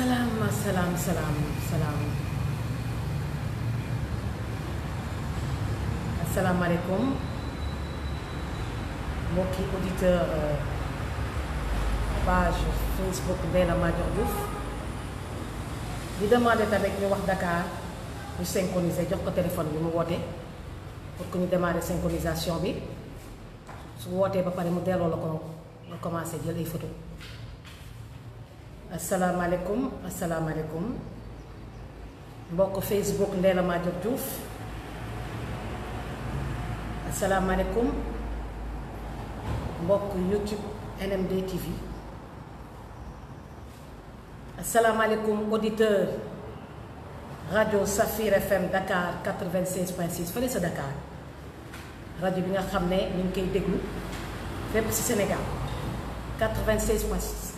salaam salaam salaam salaam asalaamaaleykum mbokki auditeur euh, page Facebook Ndella Madior Diouf di demandé tamit ñu wax Dakar ñu synchroniser jox ko téléphone bi mu woote pour que ñu démarrer synchronisation bi su wootee ba pare mu delloo la ko nga commencé jël ay photo asalaamaaleykum asalaamaaleykum mbokk Facebook Ndella Madior Diouf asalaamaaleykum mbokk YouTube NMD TV asalaamaaleykum auditeur rajo Safir FM Dakar 96.6 sa Dakar rajo bi nga xam ne ñu ngi koy déglu fépp ci Sénégal 96.6.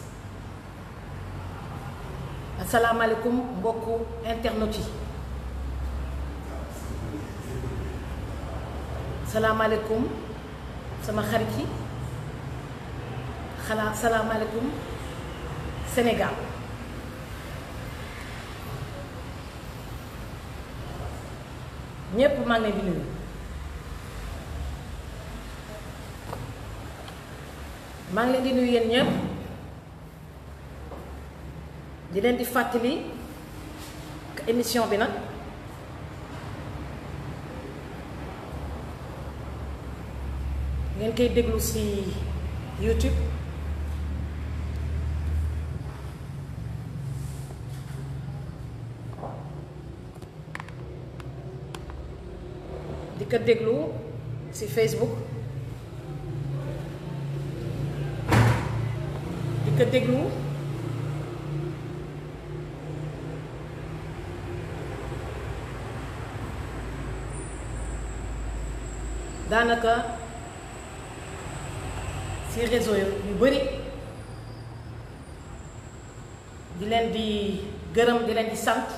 asalaamaaleykum mbokku internet yi salaamaaleykum sama xarit yi xalaa salaamaaleykum Sénégal ñépp maa ngi leen di nuyu maa ngi ñépp di leen di fàttali émission bi nag ngeen koy déglu si YouTube di ko déglu ci Facebook di ko déglu daanaka ci réseau yu bari di leen di gërëm di leen di sant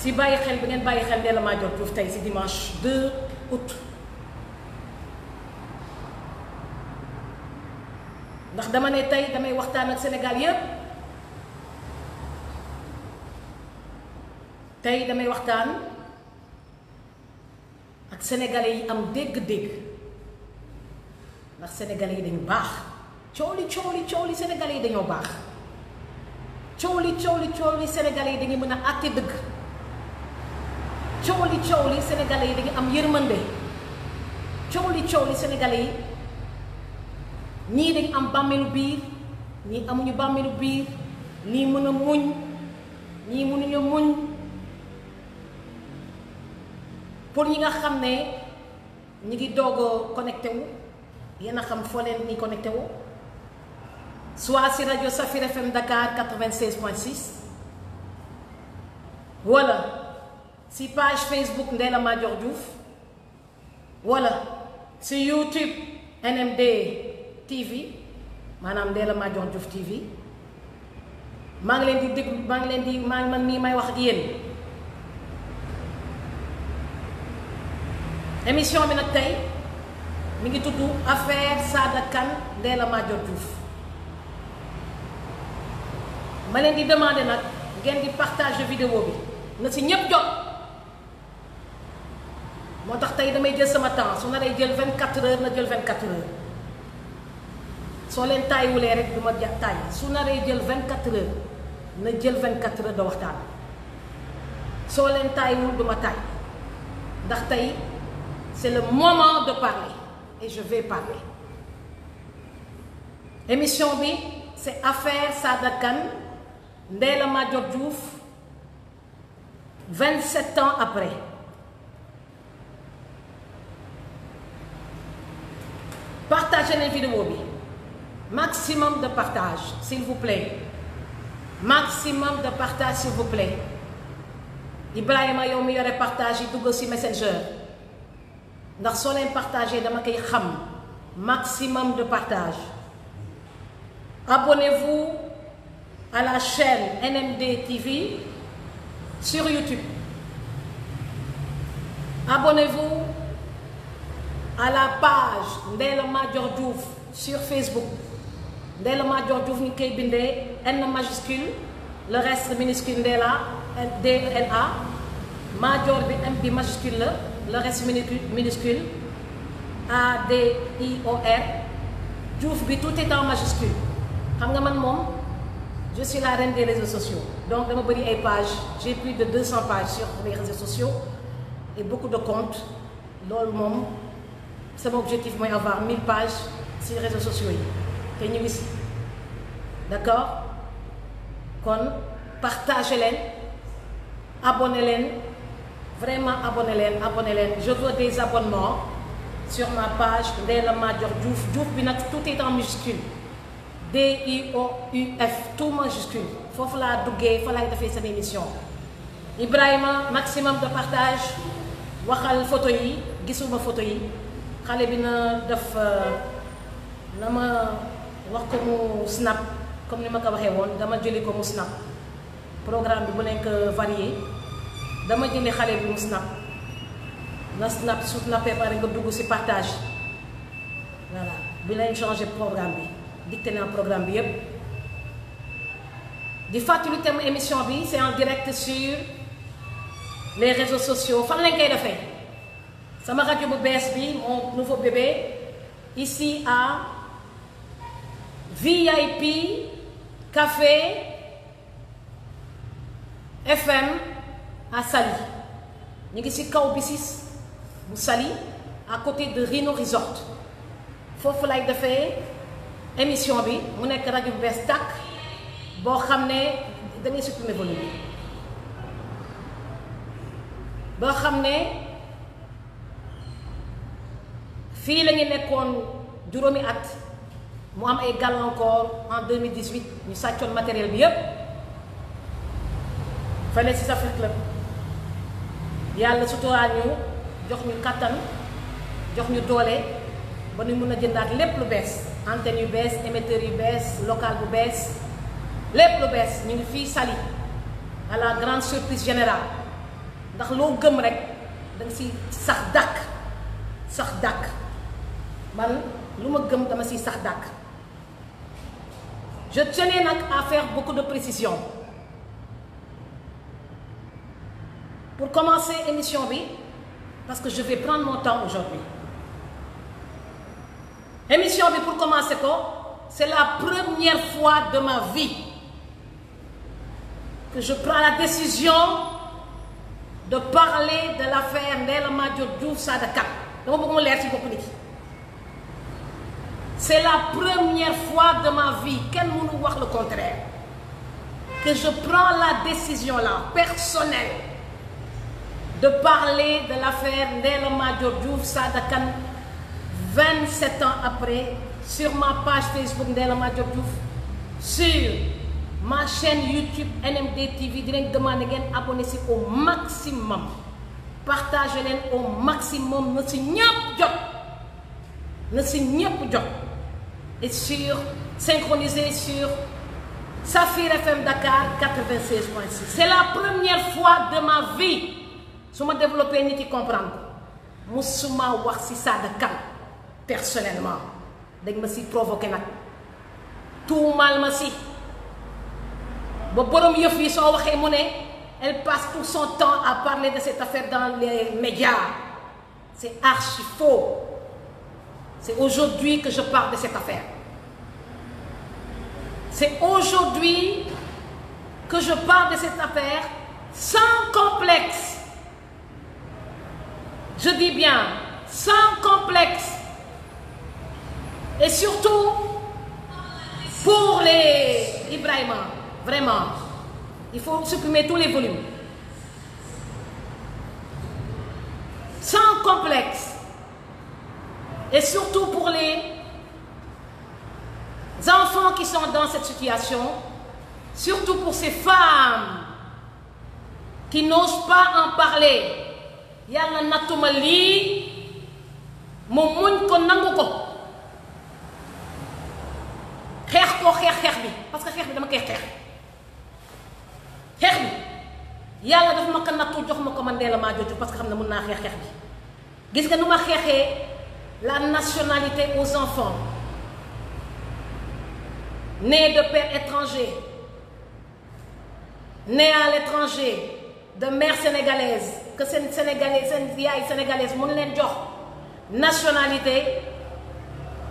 si bàyyi xel bi ngeen bàyyi xel Ndella Madior Diouf tey si dimanche 2 août ndax dama ne tey damay waxtaan ak Sénégal yépp tey damay waxtaan ak sénégalais yi am dégg-dégg ndax sénégalais yi dañu baax coow li coow li coow li sénégalais yi dañoo baax coow li coow li coow li sénégalais yi mën a àtte dëgg coow li coow li sénégalais yi dañu am yërmande coow li coow li sénégalais yi ñii dañu am bàmmeelu biir ñii amuñu bàmmeelu biir ñii mën a muñ ñii mënuñu muñ. pour ñi nga xam ne ñi ngi doog a connecté wu a xam foo leen ni connecté wu soit si rajo Safir FM Dakar 96.6 wala si page Facebook Ndella Madior Diouf wala si YouTube NMD TV maanaam Ndella Madior Diouf TV maa ngi leen di déglu maa ngi leen di maa man mii may wax ak émission bi nag tey mu ngi tudd affaire Sada Kane Ndella Madior Diouf ma leen di demander nag ngeen di partager vidéo bi na si ñépp jot moo tax tey damay jël sama temps su naree jël 24 heures na jël 24 heures soo leen tàyyiwulee rek ma tàyyi su naree jël 24 heures na jël 24 heures da waxtaan soo leen tàyyiwul du ma tàyyi ndax tey c'est le moment de parler et je vais parler émission bi c'est affaire Sada Kane Ndella Madior Diouf 27 ans après partagez leen vidéo bi maximum de partage s'il vous plaît maximum de partage s'il vous plaît Ibrahima yow mi yore partage yi dugg ci messenger ndax soo leen partagé dama koy xam maximum de partage abonnez-vous à la chaîne NMD TV sur YouTube abonnez-vous à la page Ndella Madior Diouf sur Facebook Ndella Madior Diouf ñu koy bindee N majuscule le reste minuscule Ndella DLA Madior bi M bi majuscule la le reste minuscule A D I O R Diouf bi tout est en majuscule xam nga man moom je suis la reine des réseaux sociaux donc dama bëri ay page j'ai plus de 200 pages sur les réseaux sociaux et beaucoup de comptes loolu moom sama objectif mooy avoir 1000 pages sur réseaux sociaux yi te ñu ngi si d'accord kon partagez leen abonnez leen. vraiment abonné leen abonné leen je veux des abonnements sur ma page Ndella Madior Diouf Diouf bi nag tout est en majuscule D I O U F tout majuscule foofu laa duggee fa laay defee seen émission Ibrahima maximum de partage waxal photo yi gisuma photo yi xale bi na def euh, na ma wax ko mu snap comme ni ma ko waxee woon dama jëli ko mu snap programme bi bu nekk varié dama jëli xale bi mu snap na snap su nappee pare nga dugg si partage voilà bi lañ changé programme bi dicté na programme bi yépp di fàttali émission bi c'est en direct sur les réseaux sociaux fan lañ koy defee sama rajo bu bees bi mon nouveau bébé ici à VIP Café FM à Sali ñu ngi ci kaw bisis bu Sali à côté de Rhino Resort foofu lay defee émission bi mu nekk rajo bu bees tàkk boo xam ne da ngay supprimer volume bi boo xam ne fii la ñu nekkoon juróomi at mu am ay gàllankoor en 2018 ñu sàccoon matériel bi yépp fële ci Safari la yàlla suturaal ñu jox ñu kattan jox ñu doole ba ñu mën a jëndaat lépp lu bees antenne yu bees émetteur yu bees local bu bees lépp lu bees ñu ngi fii sali à la grande surprise générale ndax loo gëm rek da nga si sax dàkk sax dàkk man lu ma gëm dama siy sax dàkk je tenais nag à faire beaucoup de précision pour commencer émission bi parce que je vais prendre mon temps aujourd'hui émission bi pour commencer ko c'est la première fois de ma vie que je prends la décision de parler de l'affaire Ndella Madior Diouf Sada Kane dama bëgg mu leer ci bopp c'est la première fois de ma vie kenn mënu wax le contraire que je prends la décision là personnelle de parler de l'affaire Ndella Madior Diouf Sada Kane 27 ans après sur ma page Facebook Ndella Madior Diouf sur ma chaîne YouTube NMD TV di leen demander ngeen abonné si au maximum partagé leen au maximum na si ñëpp jot na si ñëpp jot et sur synchronisé sur Safir FM Dakar c'est la première fois de ma vie su ma développé nit yi comprendre ko musuma wax ci Sada Kane personnellement dañ ma ci provoqué nag tuumaal ma ci ba borom yëf yi soo waxee mu ne elle passe tout son temps à parler de cette affaire dans les médias c'est archi faux c'est aujourd'hui que je parle de cette affaire c'est aujourd'hui que je parle de cette affaire sans complexe je dis bien, sans complexe. Et surtout, pour les Ibrahima, vraiment, il faut supprimer tous les volumes. Sans complexe. Et surtout pour les enfants qui sont dans cette situation, surtout pour ces femmes qui n'osent pas en parler yàlla nattuma lii mu muñ ko nangu ko xeex koo xeex xeex bi parce que xeex bi dama koy xeex xeex bi yàlla dafa ma ko nattu jox ma ko man dee la maa jooju parce que xam ne mun naa xeex xeex bi gis nga nu ma xeexee la nationalité aux enfants nés de père étranger nés à l'étranger de mère sénégalaise que seen sénégalais seen yaay sénégalaise mun leen jox nationalité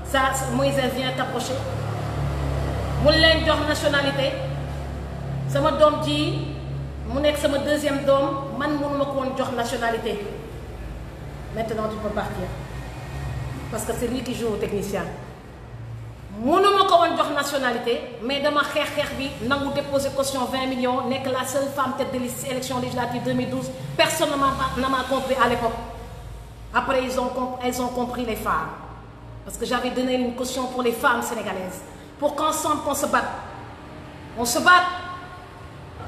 ça Moïse vient t'approcher mun leen jox nationalité sama doom ji mu nekk sama deuxième doom man mënuma ko jox nationalité maintenant tu peux partir parce que c'est lui qui joue technicien mënuma ko woon jox nationalité mais dama xeex xeex bi nangu déposé caution 20 millions nekk la seule femme tête de liste élection législative 2012 personne ne m'a compris à l'époque après ils ont elles ont compris les femmes parce que j'avais donné une caution pour les femmes sénégalaises pour qu'ensemble on se batte on se batte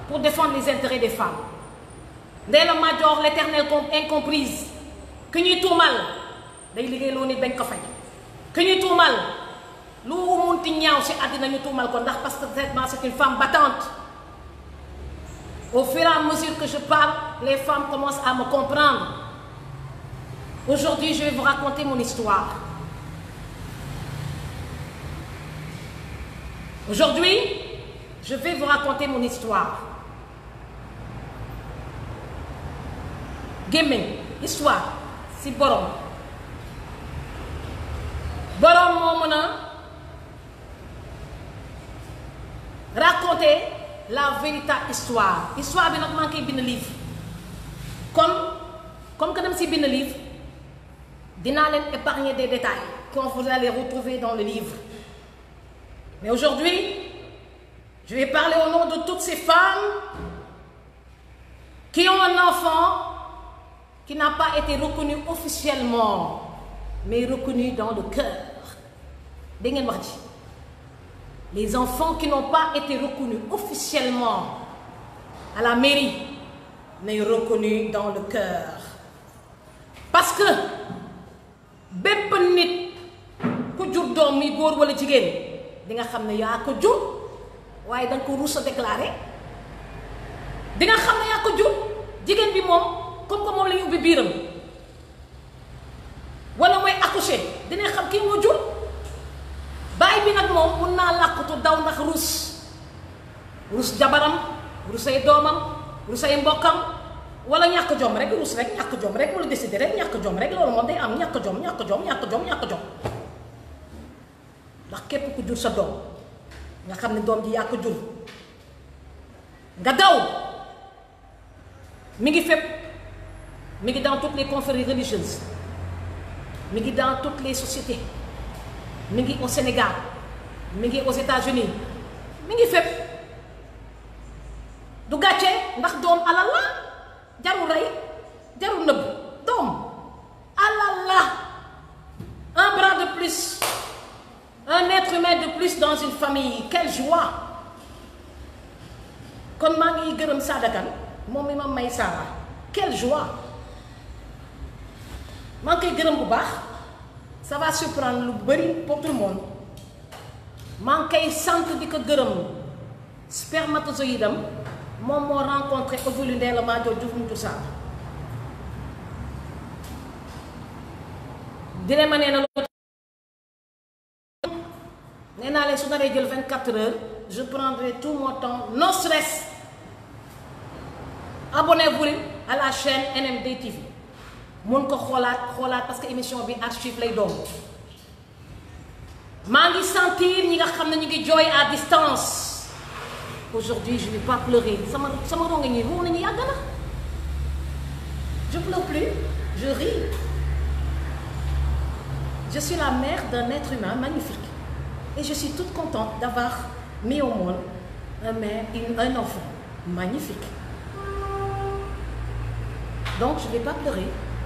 pour défendre les intérêts des femmes ndey la major l'éternelle incomprise ki ñuy tuumal day liggéey loo nit bañ ko fay ki ñuy tuumal lu munti ñaaw si àddina ñu tuumal ko ndax parce que vraiment c'est une femme battante au fur à mesure que je parle les femmes commencent à me comprendre aujourd'hui je vais vous raconter mon histoire aujourd'hui histoire gémmiñ borom borom moo mën raconter la véritable histoire histoire bi nag maa ngi koy livre kon comme que dama si bind livre dinaa leen épargner des détails qu'on vous allez retrouver dans le livre mais aujourd'hui je vais parler au nom de toutes ces femmes qui ont enfant qui n'a pas été reconnu officiellement mais reconnu dans le cœur da ngeen wax ji les enfants qui n'ont pas été reconnus officiellement à la mairie, mais reconnus dans le cœur. Parce que, bépp nit ku jur doom mi góor walla jigéen di nga xam ne yaa ko jur waaye danga ko ruus a déclaré di nga xam ne yaa ko jur jigéen bi moom comme que moom la ñu ubbi biiram walla mooy accouché dina xam kii moo jur baay bi nag moom mun naa làqutu daw ndax rus rus jabaram rusay doomam rusay mbokkam wala ñàkk jom rek rus rek ñàkk jom rek wala décider rek ñàkk jom rek loolu moom day am ñàkk jom ñàkk jom ñàkk jom ñàkk jom ndax képp ku jur sa doom nga xam ne doom ji yaa ko jur nga daw mi ngi fépp mi ngi dans toutes les confréries religieuses mi ngi dans toutes les sociétés mi ngi au Sénégal mi ngi aux États-Unis mi ngi fépp du gàcce ndax doom alal la jarul rey jarul nëbb doom alal un bras de plus un être humain de plus dans une famille quelle joie kon maa ngi gërëm Sadakan moom mi ma may Sara quelle joie maa ngi koy gërëm bu baax ça va surprendre lu bëri pour tout le monde sant di ko gërëm spermatozoïde am moom moo rencontré ovule Ndella Madior Diouf Moutou Sarr dina ma nee na loolu nee naa leen su naree jël vingt quatre heures je prendrai tout mon temps no stress abonnez-vous à la chaine chaîne NMD TV mun ko xoolaat xoolaat parce que émission bi archive lay doon maa ngi sentir ñi nga xam ne ñu ngi jooy à distance aujourd'hui je n'ai pas pleuré sama sama ronga ñi moom nañu yàgg na je pleure plus je ris je suis la mère d'un être humain magnifique et je suis toute contente d'avoir mis au monde un mère un enfant magnifique donc je ne pas pleurer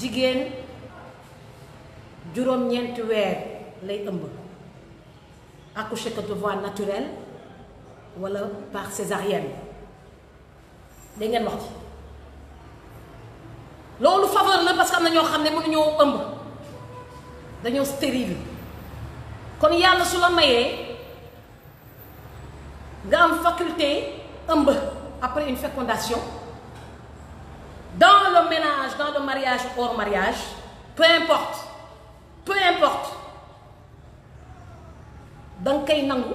jigéen juróom-ñeenti weer lay ëmb accoucher que de voie naturelle walla par césarienne da ngeen wax ci parce que am na ñoo xam ne mënuñoo ëmb dañoo stérile kon yàlla su la mayee nga am faculté ëmb après une fécondation dans le ménage dans le mariage hors mariage peu importe peu importe da koy nangu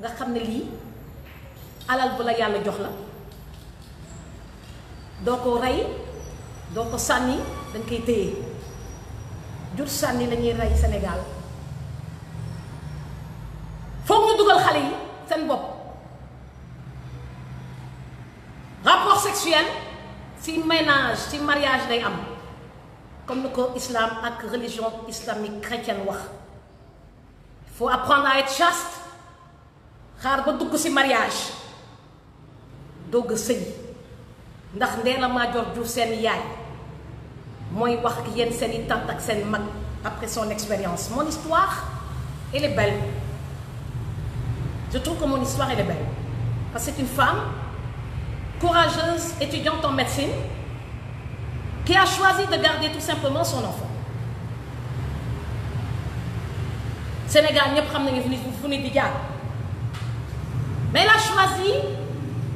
nga xam ne lii alal bu la yàlla jox la doo ko rey doo ko sànni da koy téye jur sànni la ñuy rey Sénégal foog ñu dugal xale yi seen bopp rapport sexuel ci ménage ci mariage day am comme ni ko islam ak religion islamique chrétienne wax il faut apprendre à chaste xaar ba dugg ci mariage doog a sëy ndax Ndella Madior Diouf seen yaay mooy wax ak yéen seen i tante ak seen mag après son expérience mon histoire elle est belle je que mon histoire elle est parce que une femme courageuse étudiante en médecine, qui a choisi de garder tout simplement son enfant. Sénégal ñëpp xam nañu fu nit di jaar mais elle a choisi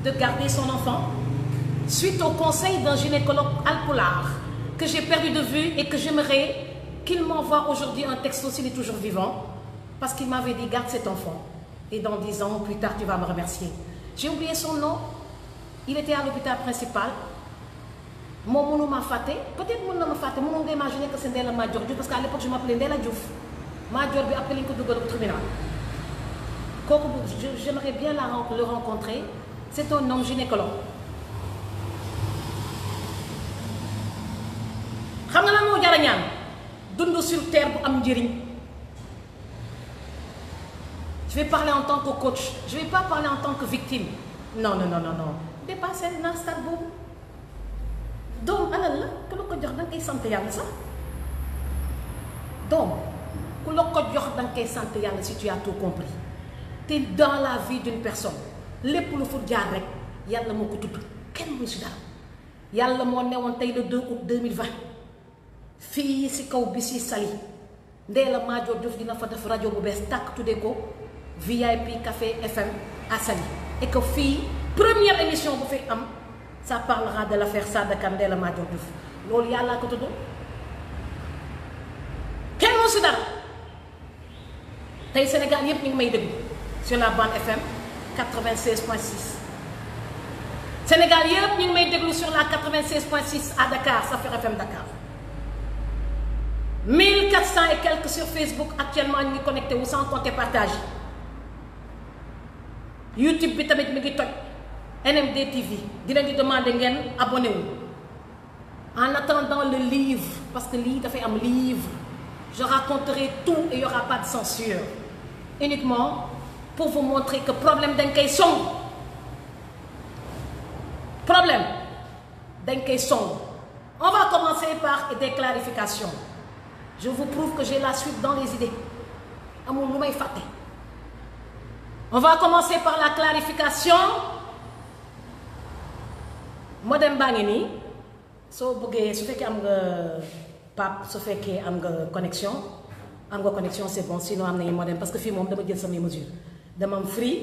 de garder son enfant suite au conseil d'un gynécologue alpulaar que j'ai perdu de vue et que j'aimerais qu'il m'envoie aujourd'hui un texto s'il est toujours vivant parce qu'il m'avait dit garde cet enfant et dans dix ans plus tard tu vas me remercier j'ai oublié son nom il était à l'hôpital principal moom mënu ma fàtte peut-être na ma fàtte mënoon nga imaginer que c'est Ndella Madior Diouf parce que à l'époque je m'appelais Ndella Diouf bi après li ñu ko dugal au tribunal kooku j'aimerais bien la le rencontrer c'est un homme gynécologue xam nga lan moo jar a sur terre bu am njëriñ je vais parler en tant que coach je vais parler en tant que victime non non non dépassé naa stade boobu doom alal la ku la ko jox danga sant yàlla sax doom ku la ko jox danga sant yàlla si tu compris te dans la vie d'une personne lépp lu fu jaar rek yàlla moo ko tudd kenn mënu si dara yàlla moo newoon tey le 2 août 2020 fii si kaw bi si sali ndee la Maajoor Diouf dina fa def rajo bu bees tàkk tuddee ko VIP Café FM à Saly et fii première émission bu fi am ça parlera de l'affaire Sada Kane Ndella Madior Diouf loolu yàllaa ko tuddoon kenn mosu dara tey Sénégal yépp ñu ngi may déglu sur la bande FM 96.6 Sénégal yépp ñu ngi may déglu sur la 96.6 à Dakar Safir FM Dakar 1400 et quelques sur Facebook actuellement ñu ngi connecté wu sans compter partage YouTube bi tamit mi ngi toj. NMD TV dina di demander ngeen abonné en attendant le livre parce que lii dafay am livre je raconterai tout et il y aura pas de censure uniquement pour vous montrer que problème dañ koy song problème dañ koy song on va commencer par des clarifications je vous prouve que j'ai la suite dans les idées amul lu may fàtte on va commencer par la clarification modem baa ngi nii soo bëggee su fekkee am nga pap su fekkee am nga connection am nga connexion c'est bon sinon am nañu modem parce que fii moom dama jël samay mesures dama am free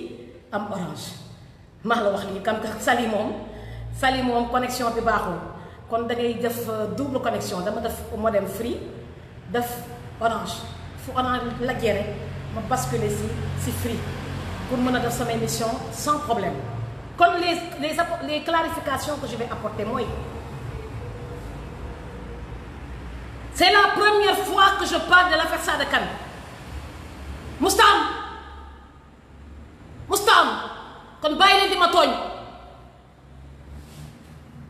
am orange maa la wax lii kam sali moom sali moom connexion bi baaxul kon da ngay def euh, double connexion dama def modem free def orange fu orange lajjee rek ma basculer si si free pour mën a def sama émission sans problème kon les les les clarifications que je vais apporter mooy c'est la première fois que je parle de l'affaire Sada Kane musta am musta am di ma tooñ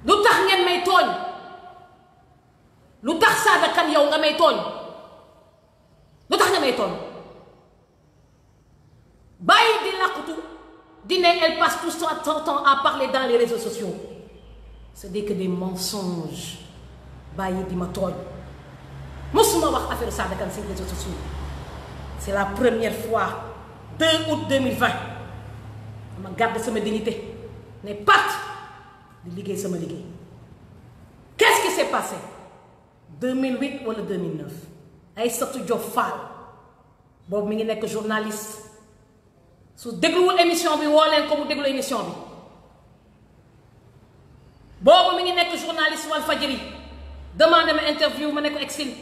lu tax ngeen may tooñ lu tax Sada Kane yow nga may tooñ lu tax nga may tooñ bàyyi di làqutu dîner, elle passe tout son temps à parler dans les réseaux sociaux. Ce n'est que des mensonges. bàyyi di ma tooñ mosuma wax affaire Sada Kane si réseaux sociaux c'est la première fois 2 août 2020 ma garde sama dignité ne pat di liggéey sama liggéey qu'est-ce qui s'est passé 2008 wala 2009 Aïssatou Diop Fall boobu mi ngi nekk journaliste su dégluwul émission bi woo leen ko mu déglu émission bi boobu mi ngi nekk journaliste wal fajiri demande ma interview ma ne ko exil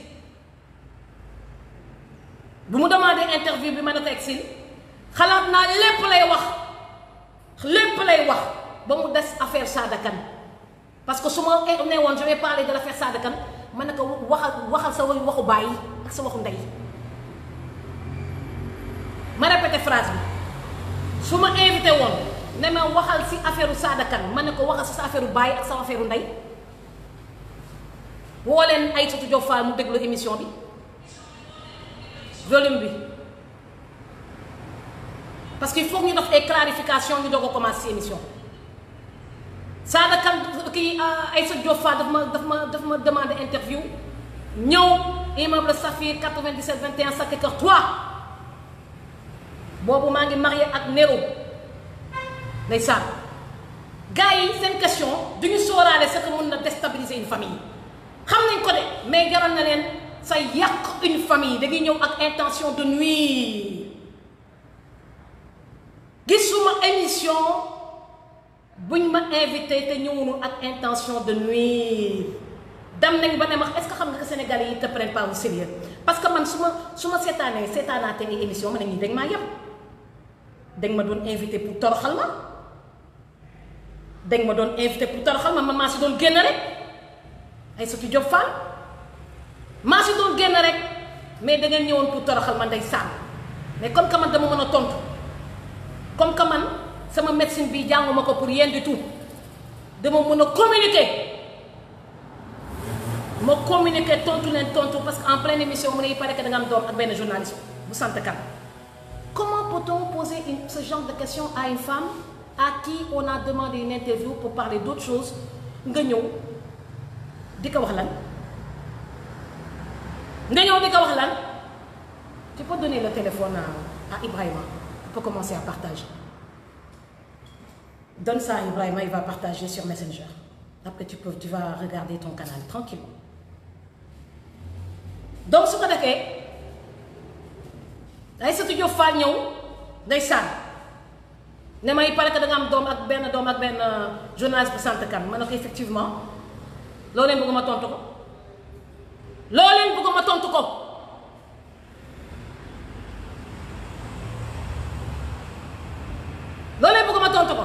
bu mu demandé interview bi ma ne ko exil xalaat naa lépp lay wax lépp lay wax ba mu des affaire Sada Kane que su ma ne woon je vais parler de l'affaire Sada Kane ma ne ko waxal waxal sa waxu bàyyi ak sa waxu ndey ma répété phrase bi su ma invité woon ne ma waxal si affaire Sada Kane ma ne ko waxal si sa affaire baay ak sa affaire ndey woo leen Aïssatou Diop Fall mu déglu émission bi volume bi parce que il faut ñu def ay clarification ñu doog a commencé émission Sada Kane kii euh, Aïssatou Diop Fall daf ma daf ma daf ma demandé interview ñëw immeuble Safir 97 21 Sacré-Cœur 3 boobu maa ngi marié ak Nero ndeysaan gars yi seen question duñu sóoraale ce que mun na déstabiliser une famille xam nañ ko de mais jaral na leen sa yàq une famille da ngay ñëw ak intention de nuire gisuma émission buñ ma invité te ñëwunu ak intention de nuire dem nañ ba ne ma est que xam nga que Sénégalais yi te prennent pas au sérieux parce que man su ma su ma seetaanee seetaanaatee ay émission ma ne dañ maa yem dañ ma doon invité pour toroxal ma dañ ma doon invité pour toroxal ma man maa si doon génn rek ay soti job faal ma si doon génn rek mais da ngeen ñëwoon pour toroxal ma ndey sànn mais comme que man dama mën a tontu comme que man sama médecine bi jànguma ko pour yéen di tout dama mën a communiquer ma communiquer tontu leen tontu parce que en pleine émission mu ne yi pare que da am doom ak benn journaliste bu sant kan Comment peut-on poser ce genre de question à une femme à qui on a demandé une interview pour parler d'autre chose nga ñëw di ko wax lan nga ñëw di ko wax lan tu peux téléphone à, à Ibrahima commencer à partager donne ça à Ibrahima va partager sur Messenger après tu peux tu vas regarder ton canal tranquillement donc su ko defee Aïssatou Diop Fall ñëw ndeysaan ne may pare que da am doom ak benn doom ak benn journaliste bu sant kan ma ne ko effectivement loo leen bëgg ma tontu ko loo leen tontu ko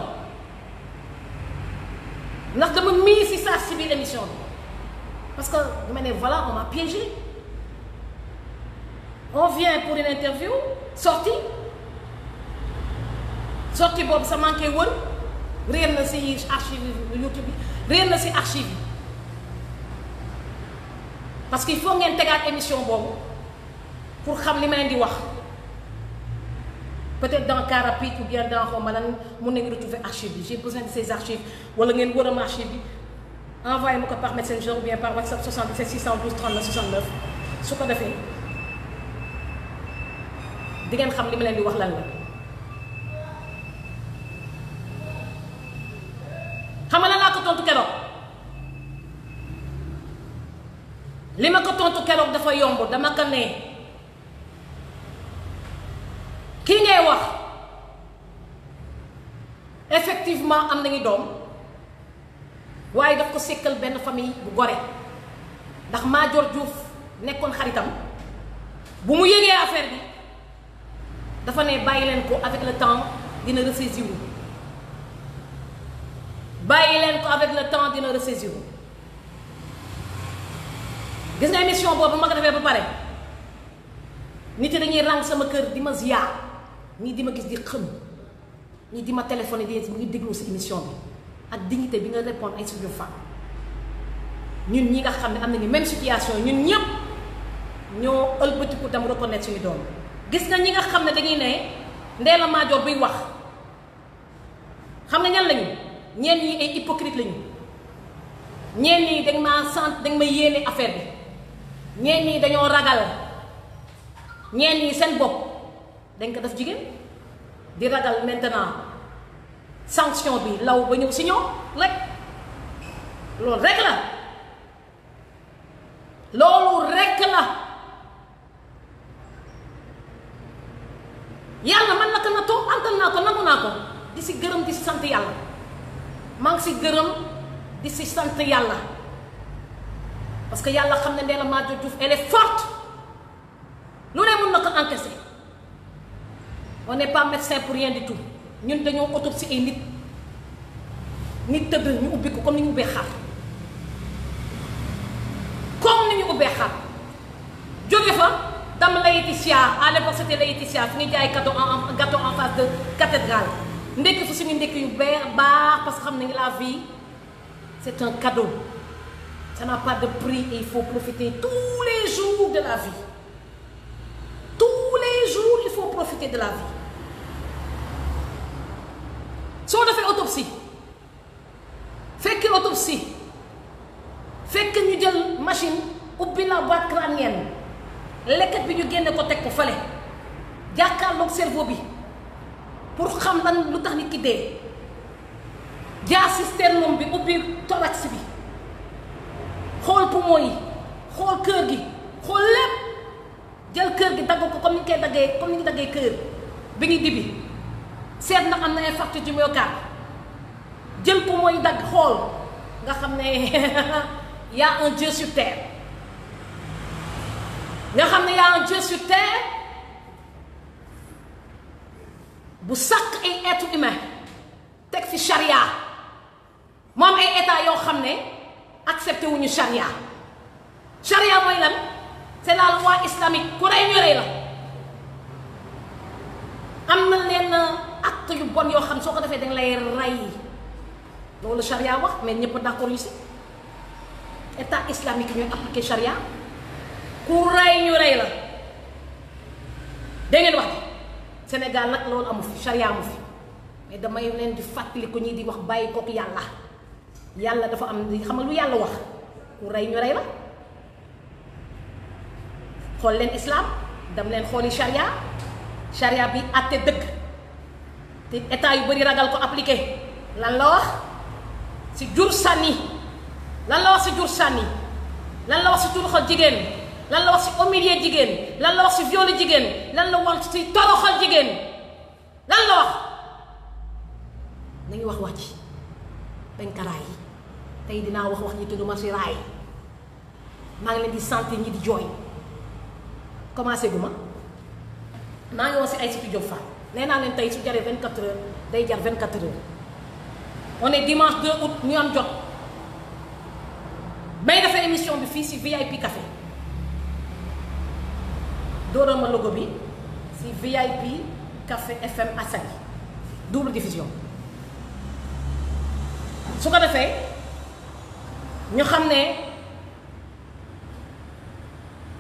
ndax dama mii si saa si biir émission bi parce que dama ne voilà on m'a piégé on vient pour une interview sorti sortie boobu sa manqué wër réer na si archive YouTube bi réer na si archive yi parce que il faut ngeen tegaat émission boobu pour xam li ma leen di wax peut-être dans cas rapide ou bien dans xaw ma lan mun nañu retrouver archive bi j'ai besoin de ces archives wala ngeen wëram archive bi envoyé ma ko par messenger ou bien par WhatsApp 77 612 39 69 su ko defee. di xam li ma leen di wax lan la xam nga lan ko tontu keroog li ma ko tontu keroog dafa yomb dama ko ne kii ngay wax effectivement am nañu doom waaye daf ko sekkal benn famille bu gore ndax Madior Diouf nekkoon xaritam bu mu yëgee affaire bi dafa ne bàyyi leen ko avec le temps dina ressaisir wu bàyyi leen ko avec le temps dina ressaisir wu gis nga émission boobu ma ko defee ba pare nit yi dañuy ràng sama kër di ma ziar ñii di ma gis di xëm ñii di ma téléphoné di mu ngi déglu si émission bi ak dignité bi nga répondre ay suñu femme ñun ñi nga xam ne am nañu même situation ñun ñëpp ñoo ëlbatiku tam reconnaître suñu doom gis nga ñi nga xam ne dañuy ne Ndella Madior buy wax xam nga ñan lañu ñeen ñi ay hypocrite lañu ñeen ñi dañ maa sant dañ ma yéene affaire bi ñeen ñi dañoo ragal ñeen yi seen bopp dañ ko def jigéen di ragal maintenant sanction bi law ba ñëw si ñoom rek loolu rek la yàlla man naka na too antal naa ko nangu naa ko di si gërëm di si sant yàlla maa si gërëm di si sant yàlla parce que yàlla xam ne Ndella Madior Diouf elle est lu ne mën na ko encaisser on n'est pas médecin pour rien du tout ñun dañoo autopsie ay nit nit tëdd ñu ubbi ko comme ni ñu ubbee xar comme ni ñu ubbee xar jóge fa dama Laetitia à l'époque c'était Laetitia fu ñuy jaay gâteau en gâteau en face de cathédrale ndekki fu suñu ndekki yu beex baax parce que xam nañu la vie c'est un cadeau ça n'a pas de prix et il faut profiter tous les jours de la vie tous les jours il faut profiter de la vie soo defee autopsie fekk autopsie fekk ñu jël machine ubbi la boîte crânienne lekkat bi ñu génne ko teg ko fale jàkkaarloog cerveau bi pour xam lan lu tax nit ki dee jaar système bi ubbi thorax bi xool poumon yi xool kër gi xool lépp jël kër gi dagg ko comme ni ñu daggee comme ni daggee kër bi ñu dibi seet ndax am na infarctus du myocarde jël poumon yi dagg xool nga xam ne y a un Dieu nga xam ne y a un Dieu sur terre bu sàkk ay être humain teg fi charia moom ay état yoo xam ne accepté wuñu charia charia mooy lan c'est la loi islamique ku rey ñu rey la am na leen acte yu bon yoo xam soo ko defee danga lay rey loolu charia wax mais ñëpp d'accord yu si état islamique ñooy appliqué charia ku rey ñu rey la da ngeen wax Sénégal nag loolu amu fi charia fi mais damay leen di fàttali ko ñii di wax bàyyi kook yàlla yàlla dafa am li xamal lu yàlla wax ku rey ñu rey la xool leen islaam dam leen xooli charia charia bi àtte dëgg te état yu bari ragal ko appliqué lan la wax si jur sànni lan la wax si jur sànni lan la wax si turu xol jigéen lan la wax si humilier jigéen lan la wax si violer jigéen lan la wax si toroxal jigéen lan la wax nañu wax wax ci dañ ko raay tey dinaa wax wax ñi te duma si raay maa ngi leen di sentir ñi di jooy commencé gu ma maa ngi woon si Aïssatou Diop Fall nee naa leen tey su jaree 24 heures day jar 24 heures moo ne dimanche 2 août ñu am jot may defee émission bi fii si VIP Café dóoral ma logo bi si VIP Café FM Assali double diffusion su ko defee ñu xam ne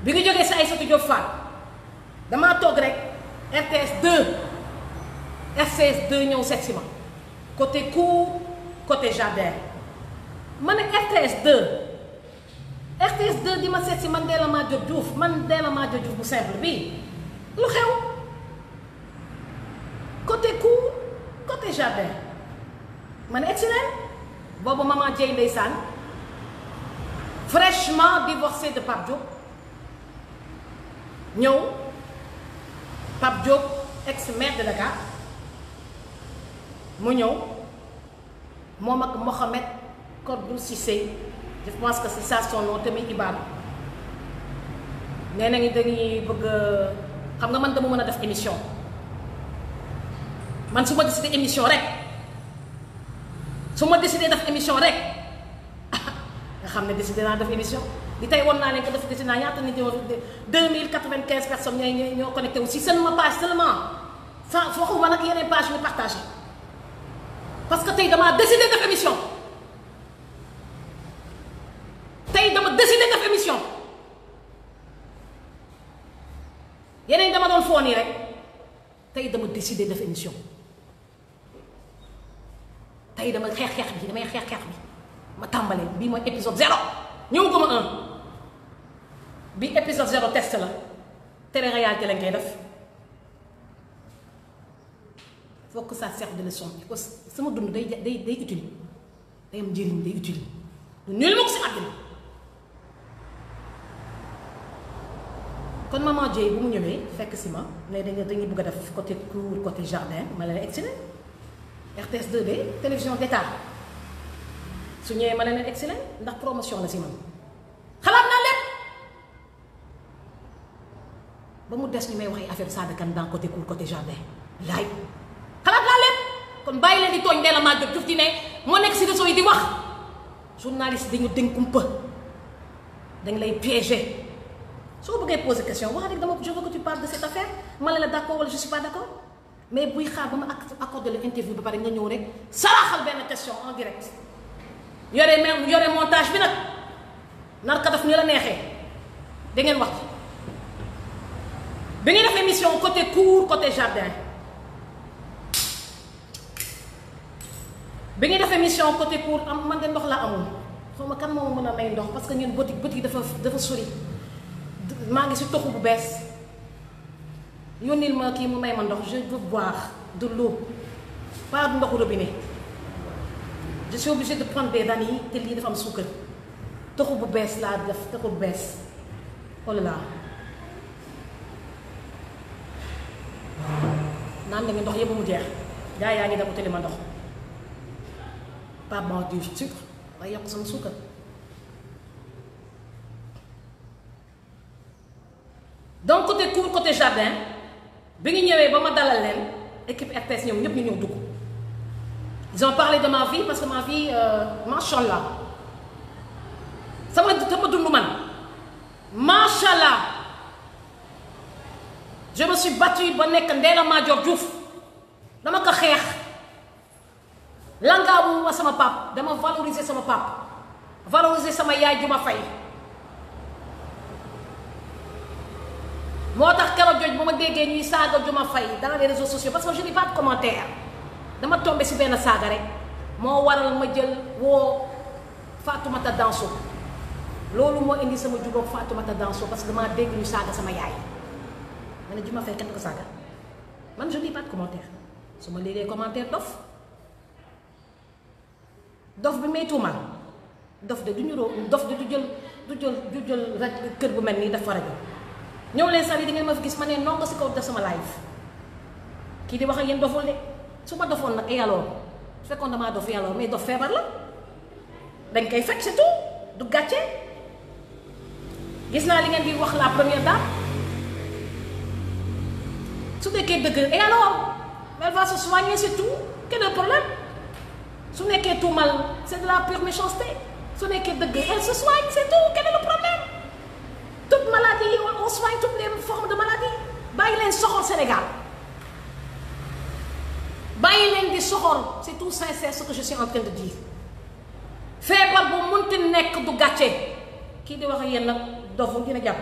bi nga jógee si Aïssatou Diop Fall damaa toog rek RTS 2 RTS ñëw seet ma côté cour côté jardin ma ne RTS 2 RTS 2 di ma seet si man Ndella Madior Diouf man Ndella Madior Diouf bu simple bii lu xew côté cour côté jardin man egsi leen boobu maman Dieye ndeysaan fraîchement divorcée de Pape Diop ñëw Pape Diop ex maire de Dakar mu ñëw moom ak Mohamed Kordou Cissé je pense que c'est ça son nom tamit Ibaadu nee nañu dañuy bëgg xam nga man dama mën a def émission man su ma décidé émission rek su ma décidé def émision rek nga xam ne décidé naa def émission li tey woon naa leen ko def décidé naa ñaata nit ñoo deux mille quatre-vingt-quinze personnes ñooy ñoo connecté wu si seen ma page seulement sans waxuma nag yeneen page ñu partagé parce que tey damaa décidé def émission. tey dama décidé def émission yeneen dama doon foon yi rek tey dama décidé daf émission tey dama xeex xeex bi damay xeex xeex bi ma tàmbalee bii mooy épisode zéro ñëw ko ma un bi épisode zéro test la tere réalité lañ koy def faut que ça serve de leçon il faut sama dund day day day utile day am njëriñ day utile lu ma ko si àddina kon maman Dieye bu mu ñëwee fekk si ma ne dañu dañuy bëgg a def côté cour côté jardin ma leen excellé RTS 2D télévision d'État su ñëwee ma leen excellé ndax promotion la si man xalaat naa lépp ba mu des ñu may waxee affaire Sada Kane dans côté cour côté jardin laay xalaat naa lépp kon bàyyi leen di tooñ dee la maa jot duf ne moo nekk si réseau yi di wax journaliste dañu dénkumpa dañ lay piéger soo bëggee poser question wax rek dama je veux que tu parles de cette affaire ma ne la d'accord wala je suis pas d'accord mais buy xaar ba ma accordé le interview ba pare nga ñëw rek saraxal benn question en direct yore même yore montage bi nag nar daf def ñu la neexee da ngeen wax bi ngeen def émission côté cour côté jardin bi ngeen def émission côté cour am man de ndox laa amul xaw ma kan moo ma mën a may ndox parce que ñun boutique boutique dafa dafa sori. maa ngi si toxu bu bees yónnil ma kii mu may ma ndox bu veux boire de l'eau pas du ndoxu robinet je suis obligée de prendre des dani te lii dafa am suukar toxu bu bees laa def toxu bu bees oh là là naan nañu ndox yëpp mu jeex gaa yaa ngi dem utali ma ndox pas bon du sucre waaye yokk sama suukar donc côté cour côté jardin bi ñu ñëwee ba ma dalal leen équipe RTS ñoom ñëpp ñu ñëw dugg ils ont parlé de ma vie parce que ma vie euh, macha allah sama sama dund man macha allah je me suis battue ba nekk Ndella Madior Diouf dama ko xeex langaamu ma sama pap dama valoriser sama pap valoriser sama yaay ju ma fay. moo tax keroog jooju ba ma déggee ñuy saaga ju ma fay dans les réseaux sociaux parce que je n'ai pas de commentaire dama tombé si benn saaga rek moo waral ma jël woo Fatoumata Danso loolu moo indi sama jubóog Fatoumata Danso parce que damaa dégg ñu saaga sama yaay ma ne ma fay kenn ko saaga man je n'ai su ma liiree commentaire dof dof bi may tuumal dof de du ñu roo dof de du jël du jël du jël kër bu mel nii dafa rajo ñëw leen sànni di ngeen ma fi gis ma ne non nga si kaw def sama live kii di wax ak yéen doful de su ma dofoon nag yàlla eh, fekkoon damaa dof yàlla eh, mais dof feebar la dañ koy fekk surtout du gàcce gis naa li ngeen di wax la première dame su nekkee dëgg et eh, alors elle va se su nekkee tuumal c'est de la pure su nekkee dëgg soigne c'est tout quel est problème. toute maladie yi on soigne toutes les formes de maladie bàyyi leen soxor Sénégal bàyyi leen di soxor c'est tout sincère ce que je suis en train de dire feebar bu munti nekk du gàcce kii di wax ak yéen nag dofu a jàpp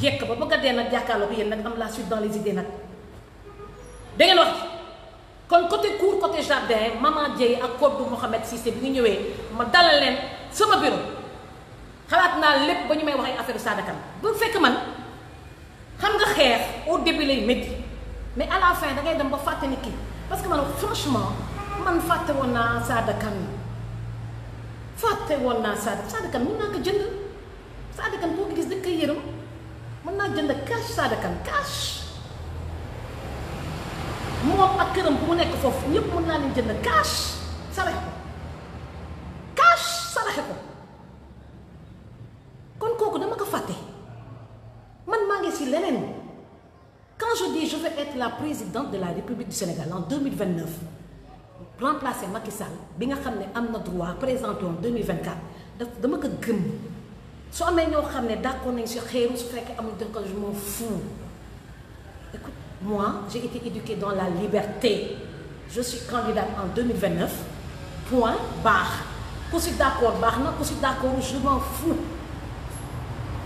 jekk ba bëgg a dee nag jàkkaarloo ko yéen nag am la suite dans les idées nag da ngeen wax kon côté cour côté jardin maman Dieye ak Kodou Mohamed Cissé bi nga ñëwee ma dalal leen sama bureau. xalaat naa lépp ba ñu may wax ay affaire Sada bu fekk man xam nga xeex au début lay métti mais à la da ngay dem ba fàtte ni kii parce que man franchement man fàtte woon naa Sada fàtte woon naa Sada Sada Kane naa ko jënd Sada boo gis dañ koy yërëm naa jënd cash Sada Kane moom ak këram bu mu nekk foofu ñëpp mën naa leen jënd cash saraxe ko cash saraxe ko. kon kooku dama ko fàtte man maa ngi si leneen quand je dis je veux être la présidente de la République du Sénégal en 2029 remplacer Macky bi nga xam ne am na droit présenté en 2024 daf dama ko gëm soo amee ñoo xam ne d'accord nañ si xeeru su fekkee amul dëkk je m'en fous écoute moi j'ai été éduquée dans la liberté je suis candidate en 2029 point barre ku si d'accord baax na ku si d'accord je m'en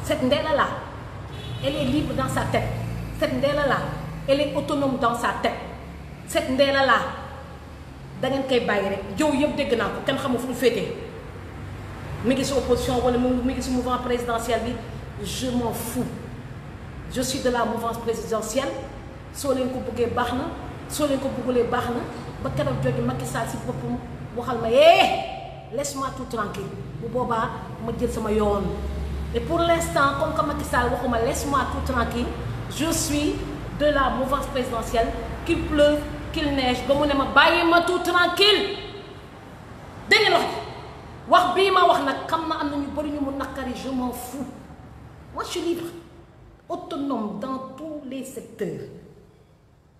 Cette Ndella-là, elle est libre dans sa tête. Cette Ndella-là, elle est autonome dans sa tête. Cette Ndella-là, koy bàyyi rek jëw yëpp dégg naa ko kenn xamul fu mu féetee mi ngi si opposition wala mi ngi si mouvement présidentiel bi je m'en fous je suis de la mouvance présidentielle soo leen ko bëggee baax na soo leen ko bëggulee baax na ba keroog jooju Macky Sall si boppam waxal ma eh laisse-moi tout tranquille bu boobaa ma jël sama yoon. et pour l'instant comme que Macky Sall waxuma laisse-moi tout tranquille je suis de la mouvance présidentielle qu'il pleuve qu'il neige ba mu ne ma bàyyi ma tout tranquille dégg nga wax bii ma wax nag xam na am na ñu bëri ñu mu naqari je m'en fous moi je suis libre autonome dans tous les secteurs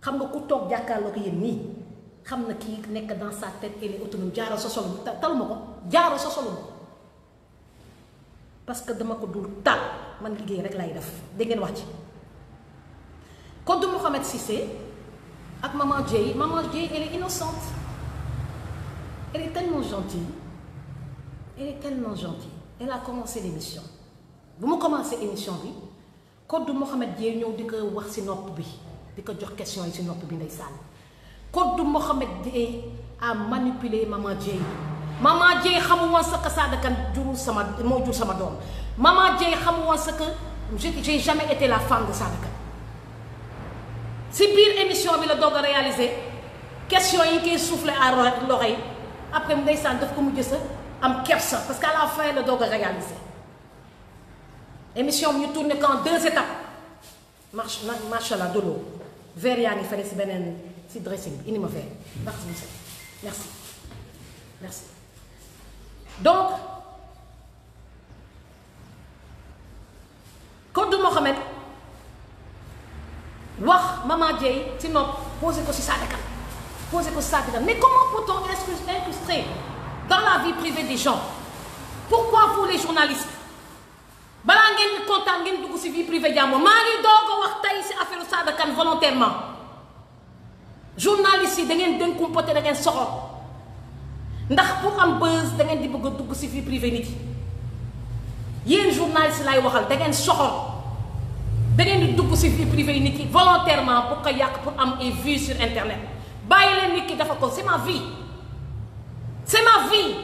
xam nga ku toog jàkkaarloo ko yéen nii xam na kii nekk dans sa tête il est autonome jaaro sa solo taluma ko jaaro sa solo parce que dama ko dul tal man liggéey rek lay def dégg ngeen wax ci contre Mohamed Cissé ak maman Dieye maman Dieye elle est innocente elle est tellement gentille elle est tellement gentille elle a commencé l'émission bu ma commencé émission bi koddu Mohamed j ñëw di ko wax ci nopp bi di ko jox question yi ci nopp bi ndeysaan koddu Mohamed Dieye a manipulé maman Dieye maman Dieye xamu sa que Sada Kane sama moo jur sama doom maman Dieye xamu sa que j'ai jamais été la femme de Sada si biir émission bi la doog a réaliser question yi koy souffler à l'oreille après ndeysaan daf ko mujj sa am kersa parce que à la fin la doog a émission bi ñu tourné qu'en deux étapes marche nag macha allah doloo yaa ngi fële si beneen si dressing bi indi ma verre ndax merci merci. donc Koddu Mohamed wax Maman Dieye ci nopp posé ko ci saadakam posé ko ci saadakam mais comment peut-on incrusté dans la vie privée des gens pourquoi pour les balaa ngeen kontaan ngeen dugg ci vie privée jàmm maa ngi doog a wax tey ci affaire Sada Kane volontairement journalistes yi da ngeen dénkumpote da ngeen soxor ndax pour am buzz da ngeen di bëgg a dugg ci vie privée nit yi yéen journaliste lay waxal da ngeen soxor da ngeen di dugg ci vie privée nit yi volontairement pour ko yàq pour am ay vues sur internet bàyyi leen nit ki dafa ko c'est ma vie c'est ma vie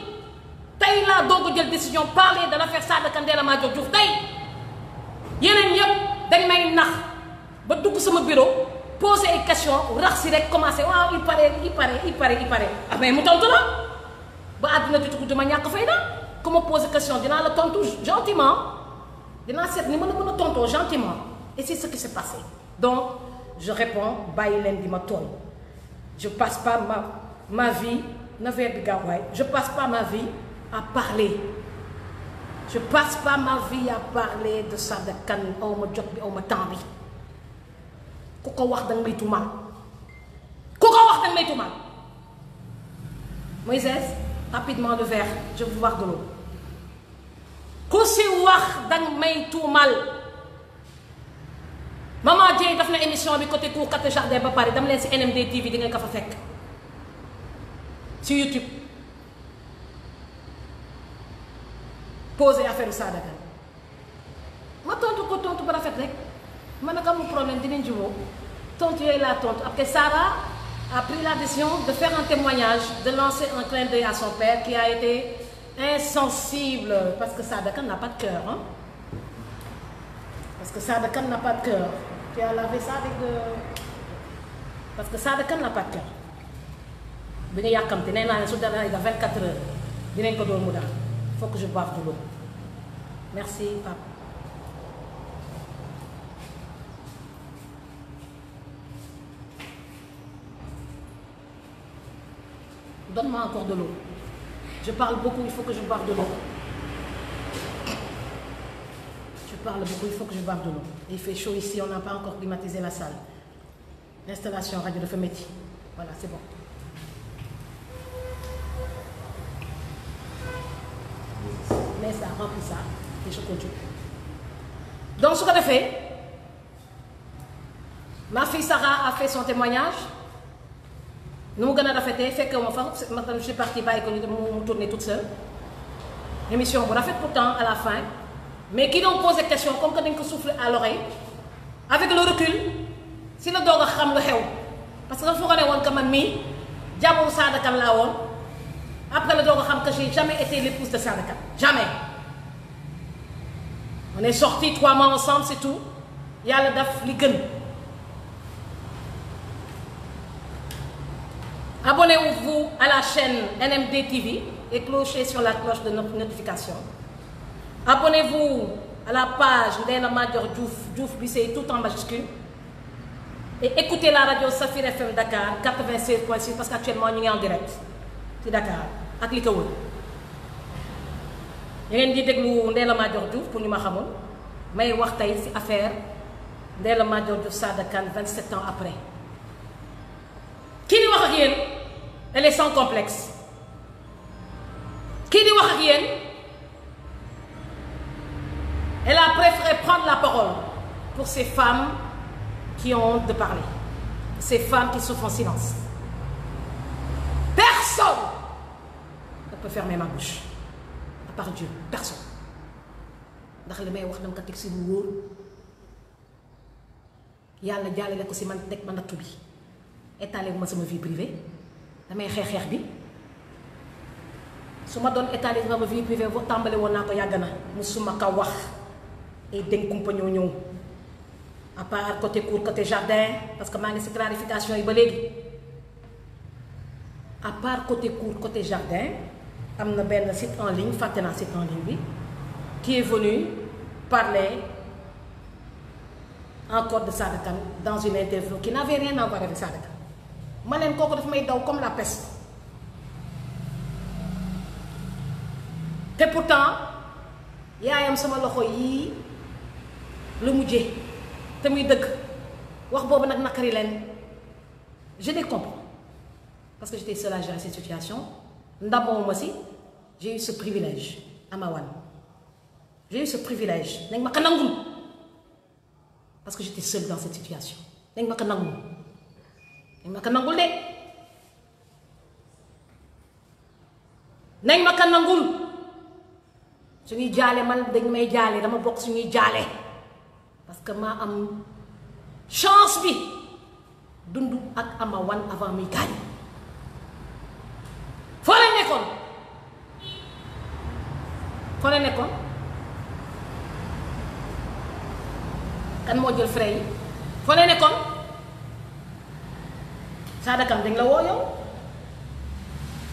tey laa doog a jël décision parler de l'affaire Sada Kandela Madior Diouf tey yeneen yëpp dañ may nax ba dugg sama bureau poser ay question rax si rek commencer waaw il paraît il paraît il paraît il paraît ah mais mu tontu la. ba àddina di tukku dama ñàkk fay na ku ma question dinaa la tontu gentiment dinaa seet ni mën a mën a tontoo gentiment et c'est ce qui s'est passé donc je réponds bàyyi leen di ma tooñ je passe pas ma vie na bi gaawaay je passe pas ma vie à parler je passe pas ma vie à parler de Sada Kane aw ma jot bi aw ma temps bi ku ko wax danga may tuumaal ku ko wax danga may tuumaal rapidement le verre je vais vous wax de ku si wax danga may tuumal maman Dieng daf na émission bi côté cour quatre jardin ba pare dama leen si NMD TV di nga ko fa fekk si YouTube posé affaire Sadakan ma tontu ko tontu ba rafet rek man ka amul problème dinañ jubóo tontu yooyu laa tontu après Sara. a pris la décision de faire un témoignage, de lancer un clin d'œil à son père qui a été insensible, parce que Sadakan n'a pas de cœur. Parce que Sadakan n'a pas de cœur. Tu as lavé Parce que Sadakan n'a pas de cœur. bi nga yàkkamte nee naa ne su dara ay 24 heures dinañ ko doon mu daal que je boive de merci donne-moi encore de l'eau je parle beaucoup il faut que je boive de l'eau je parle beaucoup il faut que je boive de l'eau il fait chaud ici on n'a pas encore climatisé la salle l'installation rajo dafa métti voilà c'est bon mais ça remplit ça et je continue donc su ko defee ma fille a fait son témoignage nu mu gën a rafetee fekkewu ma fa ma tam je bàyyi ko ñu dem mu tourner toute seule émission bu rafet pourtant à la fin mais ki doon posé question comme que dañ ko souffler à l'oreille avec le recul si la doog a xam nga xew parce que dafa ko ne woon que man mii jàmmu Sada Kane laa woon après la doog a xam que j'ai jamais été l'épouse de Sada Kane jamais on est sortis trois mois ensemble c'est tout yàlla daf li gën Abonnez-vous à la chaîne NMD TV e clochez sur la cloche de notre notification. Abonnez-vous à la page Ndella Madior Diouf, Diouf bi c'est tout en majuscule. Et écoutez la radio Safir FM Dakar 96.6 parce qu'actuellement ñu ngi en direct ci Dakar ak li ko wër. ñu ngeen di déglu Ndella Madior Diouf pour ñu ma xamul may wax tey ci affaire Ndella Madior Diouf Sada Kane 27 ans après. kii di wax ak yéen elle est kii di wax ak yéen elle préféré prendre la parole pour ces femmes qui ont honte de parler ces femmes qui souffrent en silence personne ne peut fermer ma bouche à part Dieu personne ndax li may wax dama ko teg si lu wóor yàlla jàllale ko si man teg ma nattu bi étaler ma sama vie privée damay xeex xeex bi su ma doon étaler sama vie privée tàmbale woon naa ko yàgg na musuma kaw wax ay dénkumpa ñoo ñëw à part côté cour côté jardin parce que maa ngi si clarification yi ba léegi à part côté cour côté jardin am na benn site en ligne fàtte naa site en ligne bi qui est parler encore de Sada Kane dans une interview qui n'avait rien à voir avec ma leen kooku dafa may daw comme la peste te pourtant yaayam sama loxo yii lu mujjee te muy dëgg wax boobu nag naqari leen je les comprends parce que j'étais seule à gérer cette situation ndamoo ma si j'ai eu privilège amawan j'ai eu ce privilège nañ ma ko nangul parce que j'étais seule dans cette situation nañ ma ko nangul nañ ma ko nangul de nañ ma ko nangul suñuy jaale man dañ may jaale dama bokk suñuy jaale parce que maa am chance bi dund ak Ama Wane avant muy gaañ foo leen nekkoon foo leen nekkoon kan moo jël frais yi foo leen nekkoon Sada Kane dañ la woo yow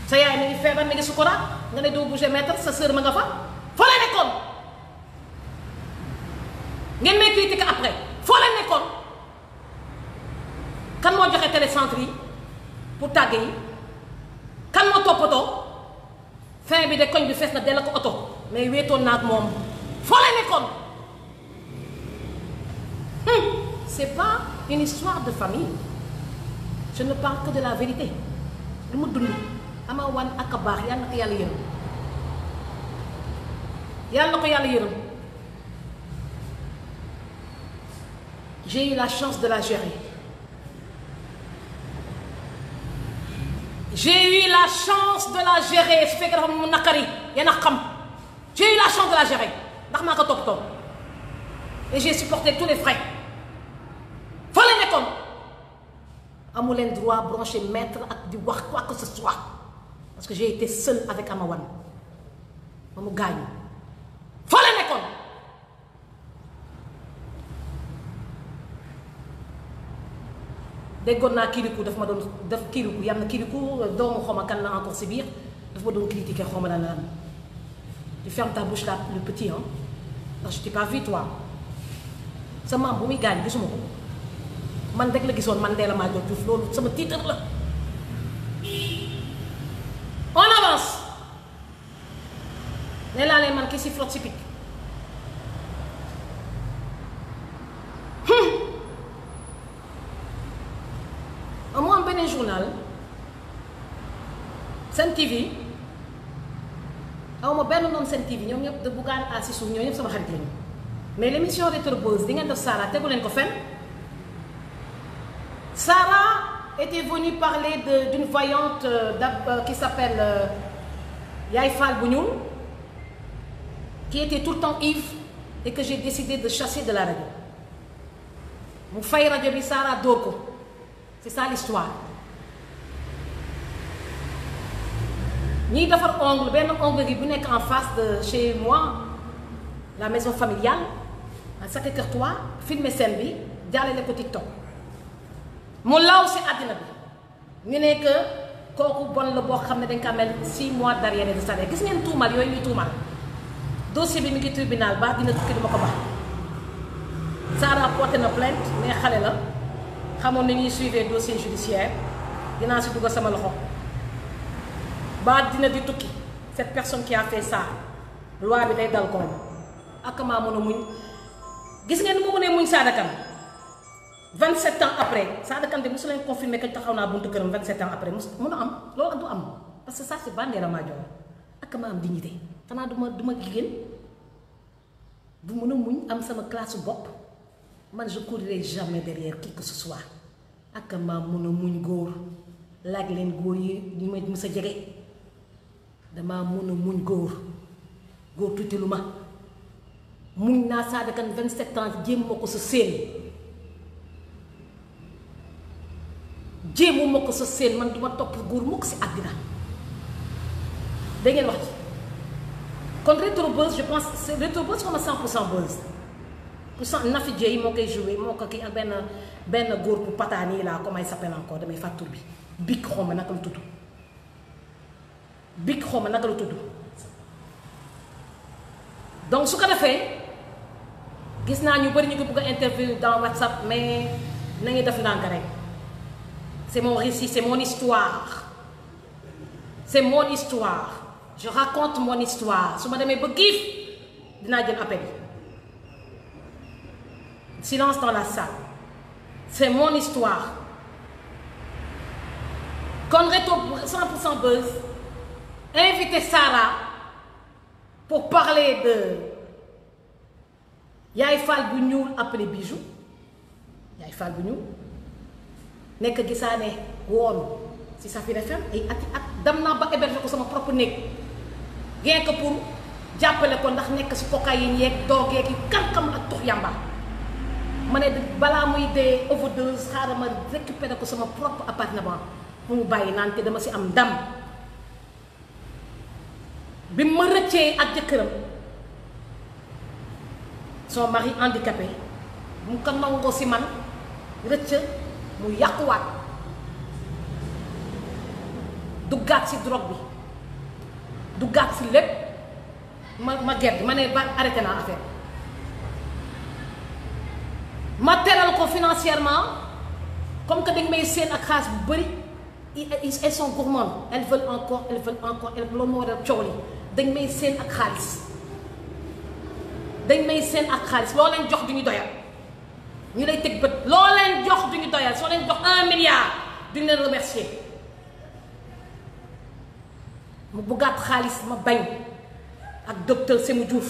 sa yaay mi ngi feebar mi ngi sukuraat nga ne doo bouger mètre sa sœur ma nga fa foo la nekkoon ngeen may ko après foo la nekkoon kan moo joxe télécentre yi pour tàgg yi kan moo toppatoo fin bi de koñ bi fees na dell ko oto mais wéetoon naa ak moom foo la nekkoon hmm, c'est pas une histoire de famille je ne parle de la vérité lu ma dund Ama Wane ak a baax yàlla na ko yàlla yërëm yàlla na ko yàlla j'ai eu la chance de la gérer j'ai eu la chance de la gérer su fekkee dafa mu naqari yéen j'ai eu la chance de la gérer ndax maa et j'ai supporté tous les frais fa la amu leen droit branché maître ak di wax quoi que ce soit parce que j'ai été seul avec Amawan ba mu gaañu fa la nekkoon déggoon naa kiriku daf ma doon daf kiriku yam na doomu xoma kan la encore si biir daf ma doon critiquer xoma la lan tu fermes ta bouche là le petit hein ndax je t'ai pas vu toi sa bu muy gaañ gisuma ko man rek la gisoon man Ndella Madior loolu sama titre la on avance ne laa leen man ki si frotte si picc mu am beneen journal Sen TV aw ma benn noonu Sen TV ñoom ñëpp de Bougane à si suuf ñoo ñëpp sama xarit lañu mais l' émission Rétro Buzz di ngeen def saara tegu leen ko fenn Sarah était venue parler d'une voyante euh, euh, qui s'appelle euh, Yaay Fall bu ñuul qui était tout le temps ivre et que j'ai décidé de chasser de la radio mu fay rajo bi Sarah dóor ko c'est ça l'histoire ñiy defar ongle benn ongle gi bu nekk en face de chez moi la maison familiale à Sacré-Cœur 3 filmé scène bi jàllale ko TikTok mu law si àddina bi ñu ne que kooku bon la boo xam ne dañ ko amel 6 mois d'arriéré de salaire gis ngeen tuumal yooyu ñuy tuumal dossier bi mi ngi tribunal baax dina tukki duma ko baax Sara porté na plainte mais xale la xamoon ni ñuy suivre dossier judiciaire dinaa si dugg sama loxo baax dina di tukki cette personne qui a fait ça bi day dal koom ak maa mën a muñ gis ngeen ni mu mënee muñ saadakan 27 ans après Sada Kanté mosu leen confirmer que taxaw naa buntu këram 27 ans après mos mën a am loolu ak du am parce que ça c'est Bandeera Madior ak ma am dignité xanaa du ma du ma jigéen bu mën a muñ am sama classe bopp man je courrai jamais derrière qui que ce soit ak a muñ góor laaj leen góor yi ñu ma mës a jege damaa mën a muñ góor góor tuuti lu ma muñ naa Sada Kanté 27 ans jéem ma ko sa séen. jéemu ma ko sa seen man duma topp góor mukk si àddina da ngeen wax ci kon rétro buzz je pense c'est rétro buzz comme 100 pour cent buzz pour cent Nafi Dieye moo koy joué moo ko kii ak benn góor bu pataani laa comme ay s'appelle encore damay fàttu bi big xaw ma naka la tudd big xaw ma naka la tudd donc su ko defee gis naa ñu bari ñu ko bëgg a interview dans WhatsApp mais na ngi def ndànk rek. C'est mon récit, c'est mon histoire. C'est mon histoire. Je raconte mon histoire. su ma demee ba giif dinaa jël appel silence dans la salle c'est mon histoire kon Reto 100% Buzz invité Sara pour parler de Yaay Fall bu ñuul appelé Bijou Yaay Fall nekk gisaane woon ci Safina FM ay at yi at dem naa ba héberger ko sama propre néeg rien que pour jàppale ko ndax nekk ci cocaïne yeeg drogue yeeg yu karkam ak tux yàmba ma ne balaa muy dee overdose xaaral ma récupéré ko sama propre appartement mu bàyyi naan te dama ci am ndam bi ma rëccee ak jëkkëram son mari handicapé mu ko nangoo ci man rëcc mu yàquwaat duggaat si drogue bi duggaat si lépp ma ma gedd ma ne ba arrêté naa affaire ma teral ko financièrement comme que dañ may seen ak xaalis bu bëri ils sont gourmandes elles veulent encore elles veulent encore elles loolu moo waral coow dañ may seen ak dañ may seen ak xaalis loo leen jox du ñu doyal ñu lay teg bët loo jox duñu doyal soo leen jox un milliard duñu leen remercier mu buggaat xaalis ma bañ ak docteur Sémou Diouf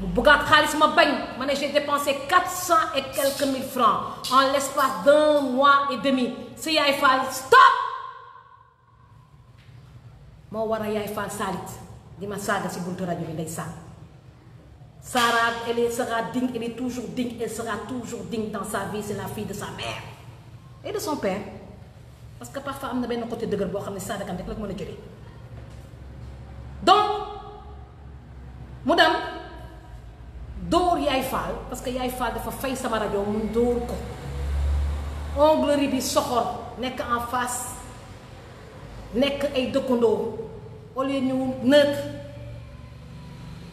mu buggaat xaalis ma bañ ma ne j'ai dépensé quatre cent et quelques mille francs en l'espace d'un mois et demi si yaay Fall stop moo war a yaay Fall saalit di ma saaga si buntu rajo bi ndeysaan Sarah, elle sera digne, elle toujours digne, elle sera toujours digne dans sa vie, c'est la fille de sa mère et de son que Parce que parfois, il y a un côté de gueule, Sadaka rek la ko mën a jëlee. Donc, mu dem dóor Yaay Fall parce que Yaay Fall dafa fay sama rajo mu dóor ko onglerie bi soxor nekk en face nekk ay dëkkandoo au lieu ñu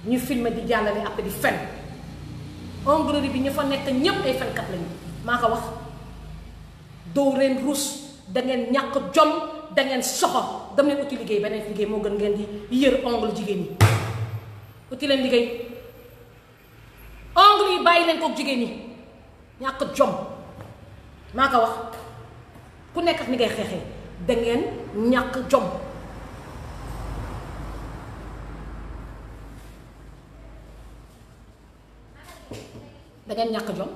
ñu filmer di jàllale après di fen Hongrie bi ñu fa nekk ñépp ay fenkat lañu maa ko wax doo leen ruus dangeen ñàkk jom dangeen soxo dam leen uti liggéey beneen liggéey moo gën ngeen di yër ongle jigéen ñi uti leen liggéey ongle yi bàyyi leen kook jigéen ñi ñàkk jom maa ko wax ku nekk ak ni ngay xeexee dangeen ñàkk jom dangeen ngeen ñàkk jom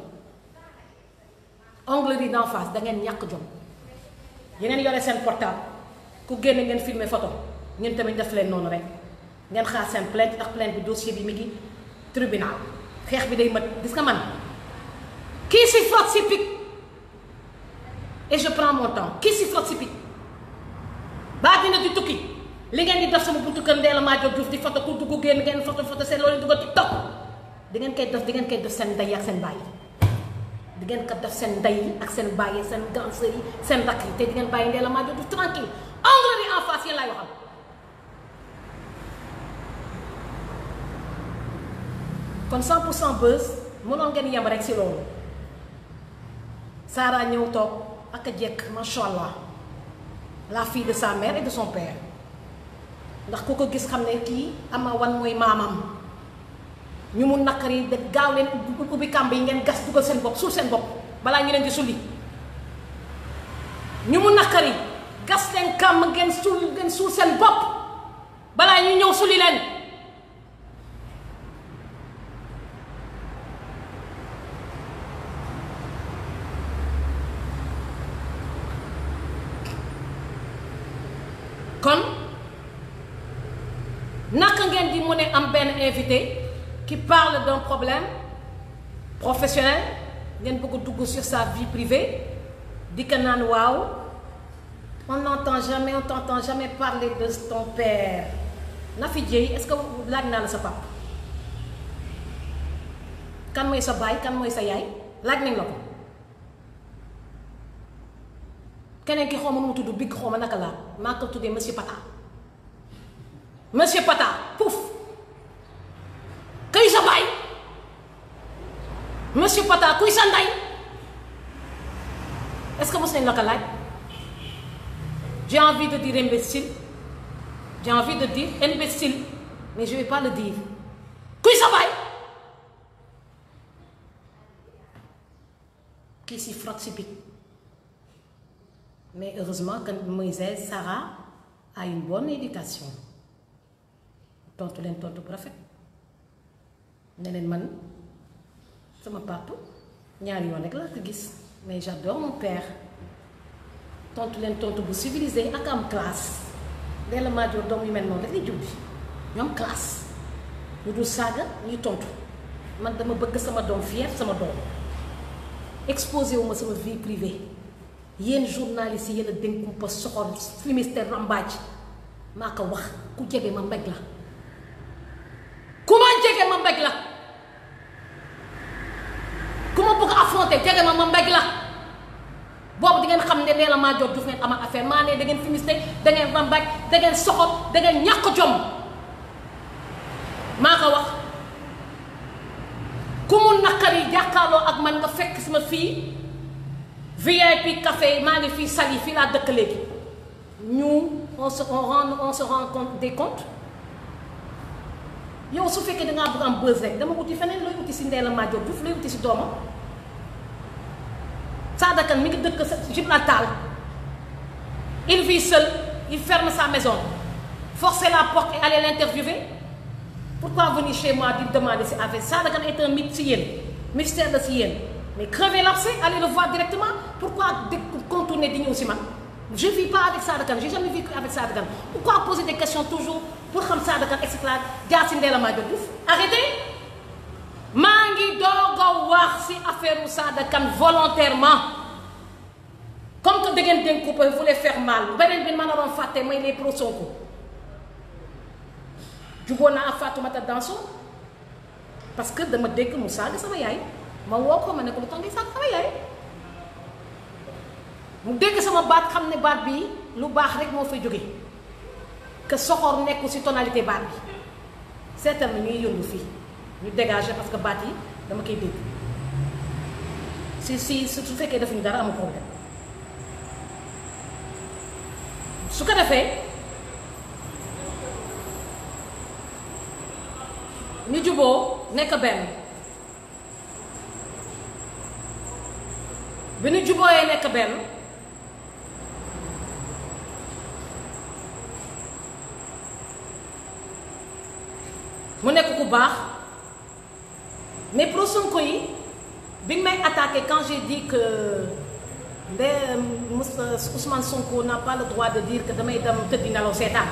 onglerie d'en face da ngeen ñàkk jom yeneen yore seen portable ku génn ngeen filmer photo ñeen tamit def leen noonu rek ngeen xaar seen plainte ndax plainte bi dossier bi mi ngi tribunal xeex bi day mat gis nga man kii si flotte si pic et je prends mon temps kii si flotte si pic baa dina di tukki li ngeen di def sama buntu kër Ndella Madior Diouf di photo ku dugg génn ngeen photo photo seen loolu dugg di topp di koy def di ngeen koy def seen ndey ak seen baay di ngeen ko def seen ndey ak seen baay seen gàncax yi seen rakk yi te di bàyyi Ndella Madior Diouf tranquille engrais en face yéen laay waxal. kon 100 pour 100 buzz mënoon yem rek si loolu Sarah ñëw toog ak a jekk macha allah la de sa mère et de son père ndax ku ko gis xam ne kii ama wan mooy maamam. ñu mu naqar yi gaaw leen ubbi kàmb yi ngeen gas dugal seen bopp suul seen bopp balaa ñu leen di sulli ñu mu naqar yi gas leen kàmb ngeen suul seen bopp balaa ñu ñëw sulli leen kon naka ngeen di mu ne am benn invité qui parle d'un problème professionnel ngeen bëgg a dugg sur sa vie privée di ko naan waaw on n'entend jamais on t'entend jamais parler de ton père Nafi Dieye est-ce laaj naa la sa papa kan mooy sa baay kan mooy sa yaay laaj nañ la ko keneen ki xaw a nu mu tudd big xaw ma naka laa maa ko tuddee monsieur Pata monsieur Pata pouf kuy sa baay monsieur Pata kuy sa ndey est-ce que mos nañ la ko laaj j'ai envie de dire imbécile j'ai envie de dire imbécile mais je vais pas le dire kuy sa baay kii si frotte si bic mais heureusement que Moïse Sarah a une bonne éducation tontu leen tontu bu rafet ne man sama papa ñaari yoon rek laa ko gis mais j'adore mon tontu leen tontu bu civilisé ak am classe dès la maa jur doom yu mel noonu rek lay jubbi ñoom classe ñu dul saaga ñuy tontu man dama bëgg sama doom fier sama doom exposé wu sama vie privée yéen journaliste yi yéen a dénkum pa soxor ministère rambaaj maa ko wax ku jege ma mbeg la jege ma mbég la ku ma bëgg affronter jege ma ma mbég la boobu di ngeen xam ne nee la maa jot du ngeen ama affaire maa ne da ngeen fumiste da ngeen rambaj da ngeen soxob ñàkk jom maa ko wax ku mu naqari jàkkaarloo ak man nga fekk sama fii VIP café maa ngi fii Saly fii laa dëkk léegi ñu on se on rend on se rend compte des comptes yow su fekkee dangaa bëgg am bës rek dama uti feneen looy uti si Ndella Madior Diouf looy uti si doomam Sada Kane mi ngi dëkk sa Jules Natal il vit seul il ferme sa maison forcer la porte et aller l'interviewer pourquoi venir chez moi di demander si affaire Sada Kane est un mythe si yéen mystère la si yéen mais crever l'abcès aller le voir directement pourquoi de contourner di ñëw si man je vis pas avec Sada Kane j'ai jamais vécu avec Sada Kane pourquoi poser des questions toujours pour xam Sadakan Esclave jaar si Ndella Madior Diouf arrêté maa ngi doog wax si affaire u Sadakan volontairement comme que da dénk ko vous voulez mal beneen bi ma naroon fàtte may les pro Sonko juboo naa ak Fatoumata Danso parce que dama dégg mu saaga sama yaay ma woo ko ma ne lu tax ngay saaga sama yaay mu dégg sama baat xam ne baat bi lu baax rek moo fay jóge que soxor nekkul ci tonalité baat bi seetal na ñuy yëndu fii ñu dégager parce que baat yi dama koy dégg si si su fekkee defuñu dara amul problème su ko defee ñu juboo nekk benn bi ñu jubooyee nekk benn mu nekk ku baax mais pro Sonko yi bi ñu attaque attaqué quand j'ai dit que Ndeye Ousmane Sonko n'a pas le droit de dire que damay dem tëddi nelaw seetaan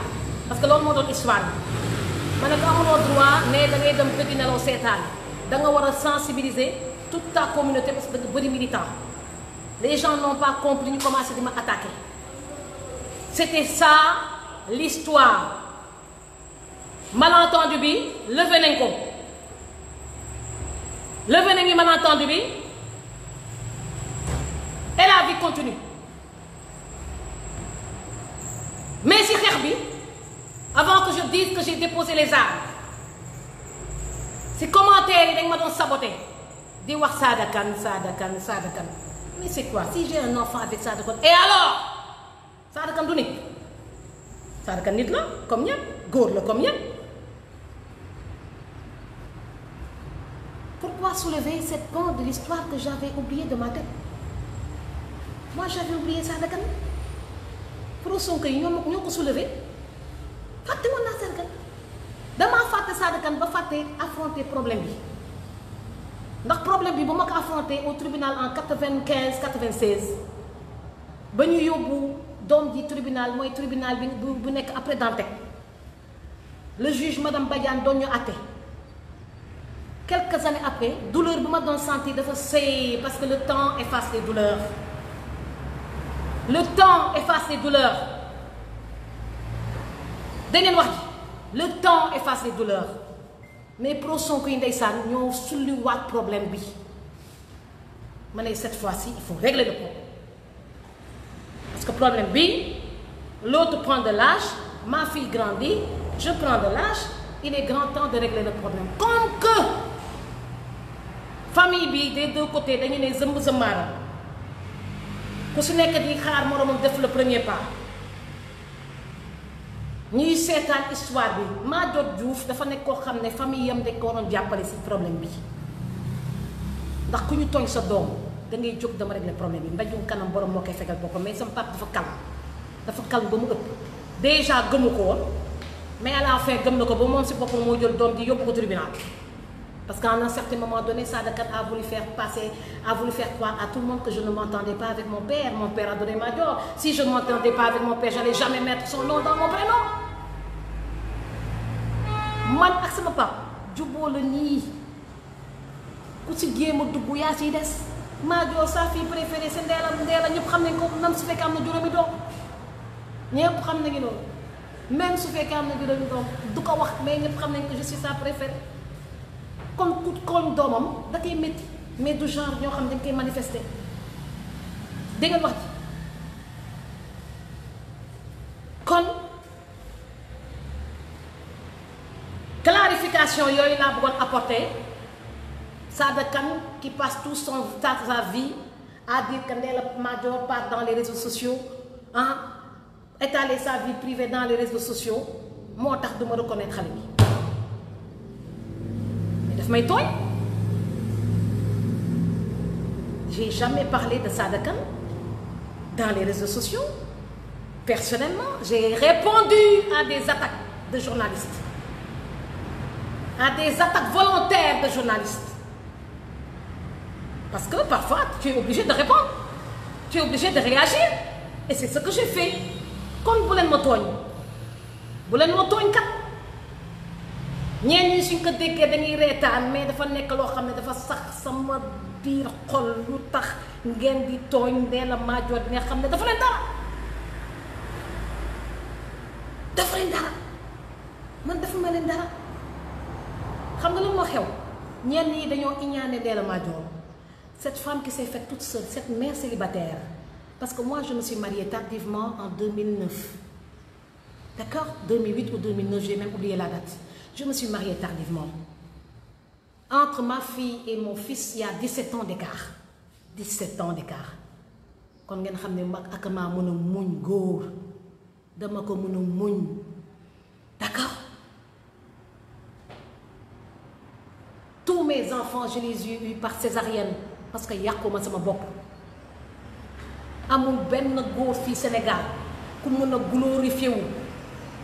parce que loolu moo doon histoire bi ma ne ko amuloo droit ne da dem tëddi nelaw seetaan danga war a sensibiliser toute ta communauté parce que da nga bëri militant les gens n'ont pas compris ñu commencé di ma attaqué c'était ça l'histoire malentendu bi levé nañ ko levé nañu malentendu bi et la vie continue mais si xeex bi avant que je dise que j'ai déposé les armes si commentaire yi dañ ma doon saboté di wax Sada Kane Sada Kane Sada Kane mais c'est quoi si j'ai un enfant avec Sada Kane alors Sada du nit Sada nit la comme ñëpp góor la comme ñëpp pourquoi soulever cette pan de l'histoire que j'avais oublié de ma tête moi j'avais oublié Sada Kane pro Sonko ko soulever fàtte woon naa Sada damaa fàtte Sada ba fàtte affronter problème bi ndax problème bi bu ma ko affronté au tribunal en quinze 95 96 ba ñu yóbbu doom ji tribunal mooy tribunal bi bu nekk après Dantec le juge madame Badiane doon ñu àtte quelques années après douleur bu ma doon sentir dafa se parce que le temps efface les douleurs le temps efface les douleurs da ngeen wax ji le temps efface les douleurs mais pro Sonko yi ndeysaan problème bi ma ne cette fois si il faut régler le problème parce que problème bi l'autre prend de l'âge ma fille grandit je pran de l'âge il est grand temps de régler le problème comme que famille bi des deux côtés dañu ne zëmb zëmbaaram ku su nekk di xaar moroomam def la premier pas ñuy seetaan histoire bi Maadoot Diouf dafa nekk koo xam ne famille yam dañ ko waroon jàppale si problème bi ndax ku ñu tooñ sa doom da ngay jóg dama régler problème yi mbajum kanam borom moo koy fegal boppam mais sama papa dafa calme dafa calme ba mu ëpp déjà gëmu ko woon mais à la fin gëm na ko ba moom si boppam moo jël doom di yóbbu ko tribunal Parce qu'à un certain moment donné, Sadakat a voulu faire passer, a voulu faire croire à tout le monde que je ne m'entendais pas mon père. Mon père a donné Major. Si je ne m'entendais pas avec mon père, je n'allais jamais mettre son nom dans mon prénom. man ak sama pap juboo la nii ku si géem a dugg yaa siy des Madior sa fille préférée sa ndee la ndee la ñëpp xam nañ ko même su fekkee am na juróomi doom ñëpp xam nañu loolu même su fekkee am na juróomi doom du ko wax mais ñëpp xam nañ ko je suis kon ku kon doomam da koy métti mais du genre ñoo xam ne dañ koy manifester dégg ngeen wax ji kon clarification yooyu laa bëggoon apporter Sada Kane qui passe tout son sa sa vie à dire que Ndella Madior part dans les réseau sociaux ah étaler sa vie privée dans les réseau sociaux moo tax du ma reconnaître xale bi daf may tooñ j'ai jamais parlé de Sada dans les réseaux sociaux personnellement j'ai répondu à des attaques de journalistes à des attaques volontaires de journalistes parce que parfois tu es obligé de répondre tu es de réagir et c'est ce que j'ai fait kon bu leen ma tooñ bu ñeen ñi suñ ko déggee dañuy reetaan mais dafa nekk loo xam ne dafa sax sama biir xol lu tax ngeen di tooñ dee la maajoor bi nga xam ne dafa leen dara dafa leen dara man dafa ma leen dara xam nga lan moo xew ñeen ñi dañoo iñaane dee la maajoor cette femme qui s'est faite toute seule cette mère célibataire parce que moi je ma suis mariée tardivement en 2009 d'accord 2008 ou 2009 j'ai même oublié la date Je me suis mariée tardivement. Entre ma fi et mon fils, il y a 17 ans d'écart. 17 ans d'écart. kon ngeen xam ne mag ak maa mën a muñ góor dama ko mën a muñ d'accord tous mes enfants je les ai eus par césarienne parce que yàquma sama bopp amul benn góor fii Sénégal ku mën a glorifier wu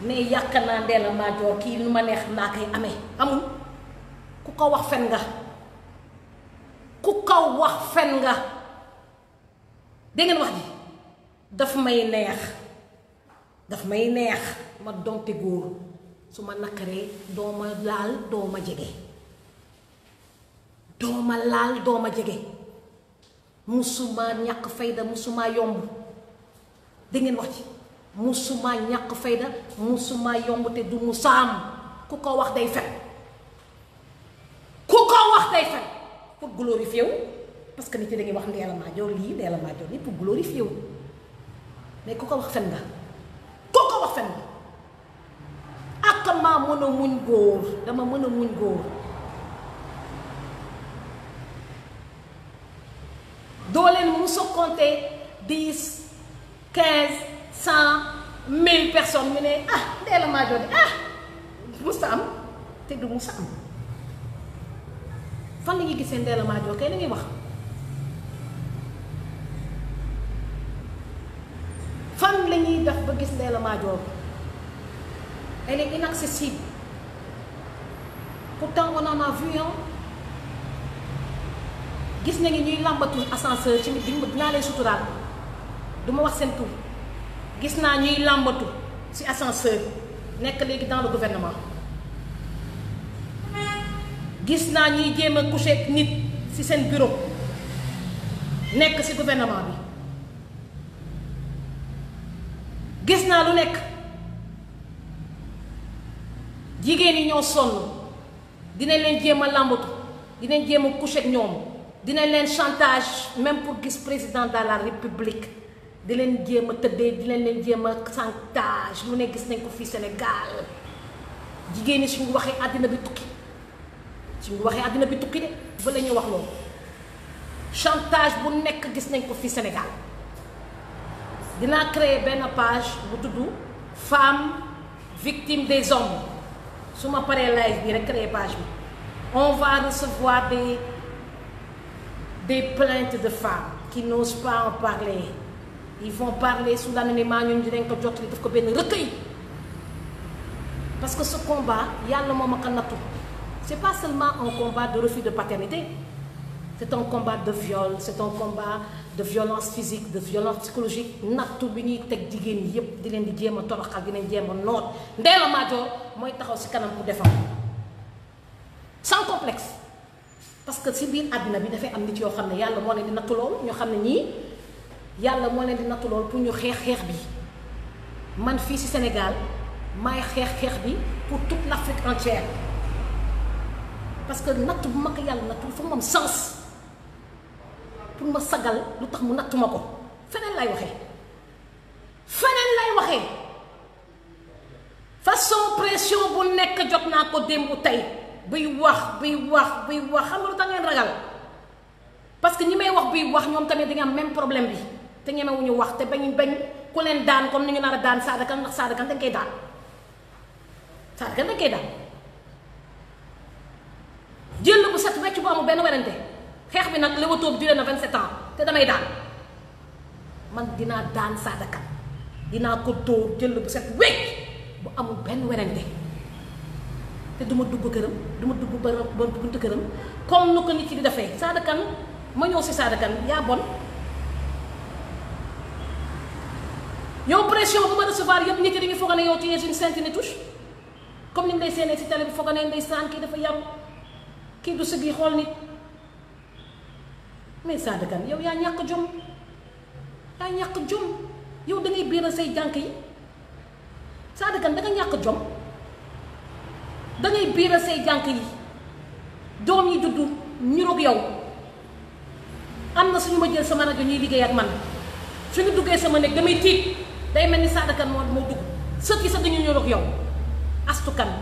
mais yaakaar naa Ndella Madior kii lu ma neex naa koy amee amul ku ko wax fen nga ku ko wax fen nga dégg ngeen wax ji daf may neex dafa may neex ma donte góor su ma nakkaree doo ma laal doo ma jege doo ma laal doo ma jege musuma ñàkk fayda musuma yomb dégg wax ji musuma ñàkk fayda musuma yomb te du musa ku ko wax day fen ku ko wax day fen pour glorifier wu parce que nit ñi dañuy wax Ndella Madior lii Ndella Madior lii pour glorifier wu mais ku ko wax fen nga ku ko wax fen nga ak maa mën a muñ góor dama mën muñ góor doo leen musa compter dix quinze cent mille personnes ñu ne ah Ndella Madior de ah mus am te du mus am fan la ñuy gisee Ndella Madior kay la wax fan la ñuy ba gis Ndella Madior elle est inaccessible pourtant on en a vu hein gis nañu ñuy làmbatul ascenseur ci dinaa leen suturaal du ma wax seen tur gis naa ñuy làmbatu ci ascenseur nekk léegi dans le gouvernement gis naa ñuy jéem a nit ci seen bureau nekk ci gouvernement bi gis naa lu nekk jigéen yi ñoo sonn dinañ leen jéem a làmbatu dinañ jéem a coucher ñoom dinañ leen chantage même pour gis président de la république di leen jéem a tëddee di leen leen jéem a chantage lu ne gis nañ ko fii Sénégal jigéen ñi suñu waxee àddina bi tukki suñu waxee àddina bi tukki de ba la ñuy wax loolu chantage bu nekk gis nañ ko fii Sénégal dinaa créer benn page bu tudd femme victime de hommes su ma paree live bi rek créer page bi on va recevoir des des plaintes de femmes qui n'osent pas en parler ils vont parler sous l'anonymat ñun dinañ ko jottali daf benn recueil parce que ce combat yàlla moo ma ko nattu c'est pas seulement un combat de refus de paternité c'est un combat de viol c'est un de violence physique de violence psychologique nattu bi ñuy teg jigéen ñi yépp di leen di jéem a toroxal di leen jéem a noot Ndella Madior mooy taxaw si kanam ku defam sans complexe parce que si biir àddina bi dafay am nit yoo xam ne yàlla moo leen di nattu loolu ñoo xam ne ñii yàlla moo leen di nattu lool pour ñu xeex xeex bi man fii ci Sénégal maay xeex xeex bi pour toute l'Afrique entière parce que natt bu ma ko yàlla natt dafa moom sens pour ma sagal lu tax mu nattu ko feneen lay waxee feneen lay waxee façon pression bu nekk jot naa ko démb tey buy wax buy wax buy wax xam nga lu tax ngeen ragal parce que ñi may wax buy wax ñoom tamit di nga am même problème bi te ñemewuñu wax te bañ bañ ku leen daan comme ni ñu nar a daan Sada Kane ndax Sada Kane dañ koy daan Sada Kane dañ koy daan jël bu set benn werante xeex bi nag li ma toog duré na 27 ans te damay daan man dinaa daan Sada Kane dinaa ko dóor jël bu set wecc bu amul benn werante te duma dugg këram du ma dugg ba buntu këram comme nu ko nit yi di defee Sada ma ñëw si Sada Kane yaa bon. yow pression bu ma recevoir yëpp nit yi dañuy yow tu es une comme ni ngay seenee si télé bi foog ne ndeysaan kii dafa yaru kii du sëgg yi xool nit mais Sada Kane yow yaa ñàkk jom yaa ñàkk jom yow da ngay biiral say jànk yi Sada Kane da nga ñàkk jom da ngay biiral doom yi dudd ñuroog yow am na suñu ma jël sama rajo ñuy liggéey ak man suñu duggee sama nekk damay tiit day mel ni Sada Kane moo moo dugg sët yi sax dañu ñëw ak yow Astou Kane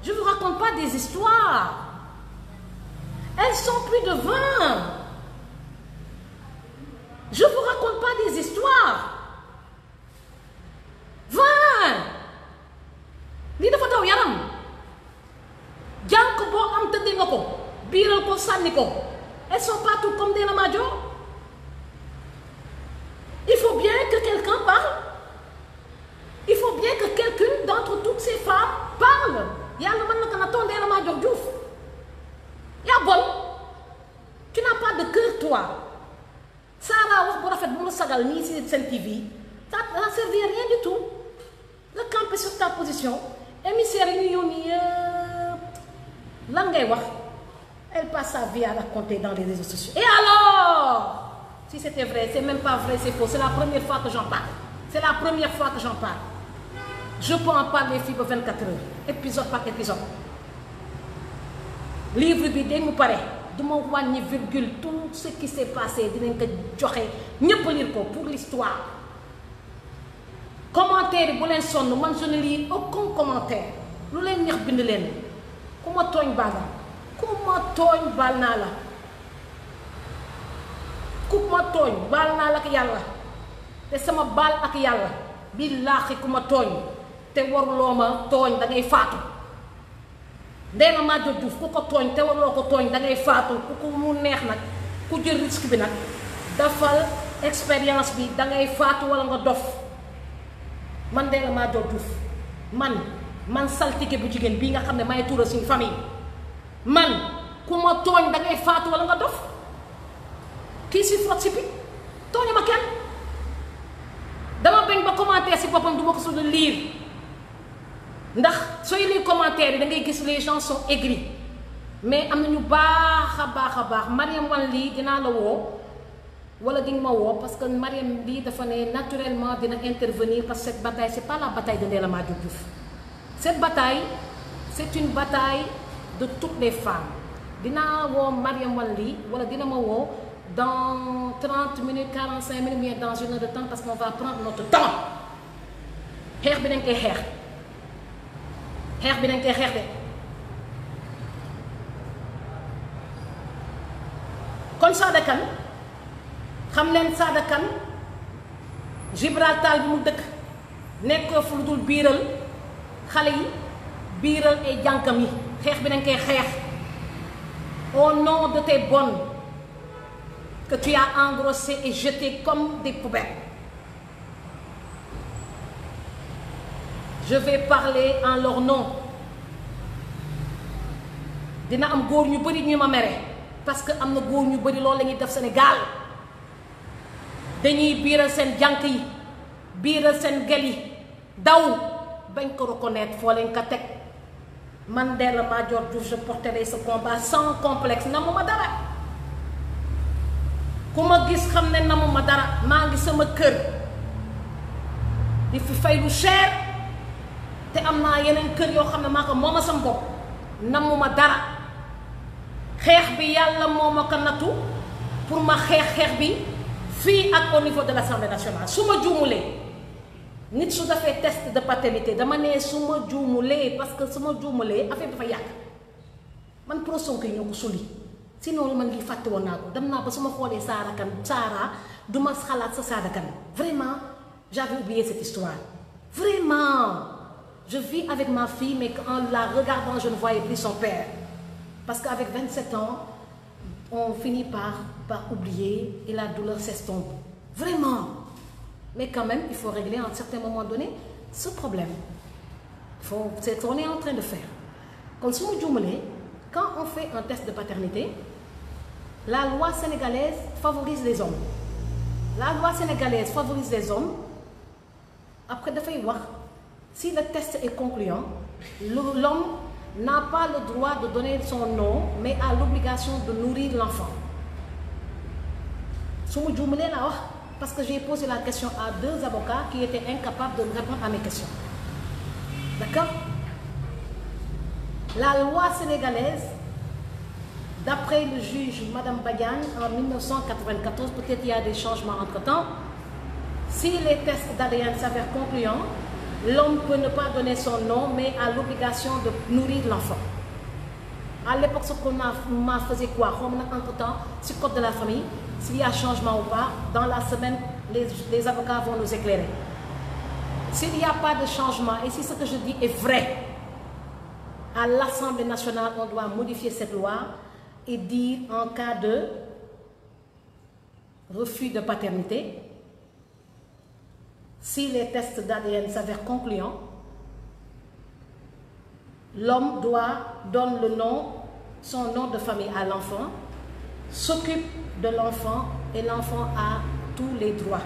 je vous raconte pas des histoires elles sont je vous raconte pas des histoires vingt lii dafa daw yaram jànk boo am tëddee nga ko biiral ko sànni ko. Elles sont partout comme des lamadio. Il faut bien que quelqu'un parle. Il faut bien que quelqu'une d'entre toutes ces femmes parle. yàlla mën na ko na tondee la maa juuf yaa bon tu pas de cœur toi Sarah wax bu rafet bu mu sagal nii si seen TV ça n'a rien du tout nga camper sur ta position émissaires yi yëpp lan ngay wax Elle passe sa vie à raconter dans les réseaux sociaux. Et alors Si c'était vrai, c'est même pas vrai, c'est faux. C'est la première fois que j'en parle. C'est la première fois que j'en parle. Je peux en parler fii ba 24 heures épisode par épisode livre bi day mu pare du ma wàññi virgule tout ce qui s'est passé dinañ ka joxe ñépp lire ko pour l'histoire commentaire yi bu leen man je ne lis commentaire lu leen neex bind leen ku ma tooñ baaga ku ma tooñ baal naa la ku ma tooñ baal naa la ak yàlla te sama baal ak yàlla billaahi ku ma tooñ te waruloo ma tooñ da ngay faatu Ndella Madior Diouf ku ko tooñ te waruloo ko tooñ dangay ngay faatu ku ko mu neex nag ku jël risque bi nag dafal expérience bi dangay faatu walla nga dof man Ndella Madior Diouf man man saltige bu jigéen bii nga xam ne may tuura suñu famille man ku ma tooñ da ngay faatu wala nga dof kii si frot si bi tooñu ma kenn dama bañ ba commentaire si boppam du ma ko suñu lire ndax sooy lire commentaire yi da ngay gis les gens sont aigris mais am na ñu baax a baax a baax Mariam wan lii dinaa la woo wala di nga ma woo parce que Mariam lii dafa ne naturellement dina intervenir parce que cette bataille c'est pas la bataille de Ndella Madior Diouf cette bataille c'est une bataille de toutes les femmes dinaa woo Mariam wala lii wala dina ma woo dans 30 minutes 45 minutes mais dans une heure de temps parce qu'on va temps xeex bi dañ koy xeex xeex bi dañ koy xeex de kon Sada xam leen Sada Kane Gibraltar bi mu dëkk nekk fu dul biiral xale yi biiral ay jànkam yi xeex bi nañ koy xeex au nom de tes bonnes que tu as engrossées comme des poubelles je vais parler en leur nom dina am góor ñu bari ñu ma mere parce que am na góor ñu bëri loolu la ñuy def Sénégal dañuy biiral seen jànq yi biiral seen gel yi daw bañ ko reconnaître foo leen ko teg man Ndella Madior Diouf je porterai sa combat sans complexe namu ma dara ku ma gis xam ne namu ma dara maa ngi sama kër di fi fay lu cher te am naa yeneen kër yoo xam ne maa ko sam sama bopp namu ma dara xeex bi yàlla moo ma ko nattu pour ma xeex xeex bi fii ak au niveau de l'Assemblée nationale su ma juumulee nit su defee test de paternité dama nee su ma juumulee parce que su ma juumulee affaire dafa yàgg man pro Sonko yi ñoo ko sulli sinon man lii fàtte woon naa ko dem naa ba su ma xoolee Saara kan Saara du ma xalaat sa Saara vraiment j'avais oublié cette histoire vraiment je vis avec ma fille mais qu'en la regardant je ne voyais plus son père parce qu'avec 27 ans on finit par par oublier et la douleur s'estompe vraiment Mais quand même, il faut régler à un certain moment donné ce problème. C'est ce qu'on est en train de faire. Quand on fait un test de paternité, la loi sénégalaise favorise les hommes. La loi sénégalaise favorise les hommes. Après, de voir si le test est concluant, l'homme n'a pas le droit de donner son nom, mais a l'obligation de nourrir l'enfant. Si je parce que j'ai posé la question à deux avocats qui étaient incapables de me répondre à mes questions. D'accord La loi sénégalaise, d'après le juge Madame Bagan en 1994, peut-être il y a des changements entre-temps, si les tests d'ADN s'avèrent concluants, l'homme peut ne pas donner son nom, mais a l'obligation de nourrir l'enfant. À l'époque, ce qu'on m'a faisait quoi Entre-temps, sur le de la famille, s'il y a changement ou pas, dans la semaine, les, les avocats vont nous éclairer. S'il n'y a pas de changement, et si ce que je dis est vrai, à l'Assemblée nationale, on doit modifier cette loi et dire en cas de refus de paternité, si les tests d'ADN s'avèrent concluants, l'homme doit donne le nom, son nom de famille à l'enfant, s'occupe de l'enfant et l'enfant a tous les droits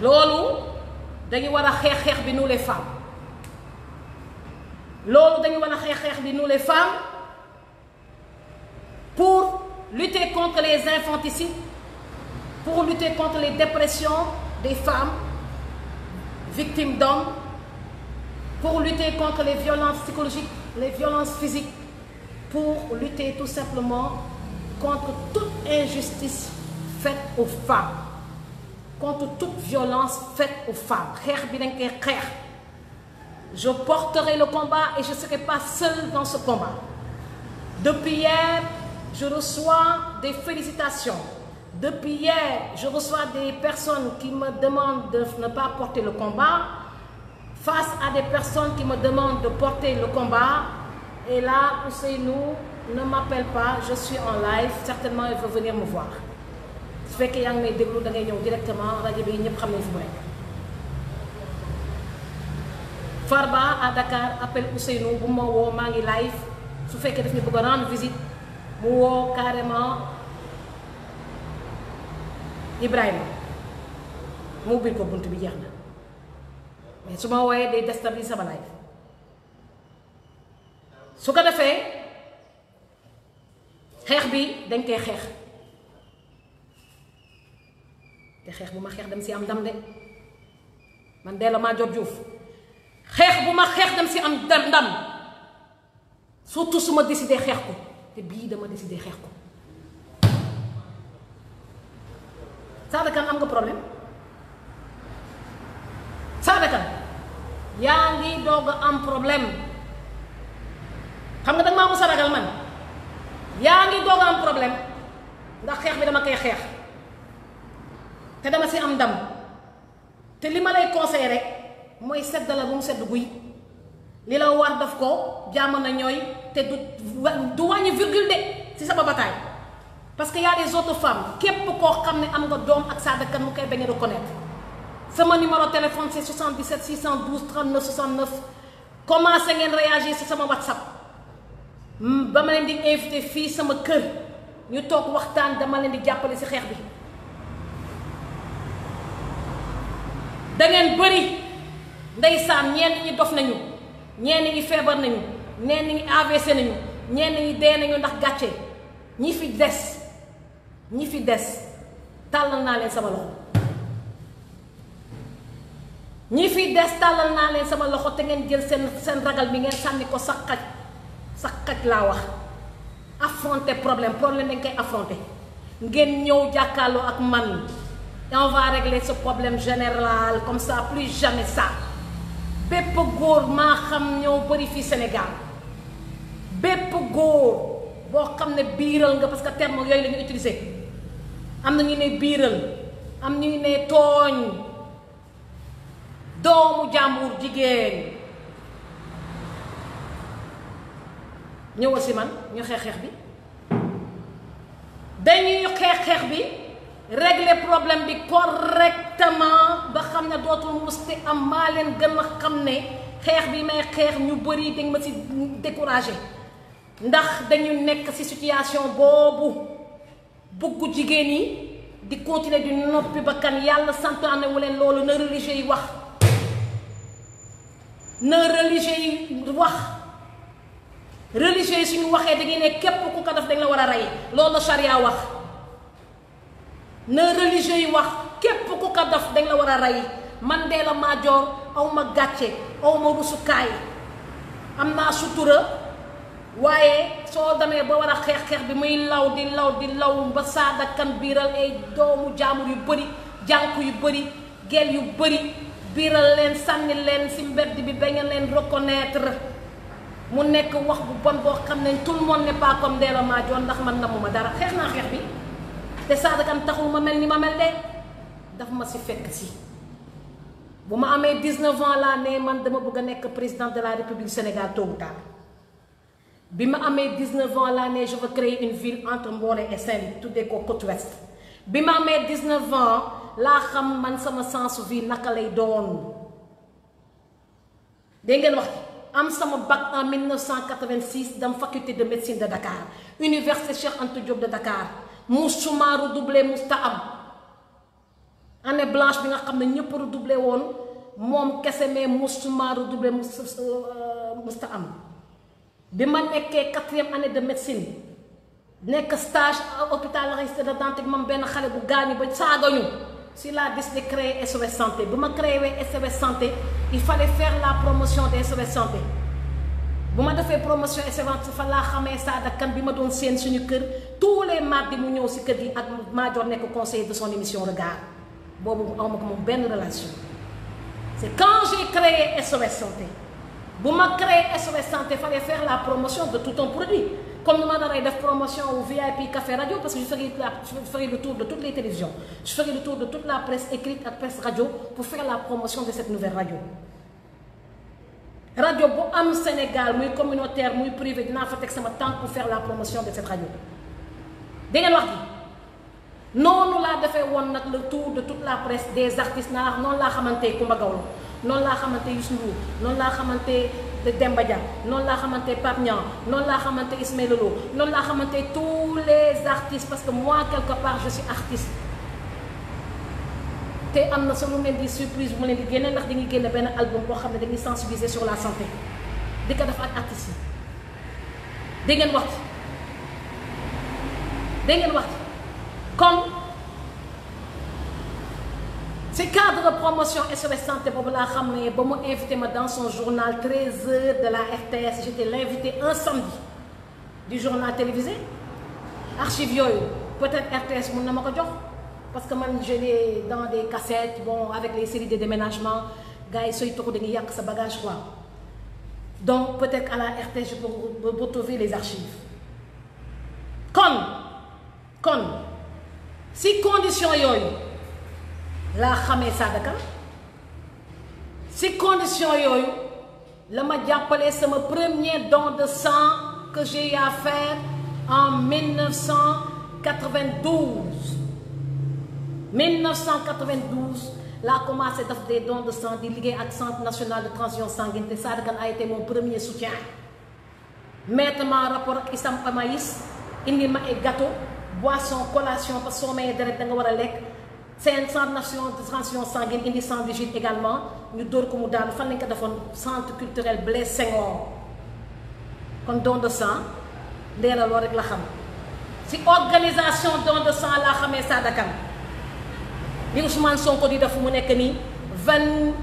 loolu dañu war a xeex xeex bi nous les femmes loolu dañu war a xeex xeex bi nous les femmes pour lutter contre les infanticides pour lutter contre les dépressions des femmes victimes d'hommes pour lutter contre les violences psychologiques les violences physiques pour lutter tout simplement contre toute injustice faite aux femmes contre toute violence faite aux femmes xeex bi dañ koy xeex je porterai le combat et je ne serai pas seule dans ce combat depuis hier je reçois des félicitations depuis hier je reçois des personnes qui me demandent de ne pas porter le combat face à des personnes qui me demandent de porter le combat Et là, Ousseynou ne m'appelle pas, je suis en live, certainement il veut venir me voir. su fekkee yaa ngi may déglu dangay ñëw directement rajo bi ñëpp xam nañ fu mu nekk. Farba à Dakar appel Ousseynou bu ma woo maa ngi live su fekkee daf ñu bëgg a rendre mu woo carrément ibrahim mu ubbil ko bunt bi jeex na mais su ma wooyee day déstabiliser sama live. su ko defee xeex bi dañ koy xeex te xeex bu ma xeex dem si am ndam de man dee la maa jot Juuf xeex bu ma xeex dem si am ndam surtout su ma décidé xeex ko te bii dama décidé xeex ko Sada Kane am nga problème Sada Kane yaa ngi doog am problème xam nga da nga maa mos a ragal man yaa ngi doog am problème ndax xeex bi dama koy xeex te dama si am ndam te li ma lay conseillé rek mooy sedd la bu mu sedd guy li la war daf ko jàmm na ñooy te du du wàññi virgule de si sama bataille parce que y a des autres képp koo xam ne am nga doom ak Sada Kane mu koy bañ a reconnaître sama numéro téléphone c'est 77 612 39 69 commencé ngeen réagir si sama WhatsApp. ba mm, ma leen di invité fii sama kër ñu toog waxtaan dama leen di jàppale si xeex bi dangeen ngeen bëri ndeysaan ñenn ñi dof nañu ñenn ñi feebar nañu ñenn ñi AVC nañu ñenn ñi dee nañu ndax gàcce ñi fi des ñi fi des tàllal naa leen sama loxo ñi fi des tàllal naa leen sama loxo te ngeen jël seen seen ragal bi ngeen sànni ko sa xaj sa xaj laa wax affronter problème problème dañ koy affronter ngeen ñëw jàkkaarloo ak man on va régler ce problème général comme ça plus jamais ça bépp góor maa xam ñëw bëri fii Sénégal bépp góor boo xam ne biiral nga parce que terme yooyu la ñu utiliser am na ñu ne biiral am ñu ne tooñ doomu jàmbur jigéen. ñëwal si man ñu xeex xeex bi dañuy xeex xeex bi régler problème bi correctement ba xam ne dootul musti am maa leen gën a xam ne xeex bi may xeex ñu bari dañ ma si découragé ndax dañu nekk ci situation boobu bugg jigéen yi di continuer di noppi bakkan yàlla santaane wu leen loolu na religieux yi wax na religieux yi wax religieux yi suñu waxee da ngeen képp ku ko def dañ la war a rey loolu la charia wax na religieux yi wax képp ku ko def dañ la war a rey man dee la maajoor aw ma gàcce aw ma rusukaay am naa sutura waaye soo damee ba war a xeex-xeex bi muy law di law di law ba saada kan biiral ay doomu jaamur yu bëri jànku yu bari gel yu bëri biiral leen sànni leen si mbedd bi ba ngeen leen reconnaître mu nekk wax bu bon boo xam ne tout le monde n'est pas comme Ndella Madior ndax man namu ma dara xeex naa xeex bi te Sada Kane taxul ma mel ni ma mel de dafa ma si fekk si bu ma amee 19 ans laa ne man dama bëgg nekk président de la République Sénégal tôt ou bi ma amee 19 ans laa ne je veux créer une ville entre Mboolé et saint tuddee ko côte ouest bi ma amee 19 ans laa xam man sama sens vie naka lay doon dégg ngeen wax. am sama bac en 1986 dem faculté de médecine de Dakar université Cheikh Anta Diop de Dakar musuma redoublé musta am année blanche bi nga xam ne ñëpp redoublé woon moom kese mais musuma redoublé musta euh, am bi ma nekkee quatrième année de médecine nekk stage hôpital Aristide Le Dantec moom benn xale bu gaañu ba saagañu si la décidé de créer SOS Santé bu ma créé SOS Santé il fallait faire la promotion de SOS Santé bu ma defee promotion SOS fa laa xamee Sada Kane bi ma doon seen suñu kër tous les mardis mu ñëw si kër gi ak maa nekk conseil de son émission Regard boobu awma ko moom benn relation c'est quand j'ai créé SOS Santé bu ma créé SOS Santé fallait faire la promotion de tout un produit comme dama damay def promotion wu VIP café radio parce que je ferai la je ferai le tour de toutes les télévisions je ferai le tour de toute la presse écrite ak presse radio pour faire la promotion de cette nouvelle radio radio bu am Sénégal muy communautaire muy privé dinaa fa teg sama temps pour faire la promotion de cette radio da ngeen wax bi noonu laa defee woon nag le tour de toute la presse des artistes naa noonu laa xamante Coumba Gawlo noonu laa xamante Youssou Ndour xamante Demba Dia noonu laa xamante Pape Niang noonu laa xamante Ismaël Lô noonu laa xamante tous les artistes parce que moi quelque part je suis artiste te am na solo leen di surprise bu ma leen di génne ndax dañuy génne benn album boo xam ne dañuy sensibiliser sur la santé di ko def ak artistes yi dégg ngeen wax ci comme ci cadre promotion SOS santé boobu laa xam ne ba mu invité ma dans son journal 13 heures de la RTS j'étais l'invité un samedi du journal télévisé archive yooyu peut-être RTS mun na ma ko jox parce que man je l'ai dans des cassettes bon avec les séries de déménagement gars yi sooy toxu dañuy yàq sa bagage quoi donc peut-être à la RTS je peux retrouver les archives kon kon si condition yooyu laa xamee Sadaka si condition yooyu la ma jàppale sama premier don de sang que j'ai eu à faire en 1992 1992 laa commencé def des dons de sang di liggéey ak centre national de transfusion sanguine te Sadaka a été mon premier soutien mettre ma rapport ak Isam Amaïs indi ma ay gâteau boisson collation parce que soo mayee deret da nga war a lekk seen sensation transfusion sanguine indi sang vigile également ñu dóor ko mu daanu fan lañ ko defoon centre culturel Blaise Senghor kon don de sang ndeela loolu rek la xam si organisation don de sang laa xamee Sada Kane li Ousmane ko di def mu nekk nii vingt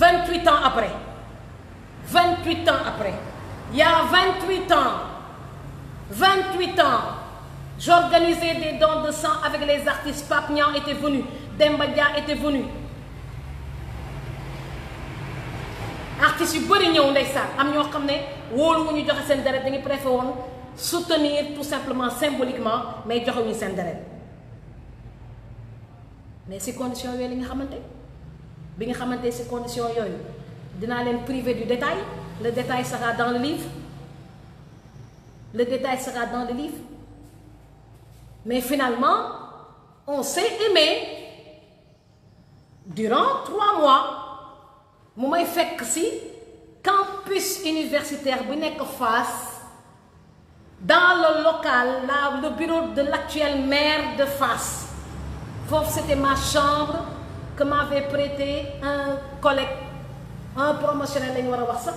vingt huit ans après vingt huit ans après il y a vingt huit ans vingt huit ans J'organisais des dons de sang avec les artistes. Papnian était venu, Dembadia était venu. artistes yu bëri ñëw ndeysaan am ñoo xam ne wóoluwuñu joxe seen deret dañu préféré woon soutenir tout simplement symboliquement mais joxewuñu seen deret mais si condition yooyu li nga xamante bi nga xamante si condition yooyu dinaa leen privé du détail le détail sera dans le livre le détail sera dans le livre Mais finalement, on s'est aimé durant trois mois mu may fekk ci campus universitaire bu nekk Fass dans le local la le bureau de l'actuel maire de Fass foofu c'était ma chambre que m'avait prêté un collègue un promotionnel la war a wax sax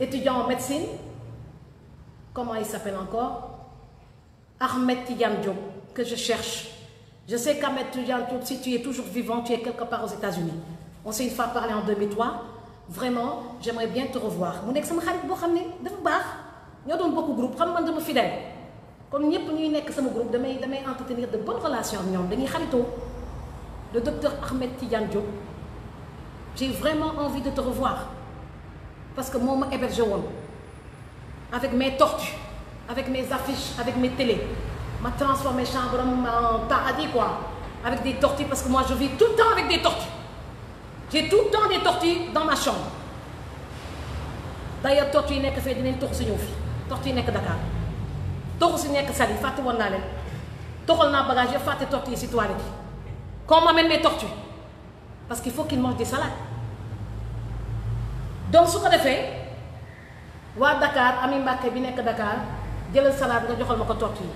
étudiant médecine comment il s'appelle encore Ahmed Tidiane Diop, que je cherche. Je sais qu'Ahmed Tidiane Diop, si tu es toujours vivant, tu es quelque part aux États-Unis. On s'est une fois parlé en 2003. Vraiment, j'aimerais bien te revoir. Mu nekk sama xarit boo xam ne dafa baax ñoo doon bokk groupe xam man dama fidèle comme ñëpp ñuy nekk sama groupe damay damay entretenir de bonnes relations ak ñoom dañuy xaritoo le docteur Ahmed Tidiane Diop j'ai vraiment envie de te revoir parce que moo ma hébergé woon avec mes tortues avec mes affiches, avec mes télés. m'a transformé chambre en paradis, quoi. Avec des tortues, parce que moi, je vis tout le temps avec des tortues. J'ai tout le temps des tortues dans ma chambre. D'ailleurs, tortues yi nekk fee dinañ toxu si ñëw fi tortues yi nekk Dakar toxu si nekk Saly fàtte woon naa leen toxal naa bagage yëpp fàtte tortues yi si toilette yi. qu'on m'amène mes tortues parce que faut qu'il mange des salades donc su ko defee waa Dakar Ami Mbacké bi nekk Dakar. jëlal salaat nga joxal ma ko tortu yi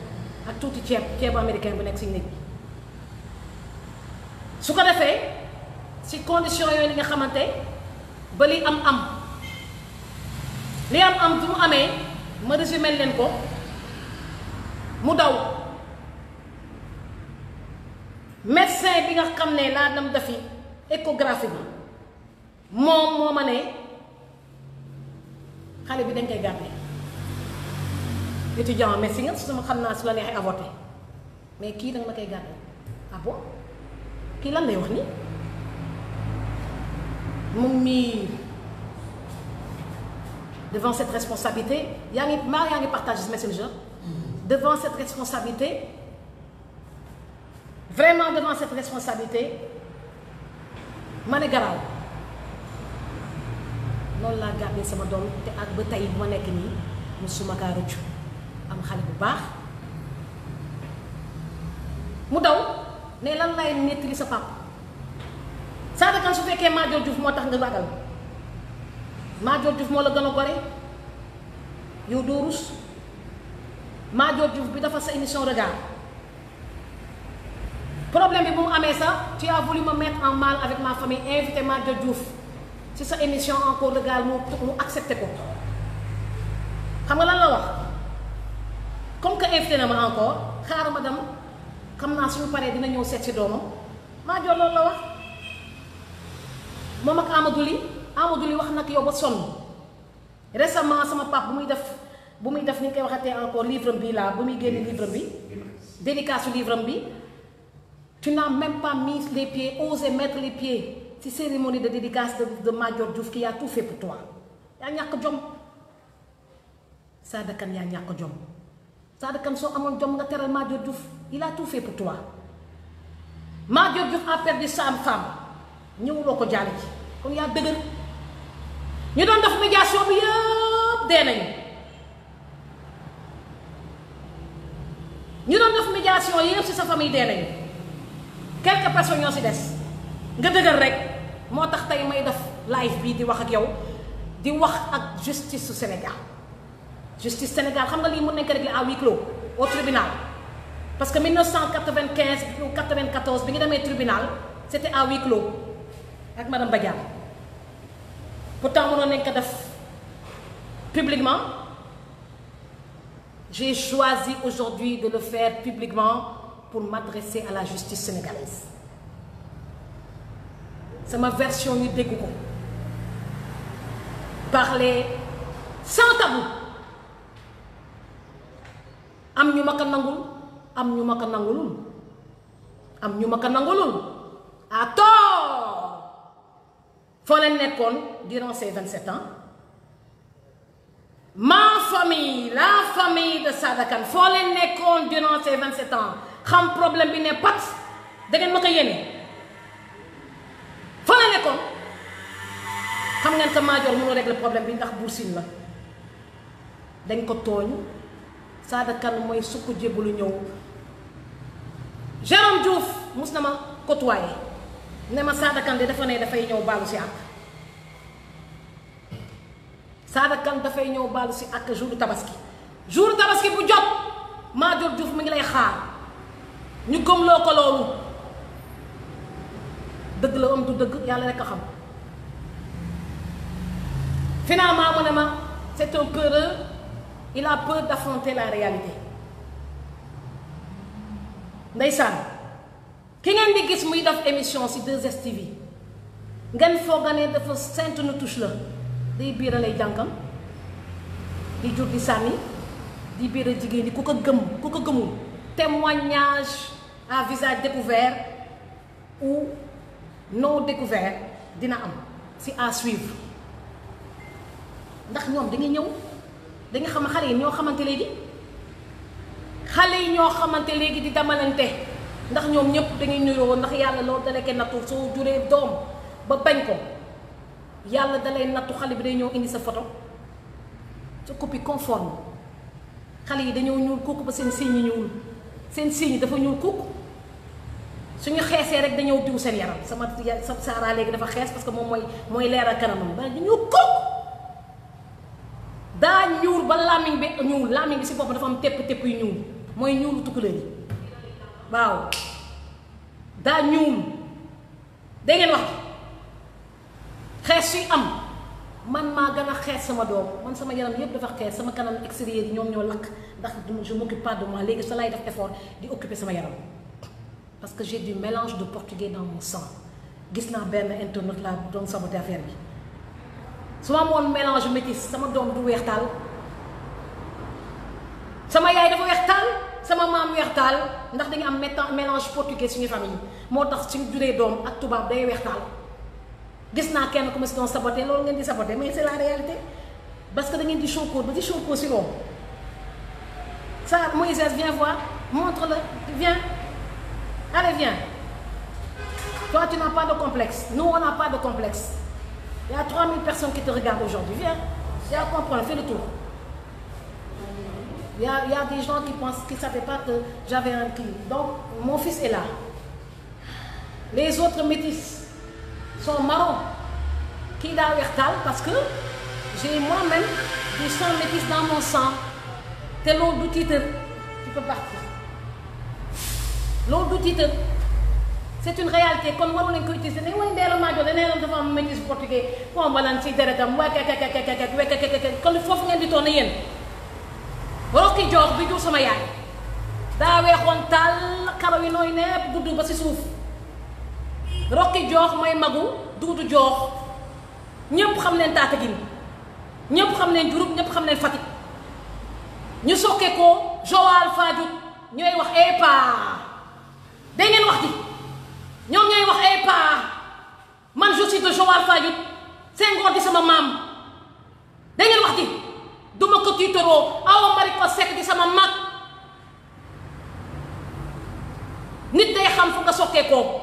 ak tuuti ceeb ceebu américain bu nekk si nit bi su ko defee si condition yooyu li nga xamante ba li am am li am am du mu amee ma résumé leen ko mu daw médecin bi nga xam ne laa dem dafi échographie bi moom moo ma ne xale bi dañ koy gàddee étudiant médecine nga su sama xam naa su la neexee avorté mais kii danga ma koy gàddal ah bon kii lan lay wax nii moom mii devant cette responsabilité yaa ngi maa yaa ngi partagé messenger mm-hmm. devant cette responsabilité vraiment devant cette responsabilité ma ne garaaw loolu laa gàddee sama doom te ak ba tey bu ma nekk nii musuma kaa rëccu am xale bu baax mu daw ne lan lay nettali sa papa Sada Kane su fekkee Madior Diouf moo tax nga ragal Madior Diouf moo la gën a gore yow doo rus Madior bi dafa sa émission regard problème bi bu mu amee sax tu as voulu me mettre en mal avec ma famille invité Madior Diouf ci sa émission encore regard mu mu accepté ko xam nga lan la wax comme que invité na ma encore xaar ma dem xam naa suñu paree dina ñëw seet si doomam maa jox loolu la wax moom ak Amadou Ly Amadou Ly wax nag yow ba sonn récemment sama pap bu muy def bu muy def ñu koy waxatee encore livre bi laa bu muy génne livre bi dédicace livre bi tu n'as même pas mis les pieds osé mettre les pieds ci cérémonie de dédicace de de Madior Diouf qui a tout pour toi yaa ñàkk jom Sada Kane yaa ñàkk jom. Sada Kane soo amoon jom nga teral Madior Diouf il a tout fait pour toi Madior Diouf a perdu sa am femme ñëwuloo ko jaale ji kon yaa dëgër ñu doon def médiation yëpp dee ci sa famille dee nañu quelques personnes ñoo ci des nga dëgër rek moo tax tey may def live bii di wax ak yow di wax ak justice su Sénégal justice Sénégal xam nga li mën nañ ko régler à huis clos tribunal parce que 1995 ou 94 bi ñu demee tribunal c'était à huis clos ak madame Badiane pourtant mënoon nañ ko def publiquement j'ai choisi aujourd'hui de le faire publiquement pour m'adresser à la justice sénégalaise sama version ñu dégg ko parler sans tabou ñu ma ko nangul am ñu ma ko nangulul am ñu ma ko à tort foo leen nekkoon durant ces vingt sept ans ma famille la famille de Sada Kane foo leen nekkoon durant ces vingt sept ans xam problème bi ne pat da ngeen ma ko yéene foo leen nekkoon xam ngeen que Madior mënul régler problème bi ndax Bour Sine la dañ ko tooñ Sada Kane mooy sukk jébbalu ñëw Jérôme Diouf mus na ma côtoyer ne ma Sada de dafa ne dafay ñëw baalu si àq Sada dafay ñëw baalu si àq jour tabaski jour tabaski bu jot Madior Diouf mi ngi lay xaar ñu gëmloo ko loolu dëgg la am du dëgg yàlla rek a xam finalement mu ne ma c'est un i la peur d'affronter la réalité ndeysaan ki ngeen di gis muy def émission ci 2STV ngeen fooga ne dafa saint nu la day biir lay jànkam di jur di sànni di biir jigéen ñi ku ko gëm ku ko gëmul témoignage à visage découvert ou non découvert dina am ci à suivre ndax ñoom dañuy ñëw da xam xale yi ñoo xamante léegi xale yi ñoo xamante léegi di damalante ndax ñoom ñëpp dangay woon ndax yàlla loolu dala koy nattu soo juree doom ba bañ ko yàlla dalay nattu xale bi day ñëw indi sa photo sa copie conforme xale yi dañoo ñuul kukk ba seen signe yi ñuul seen signe dafa ñuul kukk suñu xeesee rek dañoo diw seen yaram sama sa Sara léegi dafa xees parce que moom mooy mooy leeral kanamam ba dañoo kukk daa ñuul ba làmmiñ bi ñuul làmmiñ bi si boppam dafa am tepp tepp yu ñuul mooy ñuulu tukkuleer yi waaw daa ñuul da ngeen wax xees suy am man maa gën a xees sama doom man sama yaram yépp dafa xees sama kanam extérieur yi ñoom ñoo lakk ndax je m'occupe pas de moi léegi sa lay def effort di occuper sama yaram parce que j'ai du mélange de portugais dans mon sang gis naa benn internet laa doon saboté affaire bi su ma amoon mélange métis sama doom du weex taal sama yaay dafa weex taal sama maam weex taal ndax dañu am mélange portugais suñu famille moo tax suñu juree doom ak tubaab day weex taal gis naa kenn ku ma si doon saboté loolu ngeen di saboté mais c'est la réalité parce que da di choco ba di choco si loolu ça Moïse viens voir montre-le viens allez viens toi tu n'as pas de complexe nous n'a pas de complexe Il y a 3000 personnes qui te regardent aujourd'hui. Viens, c'est à comprendre, fais le tour. y, a, y a des gens qui pensent qu'ils ne savaient pas que j'avais un client. Donc, mon fils est là. Les autres métis sont marrons. Qui l'a parce que j'ai moi-même du sang dans mon sang. T'es l'autre du titre. Tu peux partir. L'autre du titre. c'est une réalité kon waru nañ ko utiliser nañ way Ndella Madior nee na dafa am métis portugais fom balan ci deretam wakkekkkkkk wekkkkk kon foofu ngeen di toon na yéen roki joox bi jur sama yaay daa weexoon taal karaw yi nooy nepp gudd ba si suuf roki joox mooy magu duudu joox ñépp xam leen Tataguine ñépp xam leen Diouroup ñépp xam leen Fatick ñu sokke ko Joal Fadiouth ñooy wax epa eh da ngeen wax ji ñoom ñooy wax eh, ay man je suis de Joal Fadiouth di sama maam da ngeen wax di du ma ko tiitaroo Awa Marie Coll Seck di sama mag nit day xam fu nga sokkee koo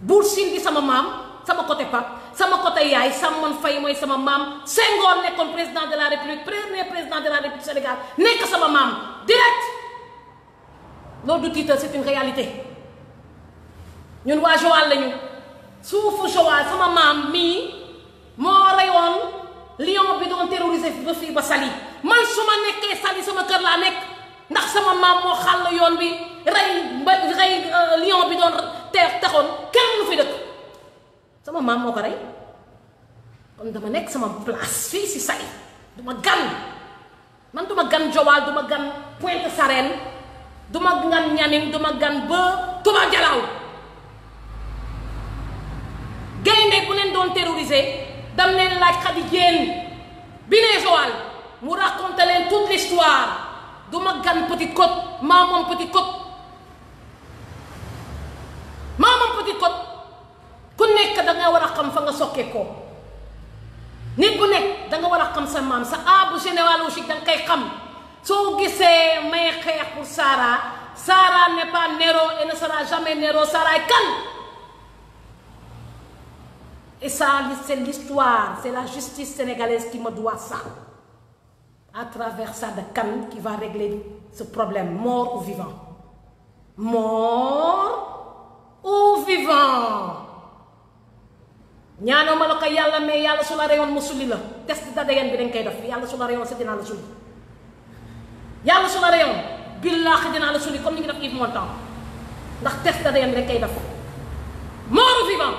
Buur Siin di sama maam sama côté pap sama côté yaay Sàmmoon Fay mooy sama maam Senghor nekkoon président de la république premier président de la république Sénégal nekk sama maam direct loolu du tiital c'est une réalité ñun waa Joal lañu suufu Joal sama maam mii moo reyoon lion bi doon terrorisé ba fii ba Saly man su ma nekkee Saly sama kër laa nekk ndax sama maam moo xàll yoon bi rey euh, lion bi doon teer taxoon kenn lu fi dëkk sama maam moo ko kon dama nekk sama place fii si Saly duma gan man duma gan Joal duma gan Pointe Sarène duma gan ñanin duma gan ba Touba Jalaaw gaynde bu leen doon terroriser dam leen laaj Khady Diène bi ne Joal mu raconte leen toute l'histoire du ma gan Petite Côte maa moom Petite Côte maa ku nekk da war a xam fa nga sokkee ko nit bu nekk da war a xam sa maam sa aabu généalogique da nga koy xam soo gisee may xeex pour Sarah Sarah n'est pas Néro et ne sera jamais Néro Sarah kan Et ça, c'est l'histoire, c'est la justice sénégalaise qui me doit ça. À travers ça de Khan qui va régler ce problème, mort ou vivant. Mort ou vivant. ñaanoo ma la yàlla mais yàlla su la reyoon ma sulli la test d'ADN bi dañ koy def yàlla su la reyoon sa dinaa la sulli yàlla su la reyoon billaahi dinaa la sulli comme ni ñu def Yves Montand ndax test d'ADN bi dañ koy def mort ou vivant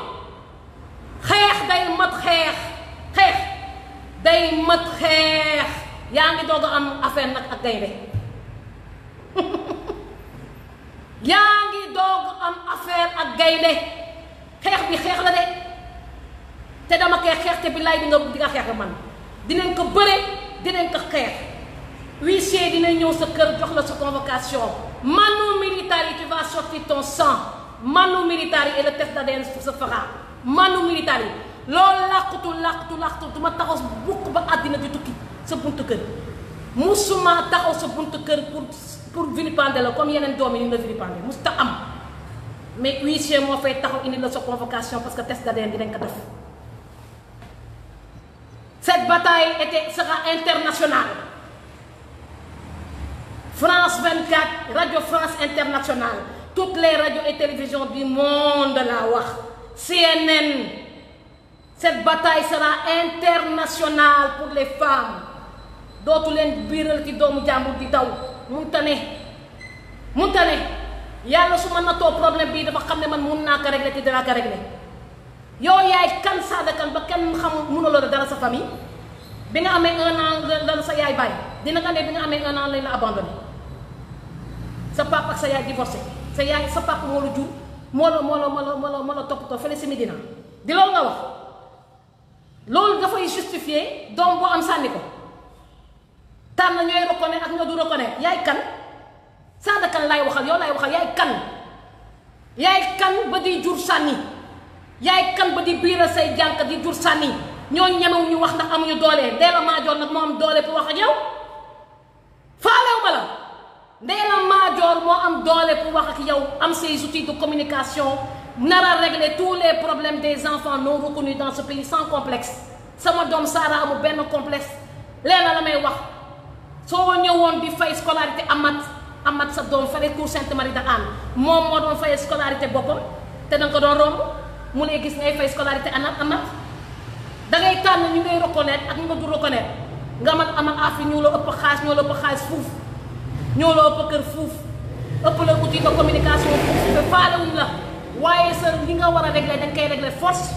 xeex day mat xeex xeex day mat xeex yaa ngi doog am affaire nag ak gaynde yaa ngi doog am affaire ak gaynde xeex bi xeex la de te dama koy xeex te billaay bi nga di nga xeex la man dinañ ko bëre dinañ ko xeex huissier dina ñëw sa kër jox la sa convocation manu militari tu vas sortir ton sang manu militari et le test d'ADN se fera maanu militaire yi loolu làqutu làqutu làqutu duma taxaw bukk ba àddina di tukki sa buntu kër musuma taxaw sa buntu kër pour pour vilipender la comme yeneen doom yi ñu la vilipender mus am mais huissier moo fay taxaw indi la sa convocation parce que test d'ADN dinañ ko def cette bataille était sera internationale France 24 Radio France Internationale tout les radios et télévisions bi monde laa wax CNN. Cette bataille sera internationale pour les femmes dootu leen biiral ci doomu jàmbur di daw munta ne munta ne yàlla su ma nattoo problème bii dafa xam ne man mun naa ko régler te dinaa ko régler yow yaay kan saada kan ba kenn xam dara sa famille bi nga amee un an la sa yaay bàyyi dina nga ne bi nga amee un an lañ la abandonné sa papa ak sa yaay divorcé sa yaay sa papa moo la jur moo la moo la moo la moo la moo la toppatoo fële si Medina di loolu nga wax loolu dafay justifier doom boo am sànni ko tànn ñooy reconnaître ak ñoo du reconnaître yaay kan Sada laay waxal yow laay waxal yaay kan yaay kan ba di sànni yaay kan ba di biiral say jànq di jur sànni ñoo ñemew ñu wax ndax amuñu doole dee la maajoon nag moo am doole pour wax ak yow faalew docteur moo am doole pour wax yow am ses outils de communication nar a régler tous les problèmes des enfants non reconnus dans ce pays sans complexe sama doom Saara amul benn complexe leena la may wax soo ñëwoon di fay scolarité amat amat sa doom fare cour Sainte Marie moom moo doon fay scolarité boppam te danga ko doon romb mu lay gis ngay fay scolarité amat amat dangay tànn ñu ngay reconnaître ak ñu nga du reconnaître nga man amal affaire ñoo la ëpp xaalis ñoo la ëpp xaalis fuuf ñoo la ëpp kër fuuf ëpp la outil de communication te faalewuñ la waaye sa li nga war a régler da nga koy régler force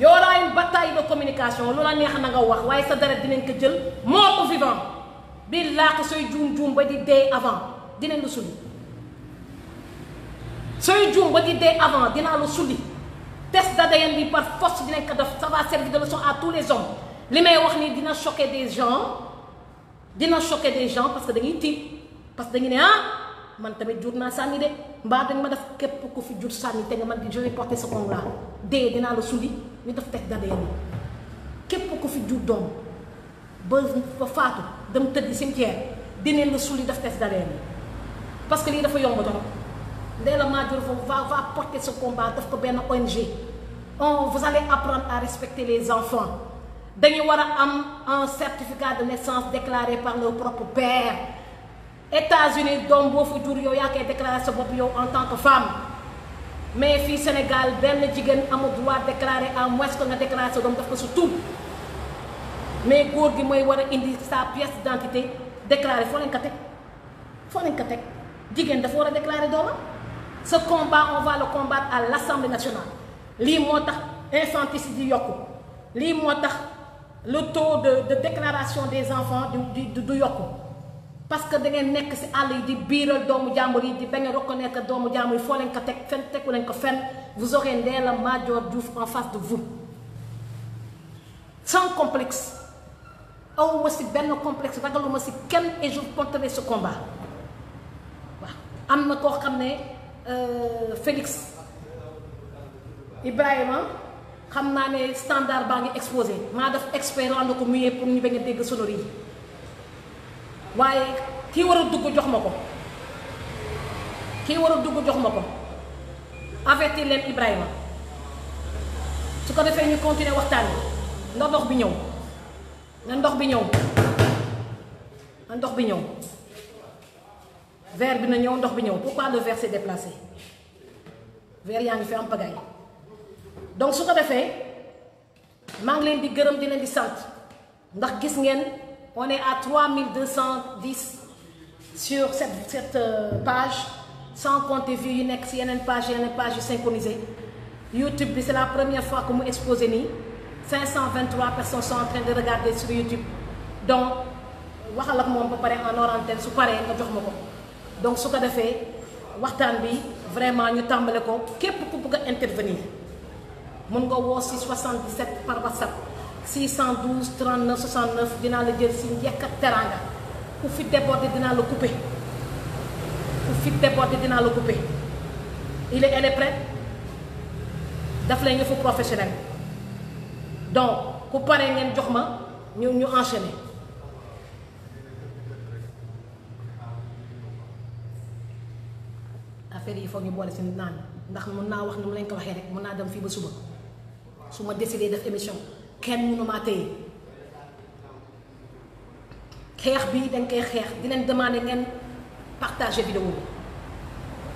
y aura une bataille de communication loola neex na nga wax waaye sa deret dinañ ko jël moo ko vivant bi laax sooy juum juum ba di dee avant dinañ la sulli sooy juum ba di dee avant dinaa la sulli test d'ADN bi par force dinañ ko def ça va servir de leçon à tous les hommes li may wax nii dina choquer des gens dina choquer des gens parce que dañuy tiit parce que dañu ne ah man tamit jur naa sànni de mbaa dañ ma def képp ko fi jur sànni te nga man di je vais sa ce combat dee dinaa la sulli ñu def teg dadee ni képp fi jur doom ba ba dem tëdd cimetière dinañ la sulli def test dadee parce que lii dafa yomb trop Ndella Madior va va porter ce combat daf ko benn ONG on vous allez apprendre à respecter les enfants dañu war a am en certificat de naissance déclaré par leur propre père États-Unis doom boo fi jur yow yaa koy déclaré sa bopp yow en tant que femme mais fii Sénégal benn jigéen amul droit déclarer à moins que nga déclaré sa doom daf ko su tur mais góor gi mooy war a indi sa pièce d'identité déclaré foo leen ko teg foo leen ko teg jigéen dafa war a déclaré doomam ce combat on va le combattre à l'Assemblée nationale lii moo tax infanticide yi yokku lii moo tax le taux de de déclaration des enfants du du du parce que da ngeen nekk si àll yi di biiral doomu jàmbur yi di bañ a reconnaître doomu jàmbur yi foo leen ko teg fenn tegu leen ko fenn soxee aurez Ndella Madior Diouf en face de vous sans complexe aw si benn complexe ragalu ma si kenn et je porterai ce combat waaw am na koo xam ne euh, Félix Ibrahima. xam naa ne standard baa ngi exposé maa def expert ko muyee pour ñu bañ a dégg sonori yi waaye kii war a dugg jox ma ko kii war a dugg jox ma ko avertir leen Ibrahima su ko defee ñu continuer waxtaan bi ndox bi ñëw na ndox bi ñëw na ndox bi ñëw verre bi na ñëw ndox bi ñëw pourquoi le verre s'est déplacé ver yaa ngi fi am pagaille donc su ko defee maa ngi leen di gërëm dina leen di sant ndax gis ngeen on est à 3210 sur cette cette euh, page sans compter vues yu nekk si yeneen page yeneen page yu synchronisé YouTube bi c'est la première fois que mu exposé nii 523 personnes sont en train de regarder sur YouTube donc waxal moom ba pare en hors su paree nga jox ma ko donc su ko defee waxtaan bi vraiment ñu tàmbale ko képp ku bëgg a intervenir. mën nga woo si 77 par WhatsApp 612 39 69 dinaa la jël si njëkk ak teraanga ku fi débordé dinaa la coupé ku fi débordé dinaa la coupé il est elle est prête daf lay yëfu professionnel donc ku pare ngeen jox ma ñu ñu enchaîner. affaire yi foog ñu boole si naan ndax mun naa wax ni mu leen ko waxee rek mun naa dem fii ba suba. su ma décidé def émission kenn mënu maa téye xeex bi dañ koy xeex di leen demander ngeen partager vidéo bi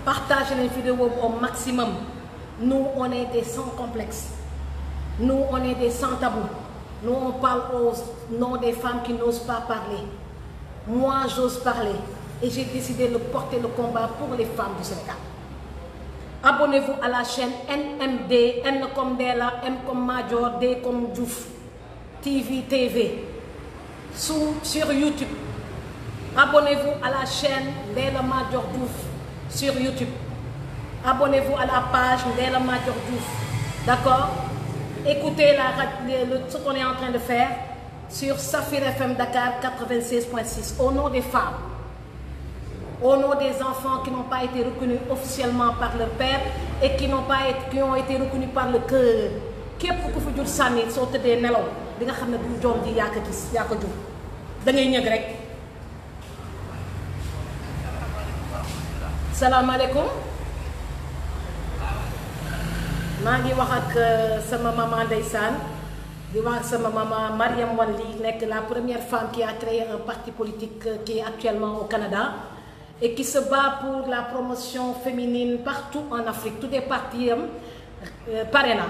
partager leen vidéo bi au maximum nous on des sans complexe nous on est des sans tabou nous on parle au nom des femmes qui n'osent pas parler moi j'ose parler et j'ai décidé de porter le combat pour les femmes du Sénégal Abonnez-vous à la chaîne NMD, N comme Della, M comme Major, D comme Diouf, TV TV, sous, sur YouTube. Abonnez-vous à la chaîne Della Major Diouf sur YouTube. Abonnez-vous à la page Della Major Diouf. D'accord? Écoutez la, le, ce qu'on est en train de faire sur Safir FM Dakar 96.6 au nom des femmes. au nom des enfants qui n'ont pas été reconnus par leur père et qui n'ont pas été qui ont été reconnus képp ku fi jur sànni soo tëddee nelaw di nga xam ne du doom ji yaa ko gis yaa ko jur da ñëg rek. salaamaaleykum maa ngi wax ak euh, sama maman ndeysaan di wax ak sama maman Mariam Wan li nekk la première femme qui a créé un parti politique euh, qui actuellement au Canada. et qui se bat pour la promotion féminine partout en Afrique tous des partis euh, pare na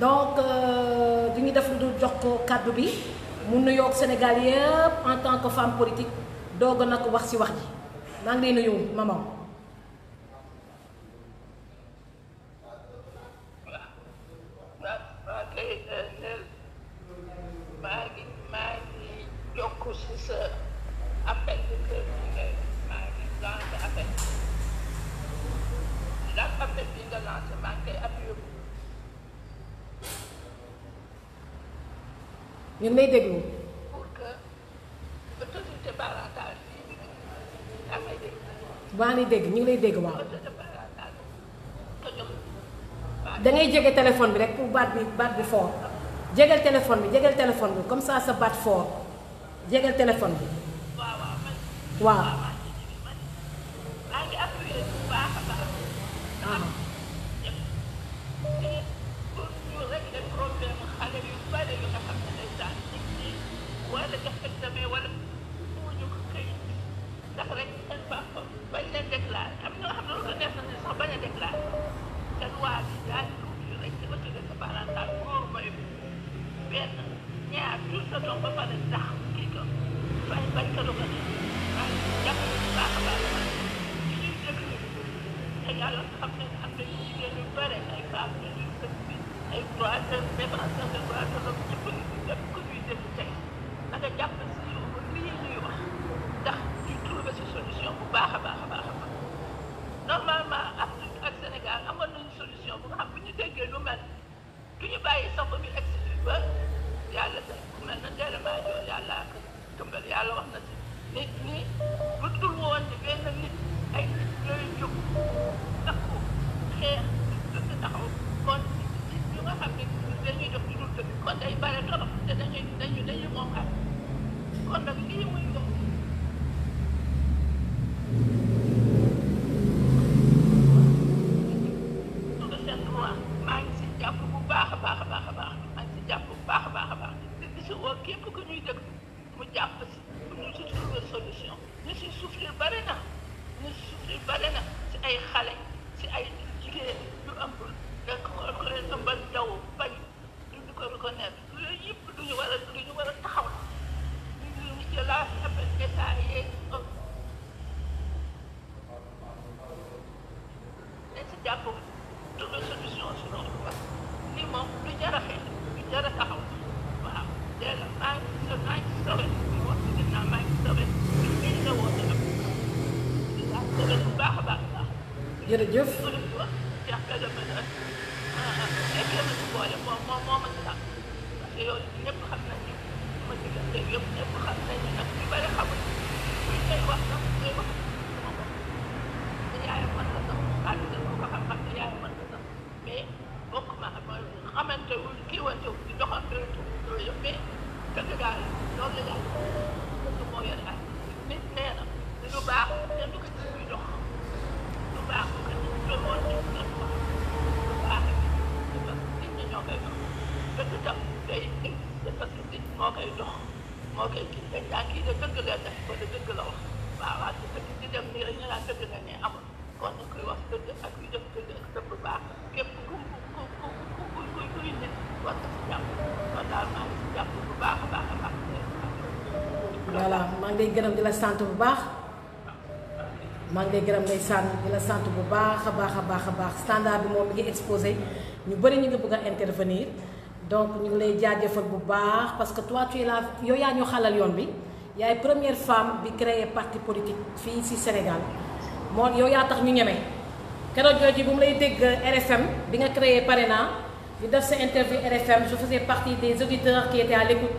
donc du euh, ñu def lu jox ko kàddu bi mu nuyoo ak Sénégal yëpp en tant que femme politique doog na ko wax ci wax ji maa ngi lay nuyu maman. ñu ngi lay déglu. pour que ngi dégg ñu ngi lay dégg waaw. da ngay téléphone bi rek pour baat bi baat bi fort jegeel téléphone bi jegeel téléphone bi comme ça sa baat fort jegeel téléphone bi. waaw. waaw. wala jox ko sa wala moo ñu ko këyit ndax rek. yàlla wax na ci nit jërëjëf lay gërëm di la sant bu baax maa ngi lay gërëm ngay sant di la sant bu baax a baax a baax a baax standard bi moom mi ngi exposé ñu bëri ñu ngi bëgg a intervenir donc ñu ngi lay jaajëfal bu baax parce que toi tu es yow yaa ñu xalal yoon bi yaay première femme bi créé parti politique fii si Sénégal moo yow yaa tax ñu ñeme keroog ji bu mu lay dégg RFM bi nga créé Parena di def sa interview RFM je faisais partie des auditeurs qui étaient à l'écoute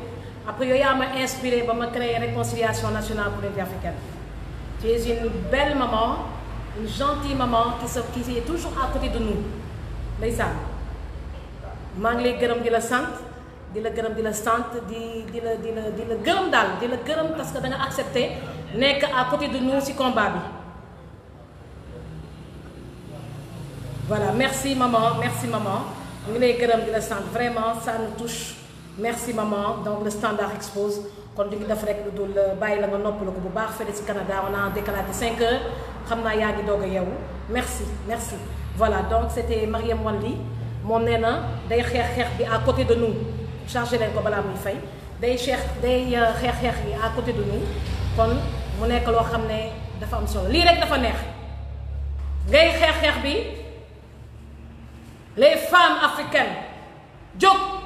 après yooyu yaa ma inspiré ba ma créer réconciliation nationale pour les africaines tu es une belle maman une gentille maman qui se qui est toujours à côté de nous ndeysaan maa ngi lay gërëm di la sant di la gërëm di la sant di di la di la di gërëm daal di la gërëm parce que da nga nekk à côté de nous si combat bi voilà merci maman merci maman ñu ngi lay gërëm di la sant vraiment ça nous merci maman donc le standard expose kon li ñu def rek lu dul euh, bàyyi la nga noppalu ko bu baax fële ci Canada on a décalé de heures xam naa yaa ngi doog a merci merci. voilà donc c' était Mariam Walli moom nee na day xeex xeex bi à côté de nous chargé leen ko balaa muy fay day xeex day euh, xeex xeex yi à côté de nous kon mu nekk loo xam ne dafa am solo lii rek dafa neex ngay xeex xeex bi les femmes africaines jóg.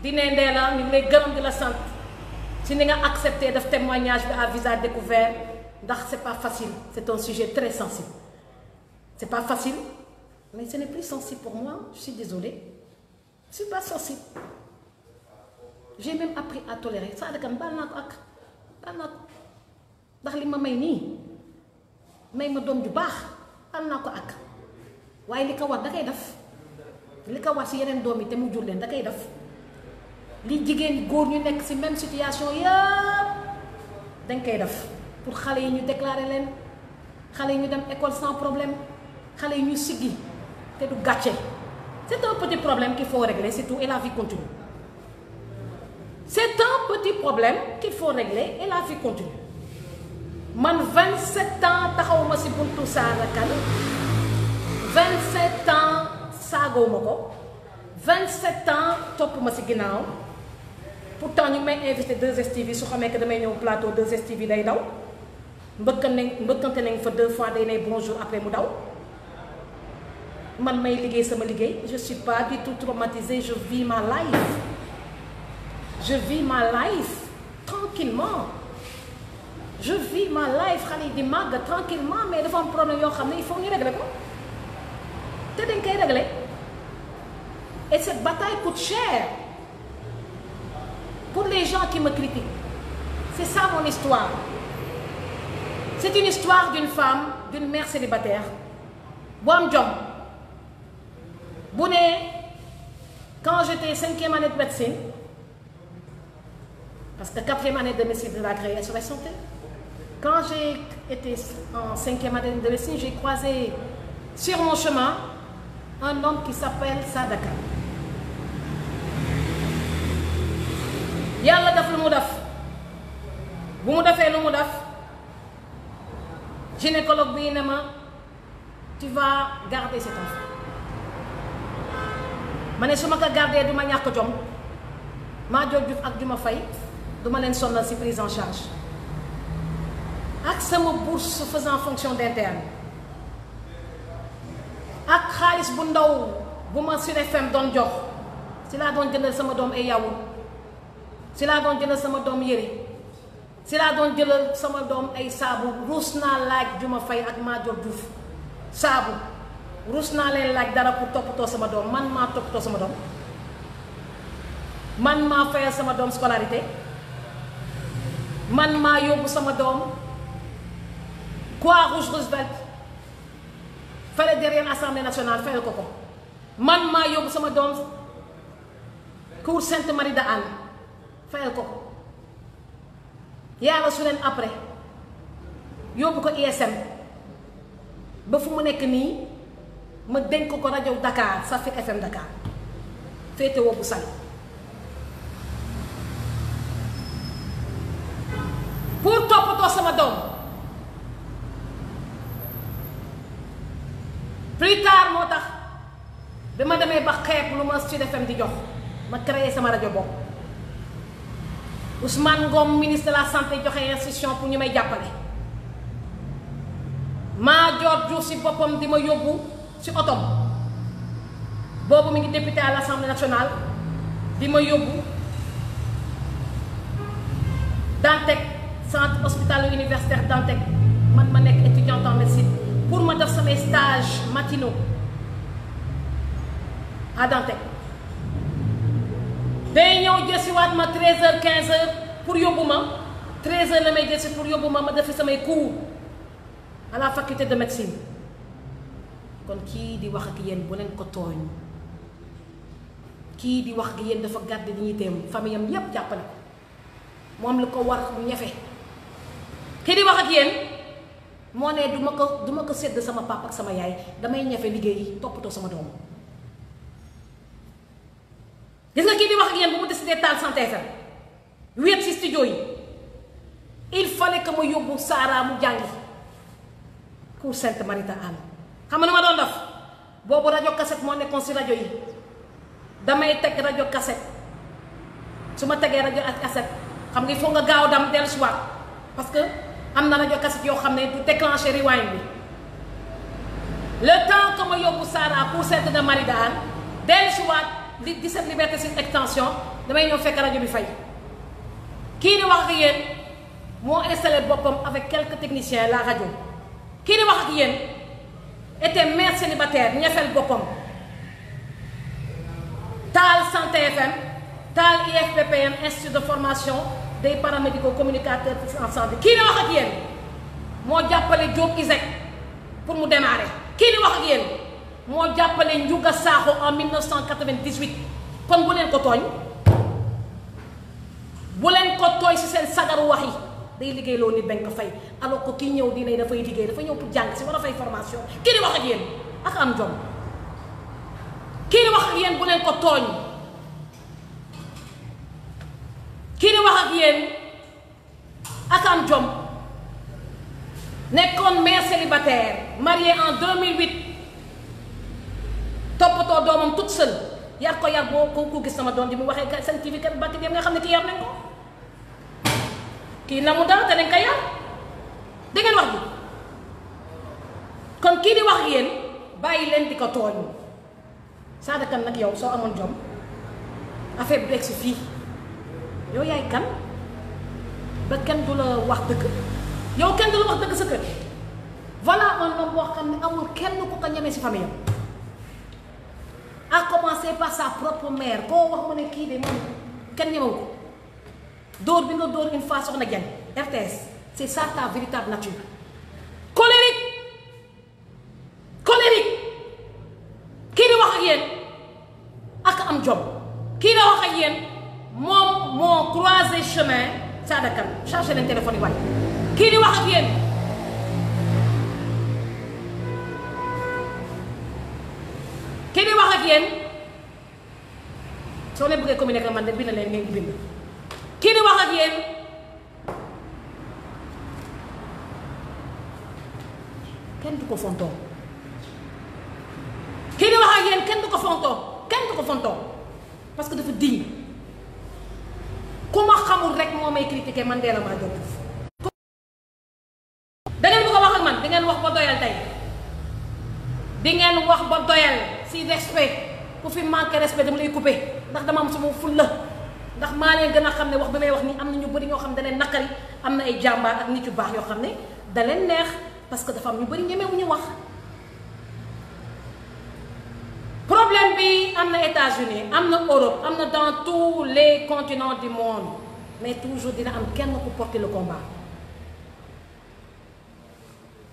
di ne Ndella ñu ngi lay gërëm di la sant ci ni nga accepté def témoignage bi à visage découvert ndax c'est pas facile c'est un sujet très sensible c'est pas facile mais ce n'est plus sensible pour moi je suis désolée je suis pas sensible j'ai même appris à tolérer Sada Kane baal naa ko ak baal naa ko ndax li ma may nii may ma doom ju baax baal naa ko ak waaye li ko war da koy def li ko war si yeneen doom yi te mu jur leen da def. li jigéen góor ñu nekk ci même situation yëpp dañ koy def pour xale yi ñu déclarer leen xale yi ñu dem école sans problème xale yi ñu siggi te du gàcce c'est un petit problème ki faut régler c'est tout et la vie continue c'est petit problème qu'il faut régler et la man continue man 27 ans taxawuma si buntu saaga kan 27 ans saagoo ma ko 27 ans topp ma si ginnaaw pourtant ñu may invité 2STV su xamee que damay ñëw plateau 2STV day daw mbëkkan nañ mbëkkante nañ fa deux fois day ne bonjour après mu daw man may liggéey sama liggéey je suis pas du tout traumatisée je vis ma life je vis ma life tranquillement je vis ma life xale yi di màgg tranquillement mais dafa am problème yoo xam ne il faut ñu régler ko te dañ koy régler et cette bataille coûte cher pour les gens qui me critiquent c'est ça mon histoire c'est une histoire d'une femme d'une mère célibataire bu am jom quand j'étais cinquième année de médecine parce que quatrième année de médecine de la créé sur la santé quand j'ai été en cinquième année de médecine j'ai croisé sur mon chemin un homme qui s'appelle Sadaka yàlla def lu mu def bu mu defee lu mu def gynécologue bii ne ma tu vas garder cet ma ne su ma ko gardee du ma ñàkk jom maa jox juf ak juma fay du ma leen sonnal ci prise en charge ak sama bourse faisant fonction d'interne ak xaalis bu ndaw bu ma Sud FM doon jox ci laa doon jëndal sama doom ay yawut ci laa doon jëlal sama doom yëre ci laa doon jëlal sama doom ay saabu ruus naa laaj ju ma fay ak maa jor Diouf saabu ruus naa leen laaj dara pour toppatoo sama doom man maa toppatoo sama doom man maa fayal sama doom scolarité man maa yóbbu sama doom Croix-Rouge Roosevelt fële derrière assemblée ko ko man maa yóbbu sama doom cour Sainte Marie de Anne fayal ko ko yàlla su leen après yóbbu ko ISM ba fu mu nekk nii ma dénk ko rajo Dakar Safi FM Dakar féete woo bu sali pour toppatoo sama doom plus tard moo tax bi ma demee ba xeeb lu ma Sud FM di jox ma créé sama rajo bopp Ousmane Ngom ministre de la santé joxe instruction pour ñu may jàppale maa joor Diouf si boppam di ma yóbbu ci otom boobu mi ngi député à l'Assemblée nationale di ma yóbbu Dantec centre hospitalo universitaire Dantec man ma nekk étudiante en médecine pour ma def samay stage matinaux à Dantec day ñëw jësiwaat ma 13h 15h pour yóbbu ma 13h la may jësi pour yóbbu ma ma defi samay cours à la faculté de médecine kon kii di wax ak yéen bu leen ko tooñ kii di wax gi yéen dafa gàdd di ñuy téem famille am yépp jàppale ko moom la ko war mu ñafe kii di wax ak yéen moo ne du ma ko duma ko sedd sama papa ak sama yaay damay ñefe liggéey toppatoo sama doom gis nga kii di wax ak yéen bu mu décidé taal santéesam wéet si studio yi il fallait que ma yóbbu Saara mu jàngi cour Sainte Marita Anne xam nga nu ma doon def boobu rajo cassette moo nekkoon si rajo yi damay teg rajo cassette su ma tegee rajo ak cassette xam nga il nga gaaw dam dellu si waat parce que am na rajo cassette yoo xam ne du déclenché rewind bi le temps que ma yóbbu Saara cour Sainte Marita Anne dellu si li di set liberté si extension damay ñëw fekk rajo bi fay kii di wax ak yéen moo installé boppam avec quelque techniciens la rajo kii di wax ak yéen était mère célibataire ñefeel boppam taal santé FM taal IFPPM institut de formation des paramédico communicateurs de en santé kii di wax ak yéen moo jàppale Diop ISEC pour mu démarrer kii di wax ak yéen moo jàppale Ndiouga Sakho en 1998 kon bu leen ko tooñ bu leen ko tooy si seen sagaru wax yi day liggéey loo nit bañ ko fay alors ko ki ñëw dina dafay liggéey dafa ñëw pour jàng ci war a fay di wax ak yéen ak am jom kii di wax ak yéen bu leen ko tooñ kii di wax ak yéen ak am jom nekkoon mère célibataire mariée en 2008. toppatoo doomam toute seule yar ko yar boo gis sama doom ji mu waxee ka seen TV kat dem nga xam ne kii yar nañ ko kii na mu dal te dañ ko yar da ngeen wax bi kon kii di wax yéen bàyyi leen di ko tooñ Sada nag yow soo amoon jom affaire bi si fii yow yaay kan ba kenn du la wax dëgg yow kenn du la wax dëgg sa kër voilà un homme boo xam ne amul kenn ku ko ñemee si famille à commencer par sa propre mère koo wax mu ne kii de moom kenn ñëwaw ko dóor bi nga dóor une fois soxna RTS c'est ça ta véritable nature colérique colérique kii di wax ak ak am jom kii di wax ak yéen moom croisé chemin Sada Kane chargé leen téléphone yi wàññi kii di wax ak ki di wax ak yéen soo leen bëggee communiquer man de bind leen ngeen bind ki di wax ak yéen kenn du ko fontoo kenn du ko fontoo kenn que dafa diñ ku ma xamul rek moo may critiquer man dee la maa jot da ngeen bëgg wax ak man da wax ba doyal tey di ngeen wax ba doyal si respect ku fi manqué respect dama lay coupé ndax dama am sama fulla ndax maa leen gën a xam ne wax bi may wax nii am na ñu bëri ñoo xam ne da leen naqari am na ay jàmbaar ak nit yu baax yoo xam ne daleen neex parce que dafa am ñu bëri ñemewuñu wax. problème bi am na États-Unis am na Europe am na dans tous les continent du monde mais toujours dina am kenn ku porter ko combat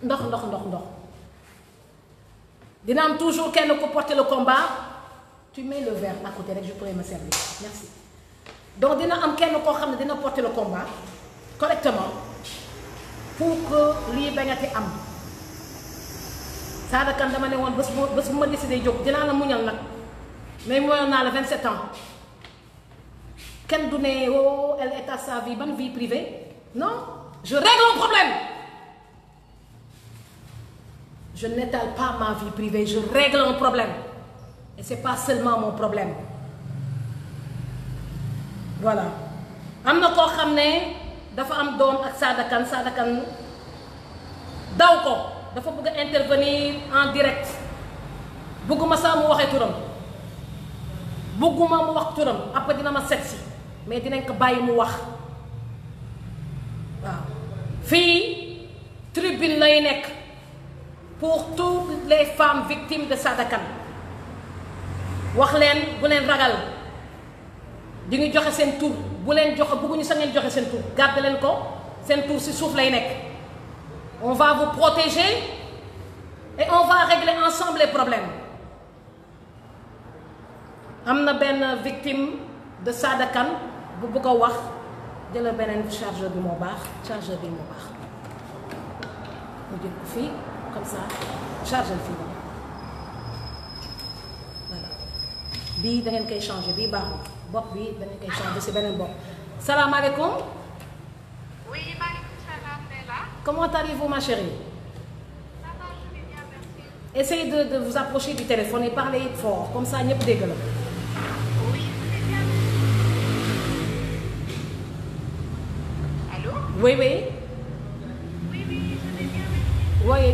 ndox ndox ndox ndox. dina am toujours kenn ko porter le combat tu mets le verre à côté rek je pourrais me merci donc dina am kenn koo xam ne dina porter le combat correctement pour que lii bañati am Sada Kane dama ne woon bés bu bés bu ma décidé jóg dinaa la muñal nag mais muñal naa la 27 ans kenn du ne oh elle est à sa vie ban vie privée non je règle le problème. Je n'étale pas ma vie privée, je règle problème. Et c'est pas seulement mon problème. Voilà. am na koo xam ne dafa am doom ak saadakan saadakan daw ko dafa bëgg a en direct bëgguma saa mu waxee turam bëgguma mu wax turam après dina ma set si mais dinañ ko bàyyi mu wax waaw fii tribune lay nekk pour toutes les femmes victimes de Sada wax leen bu leen ragal di ñu joxe seen tur bu leen joxe bëgguñu sa ngeen joxe seen tur gàdd leen ko seen tur si suuf lay nekk on va vous protéger et on va régler ensemble les problèmes am na benn victime de Sada Kane bu bu ko wax jëla beneen chargeur bi moo baax chargeur bi moo baax mu jël ko fii comme ça chargé fii moom voilà bii da ngeen koy changé bii baaxul bopp bi da ngeen koy changé si beneen bopp salaamaaleykum. oui maaleykum salaam Leila. comment allez-vous ma chérie. ça va je vais bien de de vous approcher du téléphone et parlez fort comme ça ñëpp dégg la. oui oui. oui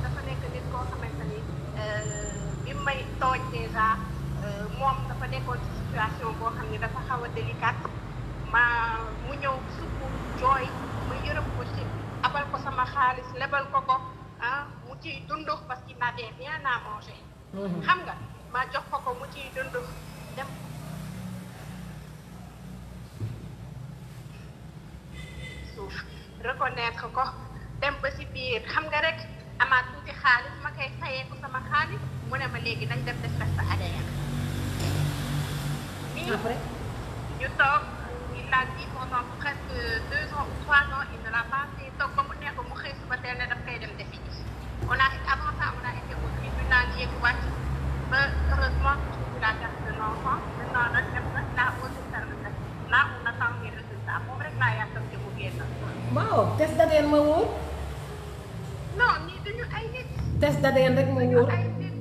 may tooj dèjà euh, moom dafa nekkoon ci situation boo xam ne dafa xaw a délicate ma mu ñëw sukk jooy ma yërëm ko ci abal ko sama xaalis lebal ko ko ah mu ciy dund parce qu'il n'avait rien à manger mhm. xam nga ma jox ko ko mu ciy dund dem suuf ko dem si biir xam nga rek amaat tuuti xaalis ma koy fayee ko sama xaalis mu ne ma léegi nañ def def test ADN nii ñu toog il a dit pendant presque deux ans ou trois ans il ne l'a pas fait toog ba mu nekk mu xëy suba teel ne daf koy dem defi on a avant ça on a été au tribunal yeeg wàcc ba heureusement la perte de l'enfant maintenant nag dem na la autre service là on attend les résultats moom rek laa yàqal te mu génn waaw test d'ADN ma wóor non ñii duñu ay nit test d'ADN rek ma wóor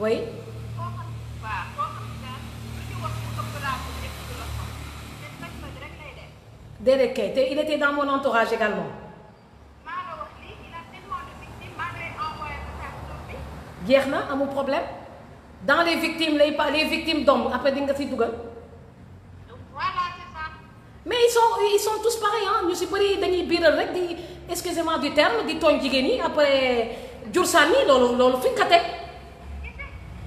oui. déedéet kay te il était dans mon entourage également. jeex na amul problème dans les victimes lay pas les victimes dom après di nga si dugal. mais ils sont ils sont tous pareils ah ñu si bëri dañuy biiral rek di excusez-moi du terme di tooñ jigéen yi après jur sànni loolu loolu fi nga ko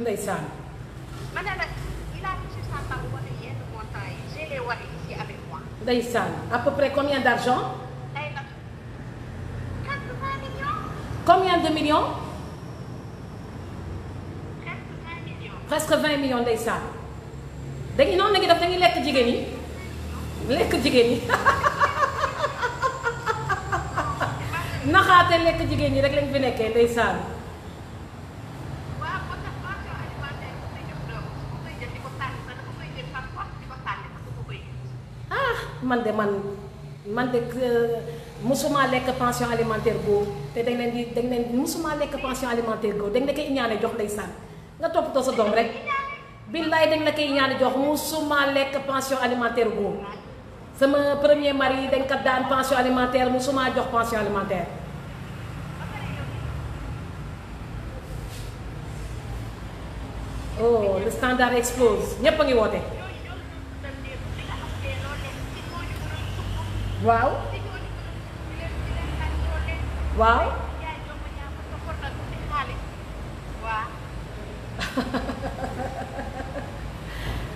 ndeysaan. ma ne la il a reçu sa part yi je à peu près combien d' argent. Eh, de millions. presque 20 millions. presque 20 millions ndeysaan. dañu noonu la lekk jigéen ñi lekk jigéen ñi naxaate lekk jigéen ñi rek lañ fi nekkee ndeysaan. man de man man de euh, musuma lekk pension alimentaire boobu te dañ leen di dañ leen musuma lekk pension alimentaire boobu dañ la koy ñaane jox ndeysaan nga toppatoo sa doom rek billaay dañ la koy jox musuma lekk pension alimentaire boobu sama premier mari dañ ko daan pension alimentaire musuma jox pension alimentaire oh le standard explose ñépp a ngi woote waaw waaw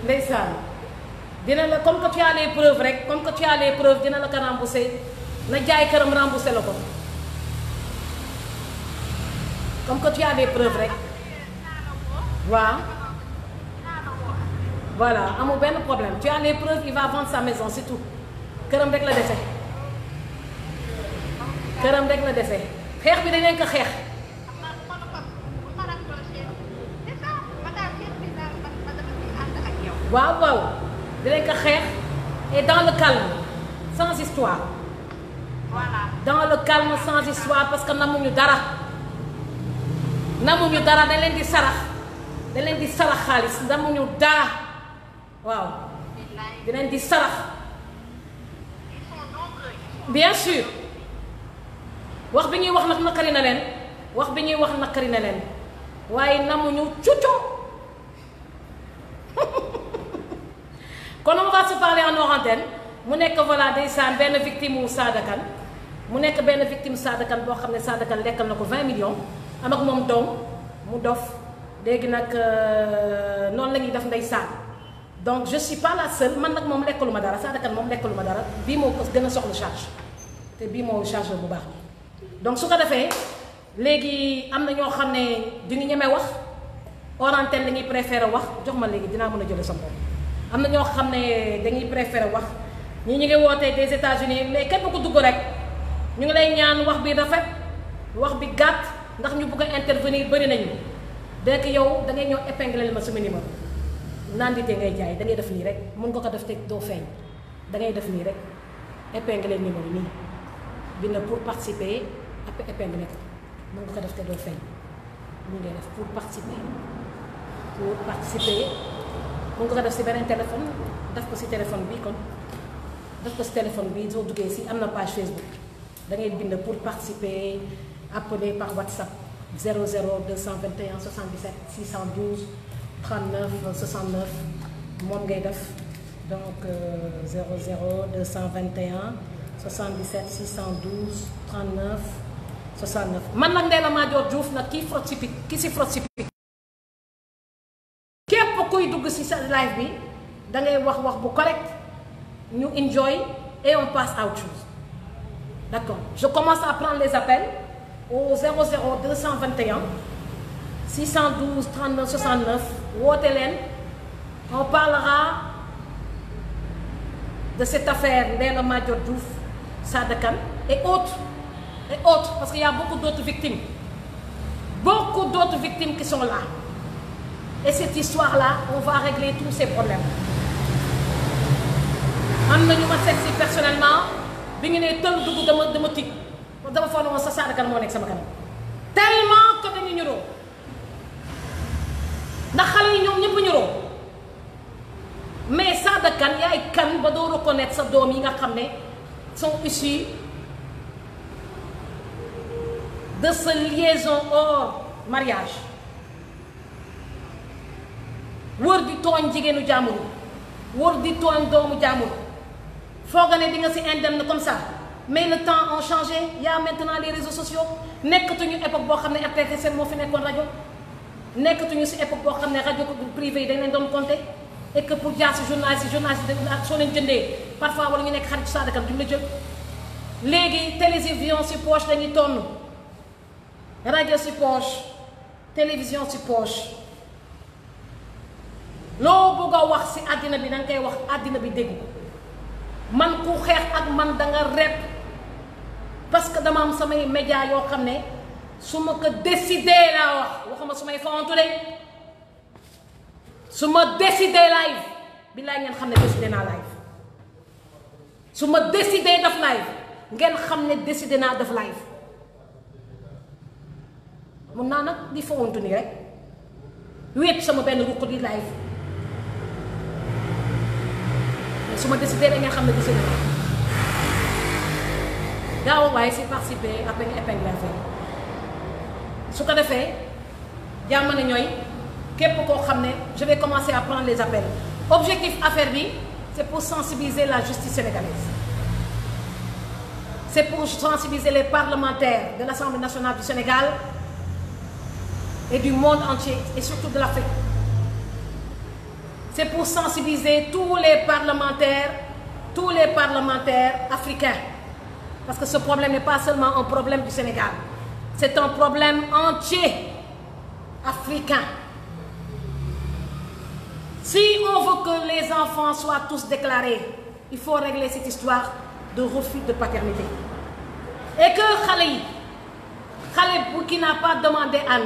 ndeysaan dina la comme que tu as les preuves rek comme que tu as les dina la ko remboursé na jaay këram remboursé la ko comme que tu as les rek waaw voilà amul benn problème tu as les preuves sa maison c'est këram rek la defe këram rek la defe xeex bi danañ ko xeex. waaw waaw dinañ xeex et dans le calme sans histoire. voilà calme sans histoire parce que namuñu dara. namuñu dara dañ leen di sarax dañ leen di sarax xaalis namuñu dara waaw. dinañ di sarax. bien sûr wax bi ñuy wax nag naqari na leen wax bi ñuy wax naqari na leen waaye namuñu cucu kon on va se parler en orantaine mu nekk voilà ndeysaan benn victime wu mu nekk benn victime Sada boo xam ne Sada Kane lekkal na ko 20 millions am ak moom doom mu dof léegi nag euh, noonu la ñuy def saan donc je suis pas la man nag moom lekkalu ma dara Sada Kane moom lekkalu ma dara bii moo ko gën a soxla charge te bii moo charge bu baax bi donc su ko defee léegi am na ñoo xam ne du ñu ñemee wax hors antenne dañuy préféré wax jox ma léegi dinaa mën a jële sa bopp am na ñoo xam ne dañuy préféré wax ñi ñu ngi wootee des États-Unis mais képp ko dugg rek ñu ngi lay ñaan wax bi rafet wax bi gàtt ndax ñu bugg a intervenir bëri nañu dès yow da ngay ñëw épingler ma sama numéro nandite ngay jaay da ngay def nii rek mën nga ko def teg doo feeñ da ngay def nii rek épingle numéro nii bind pour participer après épingle ko mën nga ko def te doo feeñ mën ngay def pour participer pour participer mën nga ko def si beneen téléphone def ko si téléphone bi kon def ko si téléphone bi soo duggee si am na page Facebook da ngay bind pour participer appeler par WhatsApp 00 221 77 612. 39 69 moom ngay def donc 00 221 77 612 39 69 man nag Ndella Madior Diouf nag kii frot si picc ki si frot si picc képp kuy dugg ci sa live bi da ngay wax wax bu correct ñu enjoy et on passe à autre d'accord je commence à prendre les appels au 00 221 612 39 69 woote leen on parlera de cette affaire Ndella Madior Diouf Sada Kane et autres et autres parce que y a beaucoup d'autres victimes beaucoup d'autres victimes qui sont là et cette histoire-là on va régler tous ces problèmes am na ñu ma seet si personnellement bi ngi ne tël dugg dama dama tig dama foog ne woon sa Sada moo nekk sama kanam tellement que dañu ñuroo ndax xale yi ñoom ñëpp ñoroo mais Sada Kane yaay kan ba doo reconnaître sa doom yi nga xam ne sont issus de sa liaison hors mariage wër di tooñ jigéenu jàmbur wër di tooñ doomu jàmbur foog ne di nga ci indemne comme ça mais le temps ont changé y a maintenant les réseaux sociaux nekkatuñu époque boo xam ne RTT moo fi nekkoon rajo. nekkatuñu si époque boo xam ne rajo privé yi dañ leen doon compté et que pour jaar si journaliste si journaliste soo leen jëndee parfois wala ñu nekk xarit sadakam duñ la jël léegi télévision si poche dañuy tonn rajo si poche télévision si poche loo bëgg a wax si àddina bi da nga wax àddina bi dégg man ku xeex ak man da nga rep parce que dama am samay média yoo xam ne su ma ko décidé laa wax waxuma su may fawantu de su ma décidé live billaay ngeen xam ne décidé naa live su ma décidé def live ngeen xam ne décidé naa def live mun naa nag di fawantu nii rek wéet sama benn ruq di live su ma décidé da ngeen xam ne décidé naa waaye si participer après épingle su ko defee jaamane ñooy képp koo xam ne je vais commencer à prendre les appels objectif affaire bi c'est pour sensibiliser la justice sénégalaise c'est pour sensibiliser les parlementaires de l'Assemblée nationale du Sénégal et du monde entier et surtout de l'Afrique c'est pour sensibiliser tous les parlementaires tous les parlementaires africains parce que ce problème n'est pas seulement un problème du Sénégal c'est un problème entier africain. Si on veut que les enfants soient tous déclarés, il faut régler cette histoire de refus de paternité. Et que xale yi xale bu qui n'a pas demandé à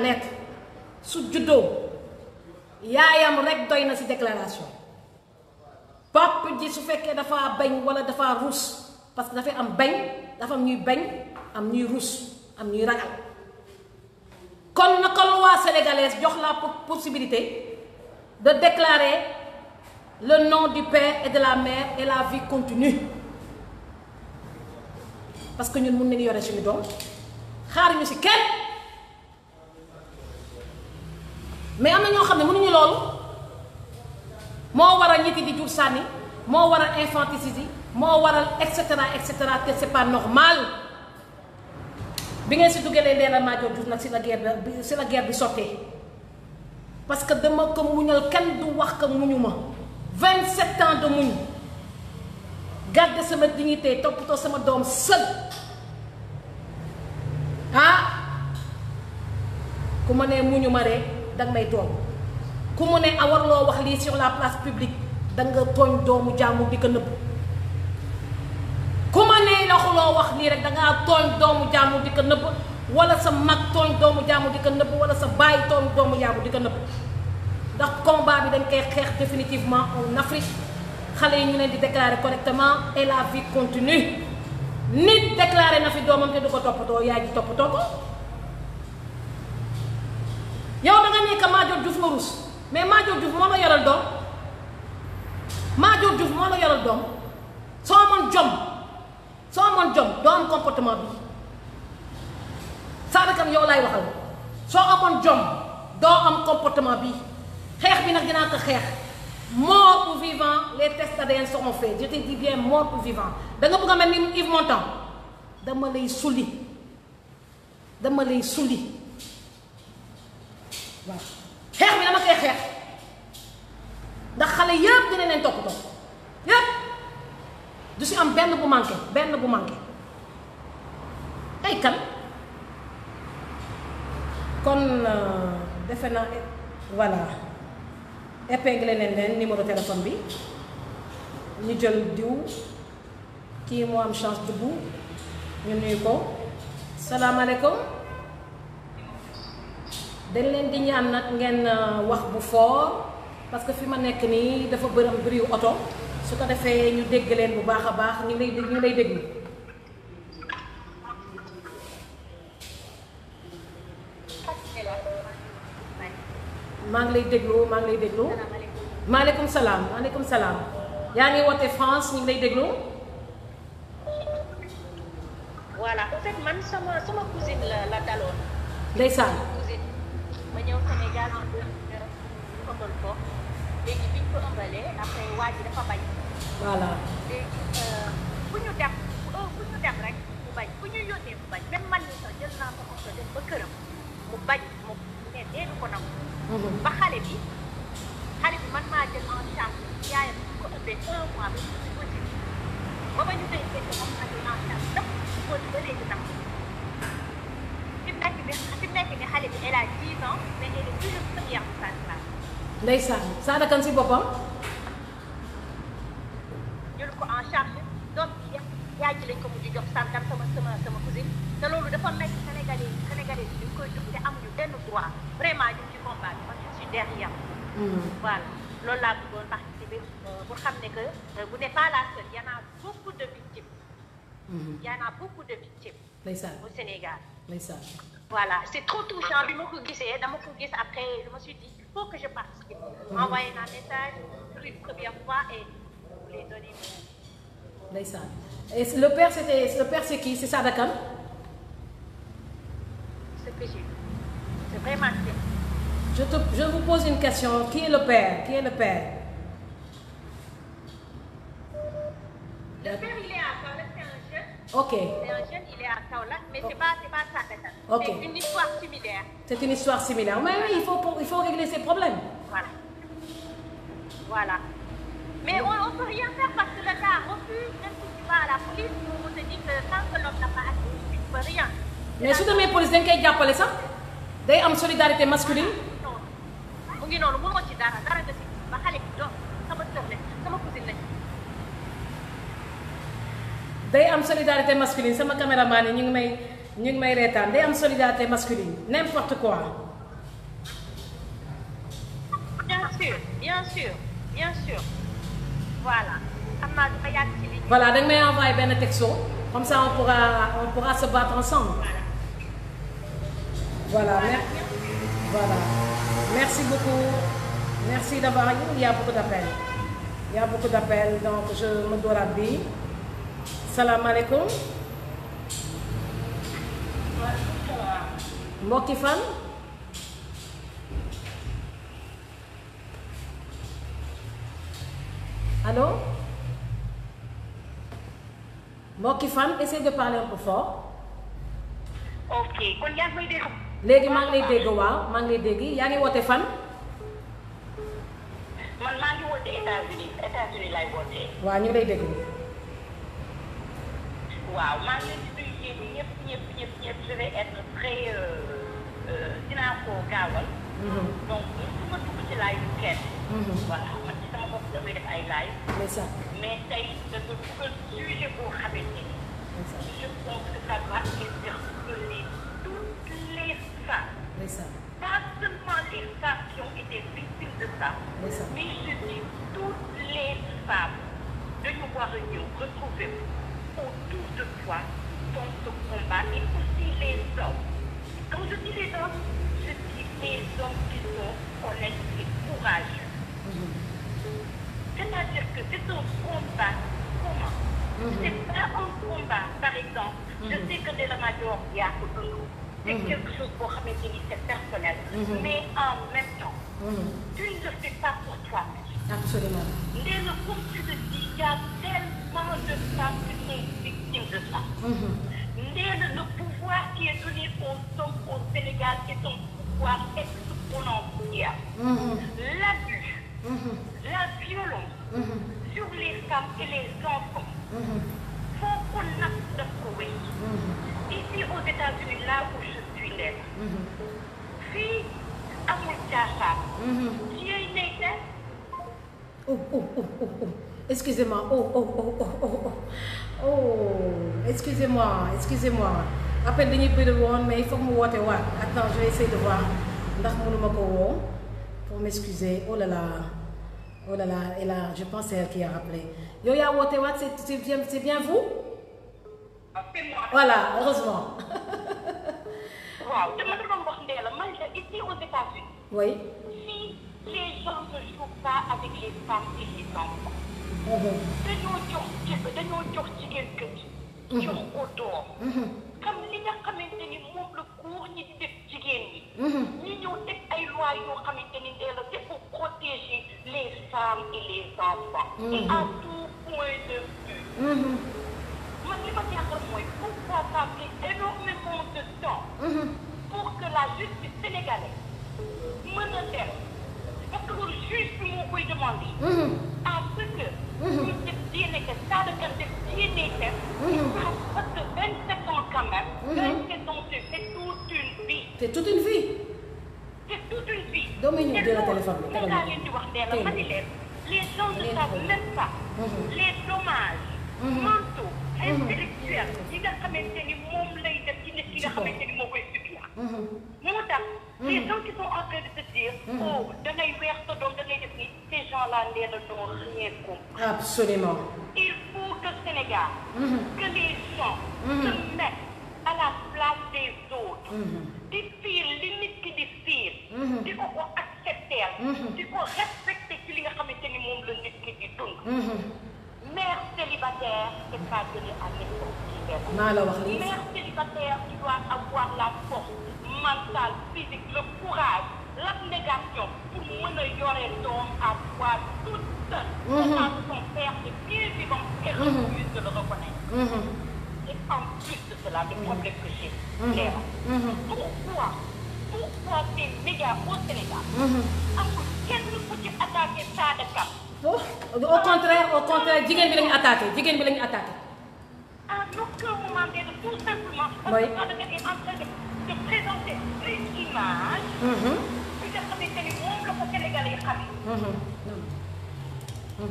su juddoo yaayam rek doy na ci déclaration pap ji su fekkee dafa bañ walla dafa ruus parce que dafay am bañ dafa am ñuy bañ am ñuy ruus am ñuy ragal kon naka waa sénégalaise jox la possibilité de déclarer la nom du père et de la mère et la vie continue parce que ñun mun nañu yore suñu doom xaar ñu ci kenn mais am na ñoo xam ne mënuñu loolu moo a ñitti di jur sànni moo war waral infanticide moo waral et cetera et cetera te c'est pas normal. bi ngeen si dugalee Ndella Madior Diouf nag si la guerre bi si bi sottee parce que dama ko muñal kenn du wax ko muñu ma 27 ans de muñ garder sama dignité toppatoo sama doom sël ah ku ma nee muñu ma rek danga may tooñ ku mu ne a wax lii sur la place publique danga tooñ doomu jàmbur di ko nëbb ku ma nee la wax lii rek dangaa tooñ doomu jaamu di ko nëbb wala sa mag tooñ doomu jaamu di ko nëbb wala sa bàyyi tooñ doomu jaamu di ko nëbb ndax combat bi dañ koy xeex définitivement en Afrique xale yi ñu leen di déclarer correctement et la vie continue nit déclaré na fi doomam te du ko toppatoo yaay ji toppatoo ko yow da nga nekk Madior Diouf mais Madior Diouf moo la yoral doom Madior Diouf moo la yoral doom soo amoon jom soo amoon jom doo am comportement bi Sada Kane yow laay waxal soo amoon jom doo am comportement bi xeex bi nag dinaa ko xeex mort vivant les te dis bien bëgg a mel ni Yves Montand dama lay sulli dama lay sulli waaw xeex bi dama koy xeex ndax xale yëpp dina leen toppatoo yëpp. du si am benn bu manqué benn bu manqué ay kan kon euh, defe na voilà épinglé leen leen numéro téléphone bi ñu jël diw kii moo am chance dugg ñu nuyu ko salaamaaleykum dañ leen di ñaan nag ngeen euh, wax bu fort parce que fi ma nekk nii dafa bërëm bëriw oto su ko defee ñu dégg leen bu baax a baax ñu lay ñu lay déglu maa ngi lay déglu maa ngi lay déglu maaleykum salaam maaleykum salaam yaa ngi woote France ñu ngi lay déglu voilà man sama sama cousine la daloon ndeysaan cousine léegi biñ ko ëmbalee après waa ji dafa bañ. voilà léegi bu euh, ñu dem bu euh, ñu dem rek mu bañ bu ñu yónnee mu bañ même man mii sax jël naa ko oto dem ba këram mu bañ mu ne dee du ko nangu. Mhm. ba xale bi xale bi man maa jël en charge yaayam bu ko ëppee un mois ba ñu ko ci ba ba ñu koy fekk moom maa jël en charge lépp ko ba léegi nag fi mu nekk nii fi mu nekk nii xale bi elle a 10 ans. ndeysaan Sada Kane si boppam. jël ko en charge doom bi yaay ji lañ ko mujj jox santam sama sama sama cousine te loolu dafa nekk Sénégalais yi Sénégalais yi ñu koy dugg te amuñu benn droit vraiment ñu ngi ci combat bi parce que je suis derrière. Hmm. voilà loolu laa bëggoon participer bu euh, xam ne que bu euh, n'est pas la seule y en a beaucoup de victimes. Hmm. y en a beaucoup de victimes. ndeysaan au Sénégal. ndeysaan. voilà c'est trop touchant bi ma ko gisee dama ko gis après je me suis faut que je participe. envoyé naa message pour première fois et vous les donnez. ndeysaan et le père c'était le père c'est qui c'est Sada Kane. c'est que je te je vous pose une question qui est le père qui est Ok. C'est un jeune, il est à Kaolack, mais oh. c'est pas, pas ça. Ok. une histoire similaire. Mais il faut, régler ces problèmes. Voilà. Voilà. Mais oui. on ne parce que la police, on te dit que tant que l'homme n'a pas agi, mais su demee police dañ koy jàppale sax day am solidarité masculine. mu day am solidarité masculine sama caméraman yi ñu ngi may ñu ngi may reetaan day am solidarité masculine n'importe quoi. bien sûr bien sûr bien sûr voilà xam naa dafa yàgg ci benn texto comme ça on pourra on pourra se battre ensemble. voilà merci voilà merci beaucoup merci d'avoir il y a beaucoup d'appels il y a je ma bi salaamaaleykum mbokki fan allo mbokki fan essayez de parler un peu fort. ok kon yaa ngi may dégg. léegi maa ngi lay dégg waaw maa ngi lay dégg yaa ngi woote fan. man maa ngi woote États-Unis États-Unis laay waaw maa ngi leen di nuyu yéen ñëpp ñëpp ñëpp ñëpp je vais être très euh, euh, dinaa ko gaawal. Mhm. donc su ma dugg ci live kenn. Mhm. voilà man ci sama bopp damay def ay live. mais tey da nga dugal sujet boo xamante ni. je pense que ça doit interpeller toutes les femmes. pas seulement les femmes qui été victimes de ça. mais je dis les femmes dañu war a ñëw retrouver faut toutefois qu'on se combat et aussi les hommes. Quand je dis les hommes, je dis les hommes qui sont honnêtes et courageux. C'est-à-dire que c'est un combat commun. C'est pas un combat, par exemple, je sais que dès le major, il y a c'est quelque chose boo xamante ni c'est personnel. mais en même temps. tu ne le fais pas pour toi-même. absolument. mais le groupe de vie y a tellement sens de ça, qui sont victimes de ça. Mais le, le pouvoir qui est donné aux hommes au Sénégal est un pouvoir exponentiel. L'abus, la violence sur les femmes et les enfants faut qu'on accepte de trouver. Ici aux États-Unis, là où je suis née, fille à mon Dieu n'est Oh, oh, oh, oh, oh. Excusez-moi. Oh, oh, oh, oh, oh, oh. Oh, excusez-moi, excusez-moi. Appel dañuy bëri woon mais il faut que mu woote waat. Attends, je vais essayer de voir ndax mënuma ko woo pour m'excuser. Oh là là. Oh là là, et là, je pense c'est elle qui a rappelé. Yow yaa woote waat, c'est bien, c'est bien vous? Voilà, heureusement. Waaw, dama doon wax Ndella, man les gens ne jouent pas avec les participants. dañoo jox ci dañoo jox jigéen kër gi. jox ko door. xam li nga xamante ni moom la góor ñi di def jigéen ñi. Mm-hmm. ñu ñëw teg ay lois yoo xamante ni day la c'est pour protéger les femmes et les enfants. et mm-hmm. à tout point de vue. Mm-hmm. man li ma jaaxal mooy pourquoi ça fait énormément de temps. pour que la justice sénégalaise mën a def. parce que loolu juge bi moo koy demandé. en mhm. ce que. Mhm. ñu def DNA test saa de kan def DNA test. parce que 27 ans quand même. 27 mhm. ans c' est toute une vie. c' est toute une vie. c' est toute une vie. doo may ñëw jël téléphone bi tey laa leen di wax dee la ma ni leen les gens ne savent même pas. les dommages. mentaux intellectuels yi nga xamante ni moom lay def ci nit ki nga xamante ni moo koy subir. moo tax. les gens qui de se dire. Mm. oh dangay weer sa doom dangay def nii ces gens-là nee na doo rien compris. absolument. il faut que Sénégal. Mm-hmm. que les mm-hmm. se mettent à la place des autres. Mm-hmm. di fiir li nit ki di fiir. di ko ko accepter. di ko respecter li nga xamante ni moom ki di dund. mère célibataire c'est pas donné à n'importe qui. maa la wax la force. mental physique le courage l'abnégation pour mën a yore doom à toi toute seule. sans mm-hmm. son père est bien vivant et mm-hmm. refuse de le reconnaître. Mm-hmm. et en plus de cela le problème que j'ai. Léa. pourquoi pourquoi ces médias au oh, au contraire au contraire jigéen bi lañu attaqué jigéen bi lañu attaqué. Ah, de présenter une image. bi nga xamante ni moom la ko Sénégal yi xamee.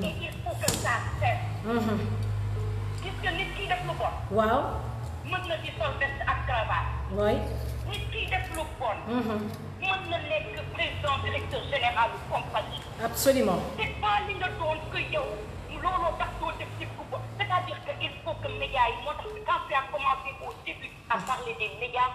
et il faut que ça cesse. gis mm-hmm. nga nit kiy def lu bon. waaw. mën na di sol veste ak cravate. oui. nit kiy def lu bon. Mm-hmm. mën na nekk président directeur général compagnie. absolument. c'est pas li nga doon que yow looloo tax doo def ci lu bon c'est-à-dire que il faut que médias yi moo tax quand tu as commencé au début à parler des médias.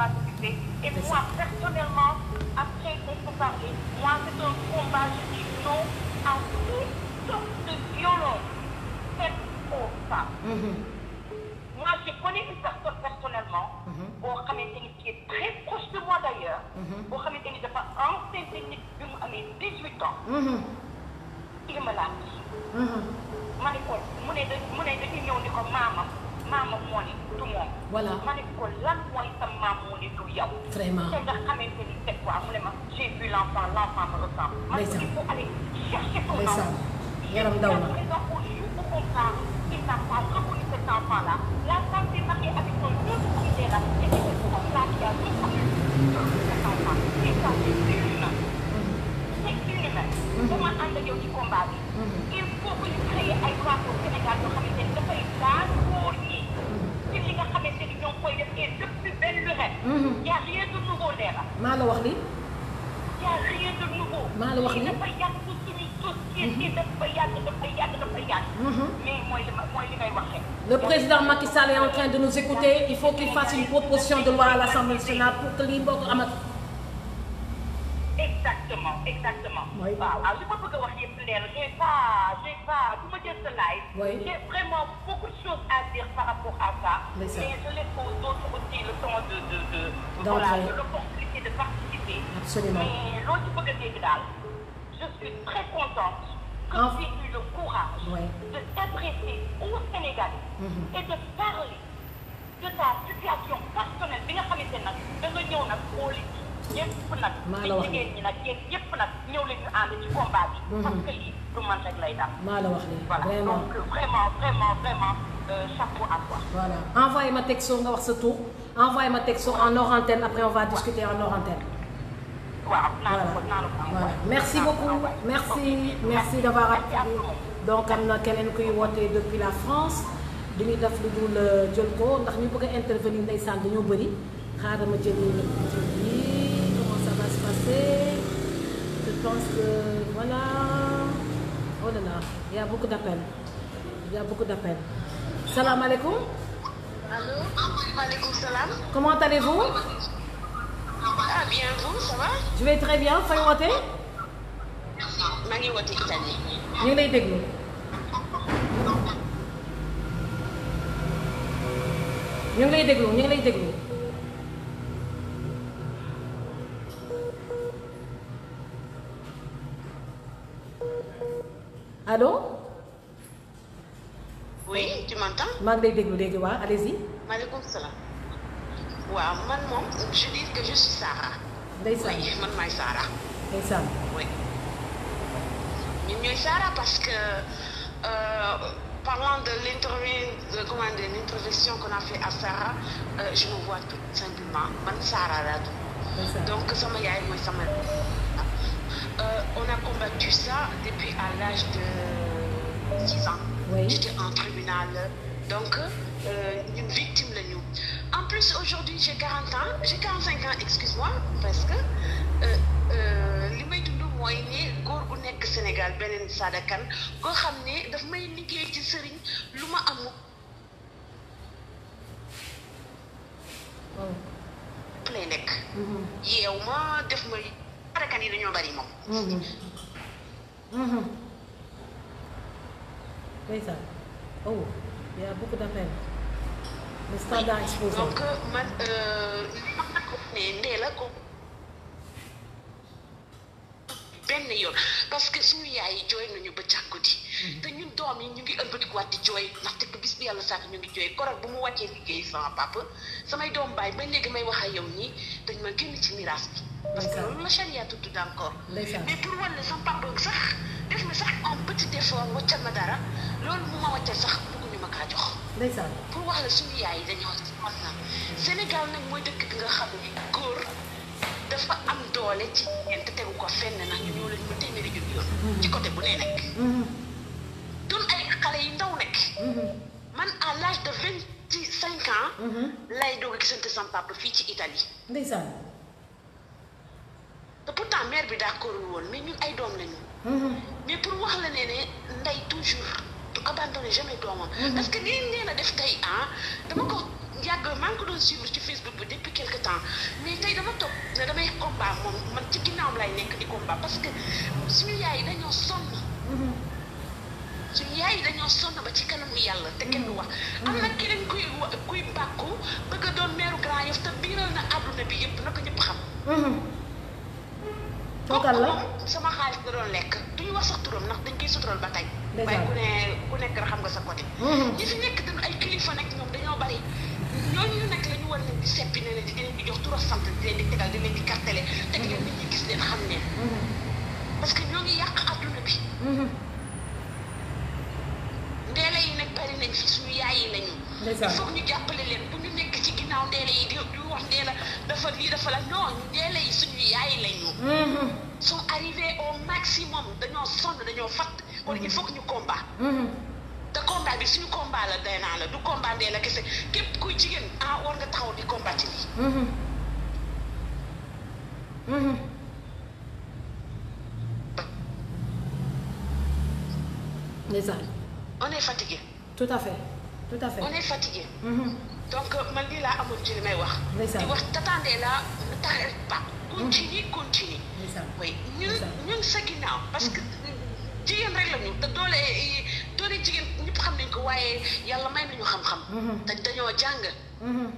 combat public. Et moi, personnellement, après qu'on se parler, moi, c'est un combat, je dis non à toutes sortes de violences faites aux femmes. Mm -hmm. Moi, je connais une personne personnellement, mm-hmm. boo xamante ni qui est très proche de moi d'ailleurs, mm-hmm. boo xamante ni dafa enceinte nit bi mu amee 18 ans. Mm-hmm. il me l'a dit. ma ne ko mu ne dañu ñëw ni ko maamam. maamam moo ne du moom. voilà ma ne ko lan mooy sa maam moo ne du yow. vraiment te nga xamante ni c'est quoi mu ne ma j'ai vu l'enfant l'enfant me ressemble. man il faut aller chercher son enfant. yaram daw na il n'a pas reconnu cet enfant là la femme s'est mariée avec son autre idée là et c'est ce homme là qui a reconnu cet enfant et ça c'est inhumain c'est inhumain bu ma ànd ak yow ci combat bi mm-hmm. il faut que ñu créer ay droits au Sénégal Mm-hmm. yaa rien de nouveau Leila. maa wax li de nouveau. maa la wax li dafa yàgg suñu société mm-hmm. dafa yàgg dafa yàgg dafa yàgg. Mm-hmm. mais mooy li ma mooy li ngay waxee. le président Macky Sall est en train de nous écouter il faut qu'il fasse une proposition de l'Assemblée nationale exactement exactement. mooy waaw waaw li ma bëgg a j'ai pas j'ai pas du ma jël sa live. j'ai vraiment beaucoup de choses à dire par rapport à ça. mais je laisse aux autres aussi le temps de de de. de participer. mais loo ci bëgg je suis très contente. que ah. eu le courage. de t'adresser aux Sénégalais. Mm-hmm. et de parler de ta situation personnelle bi nga xamante ne nag da nga yëpp nag. maa la wax li jigéen ñi nag yéen yëpp nag ñëw leen ñu ànd ci combat bi. Mhm. parce que lii du man rek lay dal. maa la wax nii voilà donc vraiment vraiment vraiment euh, chapeau à toi. voilà envoyé ma texto nga wax sa tour envoyé ma texto en hors antenne après on va discuter en hors antenne. waaw naa la ko naa la ko voilà merci beaucoup merci merci d'avoir appelé donc am na keneen kuy woote depuis la France. du ñu def lu dul euh, jël ko ndax ñu bëgg a intervenir ndeysaan dañoo bëri xaaral ma jël avancer. Je pense que voilà. Oh là là, il y a beaucoup d'appels. Il y a beaucoup d'appels. Salam salam. Comment allez-vous? Ah bien, vous, ça va? Je vais très bien. Fay wootee? maa ngi wootee Italie. ñu ngi lay déglu. ñu ngi lay déglu ñu ngi lay déglu. allô. oui tu m'entends. maa ngi lay déglu léegi waa allez-y. maaleykum salaam. waaw man moom je dis que je suis Sarah. ndeysaan oui man maay Sarah. ndeysaan. oui ñun ñooy Sarah parce que euh, de l'intervention comment a fait Sarah euh, je me vois tout simplement man Sarah laa tudd. sama yaay mooy sama. euh, depuis à l'âge de 6 ans. Oui. J'étais en tribunal. Donc, euh, victime de nous. En plus, aujourd'hui, j'ai 40 ans, j'ai 45 ans, excuse parce que euh, euh, li may dund mooy ne góor gu nekk Sénégal beneen Sada Kane koo xam ne daf may liggéey ci sëriñ lu ma amul. lay oh. nekk. Mm-hmm. yeew ma def may. sàmmkat yi dañoo bari moom. ndeysaan oh eh, y a beaucoup d'appels. le standard exposé donc man li la ko. benn yoon parce que suñu yaay yi jooy nañu ba càggudi mm-hmm. te ñun doom yi ñu ngi ëlbatikuwaat di jooy ndaxte bu bis bi yàlla sàkk ñu ngi jooy korog bu mu wàccee liggéey sama papa samay doom baay ba léegi may wax ak yow nii dañ ma génn ci miraas bi parce que loolu la charia tudd encore mais pour wàlle sama papa sax def na sax un petit effort wàccal ma dara loolu mu ma wàccal sax bëgguñu ma kaa jox pour wax la suñu yaay yi dañoo wax na Sénégal nag dafa am doole ci ñeent te tegu ko fenn ndax ñu ñoo leen mu téeméeri junni yoon. ci côté bu nee nekk. dun ay xale yi ndaw nekk. man à de vingt cinq ans. lay doog gisante sama papa fii ci Italie. ndeysaan. te pourtant mère bi d'accordul woon mais ñun ay doom lañu. Mhm. mais pour wax la ne ne ndey toujours du abandonné jamais doomam. Mhm. parce que nii nee na def tey ah dama ko. yàgg maa ngi doon suivre ci Facebook bi depuis quelque temps mais tey dama toog ne damay combat moom man ci ginnaawam lay nekk di combat parce que suñu yaay yi dañoo sonn. Mhm. yaay dañoo sonn ba ci kanamu yàlla te kenn du mhm. wax. Mhm. am na keneen kuy kuy bàkku bëgg a doon meeru Grand Yoff biiral na àdduna bi yëpp na ko ñëpp xam. kooku moom sama xaalis da doon lekk duñu wax sax turam ndax dañ koy sutural ba tey. waaye ku ne ku nekk rek xam nga sa côté. ñi fi nekk dañu ay kilifa nekk ñoom dañoo bari. ñooñu nag la ñu war leen di seppi ne ne di leen jox tur sant di leen di tegal di leen di kartale gis leen xam leen parce que ñoo ngi yàq adduna bi ndeela yi nag bari nañ fi suñu yaay yi lañu foog ñu jàppale leen bu ñu nekk ci ginnaaw ndeela yi di wax ndeela dafa lii dafa la non ndeela yi suñu yaay lañu sont arrivés au maximum dañoo sonn dañoo fatt kon il faut ñu combat te combat bi suñu combat la day naa la du combat mbee la kese képp kuy jigéen ah war nga taxaw di combat ci lii. Mm-hmm. Mm-hmm. ndeysaan. on est fatigué. tout à fait tout à fait. on est fatigué. Mm-hmm. donc man lii laa amoon ci li may wax. ndeysaan di wax tatandee la ne t'arrête pas. continue continue. ndeysaan oui ñun ñun sa ginnaaw parce que. jigéen rek la ñu te doole doole jigéen ñëpp xam nañ ko waaye yàlla may nañu xam-xam. Mm-hmm. te dañoo jàng. Mm-hmm.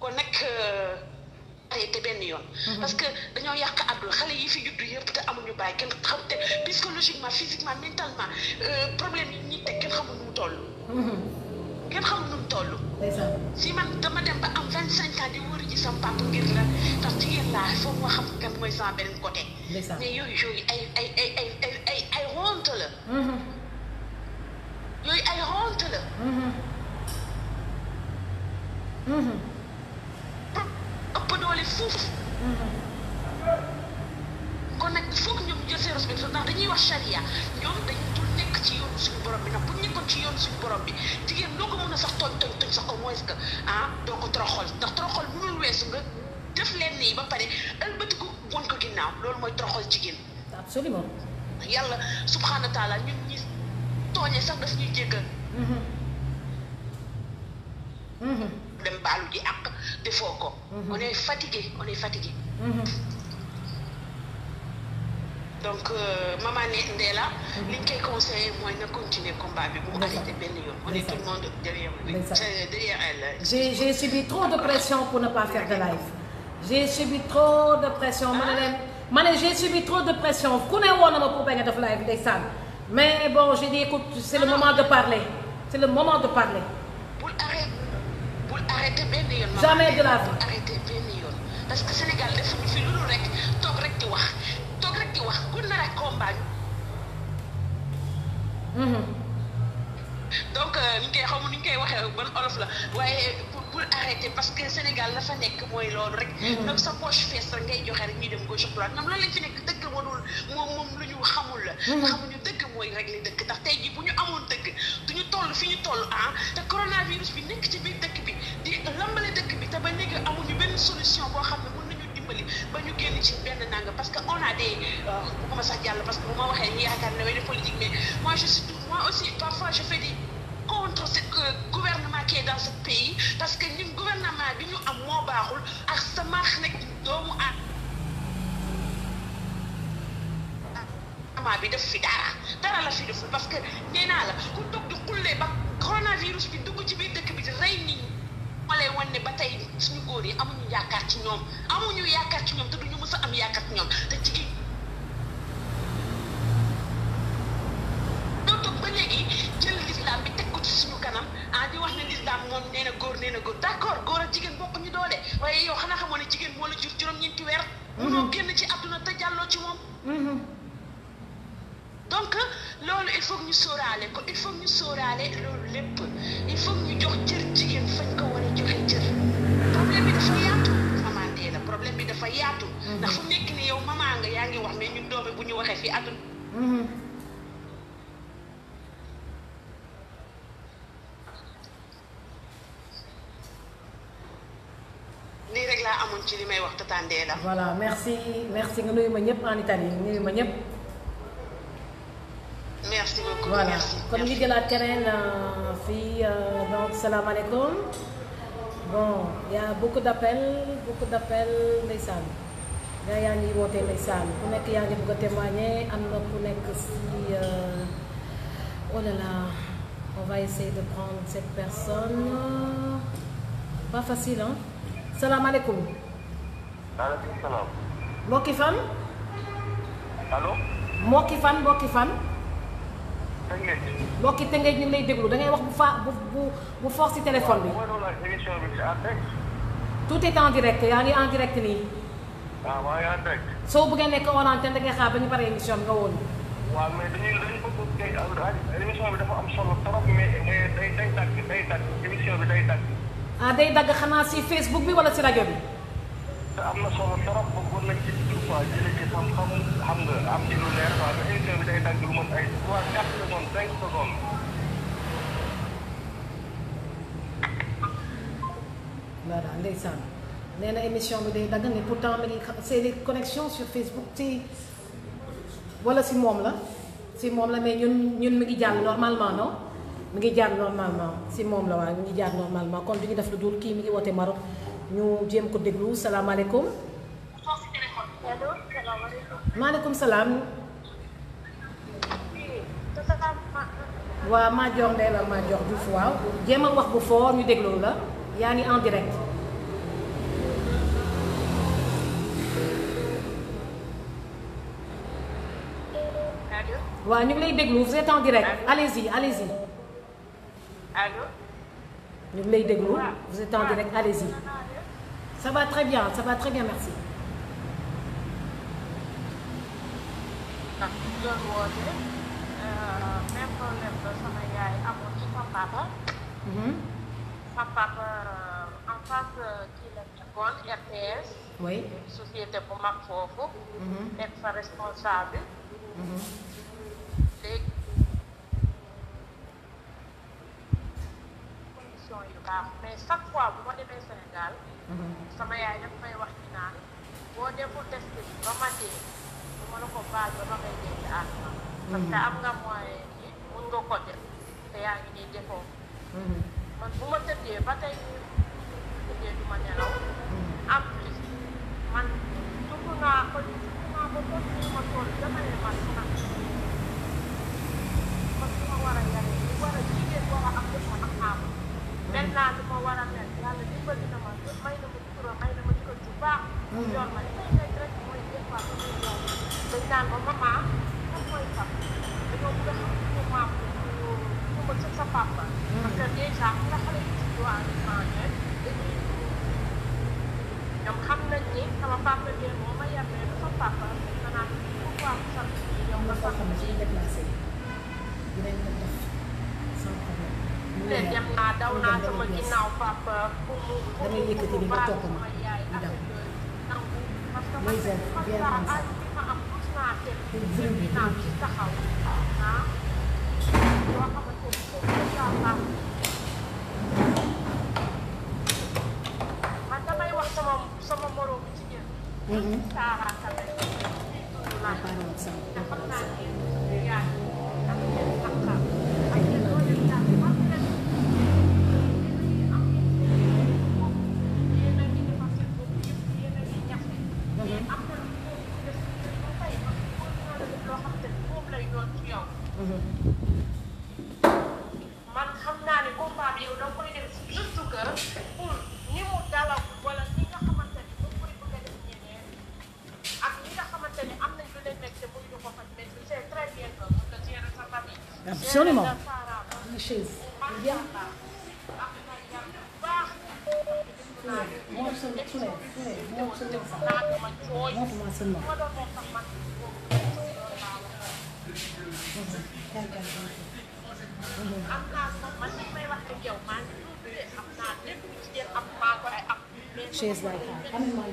kon nag euh, te benn yoon. Mm-hmm. parce dañoo yàq àdduna xale yi fi juddu yëpp te amuñu bàyyi kenn xam te psychologiquement physiquement mentalement euh, problème yi ñuy teg kenn xamul nu mu kenn xamul nu mu toll. si man dama dem ba am vingt cinq ans di wóor ji sama papa ngir la ndax jigéen laa foog nga xam kan mooy sama beneen côté. mais yooyu yooyu ay ay ay ay ay ay ay honte la. Mm-hmm. yooyu ay honte la. Mm-hmm. Mm-hmm. ëpp doole fuuf. kon nag il faut que ñoom ñu jël ci suñu borom bi ndax bu ñu ci yoonu suñu borom bi jigéen loo ko mën a sax tooñ tooñ tooñ sax ko mooy que ah doo ko toroxal ndax toroxal mënul weesu nga def leen nii ba pare ëlbatiku won ko ginnaaw loolu mooy toroxal jigéen. yàlla subhaana taala ñun ñi tooñee sax daf ñuy jéggal. Mm-hmm. Mm-hmm. dem baalu ji ak defoo ko. Mm-hmm. on est fatigué on donc euh, mama Ndéla mhm. li ñu koy conseillé mooy na continuer combat bi bu arrêté benn yoon on est tout le monde derrière lui euh, derrière elle j'ai j'ai subi trop de pression pour ne pas faire de live j'ai subi trop de pression ma ne ah. leen ma ne j'ai subi de pression ku ne mais bon j'ai dit écoute c'est le moment de parler c'est le moment de parler bul arrêté bul arrêté benn yoon jamais de la vie arrêté benn yoon parce que Sénégal defuñu fi lu dul rek toog rek di wax ku nar a campagne. donc euh, ni ñu koy xaw ma ni ñu koy waxee ban olof la waaye pour pour arrêter parce que Sénégal la fa nekk mooy loolu rek. donc mm-hmm. sa poche fees ngay joxe rek ñuy dem gauche droite ñoom loolu lañ fi nekk dëgg wanul moom moom lu ñu xamul la. Mm-hmm. xamuñu dëgg mooy régler dëkk ndax tey jii bu ñu amoon dëgg du ñu toll fi ñu toll ah te coronavirus bi nekk ci biir dëkk bi di lambale dëkk bi te ba léegi amuñu benn solution boo xam ne. dimbali ba ñu génn ci benn nanga parce que on bu ma sax jàll parce bu ma waxee ñu yaakaar ne wéne politique mais moi je suis moi aussi parfois je fais des contre ce gouvernement qui dans ce pays parce que ñun bi ñu am moo baaxul ak sa marx nag doomu at gouvernement bi def fi dara dara la fi deful parce que la ku toog di xullee ba coronavirus bi dugg ci biir dëkk bi di rey nit ma lay ne ba tey suñu góor yi amuñu yaakaar ci ñoom amuñu ci ñoom te duñu mës am yaakaar ci ñoom te jigéen ñoo toog ba léegi jël lislaam bi teg ko ci suñu kanam ah di wax ne lislaam moom nee góor nee góor d'accord góor ak jigéen bokk ñu doole waaye yow xanaa xamoo ne jigéen moo la jur juróom-ñeenti weer mm-hmm. munoo génn ci àdduna te jàlloo ci moom mm-hmm. donc loolu il faut ñu sóoraale ko il faut ñu sóoraale loolu lépp il faut ñu jox cër jigéen fañ ko bi dafa yaatu na problème bi dafa yaatu mhm. ndax fu nekk ni yow maman nga yaa ngi wax mais ñun doomi bu ñu waxee fii àdduna lii mhm. rek laa amoon ci li may wax tatandee la voilà merci merci nga nuyu ma ñëpp en Italie nuyu ma ñëpp merci beaucoup voilà kon ñu jëlaat keneen euh, fii euh, donc salaamaaleykum bon y' a beaucoup d' appels beaucoup d' appels ndeysaan gaa yaa ngi woote ndeysaan ku nekk yaa ngi bëgg a témoigner am na ku nekk si euh, oh là là on va essayer de prendre cette personne pas facile ah salaamaaleykum. maaleykum salaam. mbokki fan. allo. mbokki fan mbokki fan. mbokki Tëngéej ñu lay déglu da ngay wax bu fa bu bu bu force ci téléphone bi. tout est en direct yaa ngi en direct nii. waaw ah, waaye en soo buggee nekk en antenne da ngay xaar ba ñu pare émission nga woon. waaw mais dañuy dañu dafa am solo trop mais day day dagg day dagg bi day dagg. ah day dagg xanaa si Facebook bi wala si rajo bi. te am na solo trop bëggoon nañ ci. quoi jëlee ci xam-xam émission bi day dagg na émission bi day dagg ne pourtant mi ngi c'est des connexions sur Facebook ci wala si moom la si moom la mais ñun ñun mi ngi jàll normalement non. mi ngi jaar normalement si moom la waaye mi ngi jaar normalement kon du ñu def lu dul kii mi ngi woote Maroc ñu jéem ko déglu salaamaaleykum. maaleykum salaam. waa maa jox ndey la maa jox Diouf waaw jéem a wax bu fort ñu déglu la yaa ngi wa direct. waaw ñu ngi lay déglu vous êtes en direct allez-y allez-y. allo. ñu ngi lay déglu vous êtes en direct allez nag loolu woote même problème la sama yaay amoon ci sama papa. sama papa en face kii la nekkoon RTS. société bu mag foofu. nekk fa responsable. léegi condition yu baax mais chaque fois bu ma demee Sénégal. sama yaay daf may wax ci naan boo deful test bi ba ma wala ko baal ba ba ngay génn àdduna parce que am nga mooy yi mun nga ko def te yaa ngi man bu ma tëddee ba tey tëddee du ma nelaw am plus man dugg naa ko dugg naa ko foofu ni ma toll damay man man man ma war a yare li war a ma am naa ma war na ma may na ma sutura ma jikko ju baax yor daan ba maman moom mooy fam dañoo bëgg a xam suñu maam ñu ñu mën sa sa papa. parce que dèjà bu nga xale yi si waa étranger dañuy ñoom xam nañ ni sama papa bi moo ma yar mais dafa papa dafa naan pourquoi mu sant yi yow nga sant yi déplacé dinañ ko def sans problème. te dem naa daw naa sama ginnaaw papa pour mu pour mu baal sama yaay ak nangu parce que man papier zrobi nam się zachał. man damay wax sama sama moroom jigéen. Saara Kame. Ndax xam naa ne yaa ngi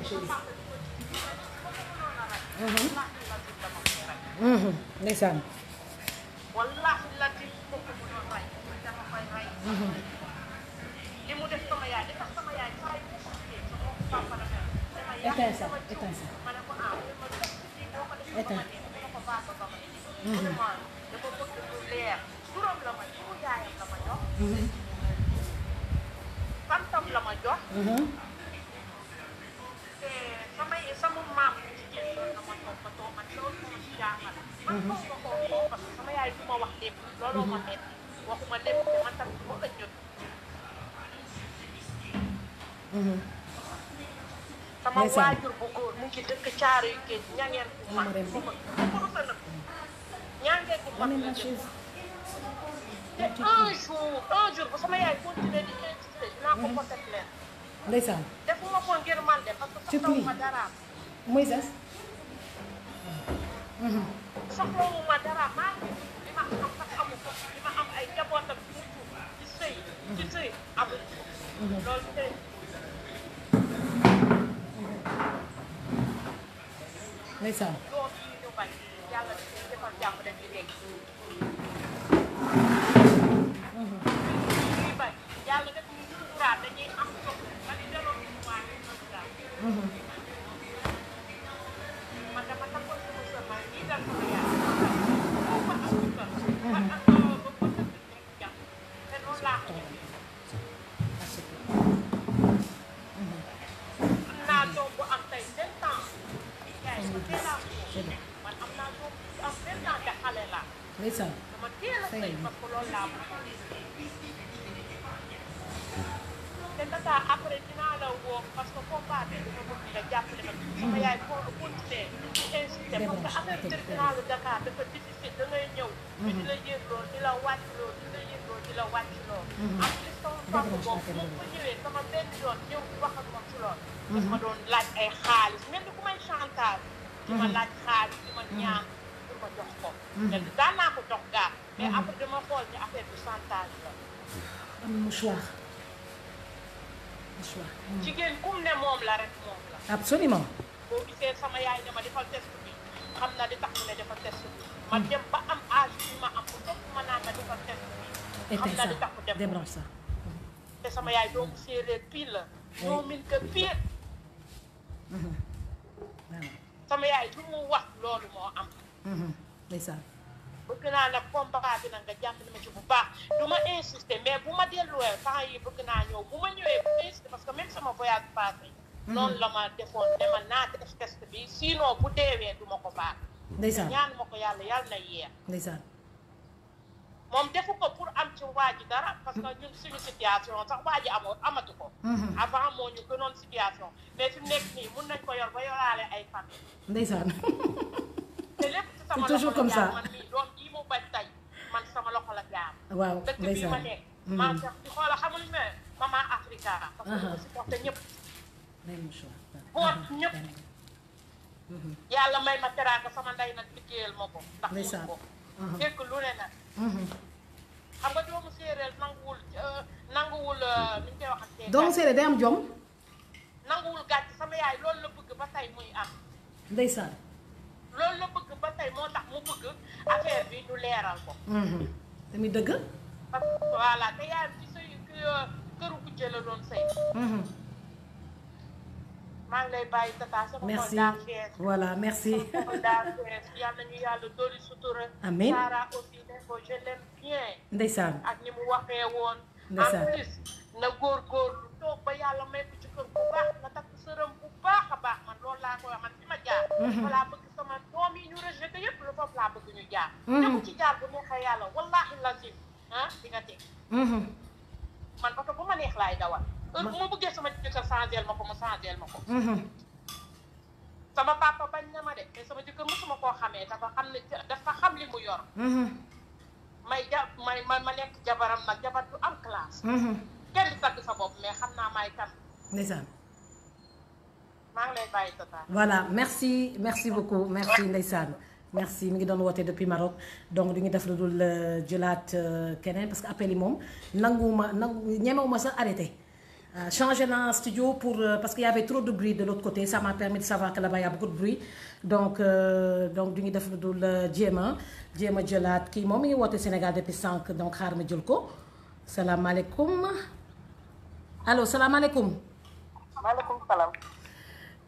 même mm-hmm. chose. Mm-hmm. Mm-hmm. ndeysaan. éteint sax éteint sax éteint. santam parce que sama yaay bu ma wax lépp looloo ma xeet waxuma lépp man tam bu ma ëññut sama waajur bu góor mu ngi dëkk caaro yu géej ñangeen bu mag bu mag kuruta nag ñangeen bu mag la jël te un jour un jour bu sama yaay continuer di insister dinaa ko porté plainte ndeysaan defuma ko ngir man de parce que sax dawuma daraam Moïse soxlawuma dara maa ngi li ma xam sax amu ko li ma am ay jabootam surtout ci sëy ci sëy amuñu ko loolu tey ndeysaan doom yi ñu bañ yàlla defal jàmm dañuy dégg ndeysaan te tata après dinaa la woo parce que combat bi dama bëgg nga jàppale ma sama yaay foo ko continuer insisté parce que affaire tribunal Dakar dafa difficile da ñëw ñu di la yëgloo di la wàccloo di la yëgloo di la wàccloo am li sama papa moom fu ma ñëwee sama benn yoon wax ak moom ci lool doon laaj ay mel ni ku may chantage di ma laaj xaalis di ma ñaan jox ko. te daan naa ko jox gaal. Mhm. ni affaire bi la. am mouchoir hmm. jigéen kum ne moom la rek moom la. absolument. boo gisee sama yaay dama defal test ne defal test bi. ma hmm. dem ba am âge bi doomu séeréer pire la. doomin ka pire. sama yaay lu hmm. loolu moo am. ndeysaan bëgg naa nag combat bi nag nga jàppale ma ci bu baax du ma insister mais bu ma delluwee temps yi bëgg naa ñëw bu ma ñëwee bu insister parce que même sama voyage passé mhm. noonu la ma defoon ne ma naa def test bi sinon bu deewee duma ma ko baax ndeysaan ñaan ma yàlla yàlla na yeex ndeysaan moom defu ko pour am ci waa ji dara parce que ñun suñu situation sax waa ji amoon amatu ko mhm. avant moo ñu gënoon situation mais fi mu nekk nii mun nañ ko yor ba yoraale ay famille ndeysaan te lépp ci sama loxo toujours comme ça man mii la jaar. waaw dëkk bii ma nekk. maa parce que ma may ma teraanga sama mm. ndey nag liggéeyal ma ko. ndax lu ne nag. xam mm-hmm. nga doomu séeréer nanguwul am jom. nanguwul gàcc sama yaay loolu la bëgg ba tey muy am. ndeysaan. loolu la bëgg ba tey moo tax mu bëgg affaire bi du leeral ko. Mhm. tamit dëgg. parce que te yaayam ci sëy euh, këru kujje la doon sëy. Mhm. maa ngi lay bàyyi tata sama xol daa fees. voilà merci yàlla dolli sutura. amiin Sara aussi ne ko je l'aime bien. ndeysaan ak ni mu waxee woon. ndeysaan en plus na góorgóorlu toog ba yàlla may ko ci kër bu baax na takk sërëm. baax a baax man loolu laa koy wax man fi ma jaar walaa mhm. bëgg sama doom yi ñu rejeté yëpp lu foofu laa bëgg ñu jaar ñëpp mhm. ci jaar bu neexee yàlla wallahi lazim ah di nga teg mhm. man parce que bu ma neex laay dawal heure bu ma bëggee sama jëkkër changel ma ko mu changel ma ko sama papa bañ na ma de mais sama jëkkër mosuma koo xamee dafa xam ne dafa xam li mu yor may ja may ma ma nekk jabaram nag jabar du am classe kenn di sa bopp mais xam naa may tam ndeysaan maa tota. voilà merci merci beaucoup merci ndey ndeysaan merci mi ngi doon woote depuis Maroc donc du ñu def lu dul euh, jëlaat euh, keneen parce que appel yi moom nanguwuma nangu ñemewuma sax arrêté. Euh, changé naa studio pour parce que y avait trop de bruit de l'autre côté ça m'a permis de savoir que là-bas y a beaucoup de donc donc du ñu def lu dul jéem a jéem a jëlaat kii moom mi ngi woote Sénégal depuis sànq donc xaar ma jël ko salaamaaleykum allo salaamaaleykum. maaleykum salaam.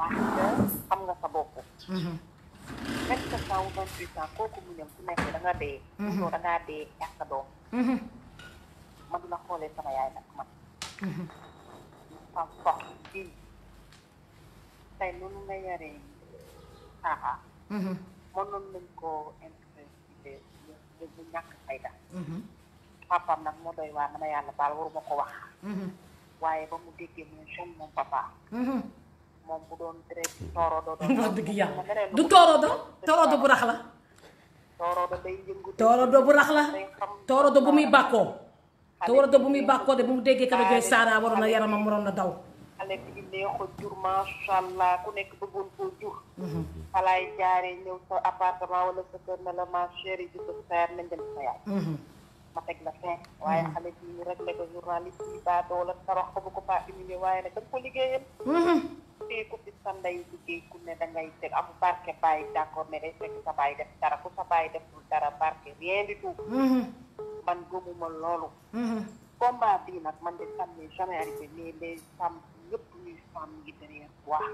parce que xam nga sa bopp. vingt-sept ans ou kooku mu ñëw su nekk da dee. Mm-hmm. ñàkk doom. Mm-hmm. man la xoolee sama yaay nag man. sans force fii tey noonu nga yaree saaxaa. Mm-hmm. mënoon nañ koo intrant bu ñàkk fayda. papaam nag moo doy waar na ma yàlla baal waruma ko wax. waaye ba mu déggee mu ne moom papa. moom hmm. bu du toorodo. toorodo bu rax la. toorodo day yëngu. toorodo bu rax la. toorodo bu muy bàkkoo. toorodo bu muy bàkkoo de bu mu déggee kaba jooy Saara waroon na yaramam waroon na daw. xale bi neexoon ku nekk bëggoon koo jur. xalaay hmm. ma ma teg la fin waaye mm-hmm. xale bi réglé ko journaliste yi ba bu ko faa humilié waaye nag da nga ko liggéeyal mm-hmm. tey ku fi sa ndey liggéey ku ne da ngay teg am barke bàyyi d'accord mais day fekk sa bàyyi def dara ku sa bàyyi deful dara barke rien du tout mm-hmm. man gëmuma loolu combat bi nag man de sam ne jamais arrivé mais les femmes ñëpp ñuy ngi derrière wax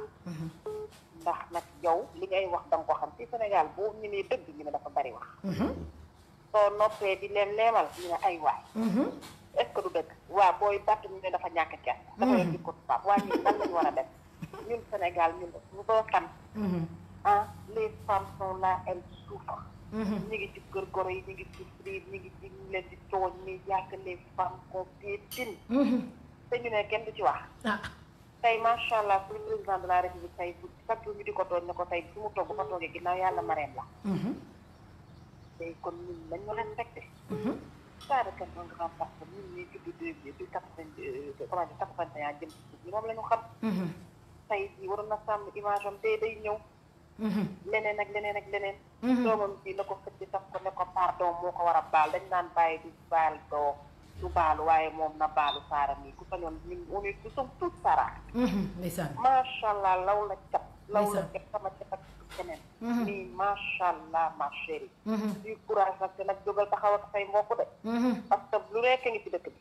ndax nag yow li ngay wax da ko xam ci Sénégal boo ñu nee dëgg ñu ne dafa bari wax soo noppee di leen leemal ñu ne ay waay. Mhm. est-ce du dëgg waa booy bàtt ñu ne dafa ñàkk kenn. Mhm. dafa yor jikko tubaab waa ñun a def ñun Sénégal ñun ñu doo tan mhm. ah les femmes ci kër goro yi ñu ngi souffrir ñu ngi ci ñu di tooñ ni yàgg les femmes ko te ñu ne kenn du ci wax. Ah. tey macha allah pour président de la république tey bu ñu di ko doon ne ko tey su mu toog ko toogee ginnaaw yàlla mareen la. tey kon ñun nañu respecté. daanaka moom nga xam parce que ñun ñuy judd deux bi quatre-vingt quatre-vingt-un jëm ci moom la ñu xam. Mhm. tey jii waroon na sàmm image am tey day ñëw. Mhm. leneen ak leneen ak leneen. Mhm. doomam ji la ko fëcc sax ko ne ko pardon moo ko war a baal dañ naan bàyyi di baal doo du baalu waaye moom na baalu saara mi ku sañoon ñun on est tous tous sara. allah law la cap. law la cap sama cap ak keneen nii mhm. macha allah ma chérie du mhm. courage nag te nag jógal taxaw ak say mbokk de mhm. parce que lu nekk ngi ci dëkk bi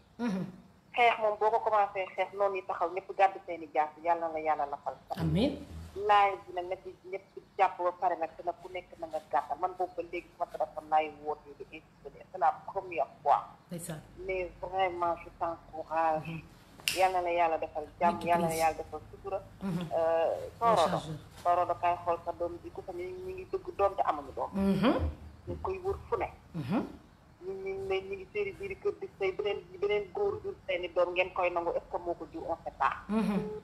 xeex moom boo ko commencé xeex noonu yi taxaw ñëpp gàddu seen i jaas yàlla la yàlla la fal amiin laay bi nag na ci ñëpp jàpp ba pare nag te nag ku nekk na nga gàttal man boobu ba léegi sama téléphone laay woote di insister c'est la première fois mais vraiment je t'encourage yàlla na yàlla defal jàmm yàlla na yàlla defal sutura. tooroodo mm-hmm. euh, tooroodo kay xool sa doom bi ku fa ñu ngi bëgg doom te amuñu doom. Mm-hmm. ñu koy wër fu ne. ñu mm-hmm. ñu ngi séeri biir kër di say beneen beneen góor jur say doom ngeen koy nangu est moo ko jur on sait pas.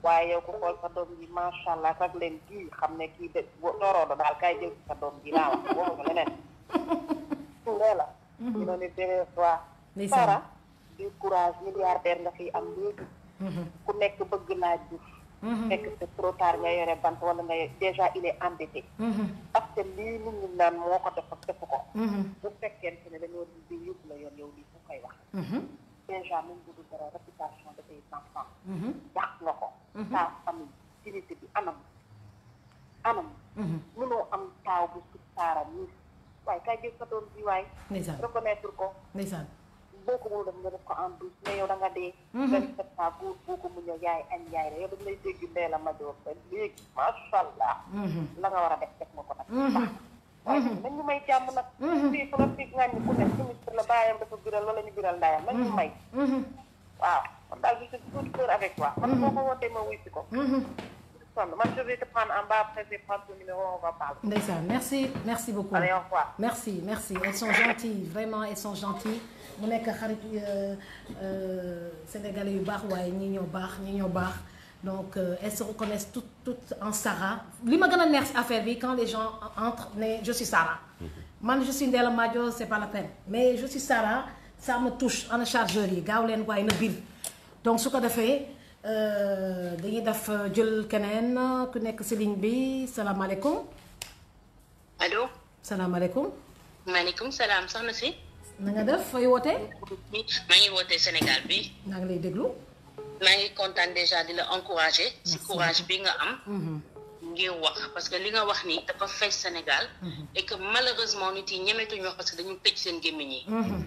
waaye yow ku xool sa doom bi macha allah rek leen kii xam ne kii de tooroodo daal kay jël sa doom bi laa wax woo ko leneen. Sara du courage milliardaire nga fiy am léegi. ku nekk bëgg laa gis. nekk mhm. c'est trop tard nga yore bant wala nga déjà il est endetté. Mhm. parce que lii nit ñi naan moo ko def ko. Mhm. bu fekkente ne dañoo di di yëpp lii fu koy wax. déjà même bu dul dara réputation dafay sànqal. yàq nga ko. sa famille unité bi anam. anam. mënoo am taaw bu sukk saara waaye kay jël sa doom bi waay. ndeysaan reconnaître ko ndeysaan. boo ko mënul def nga def ko en douce mais yow da nga dee. Mhm. vingt-sept ans góor boo ko muñoo yaay añ yaay la yow dañu lay dégg ndee la ma joor ba léegi macha allah. Mhm. la nga war a def def nga ko nag. Mhm. waaye nañ may jàmm nag. fii fu la fii nga ñu ku ne ministre la baayam dafa biral loola ñu biral ndaayam nañ ñu may. waaw man daal je tout cœur avec toi. man boo ko wootee ma wuy ko. man je vais te prendre en bas après je vais prendre ton numéro on va parler. ndeysaan merci merci beaucoup. allez au revoir. merci merci elles sont mu nekk xarit euh, euh, sénégalais yu baax waaye ñi ñoo baax ñi ñoo baax donc euh, elles se reconnaissent toutes toutes en Sarah li ma gën a neex affaire bi quand les gens entrent ne je suis Sarah. Mhm. man je suis Ndella Madior c'est pas la peine mais je suis Sarah ça me touche ana chargeur yi gaaw leen waaye na biir donc su Euh, dañuy def euh, jël keneen euh, ku nekk si ligne bi salaamaaleykum. allo. salaamaaleykum. maaleykum salaam soxna si. na def fay wootee. maa ngi wootee Sénégal bi. maa ngi lay déglu. maa ngi kontaan déjà di la encourager. si courage bi nga am. Mm-hmm. ngir wax parce que li nga wax ni dafa fees Sénégal. Mm-hmm. et que malheureusement nit yi ñemetuñu wax parce que dañu tëj seen gémmiñ yi. Mm-hmm.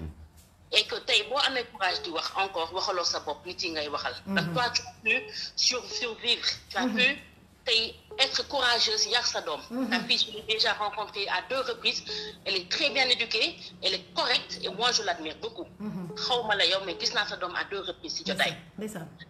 et que tey boo amee courage di wax encore waxaloo sa bopp nit yi ngay waxal. Mm-hmm. parce que toi tu as pu survivre. tu as mm-hmm. pu tey être courageuse yar sa doom. Mm-hmm. ta fille je l'ai déjà rencontrée à deux reprises elle est très bien éduquée elle est correcte et moi je l'admire beaucoup. xaw ma la yow mais gis naa sa doom à deux reprises ci jotaay.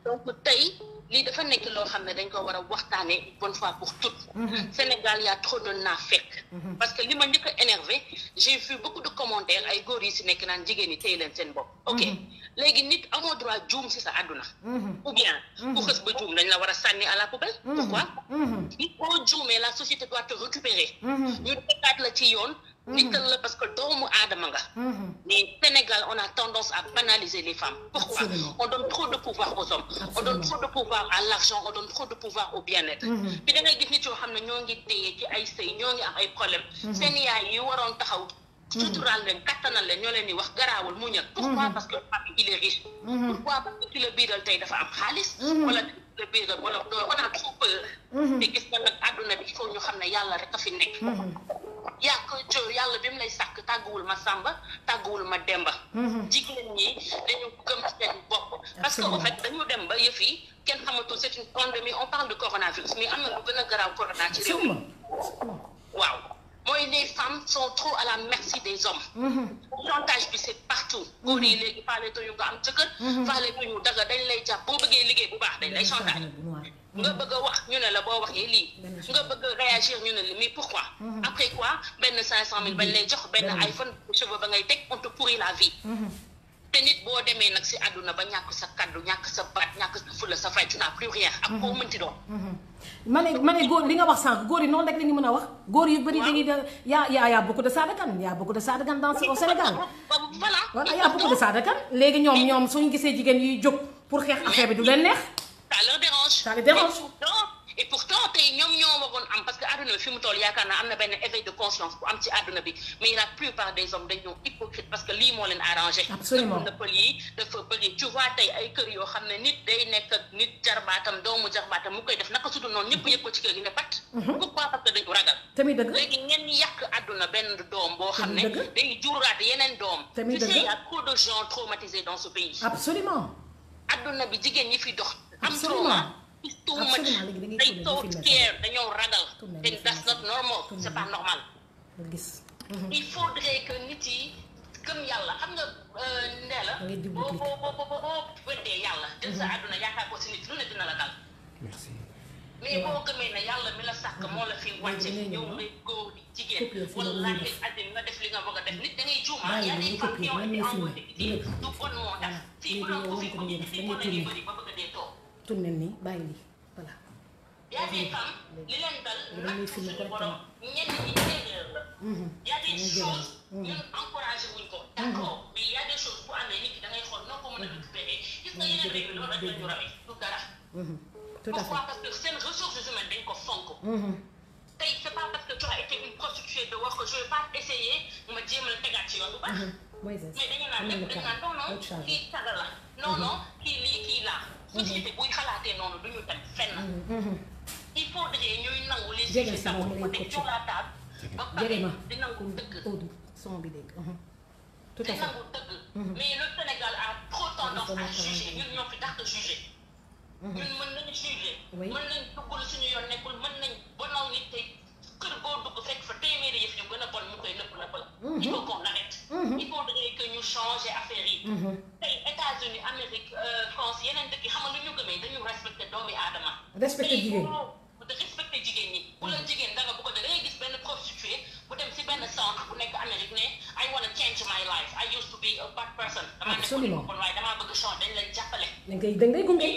donc tey. lii dafa nekk loo xam ne dañ ko war a waxtaanee bonne fois pour toutes. Mhm. Sénégal y a trop naa fekk mhm. parce que li ma njëkk a énervé j'ai vu beaucoup ay góor yi si nekk naan jigéen ñi tey leen seen bopp. ok mhm. léegi nit amoo droit juum si sa àdduna. ou bien ku xës ba juum dañ la war a sànni à la poubelle. pourquoi nit boo juumee la société doit te récupérer. ñu tegaat la ci yoon. Mmh. njiital la parce que doomu aadama nga mmh. mais Sénégal on a tendance à banaliser les femmes pourquoi Absolument. on donne trop de pouvoir aux hommes Absolument. on donne trop de pouvoir à l'argent on donne trop de pouvoir au bien bi mmh. da gis nit yoo xam ne ñoo ngi téye ci ay sëy ñoo ngi am ay problème seen yaay yi waroon taxaw sutural leen kattanal leen ñoo leen di wax garaawul muñal pourquoi parce que le papa il est riche pourquoi parce biiral tey dafa am xaalis wala le biir wala doo on a tout te mhm. gis nga nag àdduna bi il faut ñu xam ne yàlla rek a fi nekk. Mhm. yàq jo yàlla bi mu lay sàkk tàgguwul ma sàmba tàgguwul ma demba. Mhm. jigéen ñi dañu gëm seen bopp. parce que en fait dañu dem ba yëf yi kenn xamatul c'est une pandémie on parle de coronavirus mais am na lu gën a garaaw corona ci réew mi waaw. mooy les femmes sont trop à la merci des hommes. Mm-hmm. chantage bi c'est partout. Mm-hmm. góor yi léegi faale to yu nga am jëkkër. Mm-hmm. faale to yu daga dañ lay jàpp boo bëggee liggéey bu baax dañ lay chantage. nga bëgg a wax ñu ne la boo waxee lii nga bëgg a réagir ñu ne la mais pourquoi après quoi benn cinq cent mille bañ lay jox benn iPhone cheveux ba ngay teg on te pourrit la vie te nit boo demee nag si àdduna ba ñàkk sa kaddu ñàkk sa baat ñàkk sa sa fay tu n'as plus rien ak koo mënti doon ma ne ma ne góor li nga wax sànq góor yi noonu rek la ñu mën a wax. góor yu bëri dañuy de yaa yaa yaa beaucoup de Sadakan yaa beaucoup de Sadakan dans au Sénégal. voilà yaa beaucoup de Sadakan. léegi ñoom ñoom suñu gisee jigéen yuy jóg pour xeex affaire bi du leen neex. ça les et pourtant tey ñoom ñoo waroon am parce que àdduna bi fi mu toll yaakaar naa am na benn éveil de conscience bu am ci àdduna bi mais la plupart des hommes dañoo hypocrite parce que lii moo leen arrangé absolument na yoo xam ne nit day nekk ak nit jarbaatam doomu jarbaatam mu koy def naka sudul noonu ñëpp yëg ko ci kër gi ne pat mhm. pourquoi parce que dañu ragal tamit dëgg léegi ngeen yàq àdduna benn doom boo xam ne day juraat yeneen doom tu sais y a trop de gens traumatisés bi jigéen ñi fi dox is too much they so scared dañoo ragal te that's not normal c'est pas normal il faudrait que nit yi gëm yàlla xam nga euh, nee la boo boo boo boo weddee yàlla jël sa mm-hmm. àdduna yaakaar ko si nit lu ne dina la dal merci mais boo gëmee ne yàlla mi la sàkk moo la fi mm-hmm. wàcce ñëw ngay góor di jigéen wallaahi adim nga def li nga bëgg a def nit da ngay juuma yaa ngi fan teew di envoyé di du bon moo def fii bu doon ko fi ko fii ko nañuy bëri ba bëgg a dee toog tourné nii bàyyi lii voilà. jaatee tam li leen dal nag suñu borom ñenn mhm. a des mhm. ko. Mhm. d'accord mais y a des choses bu àndee nit ki da ngay xool ko mën a récupérer gis nga yeneen réew yi loolu rek la ñu du dara. tout à parce que seen ressources humaines dañ ko fonk. tey c'est pas parce que tu as été une prostituée de wax que je vais essayer ma jéem a tegaat ci yoon bu baax. Moïse mais dañu naan def kii la non non kii lii kii laa société buy xalaatee noonu duñu dem fenn il faudrait ñuy nangu les sujets tabou ko teg sur la table ba pare di nangu dëgg son bi dégg tout à fait di nangu dëgg mais le Sénégal a trop tendance à juger ñun ñoo fi dàq juger mm-hmm. ñun mën nañ juger mën nañ duggul suñu yoon nekkul mën nañ bonal nit kër goo dugg fekk fa téeméeri yëf yu gën a bon mu koy nëbb nëbbal. Mhm. il faut qu'on arrête. Mhm. il faut que ñu changer affaire yi. Mhm. tey États-Unis Amérique euh, France yeneen dëkk yi xam nga lu ñu gëmee dañu respecté doomi aadama. respecté jigéen de respecter jigéen ñi. bu la jigéen dara bu ko defee da ngay gis benn prostituée bu dem si benn centre bu nekk Amérique ne I wanna change my life I used to be a bad person. absolument damaa nekk waaye damaa bëgg change dañ lay jàppale. dañ koy dañ lay gunge.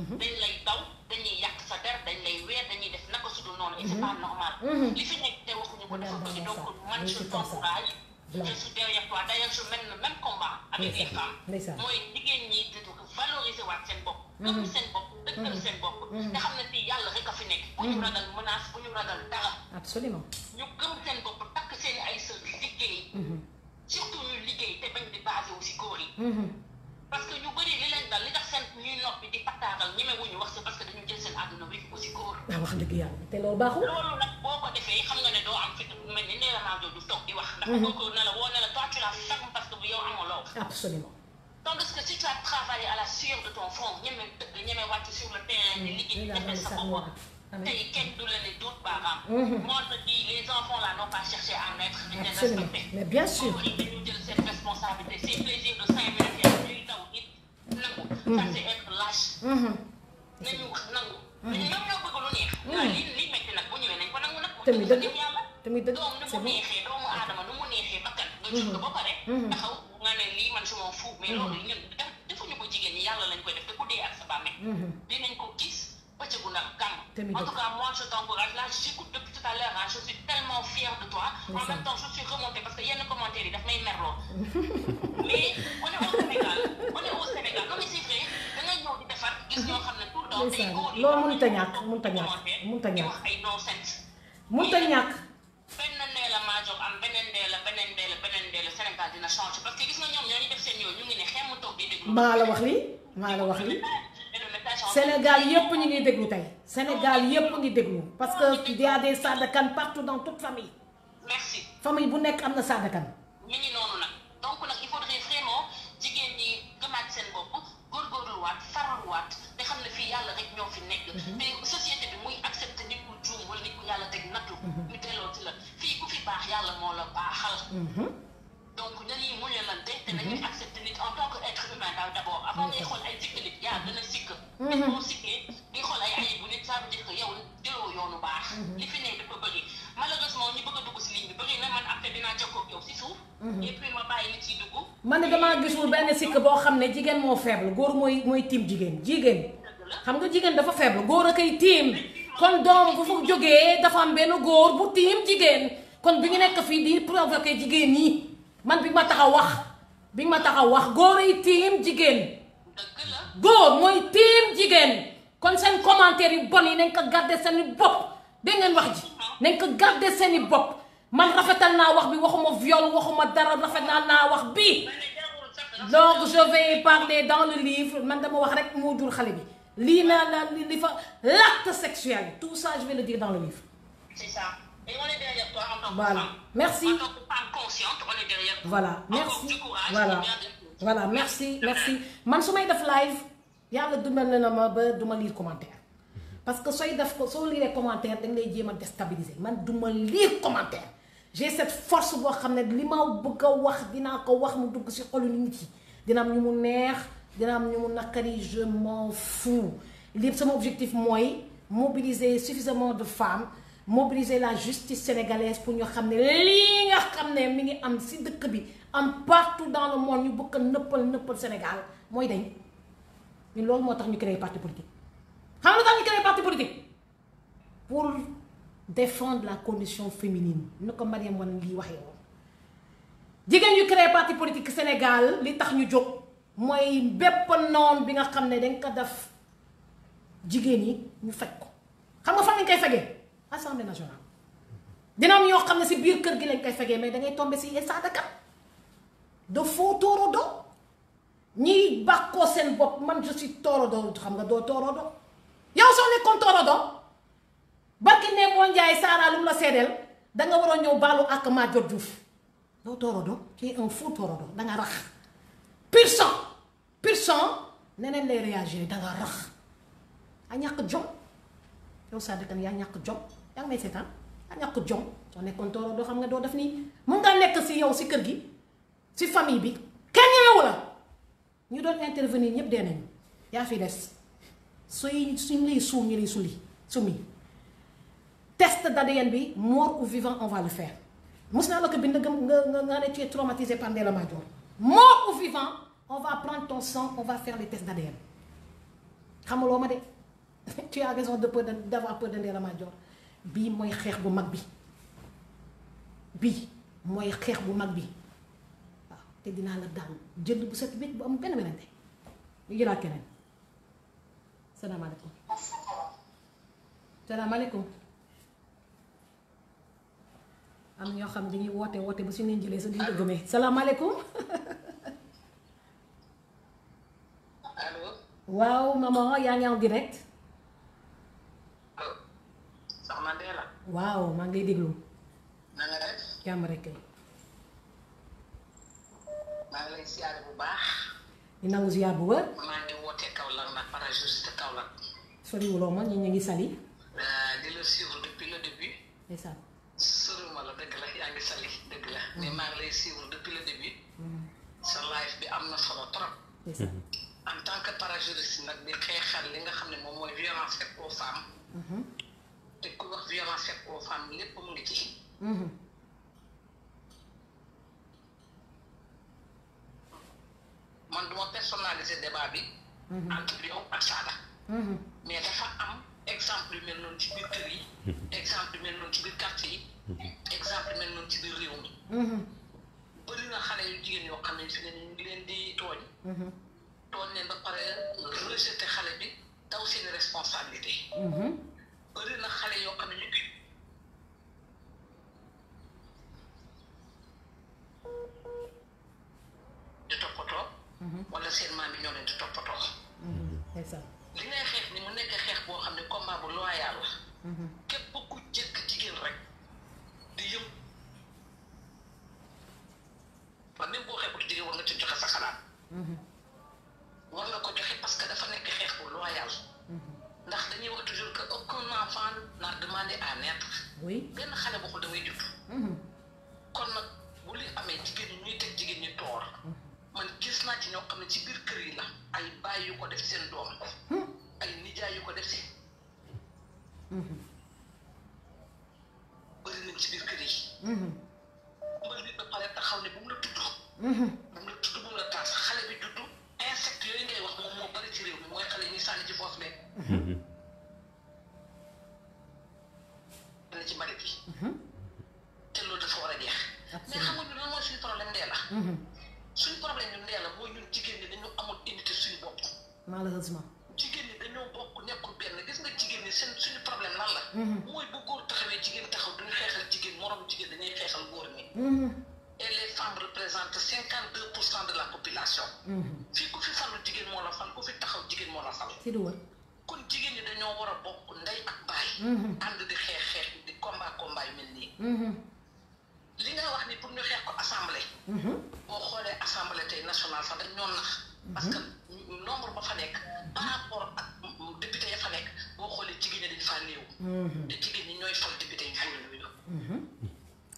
Mhm. dañ lay daw dañuy yàq sa der dañ lay weer dañuy def naka su dul noonu. et c'est mhm. pas normal. Mhm. li fi nekk te waxuñu ko dafa bëgg donc man je t'encourage je suis derrière toi d'ailleurs je mène le même combat avec les femmes mooy jigéen ñi di valoriser waat seen bopp gëm mm-hmm. seen bopp dëggal mm-hmm. seen bopp mm-hmm. nga xam ne fii yàlla rek a fi nekk bu ñu ragal menace bu ñu ragal dara absolument ñu gëm seen bopp takk seen ay sër liggéey surtout ñu liggéey te bañ di basé wu si góor parce que ñu bëri li leen dal li tax seen ñuy noppi di pataaral ñemewuñu wax si parce que dañu jël seen àdduna wékk ko si góor. waaw ah, wax dëgg yàlla te loolu baaxul. loolu nag boo ko defee xam nga ne doo am fit bu mel ni nee na maa du toog di wax. ndax mhm. kooku ne la woo ne la toi tu la ferme parce que bu yow amoo loo wax. absolument. tandis que si tu as travaillé à la sueur de ton front ñeme ñeme wàcc sur le terrain di mhm. liggéey defal sa bopp. tey kenn du la ne duut baaraam. Mhm. moo tax di les enfants là n'ont pas cherché à naître. absolument mais bien sûr. dañu jël seen responsabilité c'est plaisir de cinq minutes nangu. parce que être lâche. nañu nangu. mais yow ñoo bëgg lu neex. waaw li li métti nag bu ñëwee nañ ko nangu nag. tamit dëgg tamit dëgg c'est bon doom nu mu neexee doomu aadama nu mu neexee bakkan. nga jur ba pare. taxaw nga ne lii man su ma fu mais loolu ñun defuñu ko jigéen ñi yàlla lañ koy def te ku dee ak sa bàmmeel. dinañ ko gis. bëccëgu nag gàmm. en tout cas moi je t'encourage là j'écoute depuis tout à l'heure ah je suis tellement fière de toi. en même temps je suis parce que yenn commentaires yi daf may merloo. da ngay ñëw di ne tout le temps. day a a ñàkk mënut a ay non a ñàkk. la maa jóg am beneen ndee la beneen ndee la beneen ndee la Sénégal dina changer parce que gis nga ñoom ñoo def seen yoon di déglu. maa la wax lii maa wax lii. Sénégal yépp ñu ngi déglu tey Sénégal yépp ngi déglu parce que il y a des Sada Kane partout dans toute famille. famille bu nekk am na Sada Kane. mi ngi noonu nag donc seen bopp góorgóorluwaat farluwaat te xam ne fii yàlla rek ñoo te mhm. société bi muy accepté nit ku juum wala nit ku yàlla teg nattu. Mhm. ñu delloo ci la fii ku fi baax yàlla moo la baaxal. Mhm. donc nañuy muñalante te nañuy accepté nit en tant que être humain daal d' avant ngay xool ay jikko nit yaa boo sikkee di man après damaa gisul benn sikk boo xam ne jigéen moo faible góor mooy tiim jigéen jigéen xam nga jigéen dafa faible góor a koy tiim kon doom bu fa jógee dafa am benn góor bu tiim jigéen kon bi ñu nekk fii di provoquer jigéen ñi man bi ma tax a wax bi ma tax a wax góor ay tiim jigéen góor mooy tiim jigéen kon seen commentaire yu bon yi nañ ko garder seen i bopp dégg ngeen wax ji nekk ko garder seen i bopp man rafetal naa wax bi waxuma viol waxuma dara rafetal naa wax bi donc je vais parler dans le livre man dama wax rek moo jur xale bi lii la la li fa l'acte sexuel tout ça je vais le dire dans le livre. c'est ça. Et on Merci. En tant que merci. Encore voilà merci merci man su may def live yàlla dundal na ma ba du ma lire commentaire parce que sooy def ko soo lire commentaire dañ lay jéem a déstabiliser man du ma lire commentaire j'ai cette force boo xam ne li ma bëgg a wax dinaa ko wax mu dugg si xolu nit yi dina am ñu mu neex dina am ñu mu naqari je m'en fous sama objectif mooy mobiliser suffisamment de femmes mobiliser la justice sénégalaise pour ñu xam ne lii nga xam ne mi ngi am si dëkk bi am partout dans le monde ñu bëgg a nëppal nëppal Sénégal mooy dañ ñun loolu moo tax ñu créé parti politique xam nga tax ñu parti politique pour défendre la condition féminine ni ko Mariam wan lii waxee woon jigéen yu créé parti politique Sénégal li tax ñu jóg mooy bépp noon bi nga xam ne dañ ko def jigéen yi ñu faj ko xam nga fan lañ koy fegee assemblée nationale dina am ñoo xam ne si biir kër gi lañ koy fegee mais da ngay tombé si état de de faux toorodo ñiy bàkkoo seen bopp man je suis toorodo xam nga doo torodo yow soo nekkoon toorodo barki ne moo njaay Saara lu mu la seedeel da ñëw baalu ak maa jot Diouf doo toorodo un faux toorodo rax pur sang pur sang neneen lay rax a ñàkk jom yaa ñàkk jom yaa ngi may seetaan yaa jom soo nekkoon toorodo xam nga doo def nii mun ngaa nekk si yow si kër gi. ci famille bi kenn ñemewu la ñu doon intervenir ñëpp dee nañu yaa fi des suy suñ lay suum ñu lay suli sumi test d'ADN bi mort ou vivant on va le faire mos naa la ko bind nga nga nga ne tu traumatisé par Ndella Madior mort ou vivant on va prendre ton sang on va faire les tests d'ADN xamuloo ma de tu as raison de peur d'avoir peur de Ndella Madior bii mooy xeex bu mag bi bii mooy xeex bu mag bi te dinaa la daan jënd bu set wécc bu am benn melante ñu jëlaat keneen salaamaaleykum salaamaaleykum am ñoo xam ne dañuy woote woote bu suñu leen jëlee sax duñu ko gëmee salaamaaleykum allo waaw maman yaa ngi en direct waaw maa ngi déglu na nga maa ngi lay siyaare bu baax. di nangu ziar bu wër. maa ngi wootee Kaolack nag parajuriste Kaolack. soriwuloo ma ñu ñu ngi sali. Euh, di la suivre depuis le début. ndeysaan. soriwuma la dëgg la yaa ngi sali dëgg la. Mm-hmm. mais maa ngi lay suivre depuis le début. Mm-hmm. sa live bi am na solo trop. en tant que parajuriste nag di xeexal li nga xam ne moom mooy violence faite aux femmes. Mm-hmm. te ku wax violence faite aux femmes lépp mu ngi ci. man duma personnaliser débat bi. Mhm. entre yow ak Sada. Mhm. mais dafa am exemple yu mel noonu ci biir kër yi. Mhm. exemple yu mel noonu ci biir quartier yi. exemple mel noonu ci biir réew mi. bëri na xale yu jigéen yoo xam ne fi ñu ngi leen di tooñ. tooñ leen ba pare rejeté xale bi taw seen responsabilité. bëri na xale yoo xam ne ñu ngi. di toppatoo. Mm-hmm. wala seen maam yi ñoo leen di toppatoo. Mm-hmm. li ngay xeex ni mu nekk xeex boo xam ne combat bu loyaal la. Mm-hmm. képp ku jëkk jigéen rek di yëpp. waaw même boo xeexut jigéen war nga ci joxe sa xalaat. war nga ko joxe parce que dafa nekk xeex bu loyaal. ndax dañuy wax toujours que aucun enfant n'a demandé en naître. oui benn xale bokkul damay judd. kon nag bu li amee jigéen ñuy teg jigéen ñi toor. man gis naa ci ñoo xam ne ci biir kër yi la ay baay yu ko def seen doom hmm. ay nijaay yu ko def si hmm. bëri nañ ci biir kër yi hmm. mbër bi ba taxaw ne bu mu la tudd bu mu la tudd bu taas xale bi tudd insecte yooyu ngay wax moom moo bëri ci réew mooy xale ñuy sànni ci foos beeg ci mbalit yi te loolu dafa war a jeex mais xam nga ñu lan mooy suñu problème dee la suñ problème ñun lee la mooy ñun jigéen ñi dañoo amul unité suñu bopp. malheureusement. jigéen ñi dañoo bokk nekkul benn gis nga jigéen ñi seen suñu problème lan la. Mm-hmm. mooy bu góor taxawee jigéen taxaw duñu xeexal jigéen moroom jigéen dañuy xeexal góor ñi. Mm-hmm. et les femmes représentent cinquante deux pour cent de la population. Mm-hmm. fii ku fi falu jigéen moo la fal ku fi taxaw jigéen moo la fal. si du kon jigéen ñi dañoo war a bokk ndey ak baay. ànd di xeex xeex di combat combat yu mel nii. li nga wax ni pour ñu xeex ko assemblée. Mhm. boo xoolee assemblée tey nationale sax dañ ñoo nax. Mhm. parce nombre ba fa nekk par rapport ak député ya fa nekk boo xoolee jigéen ñi dañ faa néew. Mhm. te jigéen ñi ñooy fal député yi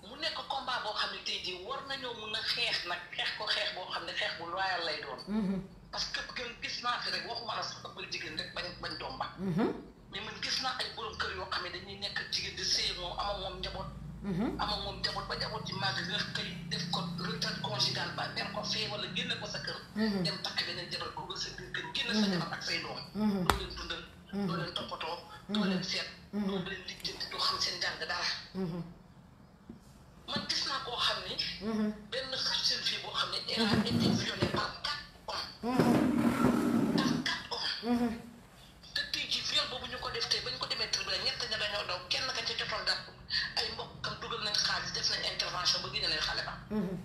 mu nekk combat boo xam ne tey jii war nañoo mun a xeex nag xeex ko xeex boo xam ne xeex bu loyal lay doon. parce que gën gis naa fi rek waxuma la sax ëppal jigéen rek bañ bañ doom ba. mais man gis naa ak borom kër yoo xam ne dañuy nekk jigéen di sëy moom ama moom njaboot. Mm-hmm. ama moom jaboot ba jaboot ji màgg nga xëy def ko retraite conjugal ba dem ko fee wala génne ko sa kër mm-hmm. dem takk beneen jabar boobu sa biir kër génne sa mm-hmm. jabar ak say doom doo leen dundal doo leen toppatoo doo leen seet xam seen jàng dara man gis naa koo xam ne benn xarcel fii boo xam ne elle a été violée par quatre hommes par quatre hommes te tey ji boobu ñu ko def tey ba ñu ko demee tribunal ñett ña dañoo daw kenn ka ca jotoon dara def nañ intervention ba génne leen xale ba. Mhm.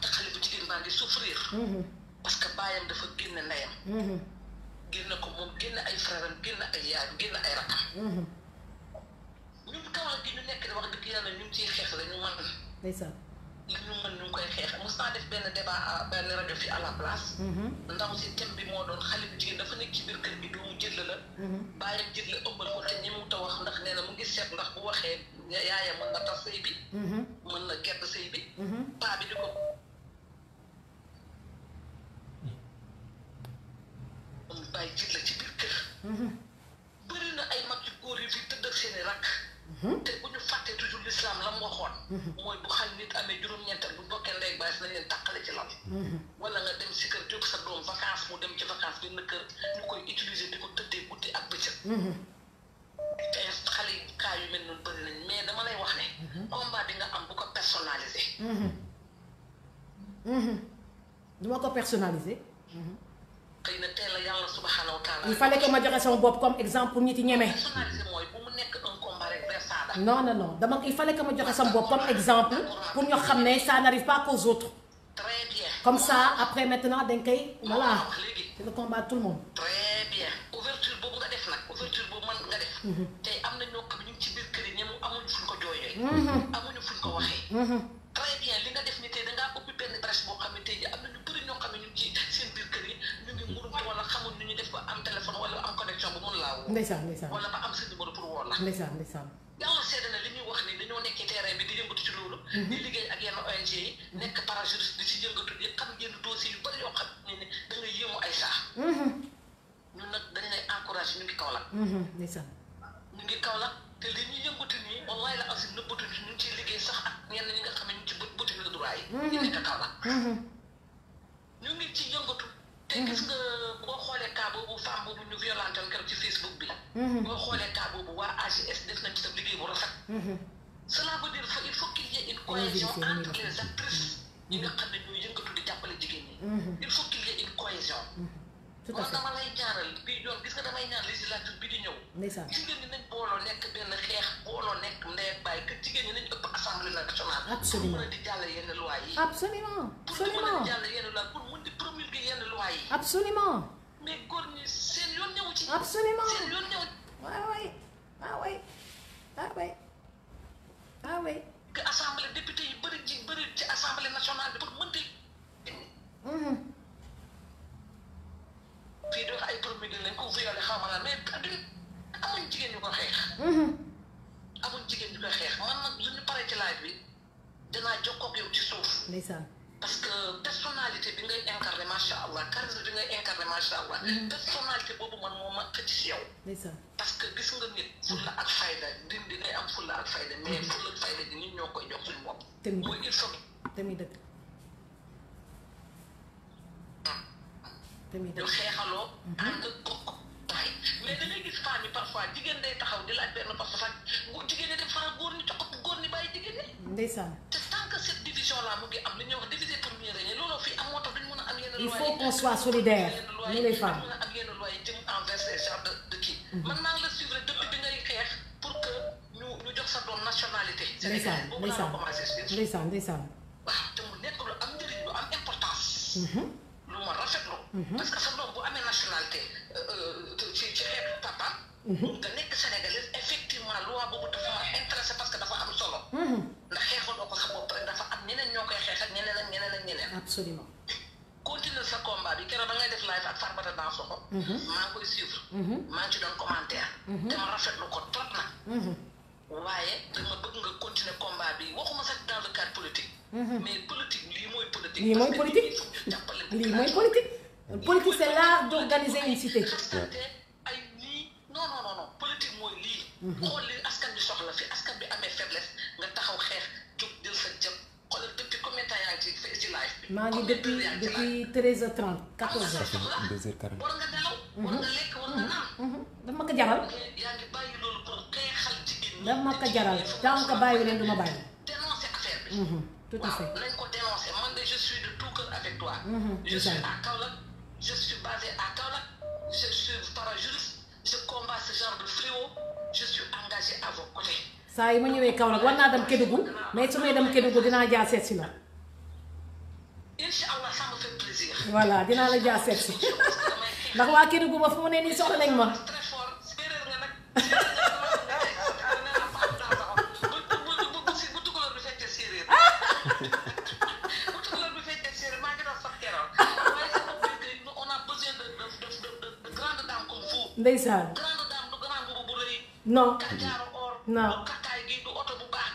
te xale bu jigéen baa ngi souffrir. Mhm. parce que baayam dafa génn ndeyam. Mhm. génn ko moom génn ay frère am génn ay yaayam génn ay rakkam. ñun kawal gi ñu nekk di wax dëgg yàlla ñu ngi ciy xeex la ñu mën. yi ñu mën ñu koy xeex mos naa def benn débat à benn rajo fii à la place. Mhm. ndaw si thème bi moo doon xale bu jigéen dafa nekk ci biir kër bi doomu jël la. Mhm. bàyyi jël la ëmbal wax ndax nee na mu ngi seet bi. Mhm. mën na gedd sëy bi. paa bàyyi jël la ci biir kër. bëri na ay mag yu góor yu fi tëdd ak rakk. Hmm? te bu ñu fàttee toujours l'islam la mu waxoon. Hmm. mooy bu xal nit amee juróom-ñeental bu bokkee ndey baas nañ leen tàqale ci lal. Hmm. wala nga dem si kër jóg sa doom vacance mu dem ci vacance benn kër ñu koy utiliser di ko tëddee guddi ak bëccëg. te yi cas yu mel noonu bëri nañ dama lay wax ne. combat bi nga am bu ko personnalisé. du ma ko personnalisé. xëy na teel a yàlla subhanahu wa taala. il fallait que ma joxe sama bopp comme exemple pour ñi ci ñeme. non non non dama il fallait que ma joxe sama bopp comme exemple pour ñu xam ne ça n'arrive pas qu'aux très bien comme ça après maintenant dañ koy voilà ah, c'est le combat tout le monde. très bien ouverture boobu nga def nag ouverture boobu man nga def. Mhm. tey am na ñoo xam ne ñu ngi ci biir kër yi ñoom amuñu fuñ ko jooyee. Mhm. amuñu mhm. ni tey da ngaa ubbi ne tey am na ñu bëri ñoo xam ne ñu ci seen biir kër yi ñu ngi mën wala xamul nu ñu def ba am téléphone wala am connexion bu mun laa woo. ndeysaan ndeysaan wala ba am sa numéro pour woo la. ndeysaan di liggéey ak yenn ONG yi nekk parajuriste di si yëngatu di xam yenn dossiers yu bëri yoo xam ne ne da ngay yéemu ay saax mm-hmm. ñun nag dañ lay encouragé ñu ngi Kaolack mm-hmm. ñu ngi Kaolack te li ñuy yëngatu nii wallaay la aussi nëbbatu ñu ngi liggéey sax ak ñenn ñi nga xam ne ñu ci buti le droit yi mm-hmm. ñu nekk Kaolack ñu ngi ci yëngatu te gis nga boo xoolee cas boobu femme boobu ñu violenté woon keroog ci Facebook bi boo xoolee cas boobu waa AGS def nañ ci sa liggéey bu rafet cela veut dire il faut qu'il y ait une cohésion entre les actrices ñi mm-hmm. nga xam ne ñooy yëngatu di jàppale jigéen ñi mm-hmm. il faut qu'il y ait une cohésion man mm-hmm. dama lay ñaaral bii yoon gis nga damay ñaan législature bi di ñëw jigéen ñi nañ booloo nekk benn xeex booloo nekk ndey ak bàyyi que jigéen ñi nañ ëpp assemblée nationale pour mën a di jàll yenn loi yi absolument pour di mën a jàll yenn loi pour mën di promulguer yenn loi yi absolument mais góor ñi seen yoon ñëw ci absolument seen yoon ñëw waaw waay waaw waay waaw waay ah oui. que député yi bëri ji bëri ci assemblée nationale bi pour mënti. Mm-hmm. fii di wax ay promulgué lañ ko violé xaw ma la mais amuñ jigéen ñu ko xeex. Mm-hmm. amuñ jigéen ñu ko xeex man nag lu ñu paree ci laaj bi dinaa jokkoo ak yow ci suuf. ndeysaan. parce que personnalité bi ngay incarné macha allah charisme bi ngay incarné macha allah. Mm-hmm. personnalité boobu man moo ma xëcc si yow. parce que gis nga nit. fulla ak fayda nit di ngay am fulla ak fayda mais mm-hmm. fulla fayda ji nit ñoo koy jox suñu bopp. muy il faut. tamit dëgg. Mm. tamit dëgg mm-hmm. tax mais da ngay gis femme yi parfois jigéen day taxaw di laaj benn poste sax jigéen ñi def faral góor ñi jox ko góor ñi bàyyi jigéen ñi. ndeysaan te tant que cette division là mu ngi am li ñuy wax diviser pour mieux régner looloo fi am moo tax duñ mën a am yenn. il faut qu'on soit solidaire nous les femmes. mën a am yenn loyer jëm envers ces genre de kii. Mhm. man maa ngi la suivre depuis bi ngay xeex pour que ñu ñu jox sa doom nationalité. Sénégal boobu laa la commencé. ndeysaan ndeysaan ndeysaan. waaw te mu nekk lu am njëriñ lu am importance. Mhm. lu ma rafetlu. Mhm. parce que sa doom bu amee nationalité euh, euh, ci ci xeetu papa. Mhm. nga nekk sénégalais effectivement loi boobu dafa ma intéressé parce que dafa am solo. Mhm. ndax xeexuloo ko sa bopp rek dafa am ñeneen ñoo koy xeex ak ñeneen ak ñeneen ak ñeneen. absolument. continuer sa combat bi keroog da ngay def live ak Farbata Dansokho. maa ngi koy suivre. maa ngi ci doon commentaire. dama rafetlu ko trop nag. waaye dama bëgg nga continuer combat bi waxuma sax dans le cadre politique. Mhm. mais politique lii mooy politique. lii mooy politique lii mooy politique. politique c'est l'art d'organiser une ay lii non non non non politique mooy lii. Mhm. xool li askan bi soxla fi askan bi amee faiblesse nga taxaw xeex jóg jël sa jëm. xoolal depuis combien de temps yaa ngi ci ci live bi. maa ngi depuis depuis treize heures trente quatorze heures. deux heures quarante war nga nelaw. war nga lekk war nga mhm. naan. Mhm. daf ma ko jaral. yaa ngi bàyyi loolu pour xeexal jigéen ñi. daf ma ko jaral tant que bàyyi leen du ma bàyyi. dénoncer affaire bi. Mhm. tout à fait waaw nañ ko dénoncer man de je suis de tout cœur avec toi. je suis à Kaolack je suis basé à Kaolack je suis parajuriste je combats ce genre de fléau je suis engagé à vos côtés. saa yi ma ñëwee Kaolack war naa dem Kédougou mais su may dem Kédougou dinaa jaar seet la. incha dinaa la jaar seet ndax waa Kédougou ba fu mu ne nii soxla nañ ma. Ah! ndeysaan. non non.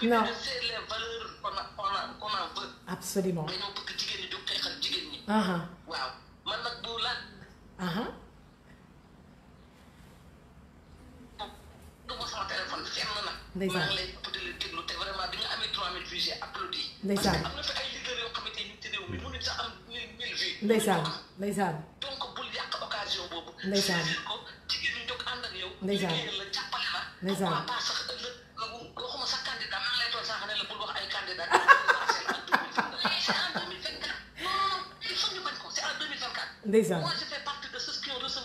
non c'est les valeurs qu'on a qu'on a qu'on en veut. absolument mais ñoo bëgg jigéen ñi du xeexal jigéen ñi. waaw man nag bu laaj. du ma sama téléphone fenn na. ndeysaan maa ngi lay di la déglu te vraiment bi nga amee 3000 vues j'ai applaudi. ndeysaan parce que am na fi ay leaders yoo xamante ni ñu ci réew mi mënuñ sax am 1000 vues. ndeysaan ndeysaan donc bu occasion boobu. ndeysaan saisir ko jigéen ñi jóg ànd ak yow. ndeysaan liggéeyal la jàppale la. ndeysaan pourquoi pas sax ëllëg waxuma sax candidat maa ngi lay toll sax ne la bul wax ay candidat. c' est en deux mille vingt quatre non non non il faut ñu bañ ko c' est en deux mille vingt quatre. ndeysaan moi je fais partie de ceux qui ont reçu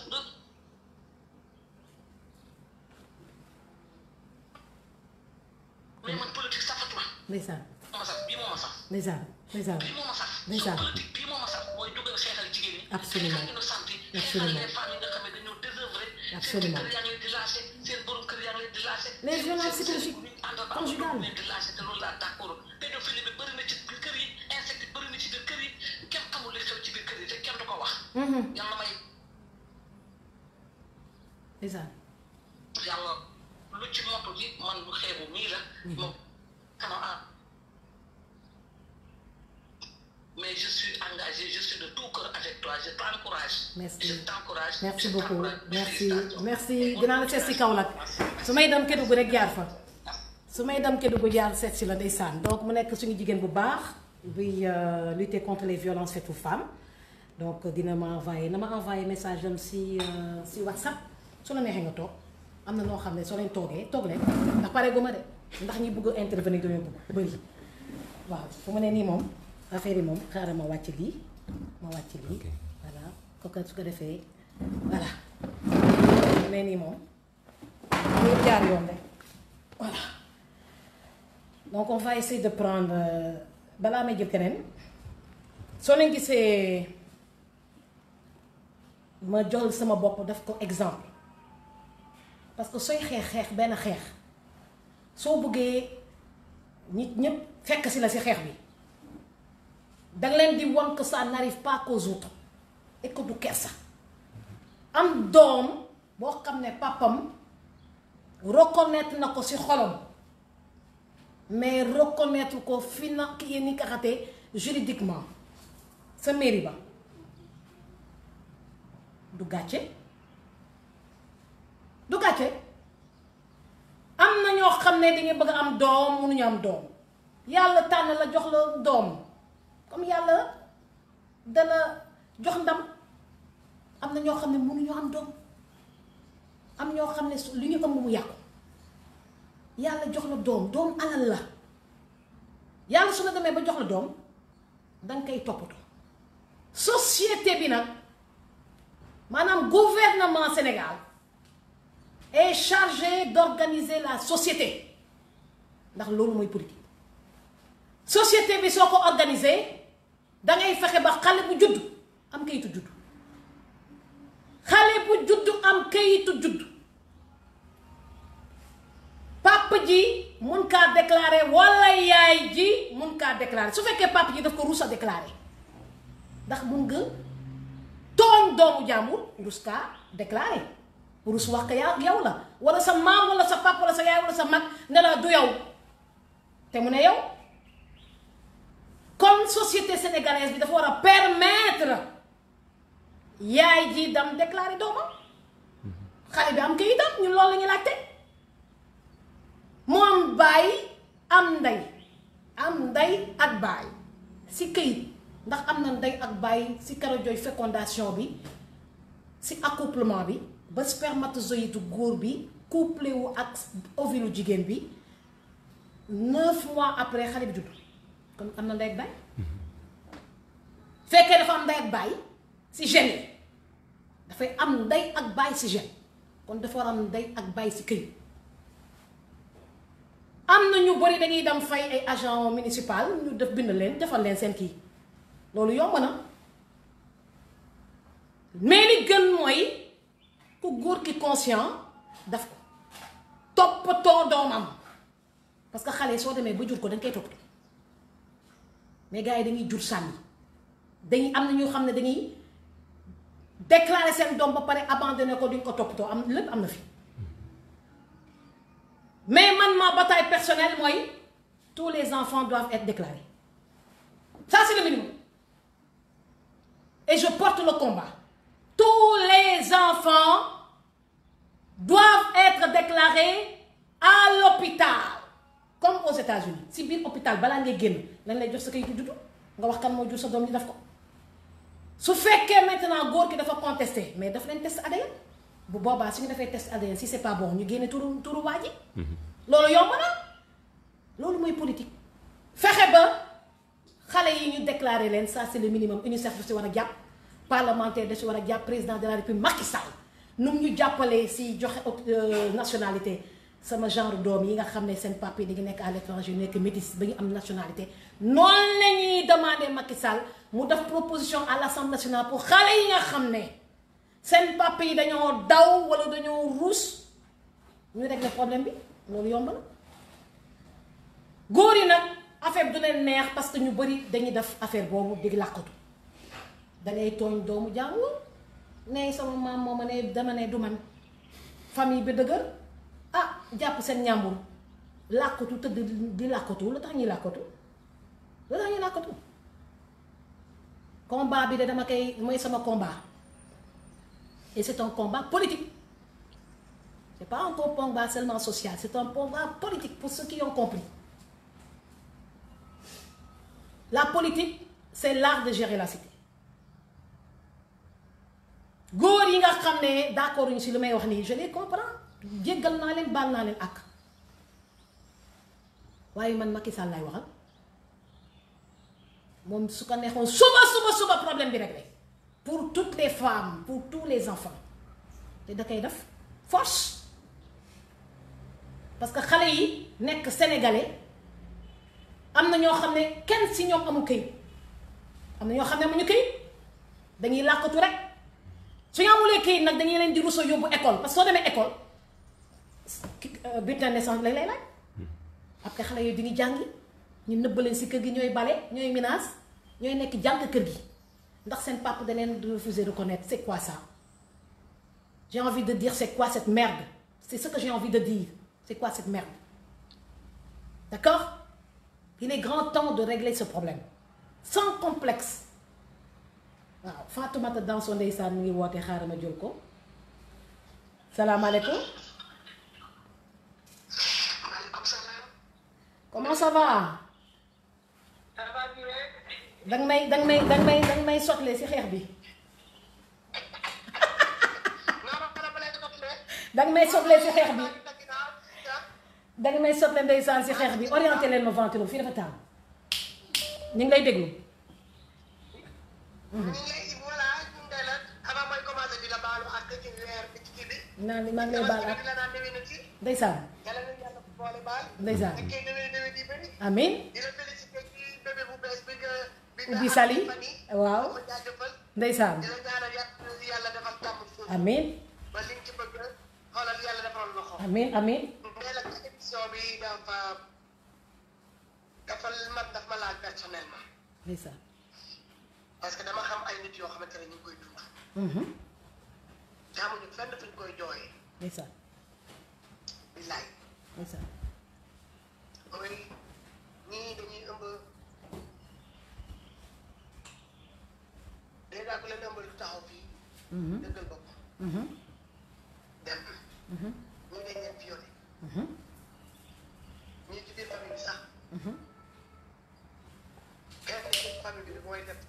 mais man politique safatuma. ndeysaan. bii moo ma sax. ndeysaan. ndeysaan bii moom a sax. ndeysaan bii moom a sax mooy dugal a jigéen ñi. absolument xeetal ñu sant yi. absolument xeetal les femmes yi nga di laase seen borom kër yaa ngi di laase. les violences te loolu laa bi bëri ci biir kër yi insecte bëri na ci biir kër yi ci biir kër yi te kenn du ko wax. Mm-hmm. yàlla may. ndeysaan. yàlla lu ci motul yi man lu xeebu mais je suis Merci. Je t'encourage. Merci je beaucoup. Merci. Dinaa la seet si Kaolack. Su may dem bu rek jaar fa. Su may dem bu jaar seet si la ndeysaan. Donc mu nekk suñu jigéen bu baax buy euh, lutter contre les violences faites aux femmes. Donc dina ma envoyé na ma envoyé message am si euh, si WhatsApp su la neexee nga toog am na noo xam ne soo leen toogee toog leen ndax pare gu ma de ndax ñi bugg intervenir dañoo bëgg bëri waaw fu mu ne nii moom. affaire yi moom xaaral ma wàcc lii ma wàcc lii voilà kooka su ko defee voilà nee nii moom ñu jaar yoon rek voilà donc on va essayer de prendre euh, balaa may jël keneen soo leen gisee ma jol sama bopp daf ko exemple parce que sooy xeex xeex benn xeex soo bëggee nit ñëpp fekk si la si xeex bi danga leen di wan que ça n'arrive pas qu'aux autres et que du am doom boo xam ne papam reconnaître na ko si xolom mais reconnaître ko fi ki yéen ni kaxatee juridiquement sa mairie ba du gàcce du gàcce am na ñoo xam ne dañuy bëgg am doom mënuñu am doom yàlla tànn la jox la doom comme yàlla dana jox ndam am na ñoo xam ne mënuñu am doom am ñoo xam ne su li ñu ëmb mu yàqu yàlla jox la doom doom alal la yàlla su la demee ba jox la doom danga koy toppatoo société bi nag maanaam gouvernement Sénégal et chargé d'organiser la société ndax loolu mooy politique société bi soo ko organiser dangay fexe ba xale bu judd am kayitu judd xale bu judd am kayitu judd papa ji mun kaa déclaré wala yaay ji mun kaa déclaré su fekkee papa ji daf ko rus a déclaré ndax mun nga tooñ doomu jàmbur rus kaa déclaré rus wax ko yow la walla sa maam wala sa pap wala sa yaay wala sa mag ne du yow te mu ne yow kon société sénégalaise bi dafa war a permettre yaay ji dam déclarer doomam xale bi am kayitam ñun loolu la ñu laajte mu am baay am ndey am ndey ak baay si kayit ndax am na ndey ak baay si karajooy fécondation bi si accouplement bi ba spermatozoïde góor bi couplé ak ovule jigéen bi neuf mois après xale bi judd am na ndey ak baay fekkee dafa am ndey ak baay si gene yi dafay am ndey ak baay si gene kon dafa war am ndey ak baay si këy am na ñu bari dañuy dem fay agent municipal ñu def bind leen defal leen seen kii loolu yomb na mais li gën mooy ku góor ki conscient daf ko toppatoo doomam parce que xale soo demee ba jur ko dañ koy toppatoo mais gars yi dañuy jur sànni dañuy am na ñoo xam ne dañuy déclarer seen doom ba pare abandonné ko duñ ko toppatoo am lépp am na fi mais man ma bataille personnelle mooy tous les enfants doivent être déclarés ça c'est le minimum et je porte le combat tous les enfants doivent être déclarés à l'hôpital comme aux États-Unis si biir hôpital balaa ngay génn lañ lay jox sa kayitu juddu nga wax kan moo jur sa doom ñu def ko su fekkee maintenant góor ki dafa contesté mais dafa leen test ADN bu boobaa su ñu defee test ADN si c'est pas bon ñu génne turu turu waa ji mm-hmm. loolu yomb na loolu mooy politique fexe ba xale yi ñu déclaré leen ça c'est le minimum UNICEF daf si war a jàpp parlementaire daf si war a jàpp président de la république Macky Sall nu ñu jàppalee si joxe euh, nationalité sama genre doom yi nga xam ne seen papi dañu nekk à l'étranger nekk métis ba ñu am nationalité noonu la ñuy demandé Macky mu def proposition à l'Assemblée nationale pour xale yi nga xam ne seen papi yi dañoo daw wala dañoo ruus ñu régler problème bi loolu yomb la góor yi nag affaire du leen neex parce que ñu bëri dañuy def affaire boobu di làqatu dangay tooñ doomu jàmbur ne sama maam moo ma ne dama ne du man famille bi dëgër ah jàpp seen ñàmbur làkkatu tëdd di làkkatu la tax ñuy làkkatu la tax ñuy làkkatu combat bi de dama koy mooy sama combat et c'est un combat politique c'est pas un combat seulement social c'est un combat politique pour ceux qui ont compris la politique c'est l'art de gérer la cité góor yi nga xam ne d'accord ñu si lu may wax nii je les comprends jéggal naa leen baal naa leen ak waaye man Macky Sall lay waxal moom su ko neexoon suba suba suba problème bi rek pour tout les femmes pour tout les enfants te da koy def forche parce que xale yi nekk sénégalais am na ñoo xam ne kenn si ñoom amul këyit am na ñoo xam ne amuñu këyit dañuy làkkatu rek su ñu amulee këyit nag dañuy leen di ruso yóbbu école parce que soo demee école. Euh, bulletin de naissance lañ lay laaj après xale yooyu duñu jàngi ñu nëbbaleen si kër gi ñooy bale ñooy menace ñooy nekk jàng kër gi ndax seen papa da leen refuser reconnaître c'est quoi ça j'ai envie de dire c'est quoi cette merde c'est ce que j'ai envie de dire c'est quoi cette merde d'accord il est grand temps de régler ce problème sans complexe waaw Fatoumata Danso ndeysaan mi ngi woote xaaral ma jël ko salaamaaleykum comment ça am ça danga may danga may danga may danga sotle ci xeex bi. danga may sotle ci xeex bi. danga may sotle ndeysaan si xeex bi orienté leen ma ventre fii dafa tàng ñu ngi lay déglu. naan maa ngi baal ak ndeysaan. boole baal. Euh, ndeysaan ak kay déwén déwén yi bëri. amiin di la félicité ci bébé bu bees bi nga. ubbi sali waaw ndeysaan. di la ñaanal yàlla defal jàmm suuf. amiin. ba li nga ci bëgg xoolal yàlla defal la ko. amiin amiin. mais nag émission bi dafa dafa man dafa ma laaj personnellement. ndeysaan. parce que dama xam ay nit yoo xamante ne ñu ngi koy dund. Mm-hmm. jaamuñu fenn fuñ koy jooyee. ndeysaan. billaay. ndeysaan mooy ñii dañuy ëmb dèjà ku leen ëmb lu taxaw fii dëggal bopp dem ñu dañ leen violé ñii ci biir famille bi sax kenn ci famille bi mooy def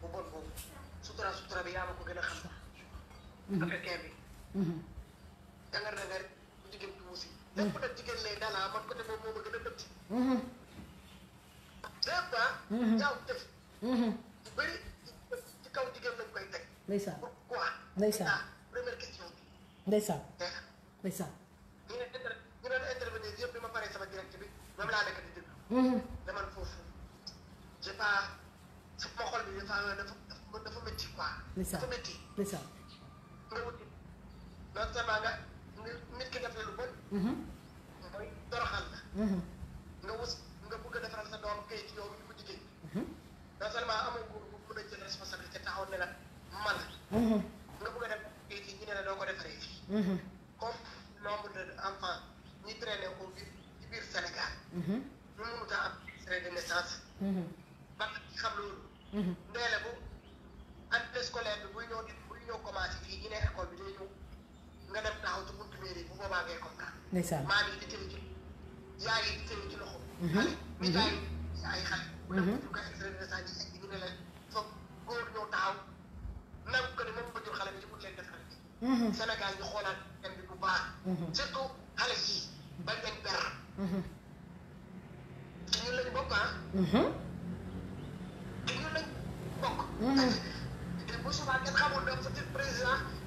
bu bon boobu sutura sutura bi yaa ma ko gën a xam africain bi dangar dangar lépp nag jigéen lay dalaa man côté boobu moo ma gën a dëkk. Mm-hmm. des fois. Mm-hmm. jaaw def. bu bëri ci kaw jigéen lañ koy teg. ndeysaan pourquoi. ndeysaan première question bi. ndeysaan. ndeysaan. ñu ne inter ñu doon intervenir yëpp bi ma paree sama direct bi même laa nekk di déglu. Mm-hmm. dama foofu je pas sama xol bi dafa dafa dafa métti quoi. ndeysaan dafa métti. ndeysaan. nga wuti non seulement nga nit ki def na lu bon. Mm-hmm. mooy doroxal la mm-hmm. nga wus nga bëgg a defaral sa doom kayit yow ñu jigéen non seulement amoo nguur a taxaw ne la mm-hmm. nga bëgg a def kayit yi ñu ne la doo ko defaree fii comme nombre de enfants ñi traîné au biir ci biir Sénégal ñu mënut a am extrait de naissance ba xam loolu ndeele bu année scolaire bi buy ñëw buy fii ñu ne école bi day ñëw nga dem tax ndeysaan maam yi di tënk ci yaay di tënk ci loxo. Mhm. xale mhm. ay xale. Mhm. bu dem ba jur extrait de naissance yi ñu ne la foog góor ñoo taxaw nangu ko ne moom ba jur xale bi ci ut xale bi. Sénégal ñu xoolaat dem bu baax. surtout xale yi bañ leen ber. te ñun lañ bokk ah. bokk. te bu subaa ngeen xamul doom sa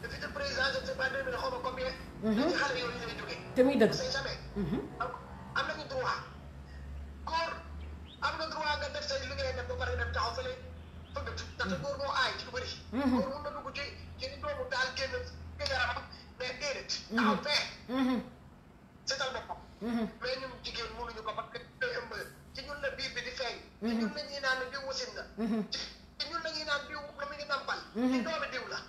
le futur président je ne sais pas deux mille xaw ma combien. Mhm. ci xale yooyu lay jógee. te muy dëgg c'est jamais. Mhm. donc am nañu droit góor am na droit nga def say liggéey dem ba pare dem taxaw fële fëgg ndaxte mhm. góor moo aay ci lu bëri. góor mun na dugg ci ci ni doomu daal génn génn yaramam mais déedéet. taxaw fee. seetal boppam. mais ñun jigéen mënuñu ko parce que day ëmb ci ñun la biir bi di feeñ. ci ñun la ñuy naan diw wasin na. ci ñun la ñuy naan diw la mu ngi nampal. ci doomi diw la.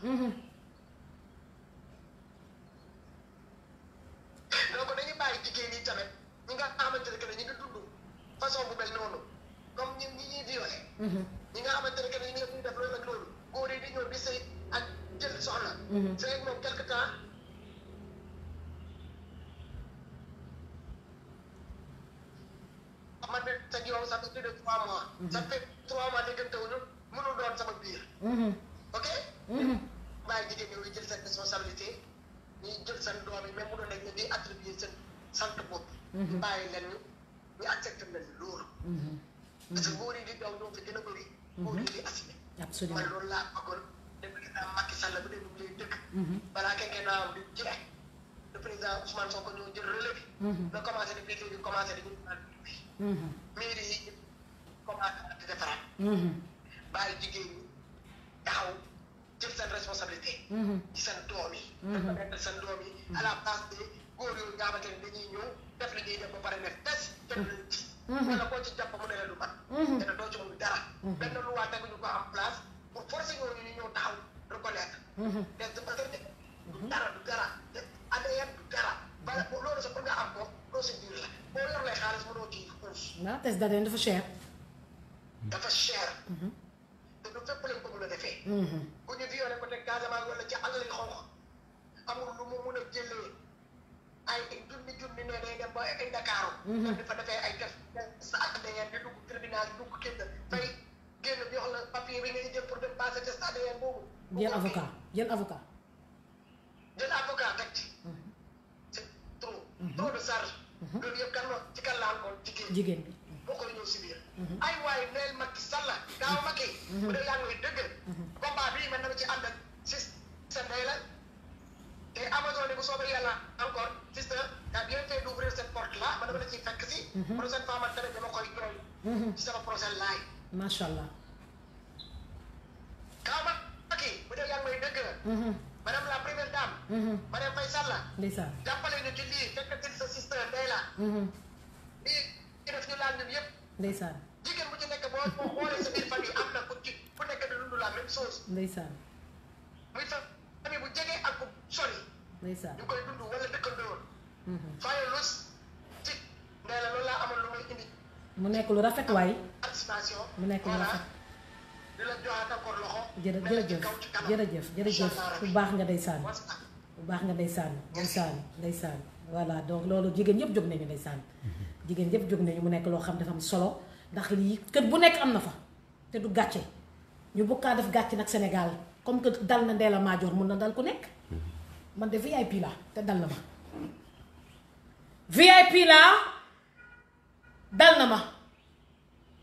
bàyyi jigéen yi tamit ñi nga xamante ne que ne ñu ngi dund façon bu mel noonu comme ñi ñi ñuy violé mhm. ñi nga xamante ne que ne ñu ngi def loolu ak loolu góor yi di ñëw di sëy ak jël soxna mhm. sëy moom quelque temps sa yow ça fait plus de trois mois ça mhm. fait trois mois déggantewuñu mënul doon sama biir ok bàyyi jigéen ñi jël seen responsabilité ñuy jël seen doom yi même mu doon nekk di attribuer seen sant bopp. Mhm. ñu bàyyi leen ñu ñu accepté leen loolu. Mhm. Mhm. parce que nguur yi di daw ñoo fi gën a bëri. nguur yi di assumé. absolument man loolu laa bëggoon le président Macky Sall bu dee mu lay dëkk. balaa kenn naa di jeex le président Ousmane Sonko ñoo jël relais bi. nga commencé di béykat yi commencé di ñu naan bi. mairie yi commencé di defaraat. bàyyi jigéen ñi taxaw jël responsabilité. ci seen doom yi. dafa nekk seen doom yi à la base de. góor yooyu nga xamante ne dañuy ñëw def la ñuy def ba pare ne des teg lañ ci mm-hmm. wala koo ci jàpp mu ne la lu mat mm-hmm. te ne dara mm-hmm. ko am place pour forcer ñooñu ñu ñëw taxaw reconnaître te autorité du dara du dara te ADN du dara bala loolu boo yor lay xaalis mënoo ci uuf waaw test d'ADN dafa cher dafa cher te du fépp ko mun a defee ku ko teg Casamance wala ci àll yi xonq amul lu mu mun a jëlee ay junni junni ne day dem ba ay Dakar. Mhm. ay test sa ADN di dugg tribunal dugg kenn fay génn jox la papier bi ngay jël pour dem passer test ADN boobu. jël avocat jël avocat. jël avocat teg ci. Mhm. c'est trop. Mhm. trop de charge. loolu yëpp kan la ci kan la jigéen. jigéen bi boo koy ñëw si biir. ay waay neel Macky Sall gaaw Macky. bu dee yaa ngi dëgg. combat bii man na ci ànd ak si sa la. et Amazon ne bu soobee yàlla encore sister t'as bien fait d'ouvrir cette porte là ma dama la ciy fekk si. prochaine fois man tamit dama koy jooy. ci sama prochain laay. macha allah. kaw ma kii bu dee yaa ngi may dëgg la. madame la première dame. Mhm. madame Faye Sall. ndeysaan jàppale ñu ci lii fekk ci sa sister Ndeye la. lii ñu def ñu laal ñun yëpp. ndeysaan jigéen bu ci nekk boo boo xoolee sa biir famille am na ku ci ku nekk di dund la même chose. ndeysaan famille bu mhm. mu nekk lu rafet waay. participation mu nekk lu rafet. di la jër encore loxo. jërëjëf jërëjëf jërëjëf bu baax nga day sànni. bu baax nga day sànni day sànni day sànni voilà donc loolu jigéen ñëpp jóg nañu day sànni. Mhm. jigéen ñëpp jóg nañu mu nekk loo xam dafa am solo ndax lii kër bu nekk am na fa te du gàcce ñu bokkaa def gàcce nag senegal comme que dal na Ndella Madior mun na dal ku nekk man de VIP la te dal na ma VIP la dal na ma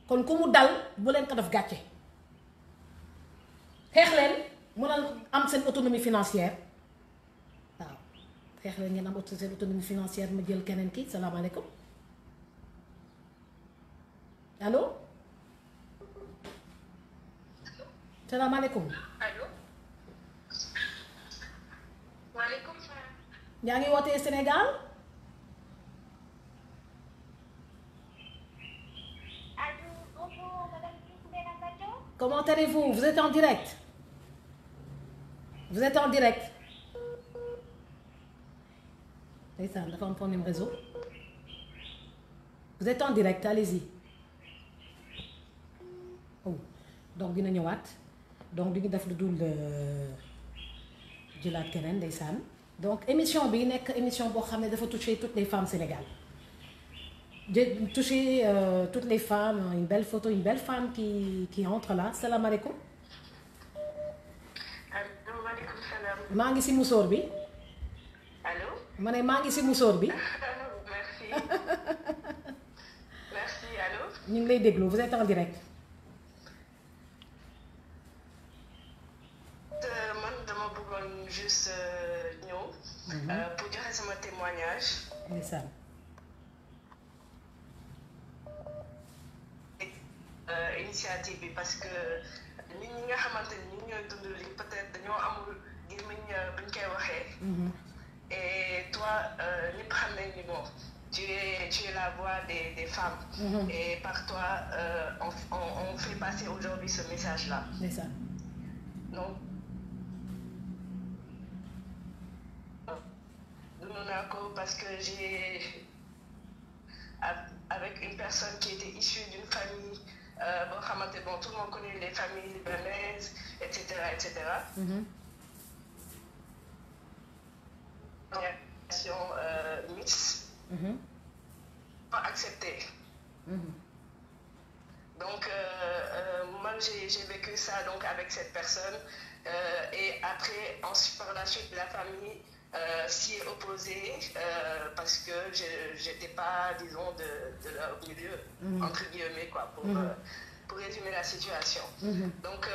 kon ku mu dal bu leen ko def gàcce xeex leen mënal am seen autonomie financière waaw xeex leen ngeen am seen autonomie financière ma jël keneen kii salaamaaleykum allo salaamaaleykum allo maaleykum salaam. yaa ngi wootee Sénégal. Comment allez-vous? Vous êtes en direct? Vous êtes en direct? Ndeysaan dafa am problème réseau. Vous êtes en direct, allez-y. Oh. Donc dina ñëwaat. Donc duñu def lu dul euh, jëlaat keneen saan donc émission bi nekk émission boo xam ne dafa toucher toutes les femmes Sénégal j'ai touché euh, toutes les femmes une belle photo une belle femme qui qui entre là salaamaaleykum. allo maaleykum salaam. maa ngi si musóor bi. allo. ma ne maa ngi si musóor bi. merci. merci allo. ñu ngi lay déglu vous êtes en direct. juste ñëw. Euh, mhm. euh, pour joxe sama témoignage. ndeysaan. Euh, initiative bi parce que nit ñi nga xamante ni ñun ñooy dund lii peut-être dañoo amul gémmiñ buñ koy waxee. Mhm. et toi ñëpp xam nañ ni moom. tu es, tu es la voix des, femmes. Mhm. Et par toi, euh, on, fait passer aujourd'hui ce message-là. C'est ça. Monaco parce que j'ai, avec une personne qui était issue d'une famille, euh, bon, tout le monde connaît les familles libanaises, etc. etc. pas acceptée. Mm-hmm. Donc, euh, euh moi, j'ai vécu ça donc, avec cette personne. Euh, et après, ensuite, par la suite, la famille Euh, s'y est opposée euh, parce que je pas, disons, de, de mhm. entre guillemets, mhm. euh, pour, résumer la situation. Mhm. Donc,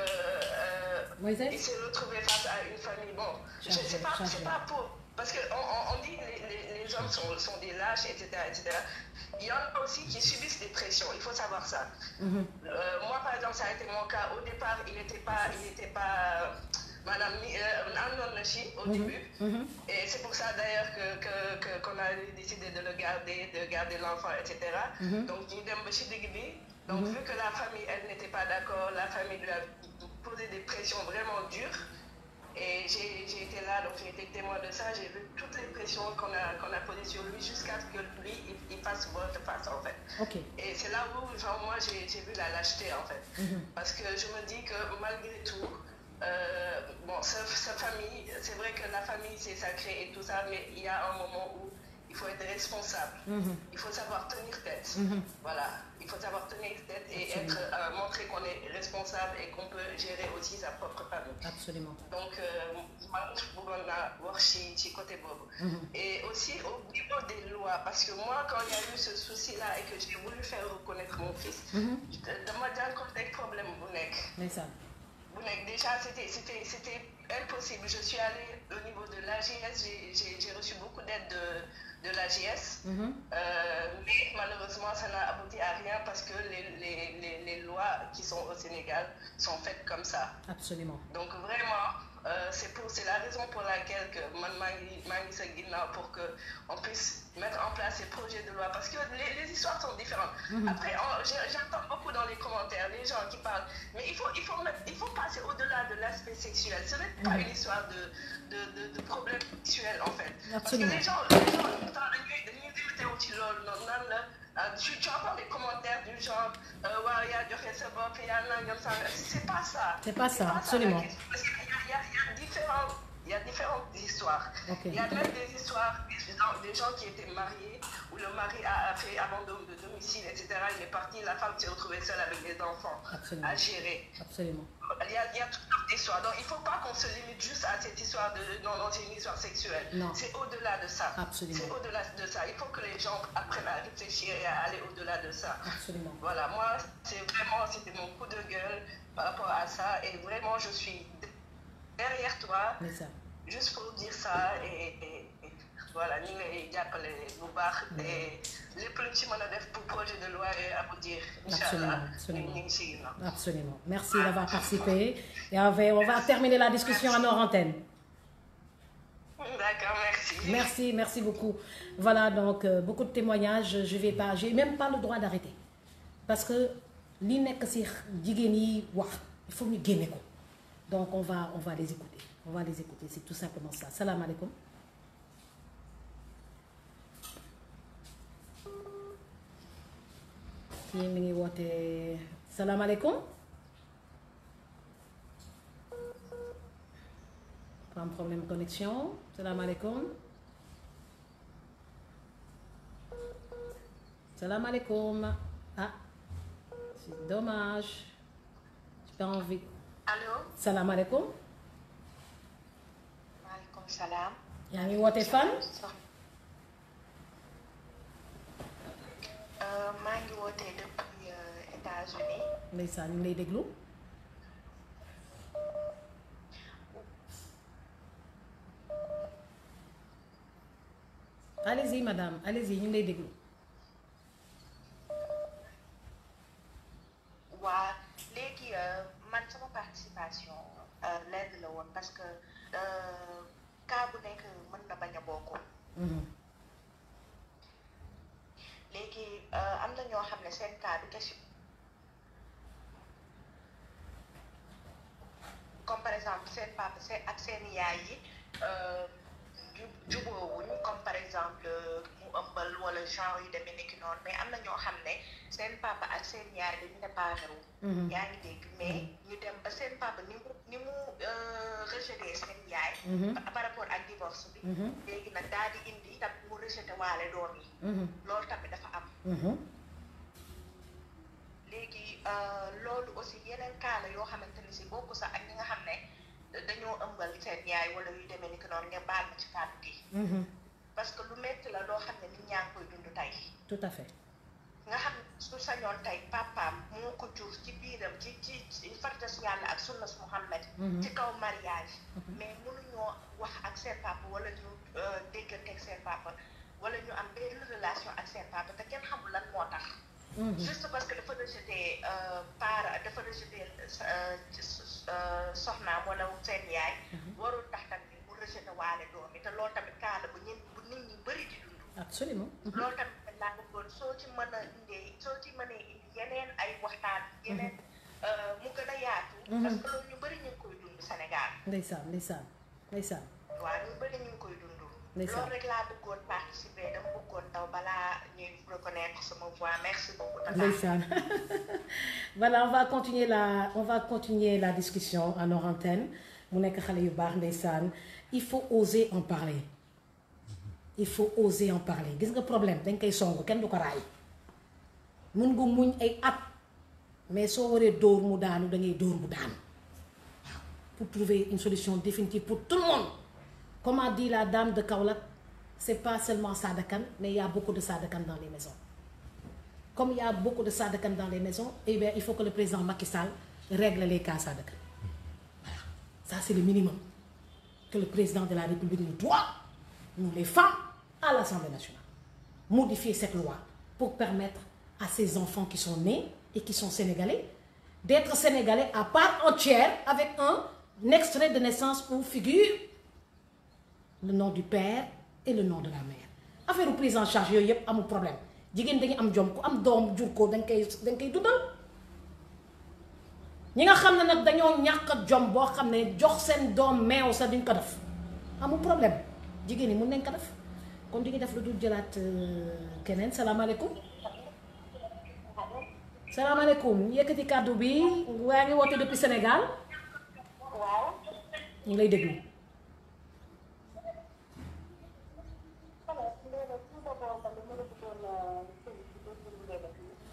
il s'est retrouvé face à une famille. Bon, je ne sais pas, c'est pas pour. Parce qu'on on, dit que les, hommes sont, des lâches, etc., etc. Il subissent des pressions, il faut savoir ça. moi, par exemple, ça a été mon cas. Au départ, il n'était pas. Il était pas maanaam ni àndoon euh, na si au mhm. début. Mhm. et c'est pour ça d'ailleurs que que que qu'on a décidé de le garder de garder l'enfant et cetera. Mhm. donc ñu dem ba si digg bi. donc vu que la famille elle n'était pas d'accord la famille lui a posé des pressions vraiment dures. Et j'ai, j'ai été là, donc j'ai été témoin de ça, j'ai vu toutes les pressions qu'on a, qu'on a posées sur lui jusqu'à ce que lui, il, il fasse votre face en fait. Okay. Et c'est là où, genre, moi, j'ai, j'ai vu la lâcheté en fait. Mm-hmm. Parce que je me dis que malgré tout, Euh, bon, sa, famille, c'est vrai que la famille, c'est sacré et tout ça, mais il y a un moment où il faut être responsable. Mm-hmm. Mm-hmm. Il faut savoir tenir tête. et être, euh, qu'on est responsable et qu'on peut gérer aussi sa propre famille. Absolument. Donc, euh, côté Bob. Mm-hmm. Et aussi au niveau des lois, parce que moi, quand il eu ce souci-là et que j'ai voulu faire reconnaître mon fils, dans ma contexte problème, Bounek. Like déjà, c'était impossible. Je suis allée au niveau de l'AGS, j'ai reçu beaucoup d'aide de, de l'AGS, mm -hmm. euh, mais malheureusement, ça n'a abouti à rien parce que les, les, les, les, lois qui sont au Sénégal sont faites comme ça. Absolument. Donc vraiment, Euh, c'est pour la raison pour laquelle que man maa ngi maa ngi sa ginnaaw pour que puisse mettre en place ces projets de loi parce que les, les histoires sont différentes. Mm-hmm. Après j'entends beaucoup dans les commentaires les gens qui parlent mais il faut passer au-delà de l'aspect sexuel ce n'est pas une histoire de problème sexuel en fait. Parce que les gens les gens dañuy dañuy limité wu ci loolu noonu naan la. Euh, tu, tu entends des commentaires du genre waaw yaa joxe sa bopp yaa nangam sa c'est pas ça. c'est pas ça absolument parce que y a y a y a différents y a différentes histoires. Okay. y a même des histoires des gens qui étaient mariés où le mari a fait abandon de domicile et cetera il est parti la femme s'est retrouvée seule avec des enfants. Absolument. à gérer. Absolument. il y a, il y a toute histoire. Donc, il ne faut pas qu'on se limite juste à cette histoire de non, histoire sexuelle. C'est au-delà de ça. C'est au-delà de ça. Il faut que les gens apprennent à réfléchir et à aller au-delà de ça. Voilà, moi, c'est vraiment, c'était mon coup de gueule par rapport à ça. Et vraiment, je suis derrière toi. Juste pour dire ça voilà ñu ngi lay jàppale bu baax mm-hmm. lépp luñ ci mën a def pour projet de loi aboutir. inchallah absolument absolument absolument merci d'avoir participé et on va terminer la discussion à notre antenne. merci. Merci, beaucoup. Voilà, donc euh, beaucoup de témoignages, je vais pas, j'ai même pas le droit d'arrêter. Parce que li nekk ci jigéen yi wax, il faut ñu génne ko. Donc on va on va les écouter. On va les écouter, c'est tout simplement ça. Salam kii mi ngi woote salaamaaleykum pas am problème connexion salaamaaleykum salaamaaleykum ah c'est dommage j'ai pas envie. allo salaamaaleykum. maaleykum salaam. yaa ngi woote fan. Euh, maa ngi wootee depuis euh, États-Unis. ndeysaan ñu ngi lay déglu. allez madame allez-y lay déglu. waa léegi euh, man sama participation lenn la woon parce que cas nekk mën na bañ a bokk. Mhm. léegi euh, am na ñoo xam ne seen cas du question comme par exemple seen papa seen ak seen yaay yi euh, jubóowuñ comme par exemple euh, mu ëmbal wala genre yu demee ki noonu mais am na ñoo xam ne seen papa ak seen yaay dañu séparé wu mm-hmm. yaa ngi dégg mais ñu dem ba seen papa ni mu ni mu euh, rejeté seen yaay mm-hmm. par rapport ak divorce bi mm-hmm. léegi nag daal di indi tam mu rejeté waale doom yi loolu tamit dafa am léegi euh, loolu aussi yeneen cas yoo xamante ne si bokk sax ak ñi nga xam ne dañoo ëmbal seen yaay wala yu demee ni ki noonu nga baal ma ci kàddu gi parce que lu métti la loo xam ne nit ñaa koy dund tey. tout à fait. nga xam ne su sañoon tey papaam moo ko jur ci biiram ci ci fardas yàlla ak sunnas Muhammad mhm. ci kaw mariage. mais mënuñoo wax ak seen papa wala ñu euh, déggante ak seen papa wala ñu am benn relation ak seen papa te kenn xamul lan moo tax. Mhm. juste parce que dafa rejeté euh, par dafa rejeté euh, soxnaam wala seen yaay. Mhm. warul tax tamit mu rejeté waale doom te loolu tamit kaala bu ñun. nit ñi bëri di dund. absolument. Mm-hmm. loolu tamit laa bëggoon soo ci mën a indee soo ci mënee indi yeneen waxtaan. Mm-hmm. yeneen euh, mu gën mm-hmm. waaw ñu bëri ñu koy dund. loolu rek laa bëggoon participer dama bëggoon taw balaa ñuy reconnaître sama on va continuer la on va continuer la discussion en hors antenne mu nekk xale yu baax ndeysaan il faut oser en parler. il faut oser en parler gis nga problème dañ koy songu kenn du ko raay mun nga muñ ay at mais soo waree dóor mu daanu da ngay dóor mu daanu waaw pour trouver une solution définitive pour tout le monde comme a la dame de Kaolack c'est pas seulement Sada Kane mais il y a de Sada Kane dans les maisons comme il y de Sada Kane dans les maisons eh bien il faut que le président Macky Sall règle les cas Sada c'est le minimum que le président de la à l'Assemblée nationale modifier cette loi pour permettre à ces enfants qui sont nés et qui sont sénégalais d'être sénégalais à part entière avec un extrait de naissance où figure le nom du père et le nom de la mère affaire prise en charge yooyu yëpp amul problème jigéen dañu am jom ku am doom jur ko dañ koy dañ koy dundal ñi nga xam ne nag dañoo ñàkk jom boo xam ne jox seen doom meew sax duñ ko def amul problème jigéen yi mun nañ ko def kon di ñu def lu dul jëlaat euh, keneen salaamaaleykum salaamaaleykum yëkkati kàddu bi waa ngi woote depuis Sénégal waaw lay déglu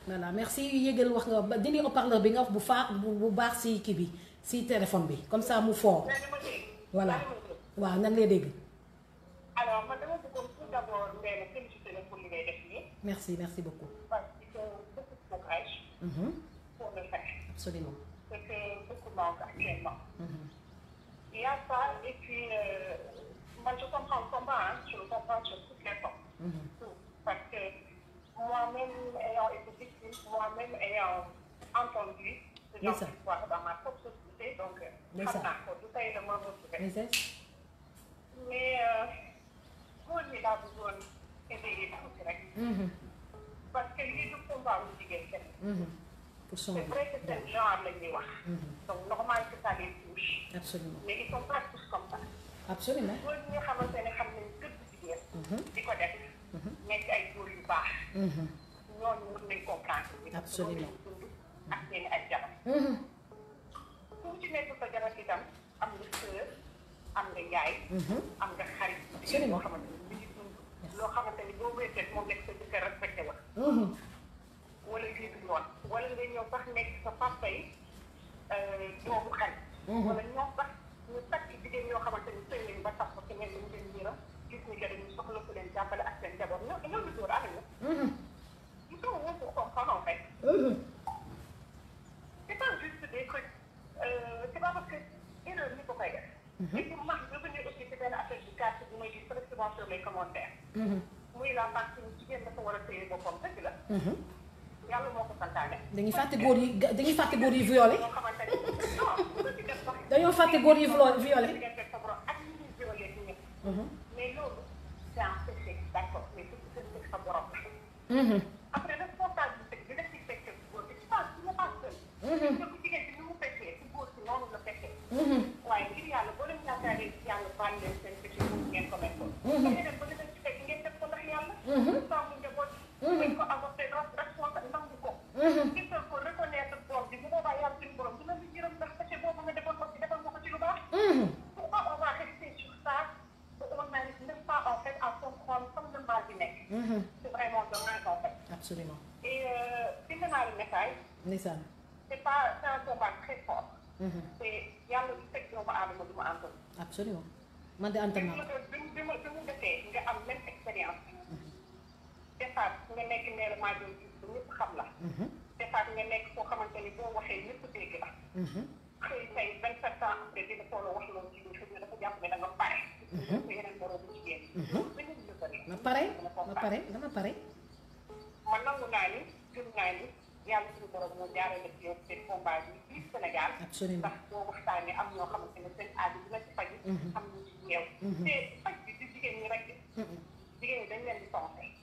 voilà merci yëgal wax nga ba dindi haut bi nga wax bu faa bu baax si kii bi ci téléphone bi comme ça mu fort voilà waaw nan lay dégg d'abord Ndeye félicité la pour li ngay def nii. merci merci beaucoup. parce que beaucoup de courage. pour le faire. absolument. parce que beaucoup manque actuellement. il y a ça et puis man je comprends comment hein je le comprends sur toutes les formes. parce que moi-même ayant été victime moi-même ayant entendu. ce genre d'histoire dans ma propre société donc. xam naa ko du tey la ma retrouvé. mais. Euh, góor ñi laa bëggoon éveillé tuuti rek. parce que lii du combat wu jigéen kenn. pour son c'est vrai que seen genre la ñuy wax. donc normal que ça les touche. absolument me ils sont pas tous comme ça. absolument góor ñi nga xamante ne xam nañ gëdd jigéen. di ko def. nekk mhm. ay góor yu baax. Mhm. ñooñu mën ak seen ay jabar. Mhm. ku ci nekk sa am nga sœur am nga yaay. am nga xarit. absolument respecté moom nekk sa jëkkër respecté la. wala lii du yoon. wala nga ñëw sax nekk sa papa yi doomu xel. wala ñoo sax ñu takk jigéen ñoo xamante ni sëy nañ ba tax parce que ñoom dañu leen yëram gis ni que dañuy soxla ku leen jàppale ak seen njaboot ñoo ñoo du door am na. ñu doon wóor ko xaw xaw fekk. c'est pas juste des trucs c'est pas parce que erreur ni ko koy def. et pour man revenir aussi ci benn affaire du carte bi may gis très souvent sur les commentaires. muy la partie jigéen dafa war a téye boppam dëgg la. Mhm. yàlla moo ko santaane. dañuy fàtte góor yi dañuy fàtte góor yi violé. dañoo fàtte góor yi violé. Mhm. mais loolu c'est un péché d'accord mais surtout sa borom. Mhm. après responsabilité bi def ci péché bu góor bi je pense que pas seul. bu jigéen bi ni mu péché ci góor si noonu la péché. waaye ngir sàmm mm-hmm. njaboot dañ ko avorté responsable nangu ko gisal ko reconnaître boor bi bu boobaa yàlla suñu borom dina la yërëm ndax fekk boobu nga defoon ko ci defal nga ko ci lu baax pourquoi on va rester sur ça on n'arrive même pas en fait à comprendre comme le mal bi nekk c'est vraiment dommage en fait absolument et bind naa le message ndeysaan c'est pas c'est un combat très fort te yàlla du fekk doomu aadama du ma antal absolument man de antal naa bi mu defee nga am même expérience defaat nga nekk maire Madior Diouf ba ñëpp mhm. nga nekk koo xamante ni boo waxee ñëpp dégg la. Mhm. xëy tey vingt sept ans après dina toll wax loolu ci biir xëy dafa jàpp ne da mhm. nga pare. ko pare na pare na nangu naa ni gëm naa ni yàlla suñu borom moo jaarale ci yow boo waxtaanee am ñoo xamante ne seen aada dina ci faj. am ñu te faj bi di jigéen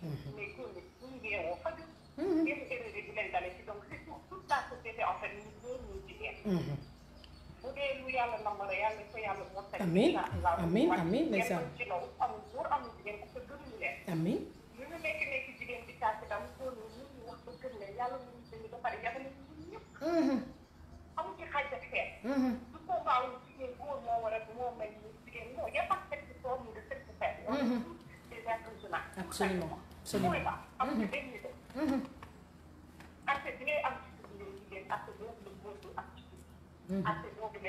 Mm-hmm. mais góor ñi bu ñu yeewoo faju yenn erreur yi du leen dale ci donc c'est toute mm-hmm. la société en fait ñu góor ñu jigéen bu dee lu yàlla nangu la yàlla ko yàlla moo teg amiin amiin amiin ndeysaan ci loolu amul góor amul jigéen parce que gënuñu leen amiin lu ñu nekk nekk jigéen di saa si tam góor ñi ñu ñu wax ba gën leen yàlla mu ñu dañu ba pare yàlla ñu ñëpp amul ci xaj ak xeet du combat wu jigéen góor moo war a moo mel ni jigéen non yëpp ak sexe foofu ñu de sexe fête mm-hmm. absolument absolument mooy am. am na dignité. accès bi ngay am la góor du am tout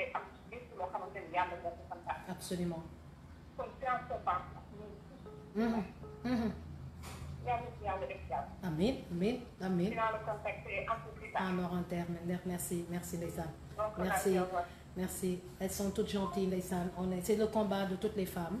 merci merci Ndeysaan. merci merci elles sont toutes gentilles Ndeysaan c'est le combat de toutes les femmes.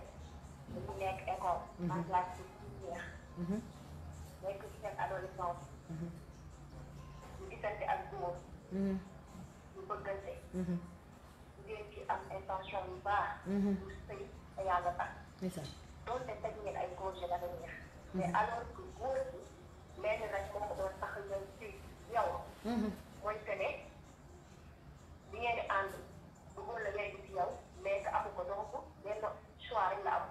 nekk école. en mhm. classe bu jeex. Mhm. nekk ci seen adolescence. ñu mhm. gisante ak góor. ñu bëggante. ngeen ci am intention yu baax. pour sëy te yàlla tax. doonte teg ngeen ay góor yi dafa neex. mais alors que góor gi lenn rek moo ko doon tax ñoom ci mooy que ne bi ngeen di ànd duggoon la léegi ci yow mais que amu ko donc benn choix la am.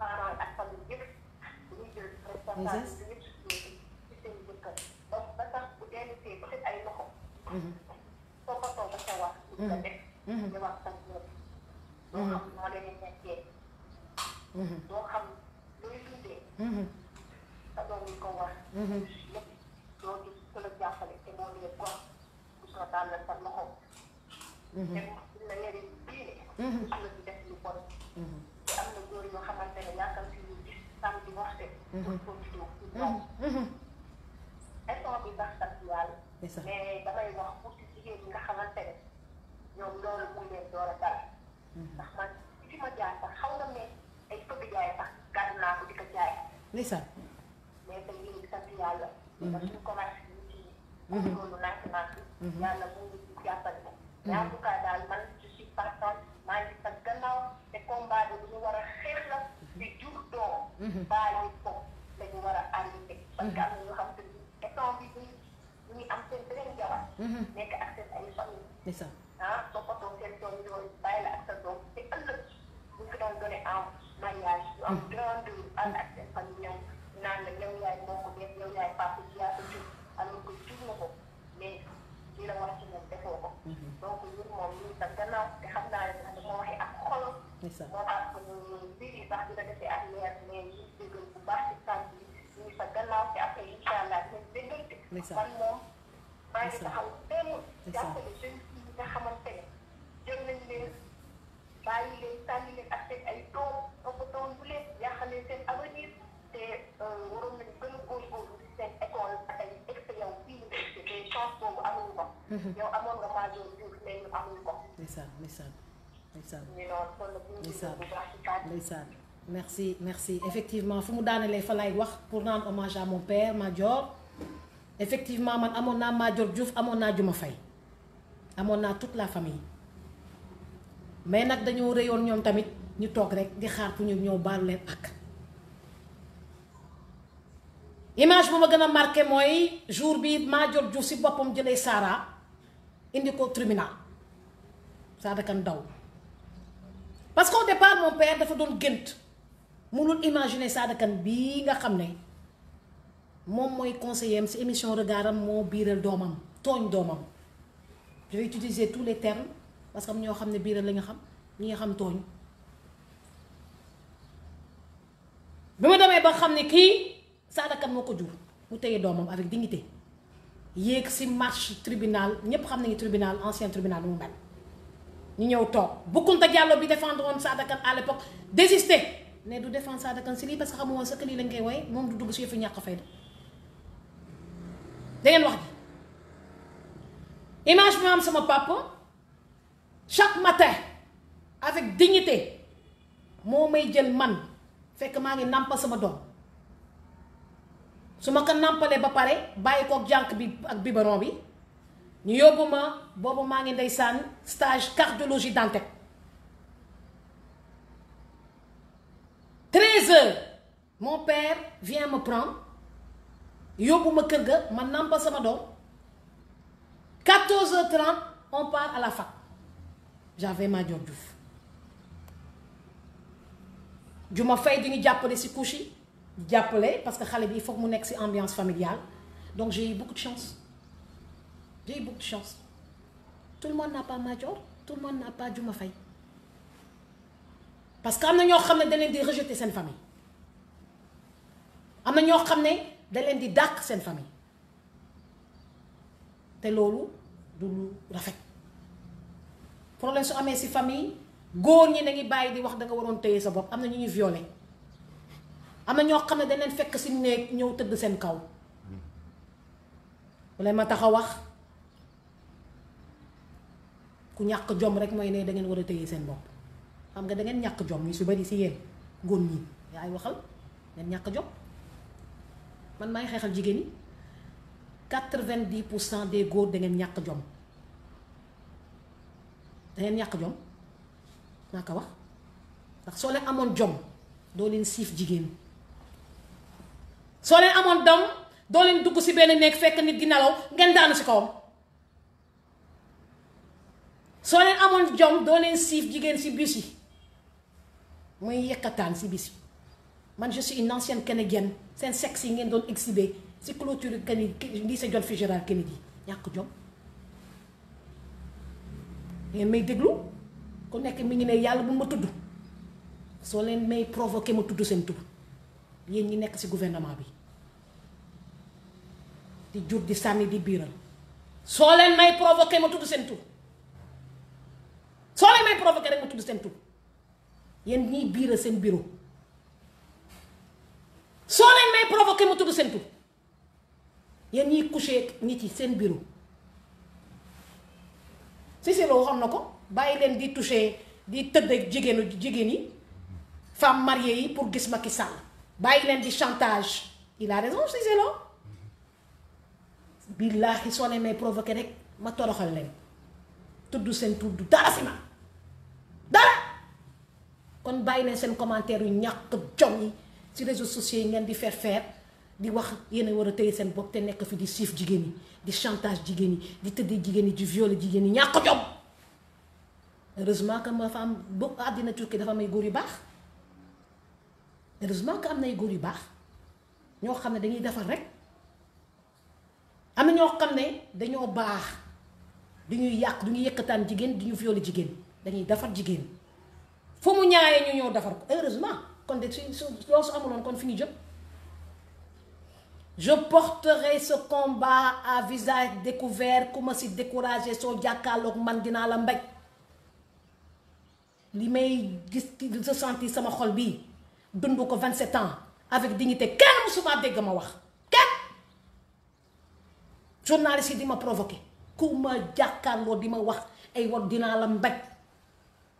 parents ak famille yëpp dañuy jël responsabilité yëpp ci seen jëkkër ba ba tax bu dellu see ba ay loxo soo ko toog ba sa wax la def ñu wax sa ñoom doo xam noo leen nekkee doo xam luy dundee sa doom yi ko war lépp doo gis ku la jàppale te moo leen gor bu soo tàllal sa loxo te mu la yëri diine pour pour suuf pour ñoom. instant bi baax na ci damay wax pour ci jigéen ñi nga xamante ne ñoom loolu muy leen door a dal. ndax man fi ma jaar sax na ne ay pëgg jaay sax gàddu naa ko di ko jaay. ndeysaan. mais tey yéen a sant yàlla. ndax suñu commerce bi ñu ciy. loolu naaj na naaj bi. yàlla mu ngi ci jàppale ko. mais en tout cas daal man je te combat bi lu ñu war a xeex doom bàyyi ko dañu war a arrêté parce que am na ñoo xam te ni état bi ñu ñu am seen beneen jabar nekk ak seen ay famille ah toppatoo seen doom yooyu bàyyi la ak sa doom te ëllëg bu ñu ko doon donné en mariage yu am grande ànd ak seen famille ñëw naan la yow yaay moo ko def yow yaay papa ji yaa ko jur alors que jur na ko mais lii la wax ci moom defoo ko donc ñun moom ñu ngi sa gannaaw te xam naa ne moo waxee ak xolo moo tax ko ñu baax di ko defee ak leer mais ñu déggal bu baax ci tànk yi ñu fa gannaaw ci après incha allah dinañ déggante man moom maa ngi taxaw benn jàppale jeunes yi nga xamante ne jël nañ leen bàyyi leen sànni leen ay doom donc bu leen yàqalee seen avenir te euh, waroon nañ gën a góorgóorlu ci seen école ak ay expérience fii université mais chance boobu amuñu ko mhm. yow amoon nga maa joon jur mais ñu amuñu ko ndeysaan merci merci effectivement fu mu daanelee fa lay wax pour rendre hommage à mon père Madior effectivement man amoon naa Madior Diouf amoon naa Juma fay amoon naa toute la famille mais nag dañoo réyoon ñoom tamit ñu toog rek di xaar pour ñu ñëw baalu leen ak image bu ma gën a marqué mooy jour bi Madior Diouf si boppam jële Sara indi ko tribunal Sada daw parce que départ moom père dafa doon gént mënul imaginer Sada Kane bii nga xam ne moom mooy conseiller am si émission regardam moo biiral doomam tooñ doomam yooyu vais utiliser tous les termes parce que ñoo xam ne biiral la nga xam ñi nga xam tooñ bi ma demee ba xam ne kii Sada moo ko jur mu téye doomam avec dignité yéeg si marche tribunal ñépp xam nañu tribunal ancien tribunal mu mel ñu ñëw toog Boucounta Diallo bi défendre woon Sada Kane à l'époque désisté ne du défendre Sada Kane si lii parce que xamu woon sa lii lañ koy wooye moom du dugg si yëfu ñàkk fayda da ngeen wax ji image am sama papa chaque matin avec dignité moo may jël man fekk maa ngi nàmpal sama doom su ma ko nàmpalee ba pare bàyyi kook jànq bi ak biberon bi ñu yóbbu ma boobu maa ngi ndeysaan stage cardiologie Dantec 13 heures mon père vient me prendre yóbbu ma kër ga ma nàmpa sama doom 14 heures 30 on part à la fac j'avais ma job Diouf ju ma fay di ñu jàppale si couche yi jàppale parce que xale bi il faut mu nekk si ambiance familiale donc j'ai eu beaucoup de chance J'ai eu de chance. Tout le monde n'a pas Major, tout le monde n'a pas juma Faye. Parce que am na a xam ne qui ont rejeté seen famille. am na ñoo xam ne qui ont dàq seen famille. te loolu du lu rafet problème su amee si famille góor ñi dañuy bàyyi di wax da waroon téye sa bopp am na ñu ñuy violé am na ñoo xam ne dañ fekk si néeg ñëw tëdd seen kaw bu ma tax a wax ku ñàkk jom rek mooy ne dangeen war a téye seen bopp xam nga da ngeen ñàkk jom ñu si bari si yéen góor ñi yaay waxal ngeen ñàkk jom man maa ngi xeexal jigéen yi quatre-vingt-dix pour cent des góor da ngeen ñàkk jom da ngeen jom maa ko wax ndax soo leen amoon jom doo leen siif jigéen soo leen amoon dom doo leen dugg si benn néeg fekk nit gi nelaw ngeen daanu si kawam. soo leen amoon jom doo leen siif jigéen si bis yi muy yekkataan si bis yi man je suis une ancienne canadienne seen sexe yi ngeen doon exhiber si clôture kani ngi sa jot Fitzgerald Kennedy ñàkk jom ngeen may déglu ku nekk mi ngi ne yàlla bu ma tudd soo leen may provoqué ma tudd seen tur yéen ñi nekk si gouvernement bi di jur di sànni di biiral soo leen may provoqué ma tudd seen tur soo leen may provoqué rek ma tudd seen tur yéen ñiy biira seen bureau soo leen may provoqué ma tudd seen tur yéen ñiy couché nit yi seen biro si si loo waxoon na ko bàyyi leen di touché di tëdd ak jigéenu jigéen yi femme marie yi pour gis Macky Sall bàyyi leen di chantage il a raison si si loo billaahi soo leen may provoqué rek ma toroxal leen tudd seen tur du dara si ma dara kon bàyyi leen seen commentaire yu ñàkk jom yi ci réseaux sociaux yi ngeen di faire faire di wax yéen a war a téye seen bopp te nekk fi di siif jigéen ñi di chantage jigéen ñi di tëddee jigéen ñi di violer jigéen ñi ñàkk ko heureusement que ma fa am àddina tukki dafa am góor yu baax heureusement am na góor yu baax ñoo xam ne dañuy defar rek am na ñoo xam ne dañoo baax du ñuy yàq du ñuy yëkkataan jigéen du ñu violer jigéen. dañuy defar jigéen fu mu ñaawee ñu ñëw defar ko heureusement kon de su loolu su amuloon kon fi ñu jëm je porterai ce combat à visage découvert ku ma si découragé soo jàkkaarloog man dinaa la mbaj li may gis ressenti sama xol bii dund ko 27 ans avec dignité kenn musuma dégg ma wax kenn journaliste yi di ma provoqué ku ma jàkkaarloo di ma wax ay wot dinaa la mbaj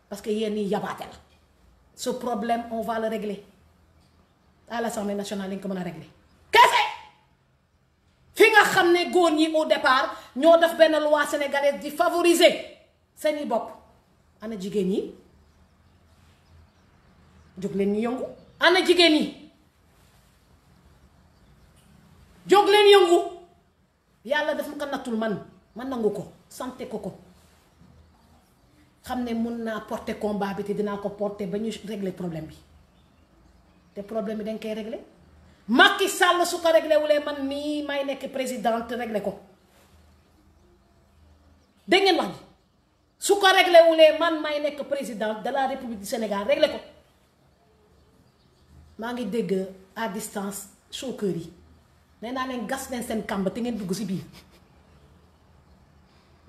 parce que yéen ñii yabaate la ce problème on va réglé régler à l'Assemblée nationale lañ ko mën a régler kese fi nga xam ne góor ñi au départ ñoo def benn loi sénégalaise di favoriser seeni bopp ana jigéen ñi jóg leen ñu yëngu ana jigéen ñi jóg leen yëngu yàlla def ma ko man man nangu ko santé ko ko xam ne mun naa porter combat bi te dinaa ko porter ba ñu régler problème bi te problème bi dañ koy régler Macky Sall su ko réglé wulee man mii may nekk présidente réglé ko dégg ngeen wax ji su ko réglé wulee man may nekk présidente de la République du Sénégal réglé ko maa ngi dégg à distance chauffeurs yi nee naa leen gas leen seen kàmb te ngeen dugg si biir.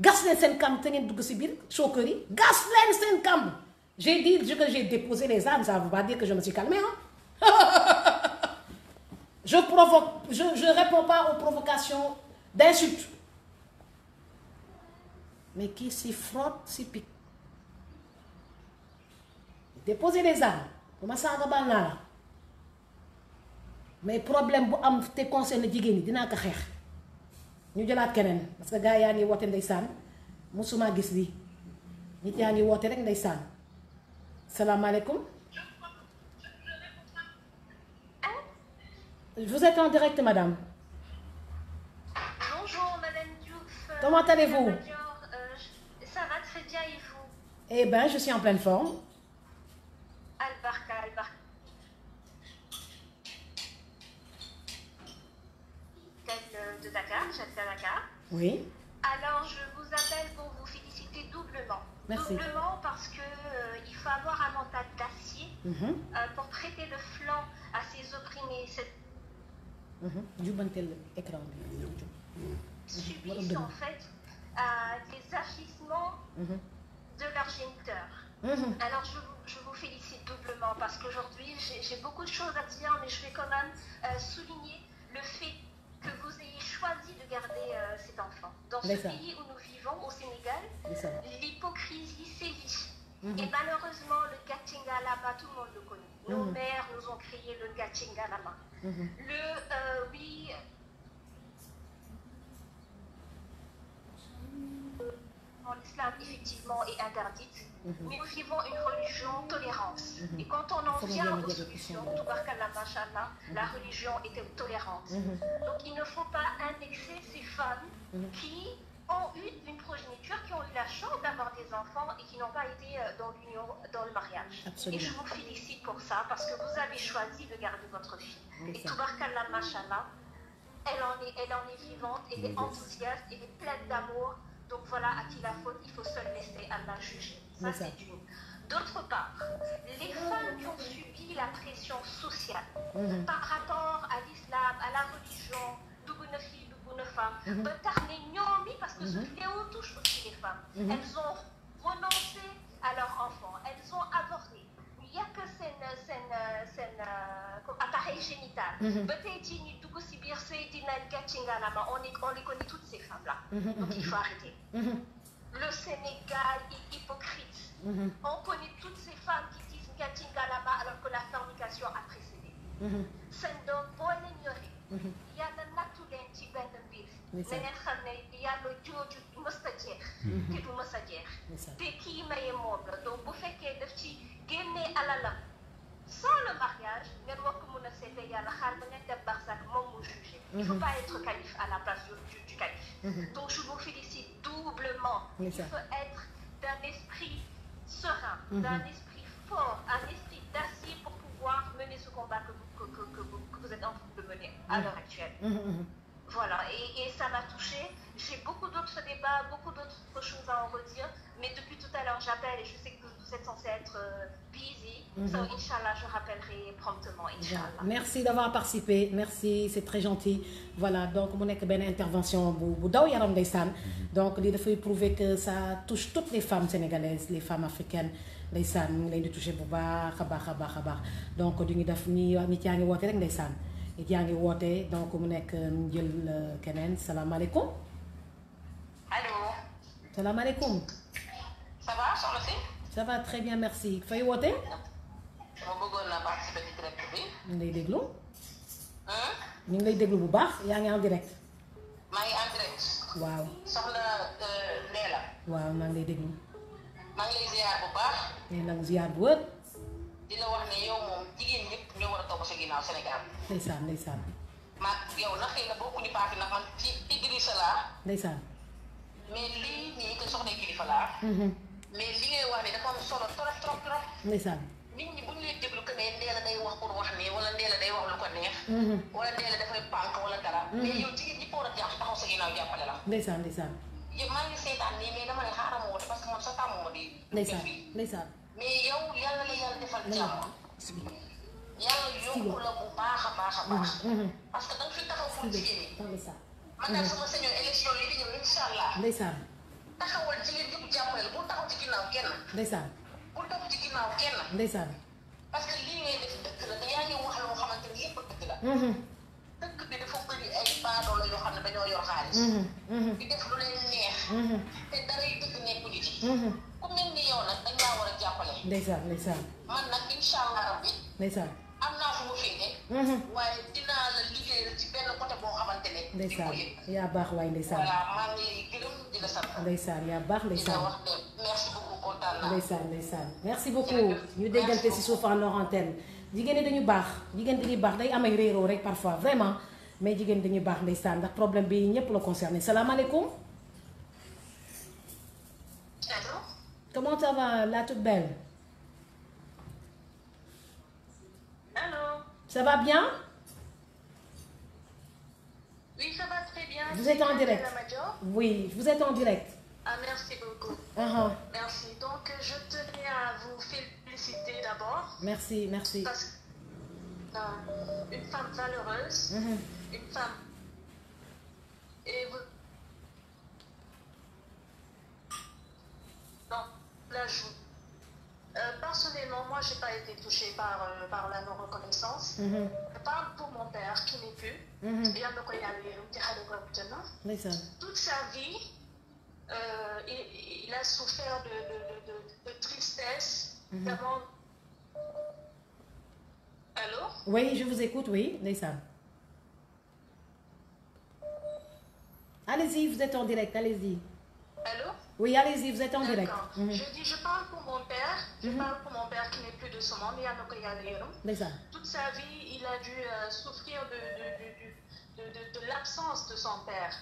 gas leen seen kàmb te ngeen dugg si biir chauffeur yi gas leen seen kàmb j'ai dit que j'ai déposé les armes ça veut pas dire que je me suis calmée ah je provoque je réponds pas aux provocations d'insultes mais qui s'y frotte s'y pique déposer les armes bu ma saaga baal naa la mais problème bu am te concerne jigéen ñi dinaa ko xeex ñu jëlaat keneen parce que gars yaa ngi woote ndeysaan musuma gis lii nit yaa ngi woote rek ndeysaan salaamaaleykum vous êtes en direct madame. bonjour madame Diouf. comment allez-vous. Euh, eh je suis en pleine forme. Dakar, j'habite à Oui. Alors, je vous appelle pour vous féliciter doublement. Doublement parce qu'il euh, faut avoir un d'acier mhm. euh, pour prêter le flanc à ces opprimés. Cette... Mm -hmm. je vous félicite doublement parce qu'aujourd'hui, j'ai beaucoup de choses à dire, mais je vais quand même euh, souligner le fait que vous ayez choisi de garder euh, cet enfant. Dans ce pays où nous vivons, au Sénégal, l'hypocrisie sévit. Mm -hmm. Et mhm. malheureusement, le Gatchinga là-bas, tout le monde le connaît. Nos mm -hmm. mères nous ont créé le Gatchinga là-bas. Mm -hmm. Le, euh, oui. en effectivement, interdite, mhm. mais nous vivons une religion tolérance. Mhm. Et quand on en vient aux solutions, machallah, mhm. la religion était tolérante. Donc il ne faut pas indexer ces femmes qui ont eu une progéniture, qui ont eu la chance d'avoir des enfants et qui n'ont pas été euh, dans l'union, dans le mariage. Et je vous félicite pour ça, parce que vous avez choisi de garder votre fille. Et Toubarkallah, machallah, elle en, est, vivante, elle est enthousiaste, Donc voilà à qui la faute, il faut seul laisser Allah juger. Ça, D'autre part, les femmes qui ont subi la pression sociale mhm. par rapport à l'islam, à la religion, Mmh. ba tax ne ñoom yi parce que ce mhm. fléau touche aussi les femmes. Mhm. Elles ont renoncé à leurs enfants, elles ont avorté. yàq seen seen seen appareil génital. ba tey jii ñu dugg si biir sëy dinañ gàcce ngalaama on est on les connaît toutes ces femmes là. donc il faut arrêter. le Sénégal est hypocrite. Mhm. on connaît toutes ces femmes qui disent gàcce ngalaama alors que la fornication a précédé. seen doom boo leen yore. yàlla nattu leen ci benn mbir. na ngeen xam ne yàlla jooju mës a jeex. te du mës a jeex. te kii maye moom la donc bu fekkee daf ci. génnee alalam sans le mariage ngeen war ko mun a seetee yàlla xaar ba ngeen dem barsax moom mu jugé. Mhm. il faut pas être calife à la place du calife. Mhm. donc je vous félicite doublement. il être d'un esprit serein. Mhm. d'un esprit fort un esprit d'acier pour pouvoir mener ce combat que vous êtes en train de mener à l'heure actuelle. Voilà, et, et ça m'a touchée. J'ai beaucoup d'autres débats, beaucoup d'autres choses à en redire, mais depuis tout à l'heure, j'appelle et je sais que vous êtes censé être euh, busy. Mm -hmm. Donc, Inch'Allah, je rappellerai promptement, Inch'Allah. Merci d'avoir participé, merci, c'est très gentil. Voilà, donc, mon ben intervention, Yaram Deysan. Mm-hmm. Donc, il faut prouver que ça touche toutes les femmes sénégalaises, les femmes africaines. Deysan, il faut toucher Bouba, Khabah, yaa ngi woote donc mu nekk mu jël euh, keneen salaamaaleykum. allo. salaamaaleykum. ça va soxna si. ça très bien merci fay woote. ma bëggoon naa participer ci direct bi. ñu ngi lay déglu. ñu ngi lay déglu bu baax yaa ngi en direct. maa ngi en direct. waaw soxna Ndéla. Euh, waaw maa ngi lay déglu. maa ngi lay bu baax. nee na ziar bu wër. di la wax ne yow moom jigéen ñëpp ñoo war a topp sa ginnaaw Sénégal. ndeysaan ndeysaan. maag yow nag xëy na bokkuñu parti nag man ci Idrissa laa. ndeysaan. mais lii nii te soxna kilifa laa. Mhm. mais li ngay wax ne dafa am solo trop trop trop. ndeysaan. nit ñi bu ñu leen déglu que ne Ndella day wax pour wax ne wala Ndella day wax lu ko neex. Mhm. wala Ndella dafay pànk wala dara. Mhm. mais yow jigéen ñi war a jàpp taxaw sa ginnaaw jàppale la. seetaan nii mais dama ma man sa tàmm ma di. mais yow yàlla la yàlla defal jàmm. yàlla baax baax a baax. Mm-hmm, mm-hmm. parce que da nga fi taxaw pour jigéen ñi. man daal mm-hmm. sama sañoon élection yi di ñëw incha allah. ndeysaan. taxawal jigéen yëpp jàppale bu taxaw ci ginnaaw kenn. ndeysaan. bu taxaw ci ginnaaw kenn. ndeysaan. parce que lii ngay def dëkk la yaa ngi wax loo xamante ni yëpp dëkk la. dëkk bi dafa bëri ay baadoola yoo xam ne dañoo yor xaalis. Mm-hmm. Mm-hmm. di def lu leen neex. Mm-hmm. te dara yi dëgg nekkul ci. ku mel ni yow nag dañ laa war a jàppale. ndeysaan ndeysaan. man nag incha allah rabbi. ndeysaan. am naa fu mu féete. waaye dinaa la liggéeyal ci benn côté boo xamante ne. ndeysaan yaa baax waay ndeysaan. voilà maa ngi lay gërëm di la sant. ndeysaan yaa baax ndeysaan. wax ne merci beaucoup kontaan naa. ndeysaan ndeysaan. merci beaucoup ñu déggante si suuf en hors antenne. jigéen dañu baax jigéen dañuy baax day am ay réeroo rek parfois vraiment mais jigéen dañuy baax ndeysaan ndax problème bi ñépp la concerné salaamaaleykum. allo. comment ça la toute belle. ça va bien. vous êtes en direct oui vous êtes en direct. Ah, féliciter d'abord. Parce que euh, femme valeureuse, mhm. une femme. Et vous. Euh, personnellement, je n'ai pas été touchée par, euh, la reconnaissance mhm. pour mon père qui n'est plus. Mhm. Toute sa vie, il, a souffert de tristesse. d'abord mhm. allô. oui je vous écoute oui ndeysaan. allez-y vous êtes en direct allez-y. oui allez-y vous êtes en direct. Mhm. je parle pour mon père. je mhm. parle pour mon père qui n'est plus de ce monde yal na ko Yàlla yërëm. ndeysaan. toute sa vie il a dû euh, souffrir de de de, de, de l'absence de son père.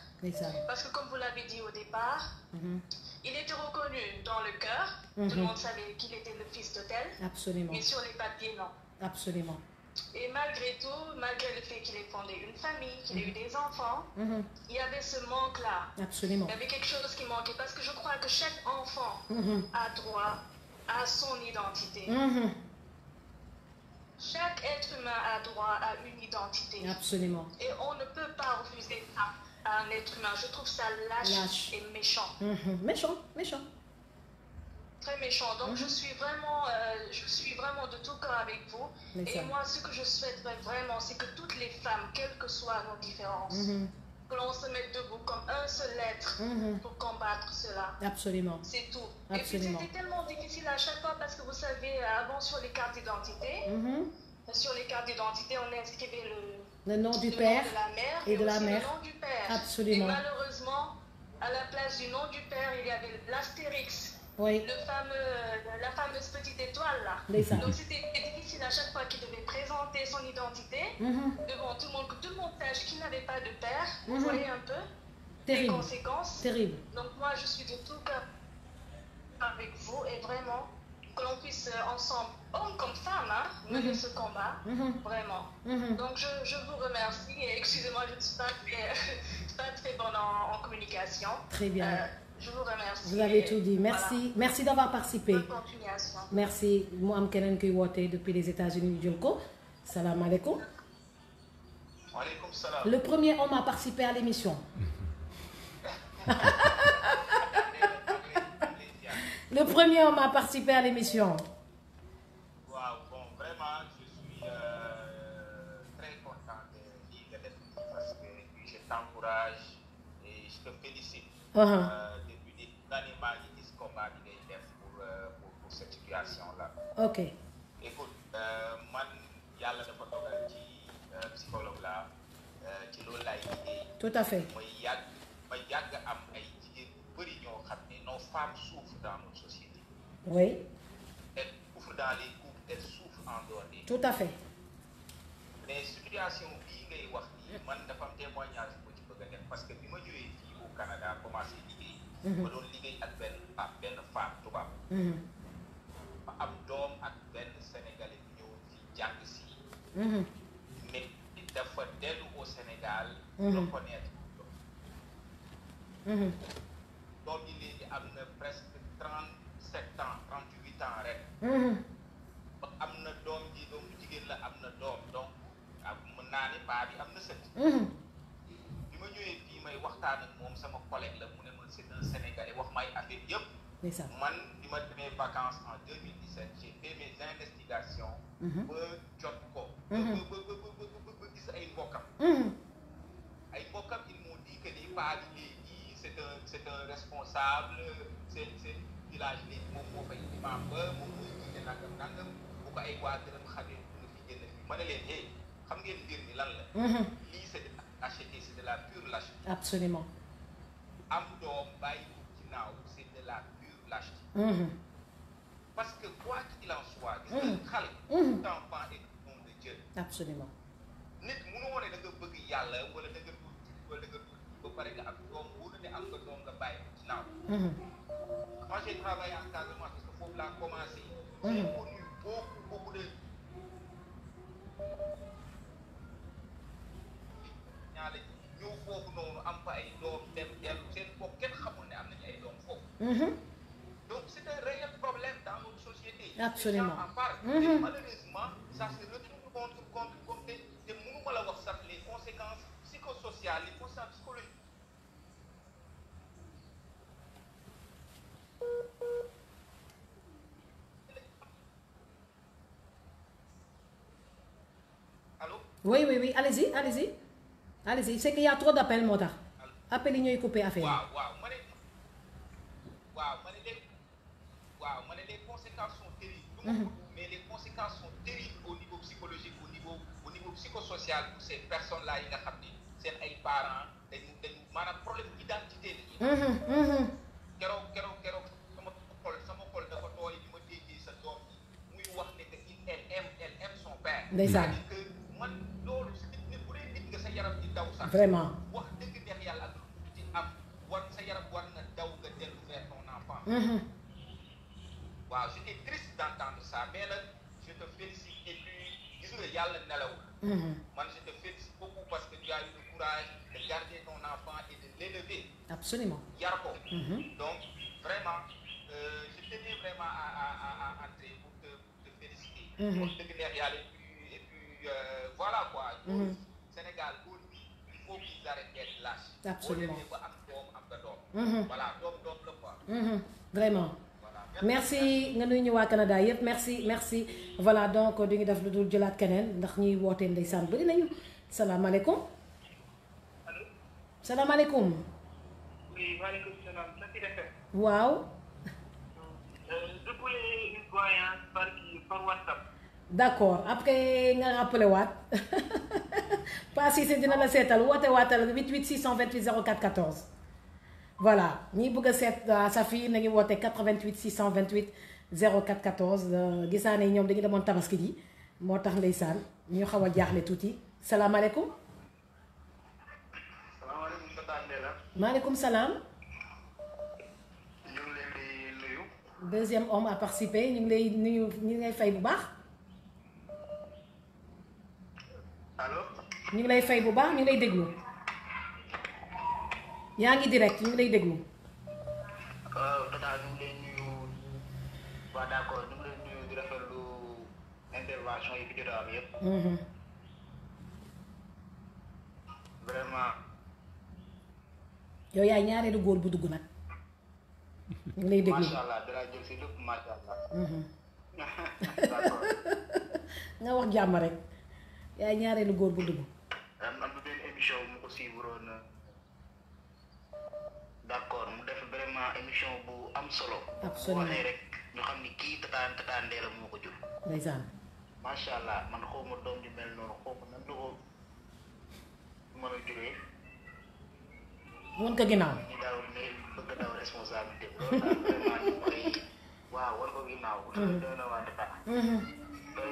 Parce que comme vous l'avez dit au départ, mm -hmm. il était reconnu dans le cœur. Mm -hmm. Tout le mm-hmm. monde savait qu'il était le fils d'hôtel. Absolument. Mais sur les papiers, non. Absolument. Et malgré tout, malgré le fait qu'il ait fondé une famille, qu'il ait eu mm-hmm. des enfants, mm -hmm. il y avait ce manque-là. Absolument. Il y avait quelque chose qui manquait. Parce que je crois que chaque enfant mm-hmm. a droit à son identité. Chaque être humain a droit à une identité. Absolument. Et on ne peut pas refuser ça à un être humain. Je trouve ça lâche, lâche. et méchant. Mmh. Méchant, méchant. Très méchant. Donc mmh. je suis vraiment, euh, je suis vraiment de tout cœur avec vous. Mais et ça. moi, ce que je souhaiterais vraiment, c'est que toutes les femmes, quelles que soient nos différences, mmh. que l'on debout comme un seul être mhm. pour combattre cela. Absolument. C'est tout. c'était tellement difficile à chaque parce que vous savez, avant sur les cartes d'identité, mhm. sur les cartes d'identité, on inscrivait le, le nom du père nom de la mère et, de la mère. Et malheureusement, à la place du nom du père, il y avait l'astérix. Oui. Le fameux, la fameuse petite étoile là. Donc c'était difficile à chaque fois qu'il devait présenter son identité mm -hmm. devant tout le monde, tout le monde qu'il n'avait pas de père. Vous mm-hmm. voyez un peu Terrible. Donc je suis de tout avec vous et vraiment que l'on puisse euh, ensemble, comme femmes, hein, mm-hmm. ce combat, mm-hmm. vraiment. Donc je, vous remercie et excusez je ne suis pas très, bonne en, communication. Très bien. Euh, je vous remercie. vous avez tout dit merci voilà. merci d'avoir participé. bonne continuation. merci mu am keneen kuy wootee depuis les États-Unis ñu jël ko salaamaaleykum. waaleykum salaam. le premier homme à participer à l'émission. le premier homme à participer à l'émission. waaw bon vraiment je suis euh, très content de lii nga def parce que je t'encourage et je te félicite. Uh-huh. euh, ok. écoute euh, man yàlla dafa dogal ci euh, psychologue la euh, ci loolu laay liggéey. tout à fait mooy yàgg ma yàgg am ay jigéen yu bëri ñoo xam ne nos femmes souffrent dans nos sociétés. oui. elles souffrent dans les couples elles souffrent en dehors tout à fait. mais situation bii ngay wax nii man dafa am témoignage bu ci bëgg a parce que bi ma ñëwee fii au Canada liggéey. Mhm. ma doon liggéey ak benn femme benn femme tubaab. Mhm. doom ak benn sénégalais bu si mhm. mais dafa dellu au Sénégal mhm. reconnaître doom mhm. doom yi léegi am na presque trente sept ans trente huit am na doom ji jigéen la am na doom donc ak mën naa ne paa bi am na sët bi ma ñëwee fii may waxtaan ak moom sama collègue la mu ne ma c'est un sénégalais wax may affaire yëpp man bi ma demee vacances en deux mille Sène j'ai fait mes investigations. Mm-hmm. ba jot ko. Mm-hmm. ba ba ba ba gis ay mbokkam. Mm-hmm. ay mbokkam ils m'ont dit que ni waa ji léegi c'est un c'est un responsable seen seen village léegi moom moo fay imam ba moom mooy jiite nangam nangam bu ko ay waa gërëm xamee dina fi génn fi ma ne leen hey xam ngeen mbir mi lan la. lii c'est de la lâcheté c'est de la pure lâcheté. absolument. am doom bàyyi ci naaw c'est de la pure lâcheté. Parce que quoi qu'il en soit, gis nga xale. tout enfant est Absolument. nit mënoo ne da nga bëgg yàlla wala da nga dul wala pare nga am doom wóolu ne am nga doom nga bàyyi ko ci naaw. moi mmh. j'ai travaillé en Casamance parce que foofu laa commencé. Mmh. j'ai ay doom dem dellu seen bopp kenn xamul ne am nañu ay doom foofu. Mmh. absolument mm-hmm. mais malheureusement ça se retourne contre contre contre te mënuma la wax sax les conséquences psychosociales les conséquences psychologiques allô oui oui oui allez-y allez-y allez-y c'est qu'il y a trop d'appels moo tax appels yi ñooy couper affaire Mm-hmm. mais les conséquences sont terribles au niveau psychologique au niveau au niveau psychosocial pour ces personnes là yi nga xam ni seen ay parents dañu dañu maanaam problème d'identité la ñuy. Mm-hmm. Mm-hmm. keroog keroog keroog sama xol dafa tooy bi ma sa doom bi muy wax ne que il elle aime elle son père. ndeysaan que man loolu si nit ñi nit nga sa yaram di daw sax. vraiment wax dëgg neex yàlla ak lu ci am war sa yaram war na daw nga dellu vers ton enfant. waaw ça mais nag je te félicite et puis yàlla nelawul mm-hmm. man je te félicite beaucoup parce que tu as eu le courage ton enfant et de l'élever absolument yar ko mm-hmm. donc vraiment euh, je tenais vraiment à à à à entrer pour te pour te féliciter pour mm-hmm. dëgg neex yàlla et puis et euh, il faut qu'ils arrêtent d'être lâches. Absolument. vraiment. merci nga nuyu ñu Canada yëpp merci merci voilà donc du ñu def lu dul jëlaat keneen ndax ñuy wootee ndeysaan saan nañu salaamaaleykum. allo salaamaaleykum. oui maaleykum salaam. waaw. Euh, d' accord après nga rappelé waat Paa Cissé dina la seetal woote waatal 88 628 04 14. voilà ñi bëgg a seet euh, Safi na ngi woote 88 628 04 14 gisaane yi ñoom dañu demoon tabaski ji moo tax ndeysaan ñu xaw a jaaxle tuuti salaamaaleykum. salaamaaleykum salaam. ñu ngi deuxième homme à participer ñu ngi lay nuyu ñu ngi lay fay bu baax. allo. ñu ngi lay fay bu baax ñu ngi lay déglu. yaa ngi direct ñu ngi lay déglu. Euh, waaw tata mhm. yow yaay ñaareelu góor bu dugg nag. ñu ngi lay déglu macha mhm. nga wax jàmm rek. yaay ñaareelu góor bu dugg. vraiment émission bu am solo. absolument xam ni kii tataan man xaw ma waaw mm-hmm.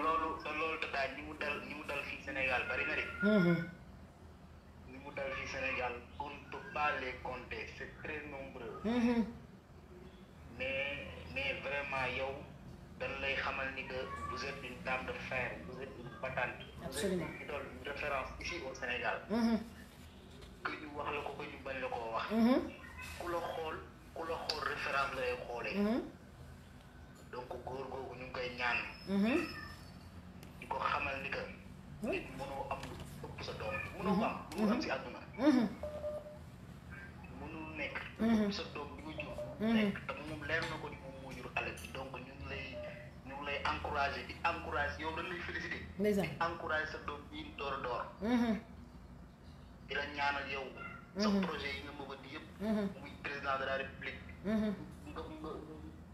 loolu mm-hmm. tataan ñi mu dal ñi mu dal fii Sénégal bari na de. Mm-hmm. dal ci Sénégal on ne peut pas les compter très nombreux. mais mais vraiment yow dañ lay xamal ni que vous êtes une de fer vous êtes une battante. absolument vous êtes une idole une Sénégal. que wax la ko que bañ la koo wax. ku la xool ku la xool référence lay xoolee. donc góor googu ñu ngi koy ñaan. di ko xamal ni que. nit mënoo am. sa doom mënoo ko am mënoo mhm. am mhm. si àdduna mënul mhm. nekk sa doom bi nga jur nekk te moom leer na ko ni moom moo jur xale bi donc ñu ngi lay ñu ngi lay encouragé di encouragé yow dañ lay félicité di encouragé sa doom bii door a door di la ñaanal yow sa projet yi nga mëbët yëpp muy président de la république nga nga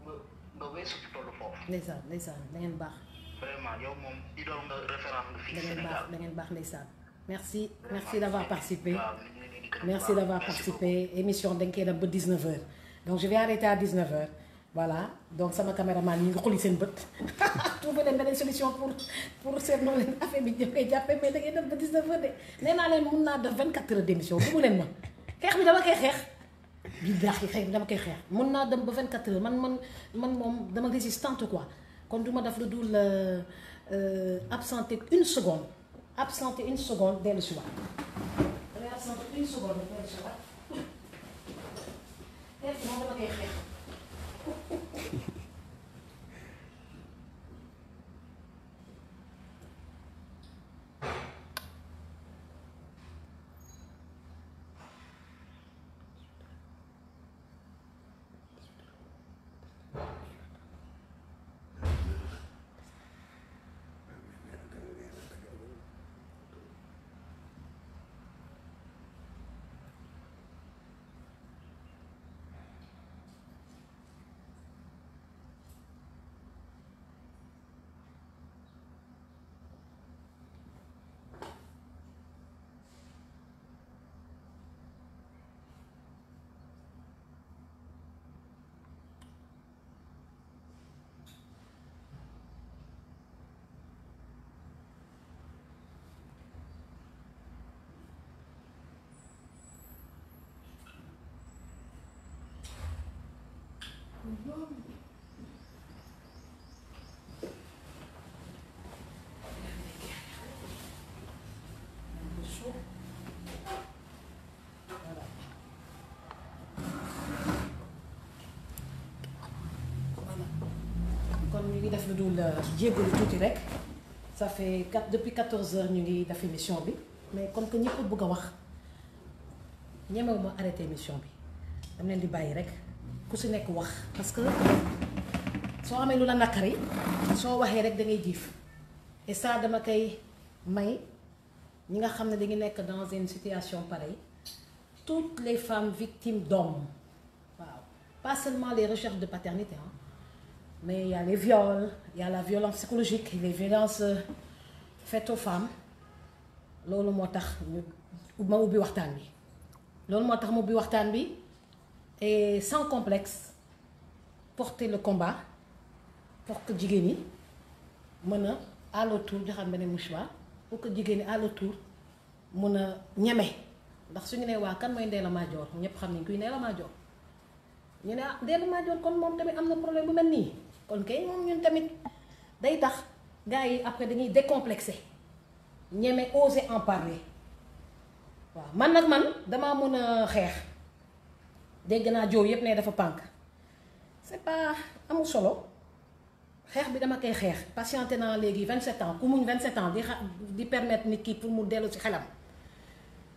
nga nga weesu ci tollu foofu ndeysaan ndeysaan da ngeen baax vraiment yow moom idole nga référence nga fii Sénégal da ngeen baax da ngeen baax ndeysaan merci merci d'avoir participé merci d'avoir participé émission dañ koy dem ba 19h donc je vais arrêter à 19h voilà donc sama caméraman ñi ngi xuli seen bët trouvé leen beneen solution pour pour seetloo leen affaire bi ñëpp koy jàppee mais da ngay dem de nee naa leen mun naa def 24 heures d'émission bu leen ma xeex bi dama koy xeex. billaahi xeex bi dama koy xeex mun naa dem ba 24 heures man man man moom dama résistante quoi kon du ma def lu dul euh, euh, absenté une seconde. absenté une seconde dellu si waat damay absenté une seconde dellu si waat def moom dama koy xeex ñu ngi def lu dul euh, jégalu tuuti rek ça fait depuis quatorze heures ñu ngi def émission bi mais comme que ñëpp bëgg a wax ñemewu ma arrêté émission bi dama leen di bàyyi rek. ku si nekk wax parce que soo amee lu la naqari soo waxee rek da ngay jiif et ça dama koy may ñi nga xam ne dañu nekk dans une situation pareille toutes les femmes victimes d'hommes waaw pas seulement les recherches de paternité mais il y a la violence psychologique les violences euh, faites aux femmes loolu moo tax ñu ma ubbi waxtaan bi loolu moo tax ma ubbi waxtaan bi et sans complexe porter le combat pour que jigéen ñi mën a à leur tour joxaat beneen mouchoir pour que jigéen ñi à mën a ñeme ndax suñu nee waa kan mooy Ndella Madior ñëpp xam nañ kuy Ndella Madior ñu ne ah Ndella Madior kon moom tamit am na problème bu mel nii kon kay moom ñun tamit day tax gars yi après dañuy décomplexé ñeme oser en parler waaw man nag man damaa mën a xeex. dégg naa joow yépp ne dafa pànk c'est pas amul solo xeex bi dama koy xeex patienté naa léegi 27 ans ku muñ 27 ans di xa di permettre nit ki pour mu dellu ci xelam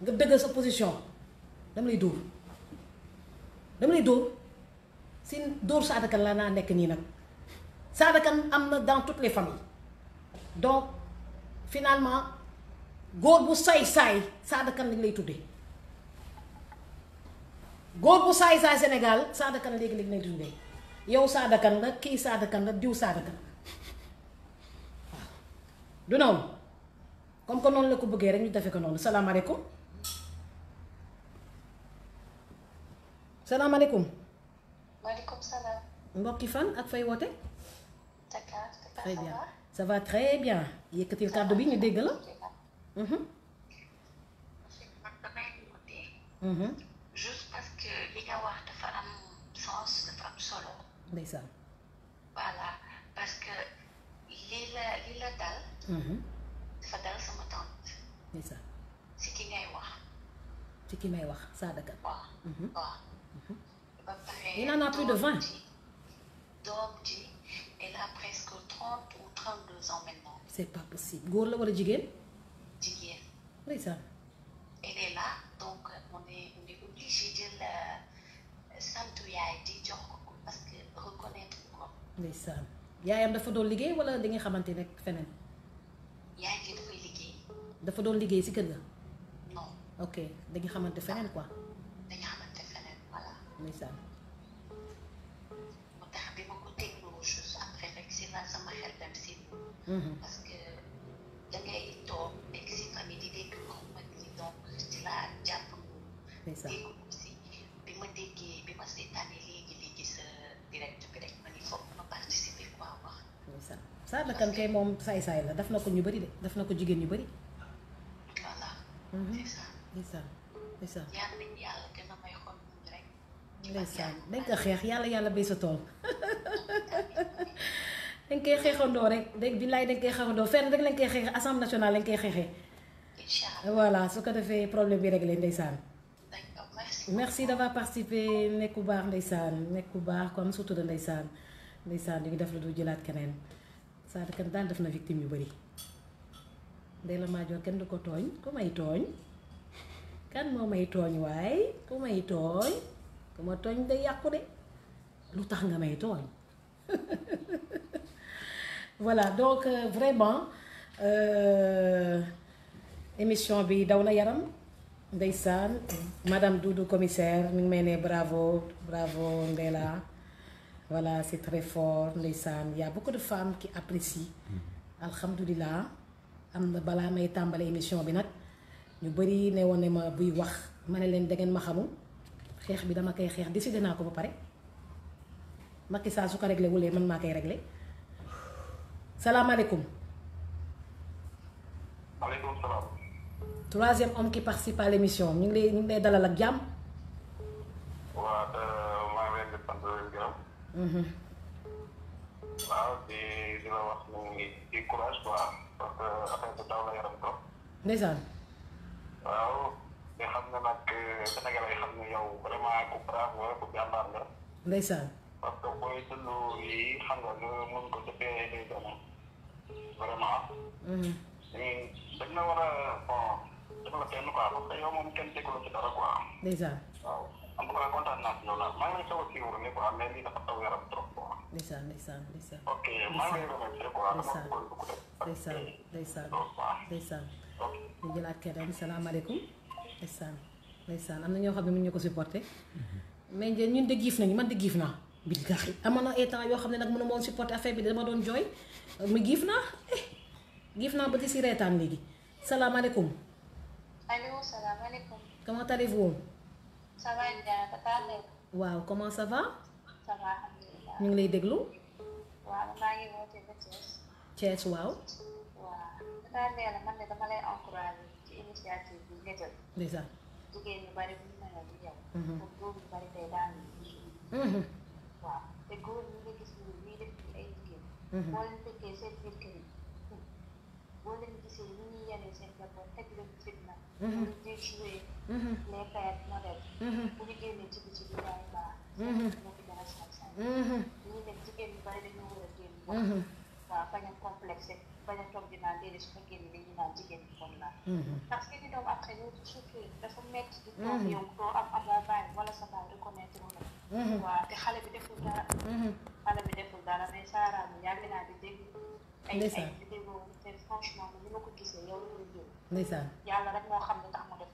nga bëgg sa position dama lay dóor dama lay dóor si dóor Sada Kane laa naa nekk nii nag Sada Kane am na dans toutes les familles donc finalement góor bu saay saay Sada Kane lañ lay tuddee. góor bu saay saay Sénégal Sada Kane léegi-léegi nañ dundee yow Sada Kane la kii Sada Kane la diw Sada la du noonu comme que noonu la ko bëggee rek ñu defe ko noonu salaamaaleykum salaamaaleykum. maaleykum salaam. mbokki fan ak fay woote. Dakar très bien ça va très bien. yëkkatil kàddu bi ñu dégg la. li nga wax dafa am sens dafa am solo. ndeysaan. voilà parce que li la li la dal. Mhm. dafa dal sama tante. ndeysaan. si ki ngay wax. ci ki may wax Sadaka. waaw mhm. waaw. Mhm. ba pare il en de vingt. doom ji elle a presque trente ou trente deux ans maintenant. c'est pas possible góor la wala jigéen. jigéen. ndeysaan. elle est là. ndeysaan yaayam dafa doon liggéey wala di nga xamante ne feneen. yaay ji dafay liggéey. dafa doon liggéey si kër ga. non ok da nga xamante feneen quoi. da nga xamante feneen voilà. ndeysaan. moo tax bi ma ko dégloo juste après rek si la sama xel dem si. Mhm. Sall kan kay moom saay-saay la daf na ko ñu bëri de daf na ko jigéen ñu bari voilà. ndeysaan mhm. ndeysaan ndeysaan. yàlla dañ ko xeex yàlla yàlla ba sa tool. dañ koy xeexandoo rek dégg billaay dañ koy xeexandoo fenn rek lañ koy xeexee assemblée nationale lañ koy xeexee. incha allah voilà su ko defee problème bi rek réglé ndeysaan. merci d'avoir participé nekk bu baax ndeysaan nekk bu baax kon am da ndeysaan ndeysaan ñu ngi def la du jëlaat keneen. Sada Kane daal def na victime yu bëri Ndella Madior kenn du ko tooñ ku may tooñ kan moo may tooñ waaye ku may tooñ ku ma tooñ day yàqu de lu tax nga may tooñ voilà donc euh, vraiment euh, émission bi daw na yaram ndeysaan madame du commissaire mi ngi may ne bravo bravo Ndella voilà c'est très fort ndeysaan y a beaucoup de femmes qui apprécient. Mm. alhamdulilah am na balaa may tàmbali émission bi nag ñu bari ne woon ne ma buy wax ma ne leen dangeen ma xamul xeex bi dama koy xeex décidé naa ko ba pare Macky Sall su ko réglé wulee man maa koy réglé salaamaaleykum. maaleykum salaam. troisième homme qui ñu ngi lay ñu ngi lay dalal ak jàmm. Euh, waaw di di la wax ni di courage quoi parce que affaire bu taw la yaram trop. ndeysaan. waaw xam na nag euh, Sénégal yi xam ne yow vraiment ku brave nga ku jàmbaar nga. xam nga nga mën ko jëfee day doon vraiment. Mhm. mais dañ la war a bon def la kenn quoi parce que yow moom kenn tegu la ci dara quoi. ndeysaan waaw. en tout cas kontaan naa si yow daal maa ngi lay a suivre ni quoi mais lii dafa taw yaram trop quoi. ndeysaan ndeysaan ndeysaan. ok salaamaaleykum. ndeysaan ndeysaan am na ñoo xam ne mënuñu ko supporter. mais njëriñ ñun de giif nañu man de giif naa. billahi amoon na ay temps yoo xam ne nag mënu ma woon supporter affaire bi dama doon jooy mu giif naa eh, giif naa ba ci si reetaan léegi salaamaaleykum. allo salaamaaleykum. comment allez-vous. ça waaw comment ça va. ça lay déglu. waaw waaw. waaw Tata lay encouragé ci initiative bi nga jël. déjà. jigéen ñu bari bu ñu mën a di ñëw. pour góor ñu bari mhm. ngi gis mhm. seen biir kër yi boo leen gisee ñu ñuy seen njaboot teg leen fitna. ñu mhm. mais père modèle bu ñu génnee ci bi ci baax nekk dara jigéen ñu bari dañoo a génn a jigéen ñi parce que ñu doom après ñu surtout dafa métti di toog yow doo am amoo baay wala sa baay reconnaître la te xale bi deful dara xale bi deful dara mais saara mi yàgg naa di dégg ay ay vidéo te franchement ni ma ko gisee yow la rek moo xam ne tax mu def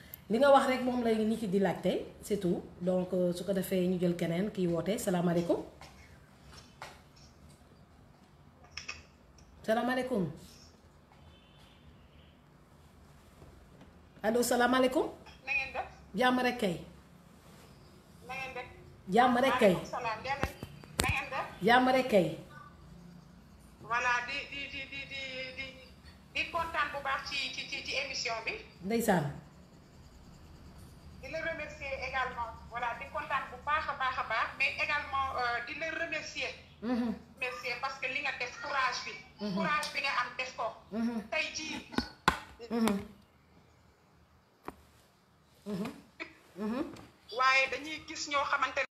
li nga wax rek moom lay nit yi di laajte c'est tout donc euh, su ko defee ñu jël keneen kiy woote salaamaaleykum salaamaaleykum allo salaamaaleykum. na ngeen def. jàmm rek kay. na ngeen def. jàmm rek kay. na ngeen def. jàmm rek kay. voilà di di di di di di kontaan bu baax ci ci ci émission bi. ndeysaan. le remercier également voilà di kontaan bu baax a baax a baax mais également euh, di le remercier. Mm-hmm. remercier parce que li nga def courage bi. Mm-hmm. courage bi nga am def ko. Mm-hmm. tey jii. waaye dañuy gis ñoo xamante